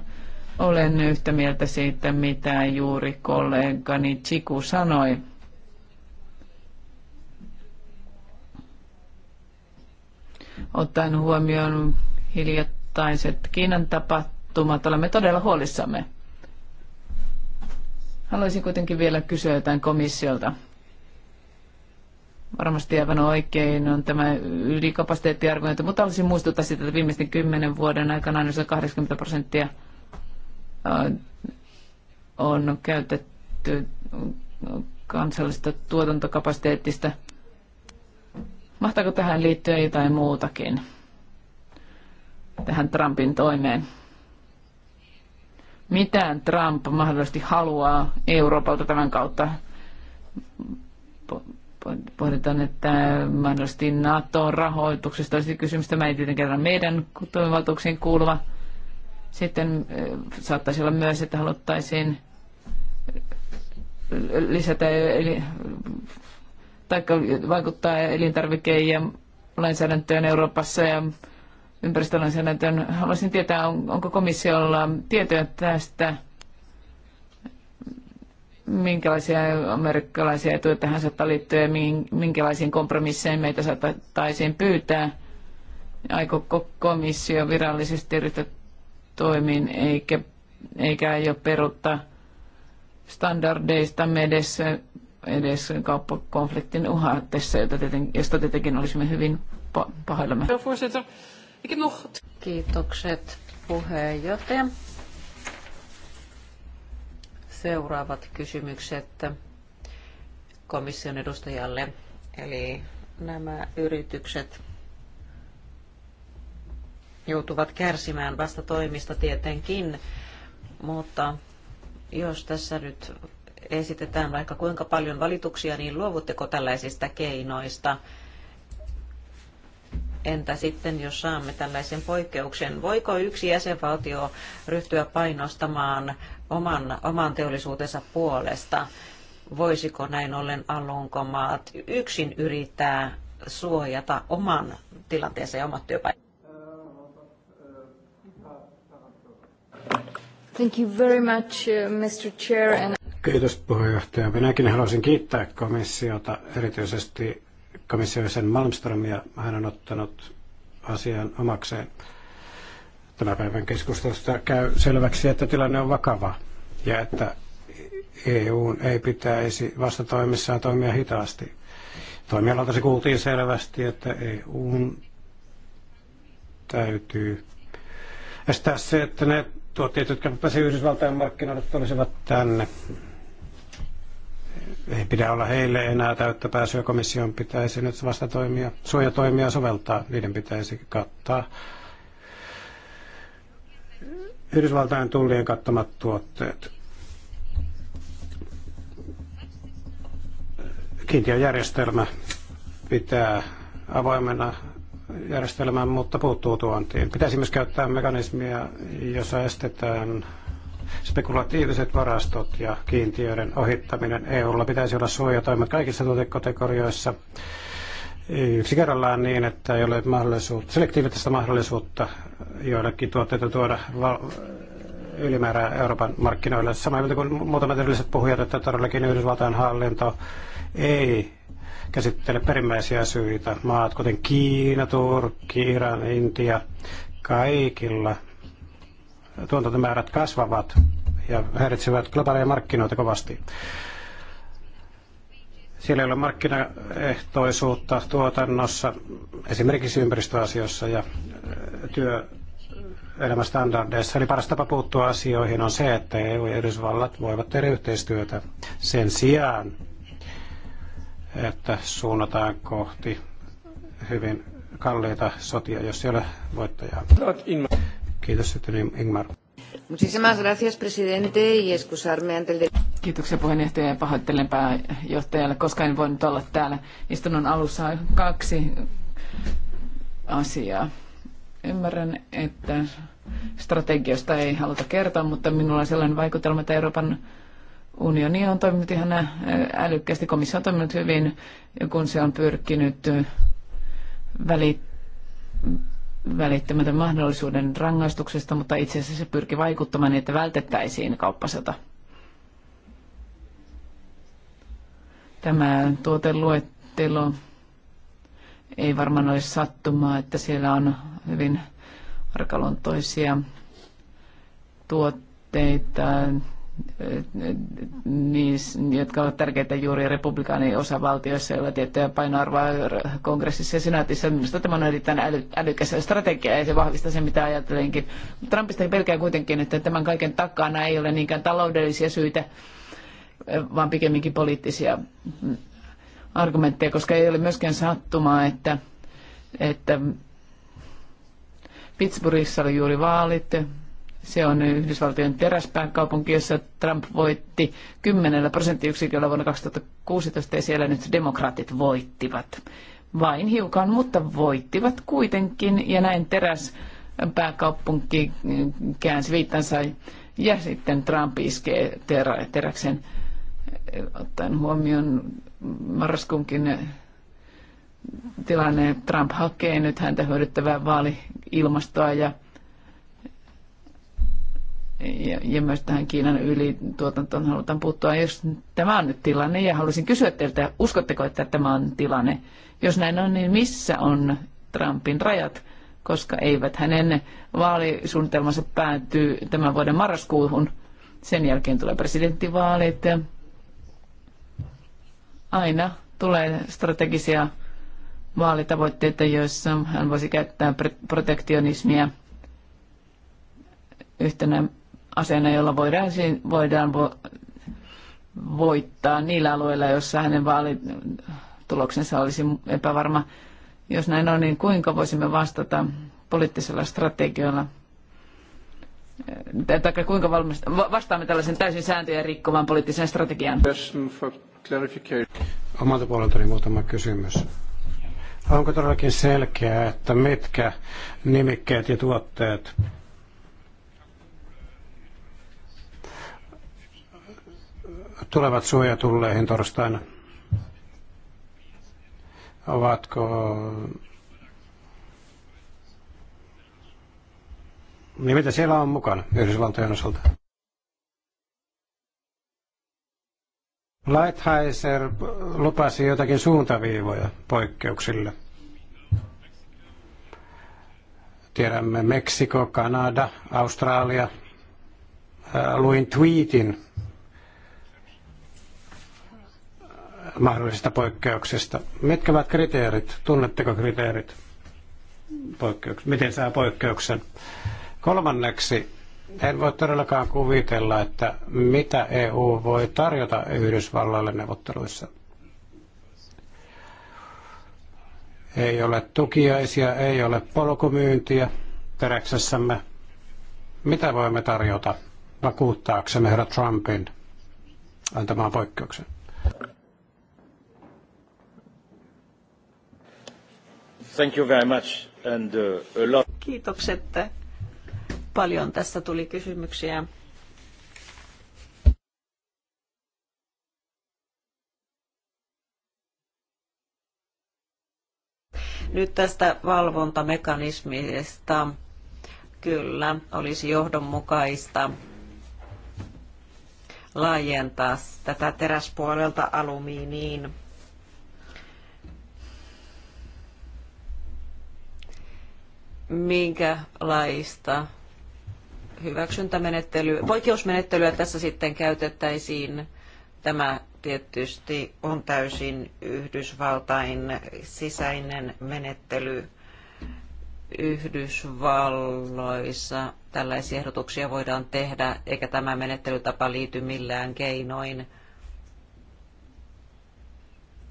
Olen yhtä mieltä siitä, mitä juuri kollegani Chiku sanoi. Ottaen huomioon hiljattaiset Kiinan tapahtumat, tapahtumat. Olemme todella huolissamme. Haluaisin kuitenkin vielä kysyä jotain komissiolta. Varmasti aivan oikein on tämä ylikapasiteettiarviointi, mutta haluaisin muistuttaa sitä että viimeisten kymmenen vuoden aikana aina 80 prosenttia äh, on käytetty kansallista tuotantokapasiteettista. Mahtaako tähän liittyä jotain muutakin, tähän Trumpin toimeen? mitä Trump mahdollisesti haluaa Euroopalta tämän kautta. Pohditaan, että mahdollisesti NATO-rahoituksesta olisi kysymys. Tämä ei tietenkään meidän toimivaltuuksiin kuuluva. Sitten eh, saattaisi olla myös, että haluttaisiin eh, lisätä eli, tai vaikuttaa elintarvike- ja lainsäädäntöön Euroopassa ja ympäristölainsäädäntöön. Haluaisin tietää, onko komissiolla tietoja tästä, minkälaisia amerikkalaisia etuja tähän saattaa liittyä ja minkälaisiin kompromisseihin meitä saattaisiin pyytää. Aikooko komissio virallisesti ryhtyä toimiin eikä, eikä aio peruttaa standardeistamme edes, edes kauppakonfliktin uhatessa, jota tietenkin, josta tietenkin olisimme hyvin pahoillamme. Kiitokset puheenjohtaja. Seuraavat kysymykset komission edustajalle. Eli nämä yritykset joutuvat kärsimään vasta toimista tietenkin, mutta jos tässä nyt esitetään vaikka kuinka paljon valituksia, niin luovutteko tällaisista keinoista? Entä sitten, jos saamme tällaisen poikkeuksen, voiko yksi jäsenvaltio ryhtyä painostamaan oman, oman teollisuutensa puolesta? Voisiko näin ollen alunkomaat yksin yrittää suojata oman tilanteensa ja omat työpaikat? Thank you very much, uh, Mr. Chair. And... Kiitos puheenjohtaja. Minäkin haluaisin kiittää komissiota erityisesti komissiosen Malmström ja hän on ottanut asian omakseen. Tämän päivän keskustelusta käy selväksi, että tilanne on vakava ja että EU ei pitäisi vastatoimissaan toimia hitaasti. Toimialalta se kuultiin selvästi, että EU täytyy estää se, että ne tuotteet, jotka pääsevät Yhdysvaltain markkinoille, tulisivat tänne ei pidä olla heille enää täyttä pääsyä. Komission pitäisi nyt vastatoimia, suojatoimia soveltaa. Niiden pitäisi kattaa Yhdysvaltain tullien kattomat tuotteet. Kiintiöjärjestelmä pitää avoimena järjestelmän, mutta puuttuu tuontiin. Pitäisi myös käyttää mekanismia, jossa estetään Spekulatiiviset varastot ja kiintiöiden ohittaminen EUlla pitäisi olla suojatoimet kaikissa tuotekategorioissa yksi kerrallaan niin, että ei ole mahdollisuutta, selektiivistä mahdollisuutta joillekin tuotteita tuoda val- ylimäärää Euroopan markkinoille. Samoin kuin muutamat edelliset puhujat, että todellakin Yhdysvaltain hallinto ei käsittele perimmäisiä syitä. Maat kuten Kiina, Turkki, Iran, Intia, kaikilla tuotantomäärät kasvavat ja häiritsevät globaaleja markkinoita kovasti. Siellä ei ole markkinaehtoisuutta tuotannossa, esimerkiksi ympäristöasioissa ja työelämästandardeissa. Eli paras tapa puuttua asioihin on se, että EU ja Yhdysvallat voivat tehdä yhteistyötä sen sijaan, että suunnataan kohti hyvin kalliita sotia, jos ei ole voittajaa. Kiitos sitten niin, Ingmar. Muchísimas gracias, presidente, y excusarme ante el Kiitoksia puheenjohtaja ja pahoittelen pääjohtajalle, koska en voinut olla täällä istunnon alussa kaksi asiaa. Ymmärrän, että strategiosta ei haluta kertoa, mutta minulla on sellainen vaikutelma, että Euroopan unioni on toiminut ihan äh, älykkäästi. Komissio on toiminut hyvin, kun se on pyrkinyt välittämään välittämätön mahdollisuuden rangaistuksesta, mutta itse asiassa se pyrki vaikuttamaan niin, että vältettäisiin kauppasota. Tämä tuoteluettelo ei varmaan ole sattumaa, että siellä on hyvin arkaluontoisia tuotteita, niin, jotka ovat tärkeitä juuri republikaanien osavaltioissa, joilla tiettyä painoarvoa kongressissa ja senaatissa. Minusta tämä on erittäin äly, älykäs strategia ja se vahvistaa sen, mitä ajattelenkin. Trumpista pelkää kuitenkin, että tämän kaiken takana ei ole niinkään taloudellisia syitä, vaan pikemminkin poliittisia argumentteja, koska ei ole myöskään sattumaa, että, että Pittsburghissa oli juuri vaalit, se on Yhdysvaltojen teräspään kaupunki, jossa Trump voitti 10 prosenttiyksiköllä vuonna 2016 ja siellä nyt demokraatit voittivat. Vain hiukan, mutta voittivat kuitenkin ja näin teräs pääkaupunki käänsi viittansa ja sitten Trump iskee terä, teräksen ottaen huomioon marraskuunkin tilanne. Trump hakee nyt häntä hyödyttävää vaali-ilmastoa ja ja, ja myös tähän Kiinan ylituotantoon halutaan puuttua. Jos tämä on nyt tilanne ja haluaisin kysyä teiltä, uskotteko, että tämä on tilanne? Jos näin on, niin missä on Trumpin rajat? Koska eivät hänen vaalisuunnitelmansa päätyy tämän vuoden marraskuuhun. Sen jälkeen tulee presidenttivaalit. Aina tulee strategisia vaalitavoitteita, joissa hän voisi käyttää protektionismia yhtenä aseena, jolla voidaan, voidaan vo, voittaa niillä alueilla, joissa hänen vaalituloksensa olisi epävarma. Jos näin on, niin kuinka voisimme vastata poliittisella strategialla? Taikka kuinka valmista, vastaamme tällaisen täysin sääntöjä rikkovan poliittiseen strategiaan? Omalta puoleltani muutama kysymys. Onko todellakin selkeää, että mitkä nimikkeet ja tuotteet tulevat suojatulleihin torstaina? Ovatko... Niin mitä siellä on mukana Yhdysvaltojen osalta? Lighthizer lupasi jotakin suuntaviivoja poikkeuksille. Tiedämme Meksiko, Kanada, Australia. Äh, luin tweetin mahdollisista poikkeuksista. Mitkä ovat kriteerit? Tunnetteko kriteerit? Poikkeuks- Miten saa poikkeuksen? Kolmanneksi, en voi todellakaan kuvitella, että mitä EU voi tarjota Yhdysvalloille neuvotteluissa. Ei ole tukiaisia, ei ole polkumyyntiä teräksessämme. Mitä voimme tarjota vakuuttaaksemme herra Trumpin antamaan poikkeuksen? Thank you very much. And, uh, a lot... Kiitokset. Paljon tässä tuli kysymyksiä. Nyt tästä valvontamekanismista kyllä olisi johdonmukaista laajentaa tätä teräspuolelta alumiiniin minkälaista hyväksyntämenettelyä, poikkeusmenettelyä tässä sitten käytettäisiin. Tämä tietysti on täysin Yhdysvaltain sisäinen menettely. Yhdysvalloissa tällaisia ehdotuksia voidaan tehdä, eikä tämä menettelytapa liity millään keinoin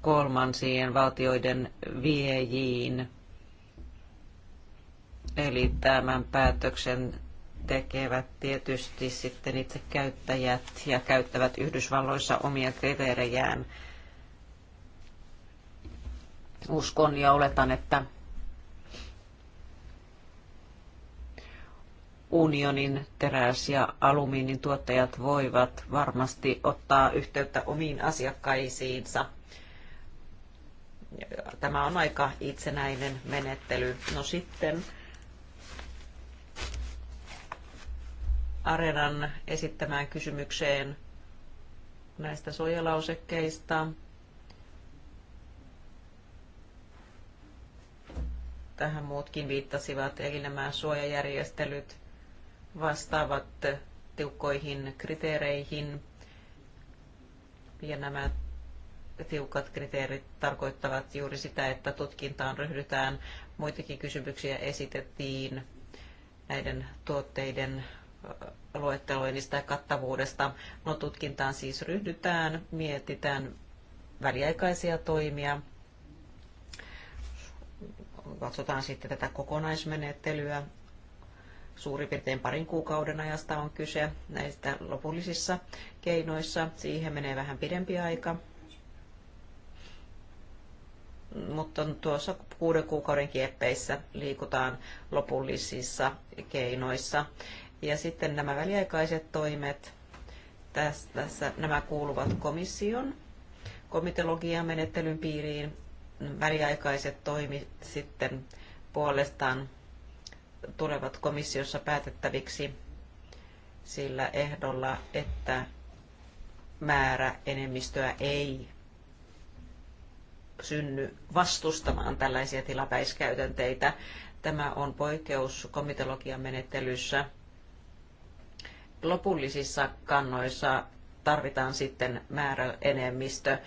kolmansien valtioiden viejiin Eli tämän päätöksen tekevät tietysti sitten itse käyttäjät ja käyttävät Yhdysvalloissa omia kriteerejään. Uskon ja oletan, että unionin teräs- ja alumiinin tuottajat voivat varmasti ottaa yhteyttä omiin asiakkaisiinsa. Tämä on aika itsenäinen menettely. No sitten Arenan esittämään kysymykseen näistä suojalausekkeista. Tähän muutkin viittasivat, eli nämä suojajärjestelyt vastaavat tiukkoihin kriteereihin. Ja nämä tiukat kriteerit tarkoittavat juuri sitä, että tutkintaan ryhdytään. Muitakin kysymyksiä esitettiin näiden tuotteiden luetteloinnista ja kattavuudesta. No tutkintaan siis ryhdytään, mietitään väliaikaisia toimia, katsotaan sitten tätä kokonaismenettelyä. Suurin piirtein parin kuukauden ajasta on kyse näistä lopullisissa keinoissa. Siihen menee vähän pidempi aika. Mutta tuossa kuuden kuukauden kieppeissä liikutaan lopullisissa keinoissa. Ja sitten nämä väliaikaiset toimet, tässä, tässä nämä kuuluvat komission komitologian menettelyn piiriin. Väliaikaiset toimi sitten puolestaan tulevat komissiossa päätettäviksi sillä ehdolla, että määrä enemmistöä ei synny vastustamaan tällaisia tilapäiskäytänteitä. Tämä on poikkeus komitologian menettelyssä lopullisissa kannoissa tarvitaan sitten määräenemmistö.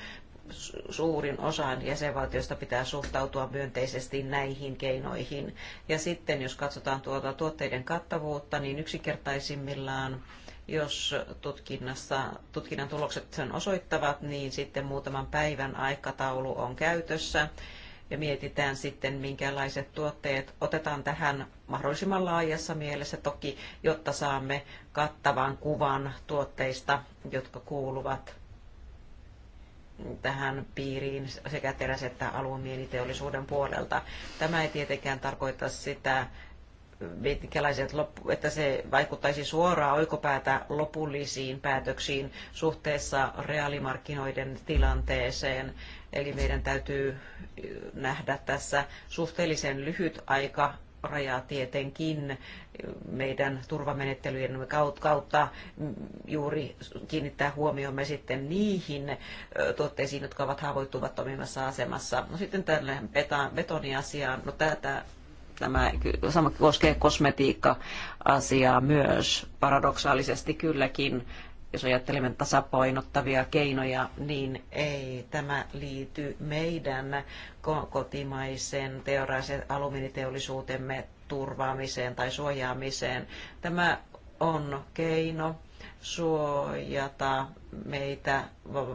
Suurin osa jäsenvaltioista pitää suhtautua myönteisesti näihin keinoihin. Ja sitten jos katsotaan tuota tuotteiden kattavuutta, niin yksinkertaisimmillaan jos tutkinnassa, tutkinnan tulokset sen osoittavat, niin sitten muutaman päivän aikataulu on käytössä ja mietitään sitten, minkälaiset tuotteet otetaan tähän mahdollisimman laajassa mielessä toki, jotta saamme kattavan kuvan tuotteista, jotka kuuluvat tähän piiriin sekä teräs- että alumiiniteollisuuden puolelta. Tämä ei tietenkään tarkoita sitä, minkälaiset loppu, että se vaikuttaisi suoraan oikopäätä lopullisiin päätöksiin suhteessa reaalimarkkinoiden tilanteeseen Eli meidän täytyy eh, nähdä tässä suhteellisen lyhyt aika rajaa tietenkin eh, meidän turvamenettelyjen kautta mm, juuri kiinnittää huomiomme sitten niihin eh, tuotteisiin, jotka ovat haavoittuvattomimmassa asemassa. No sitten tälle betoniasiaan, no tätä tämä sama koskee kosmetiikka-asiaa myös paradoksaalisesti kylläkin, jos ajattelemme tasapainottavia keinoja, niin ei tämä liity meidän kotimaisen teoraisen alumiiniteollisuutemme turvaamiseen tai suojaamiseen. Tämä on keino suojata meitä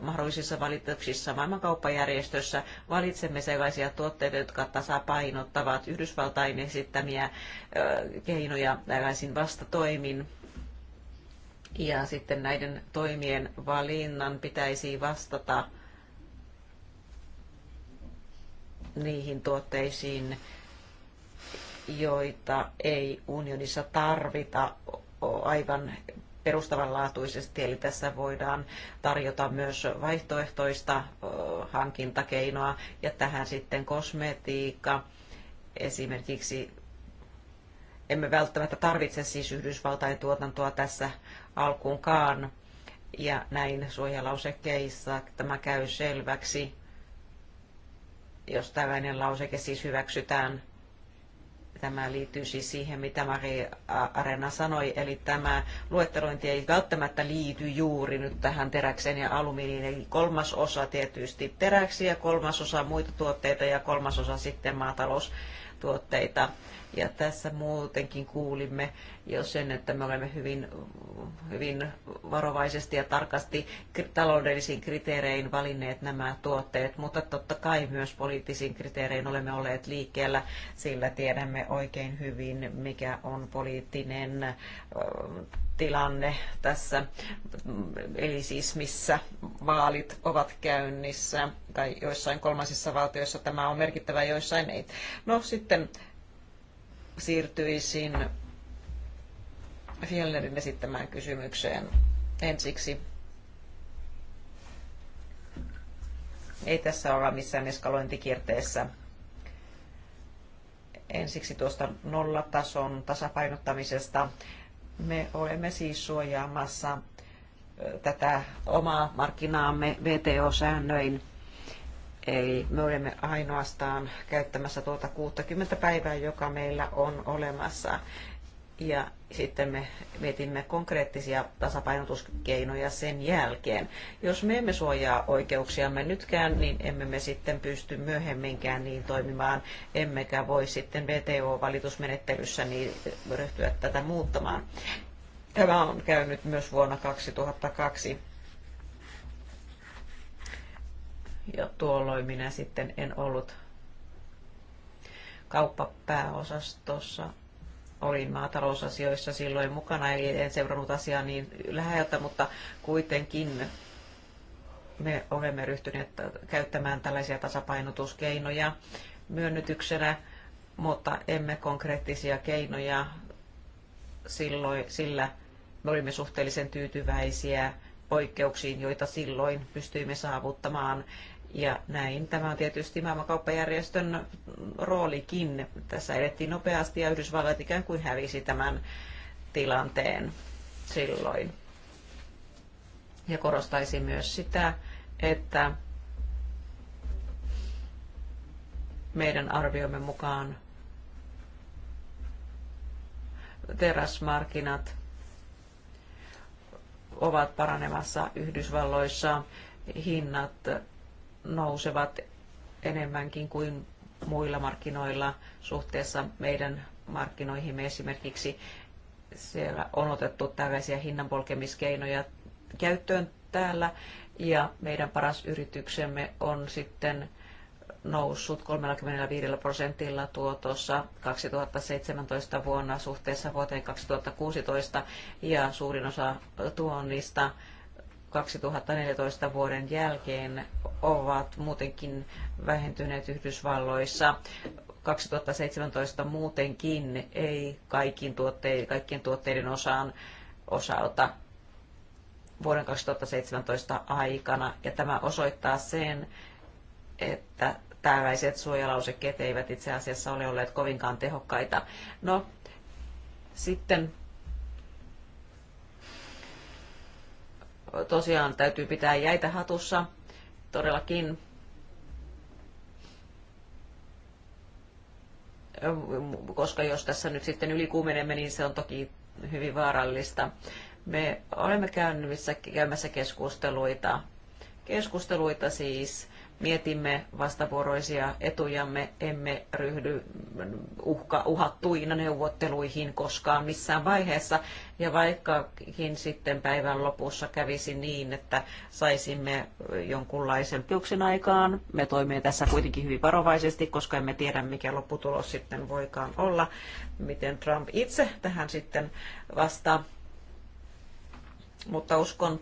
mahdollisissa valituksissa maailmankauppajärjestössä. Valitsemme sellaisia tuotteita, jotka tasapainottavat Yhdysvaltain esittämiä keinoja tällaisin vastatoimin ja sitten näiden toimien valinnan pitäisi vastata niihin tuotteisiin, joita ei unionissa tarvita aivan perustavanlaatuisesti, eli tässä voidaan tarjota myös vaihtoehtoista hankintakeinoa, ja tähän sitten kosmetiikka, esimerkiksi emme välttämättä tarvitse siis Yhdysvaltain tuotantoa tässä alkuunkaan. Ja näin suojalausekkeissa tämä käy selväksi, jos tällainen lauseke siis hyväksytään. Tämä liittyy siis siihen, mitä Mari Arena sanoi, eli tämä luettelointi ei välttämättä liity juuri nyt tähän teräkseen ja alumiiniin, eli kolmas osa tietysti teräksiä, kolmas osa muita tuotteita ja kolmas osa sitten maatalous tuotteita. Ja tässä muutenkin kuulimme jo sen, että me olemme hyvin, hyvin varovaisesti ja tarkasti taloudellisin kriteerein valinneet nämä tuotteet, mutta totta kai myös poliittisin kriteerein olemme olleet liikkeellä, sillä tiedämme oikein hyvin, mikä on poliittinen tilanne tässä, eli siis missä vaalit ovat käynnissä, tai joissain kolmansissa valtioissa tämä on merkittävä, joissain ei. No sitten siirtyisin Fjellnerin esittämään kysymykseen ensiksi. Ei tässä olla missään eskalointikierteessä ensiksi tuosta nollatason tasapainottamisesta me olemme siis suojaamassa tätä omaa markkinaamme VTO-säännöin. Eli me olemme ainoastaan käyttämässä tuota 60 päivää, joka meillä on olemassa. Ja sitten me mietimme konkreettisia tasapainotuskeinoja sen jälkeen. Jos me emme suojaa oikeuksiamme nytkään, niin emme me sitten pysty myöhemminkään niin toimimaan, emmekä voi sitten VTO-valitusmenettelyssä niin ryhtyä tätä muuttamaan. Tämä on käynyt myös vuonna 2002. Ja tuolloin minä sitten en ollut kauppapääosastossa olin maatalousasioissa silloin mukana, eli en seurannut asiaa niin läheltä, mutta kuitenkin me olemme ryhtyneet käyttämään tällaisia tasapainotuskeinoja myönnytyksenä, mutta emme konkreettisia keinoja silloin, sillä me olimme suhteellisen tyytyväisiä poikkeuksiin, joita silloin pystyimme saavuttamaan ja näin tämä on tietysti maailmankauppajärjestön roolikin. Tässä edettiin nopeasti ja Yhdysvallat ikään kuin hävisi tämän tilanteen silloin. Ja korostaisin myös sitä, että meidän arviomme mukaan terasmarkkinat ovat paranemassa Yhdysvalloissa. Hinnat nousevat enemmänkin kuin muilla markkinoilla suhteessa meidän markkinoihimme esimerkiksi. Siellä on otettu tällaisia hinnanpolkemiskeinoja käyttöön täällä ja meidän paras yrityksemme on sitten noussut 35 prosentilla tuotossa 2017 vuonna suhteessa vuoteen 2016 ja suurin osa tuonnista 2014 vuoden jälkeen ovat muutenkin vähentyneet Yhdysvalloissa. 2017 muutenkin ei kaikkiin tuotteiden, kaikkien tuotteiden osaan, osalta vuoden 2017 aikana. Ja tämä osoittaa sen, että tällaiset suojalausekkeet eivät itse asiassa ole olleet kovinkaan tehokkaita. No, sitten tosiaan täytyy pitää jäitä hatussa todellakin. Koska jos tässä nyt sitten ylikuumenemme, niin se on toki hyvin vaarallista. Me olemme käymässä keskusteluita, keskusteluita siis mietimme vastavuoroisia etujamme, emme ryhdy uhka, uhattuina neuvotteluihin koskaan missään vaiheessa. Ja vaikkakin sitten päivän lopussa kävisi niin, että saisimme jonkunlaisen pyyksen aikaan, me toimimme tässä kuitenkin hyvin varovaisesti, koska emme tiedä, mikä lopputulos sitten voikaan olla, miten Trump itse tähän sitten vastaa. Mutta uskon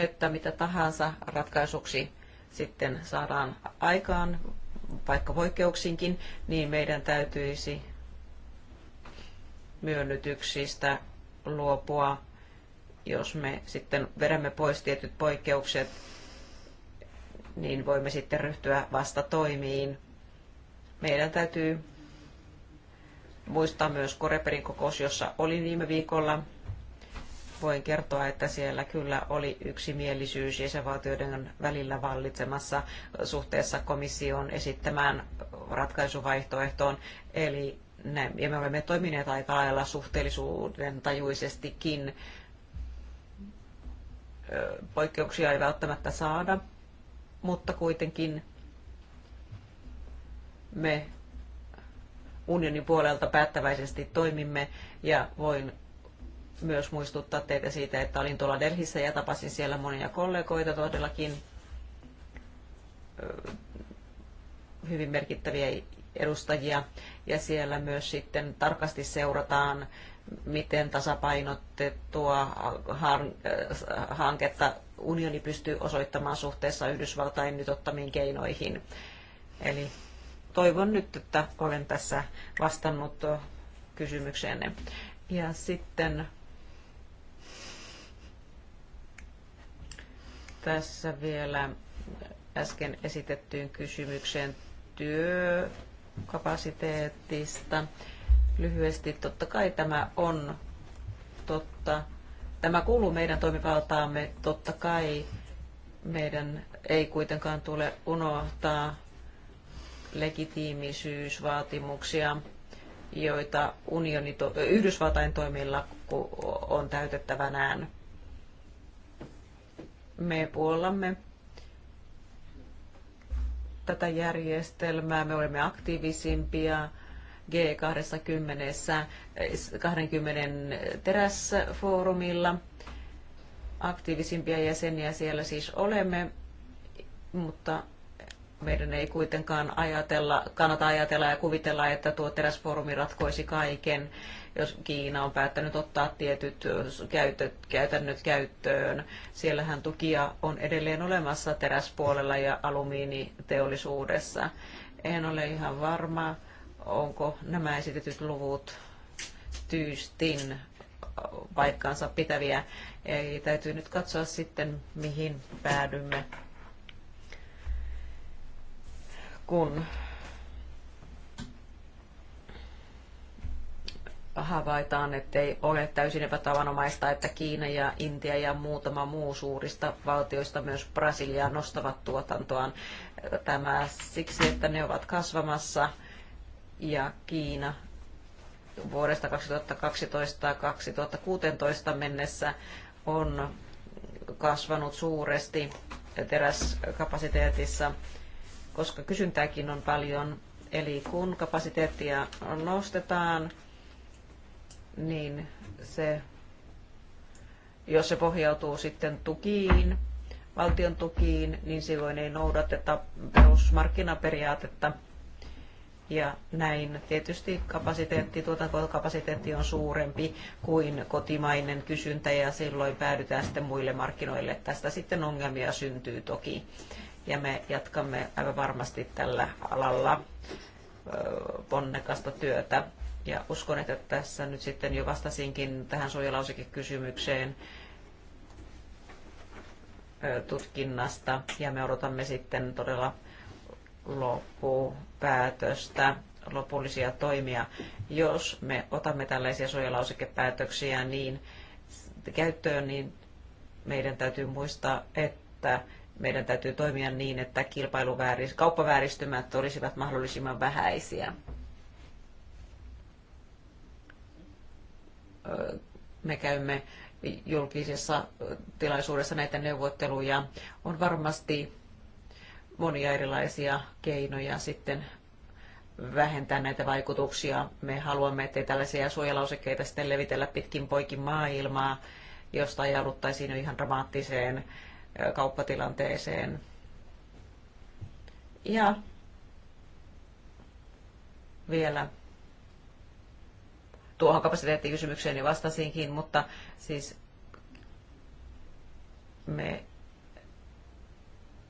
että mitä tahansa ratkaisuksi sitten saadaan aikaan, vaikka poikkeuksinkin, niin meidän täytyisi myönnytyksistä luopua, jos me sitten vedämme pois tietyt poikkeukset, niin voimme sitten ryhtyä vasta toimiin. Meidän täytyy muistaa myös Koreperin kokous, jossa olin viime viikolla voin kertoa, että siellä kyllä oli yksimielisyys jäsenvaltioiden välillä vallitsemassa suhteessa komission esittämään ratkaisuvaihtoehtoon. Eli ne, ja me olemme toimineet aika lailla suhteellisuuden tajuisestikin. Poikkeuksia ei välttämättä saada, mutta kuitenkin me unionin puolelta päättäväisesti toimimme ja voin myös muistuttaa teitä siitä, että olin tuolla Delhissä ja tapasin siellä monia kollegoita todellakin hyvin merkittäviä edustajia ja siellä myös sitten tarkasti seurataan, miten tasapainotettua hanketta unioni pystyy osoittamaan suhteessa Yhdysvaltain nyt ottamiin keinoihin. Eli toivon nyt, että olen tässä vastannut kysymykseenne. Ja sitten Tässä vielä äsken esitettyyn kysymykseen työkapasiteetista. Lyhyesti, totta kai tämä on totta. Tämä kuuluu meidän toimivaltaamme. Totta kai meidän ei kuitenkaan tule unohtaa legitiimisyysvaatimuksia, joita unioni, Yhdysvaltain toimilla on täytettävänään. Me puollamme tätä järjestelmää, me olemme aktiivisimpia G20 20 terässä Aktiivisimpia jäseniä siellä siis olemme, mutta meidän ei kuitenkaan ajatella, kannata ajatella ja kuvitella, että tuo teräsfoorumi ratkoisi kaiken jos Kiina on päättänyt ottaa tietyt käytöt, käytännöt käyttöön. Siellähän tukia on edelleen olemassa teräspuolella ja alumiiniteollisuudessa. En ole ihan varma, onko nämä esitetyt luvut tyystin paikkaansa pitäviä. Ei, täytyy nyt katsoa sitten, mihin päädymme, kun havaitaan, ettei ole täysin epätavanomaista, että Kiina ja Intia ja muutama muu suurista valtioista, myös Brasilia, nostavat tuotantoaan. Tämä siksi, että ne ovat kasvamassa ja Kiina vuodesta 2012-2016 mennessä on kasvanut suuresti teräskapasiteetissa, koska kysyntääkin on paljon. Eli kun kapasiteettia nostetaan, niin se, jos se pohjautuu sitten tukiin, valtion tukiin, niin silloin ei noudateta perusmarkkinaperiaatetta. Ja näin tietysti kapasiteetti, tuotantokapasiteetti on suurempi kuin kotimainen kysyntä ja silloin päädytään sitten muille markkinoille. Tästä sitten ongelmia syntyy toki. Ja me jatkamme aivan varmasti tällä alalla ponnekasta työtä. Ja uskon, että tässä nyt sitten jo vastasinkin tähän suojalausekekysymykseen tutkinnasta ja me odotamme sitten todella loppupäätöstä, lopullisia toimia. Jos me otamme tällaisia suojalausekepäätöksiä niin käyttöön, niin meidän täytyy muistaa, että meidän täytyy toimia niin, että kilpailuväärist- kauppavääristymät olisivat mahdollisimman vähäisiä. me käymme julkisessa tilaisuudessa näitä neuvotteluja. On varmasti monia erilaisia keinoja sitten vähentää näitä vaikutuksia. Me haluamme, ettei tällaisia suojalausekkeita sitten levitellä pitkin poikin maailmaa, josta ajauduttaisiin ihan dramaattiseen kauppatilanteeseen. Ja vielä tuohon kapasiteettikysymykseen niin vastasinkin, mutta siis me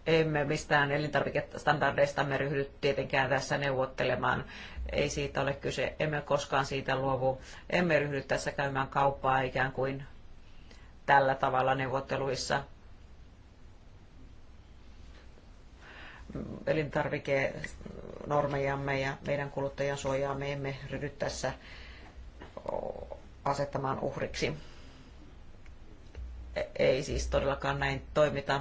emme mistään elintarvikestandardeistamme ryhdy tietenkään tässä neuvottelemaan. Ei siitä ole kyse, emme koskaan siitä luovu. Emme ryhdy tässä käymään kauppaa ikään kuin tällä tavalla neuvotteluissa. Elintarvikenormejamme ja meidän kuluttajansuojaa me emme ryhdy tässä asettamaan uhriksi. E- ei siis todellakaan näin toimita.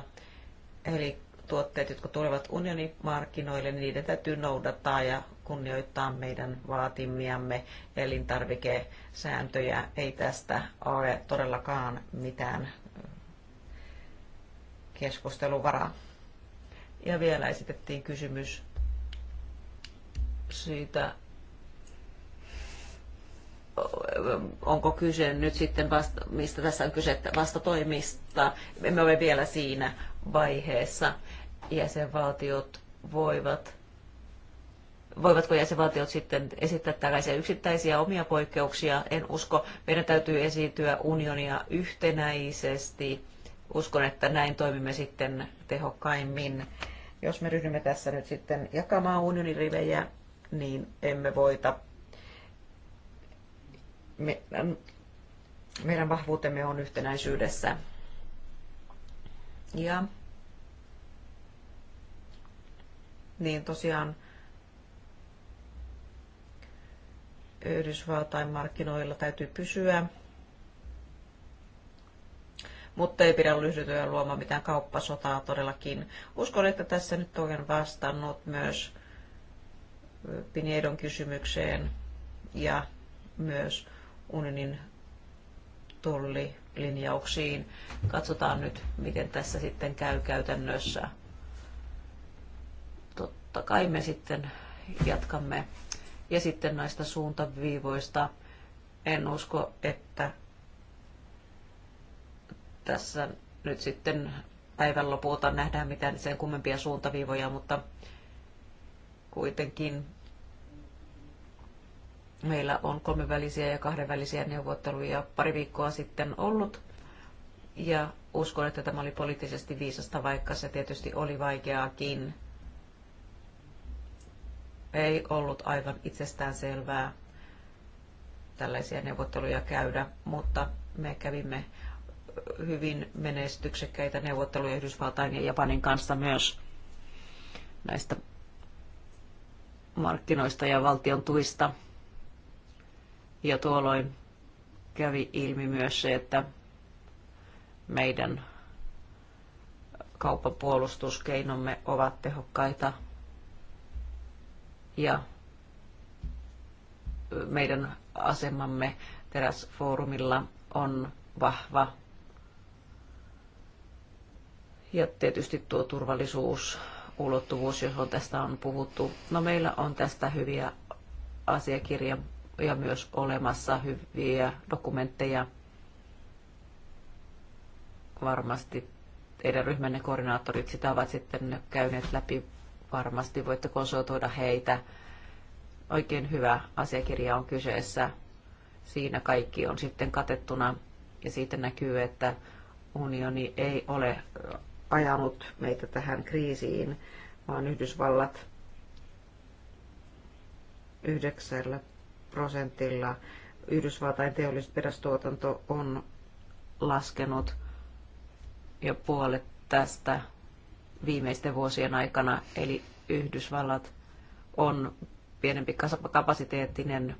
Eli tuotteet, jotka tulevat unionimarkkinoille, niin niiden täytyy noudattaa ja kunnioittaa meidän vaatimiamme elintarvikesääntöjä. Ei tästä ole todellakaan mitään mm, keskusteluvaraa. Ja vielä esitettiin kysymys siitä, onko kyse nyt sitten vasta, mistä tässä on kyse, vastatoimista. Emme ole vielä siinä vaiheessa. Jäsenvaltiot voivat voivatko jäsenvaltiot sitten esittää tällaisia yksittäisiä omia poikkeuksia? En usko. Meidän täytyy esiintyä unionia yhtenäisesti. Uskon, että näin toimimme sitten tehokkaimmin. Jos me ryhdymme tässä nyt sitten jakamaan unionirivejä, niin emme voita me, ähm, meidän vahvuutemme on yhtenäisyydessä. Ja niin tosiaan Yhdysvaltain markkinoilla täytyy pysyä, mutta ei pidä lyhdytyä luomaan mitään kauppasotaa todellakin. Uskon, että tässä nyt olen vastannut myös äh, Piniedon kysymykseen ja myös unionin tullilinjauksiin. Katsotaan nyt, miten tässä sitten käy käytännössä. Totta kai me sitten jatkamme. Ja sitten näistä suuntaviivoista. En usko, että tässä nyt sitten päivän lopulta nähdään mitään sen kummempia suuntaviivoja, mutta kuitenkin Meillä on kolmenvälisiä ja kahdenvälisiä neuvotteluja pari viikkoa sitten ollut. Ja uskon, että tämä oli poliittisesti viisasta, vaikka se tietysti oli vaikeaakin. Ei ollut aivan itsestään selvää tällaisia neuvotteluja käydä, mutta me kävimme hyvin menestyksekkäitä neuvotteluja Yhdysvaltain ja Japanin kanssa myös näistä markkinoista ja valtion tuista. Ja tuolloin kävi ilmi myös se, että meidän kauppapuolustuskeinomme ovat tehokkaita ja meidän asemamme teräsfoorumilla on vahva. Ja tietysti tuo turvallisuus, ulottuvuus, johon tästä on puhuttu. No meillä on tästä hyviä asiakirja ja myös olemassa hyviä dokumentteja. Varmasti teidän ryhmänne koordinaattorit sitä ovat sitten käyneet läpi. Varmasti voitte konsultoida heitä. Oikein hyvä asiakirja on kyseessä. Siinä kaikki on sitten katettuna ja siitä näkyy, että unioni ei ole ajanut meitä tähän kriisiin, vaan Yhdysvallat yhdeksällä prosentilla Yhdysvaltain teollinen perästuotanto on laskenut ja puolet tästä viimeisten vuosien aikana, eli Yhdysvallat on pienempi kapasiteettinen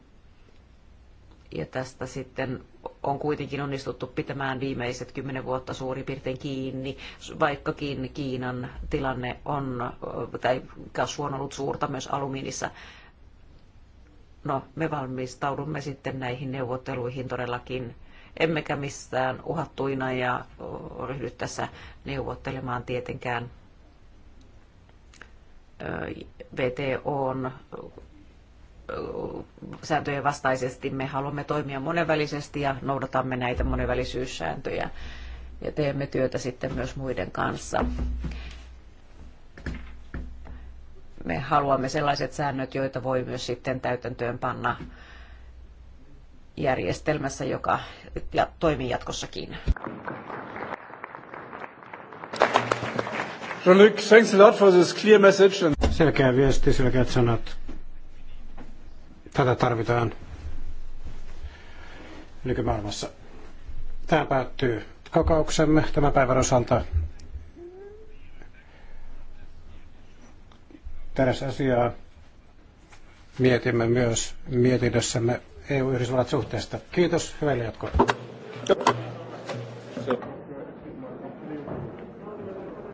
ja tästä sitten on kuitenkin onnistuttu pitämään viimeiset kymmenen vuotta suurin piirtein kiinni, vaikkakin Kiinan tilanne on, tai kasvu on ollut suurta myös alumiinissa No, me valmistaudumme sitten näihin neuvotteluihin todellakin, emmekä missään uhattuina ja ryhdy tässä neuvottelemaan tietenkään VTOn sääntöjen vastaisesti. Me haluamme toimia monenvälisesti ja noudatamme näitä monenvälisyyssääntöjä ja teemme työtä sitten myös muiden kanssa me haluamme sellaiset säännöt, joita voi myös sitten täytäntöön panna järjestelmässä, joka toimii jatkossakin. Jean-Luc, thanks a lot for this clear message. And... Selkeä viesti, selkeät sanat. Tätä tarvitaan nykymaailmassa. Tämä päättyy kokouksemme tämän päivän osalta. Tässä asiaa mietimme myös mietinnössämme EU-Yhdysvallat suhteesta. Kiitos, hyvää jatkoa.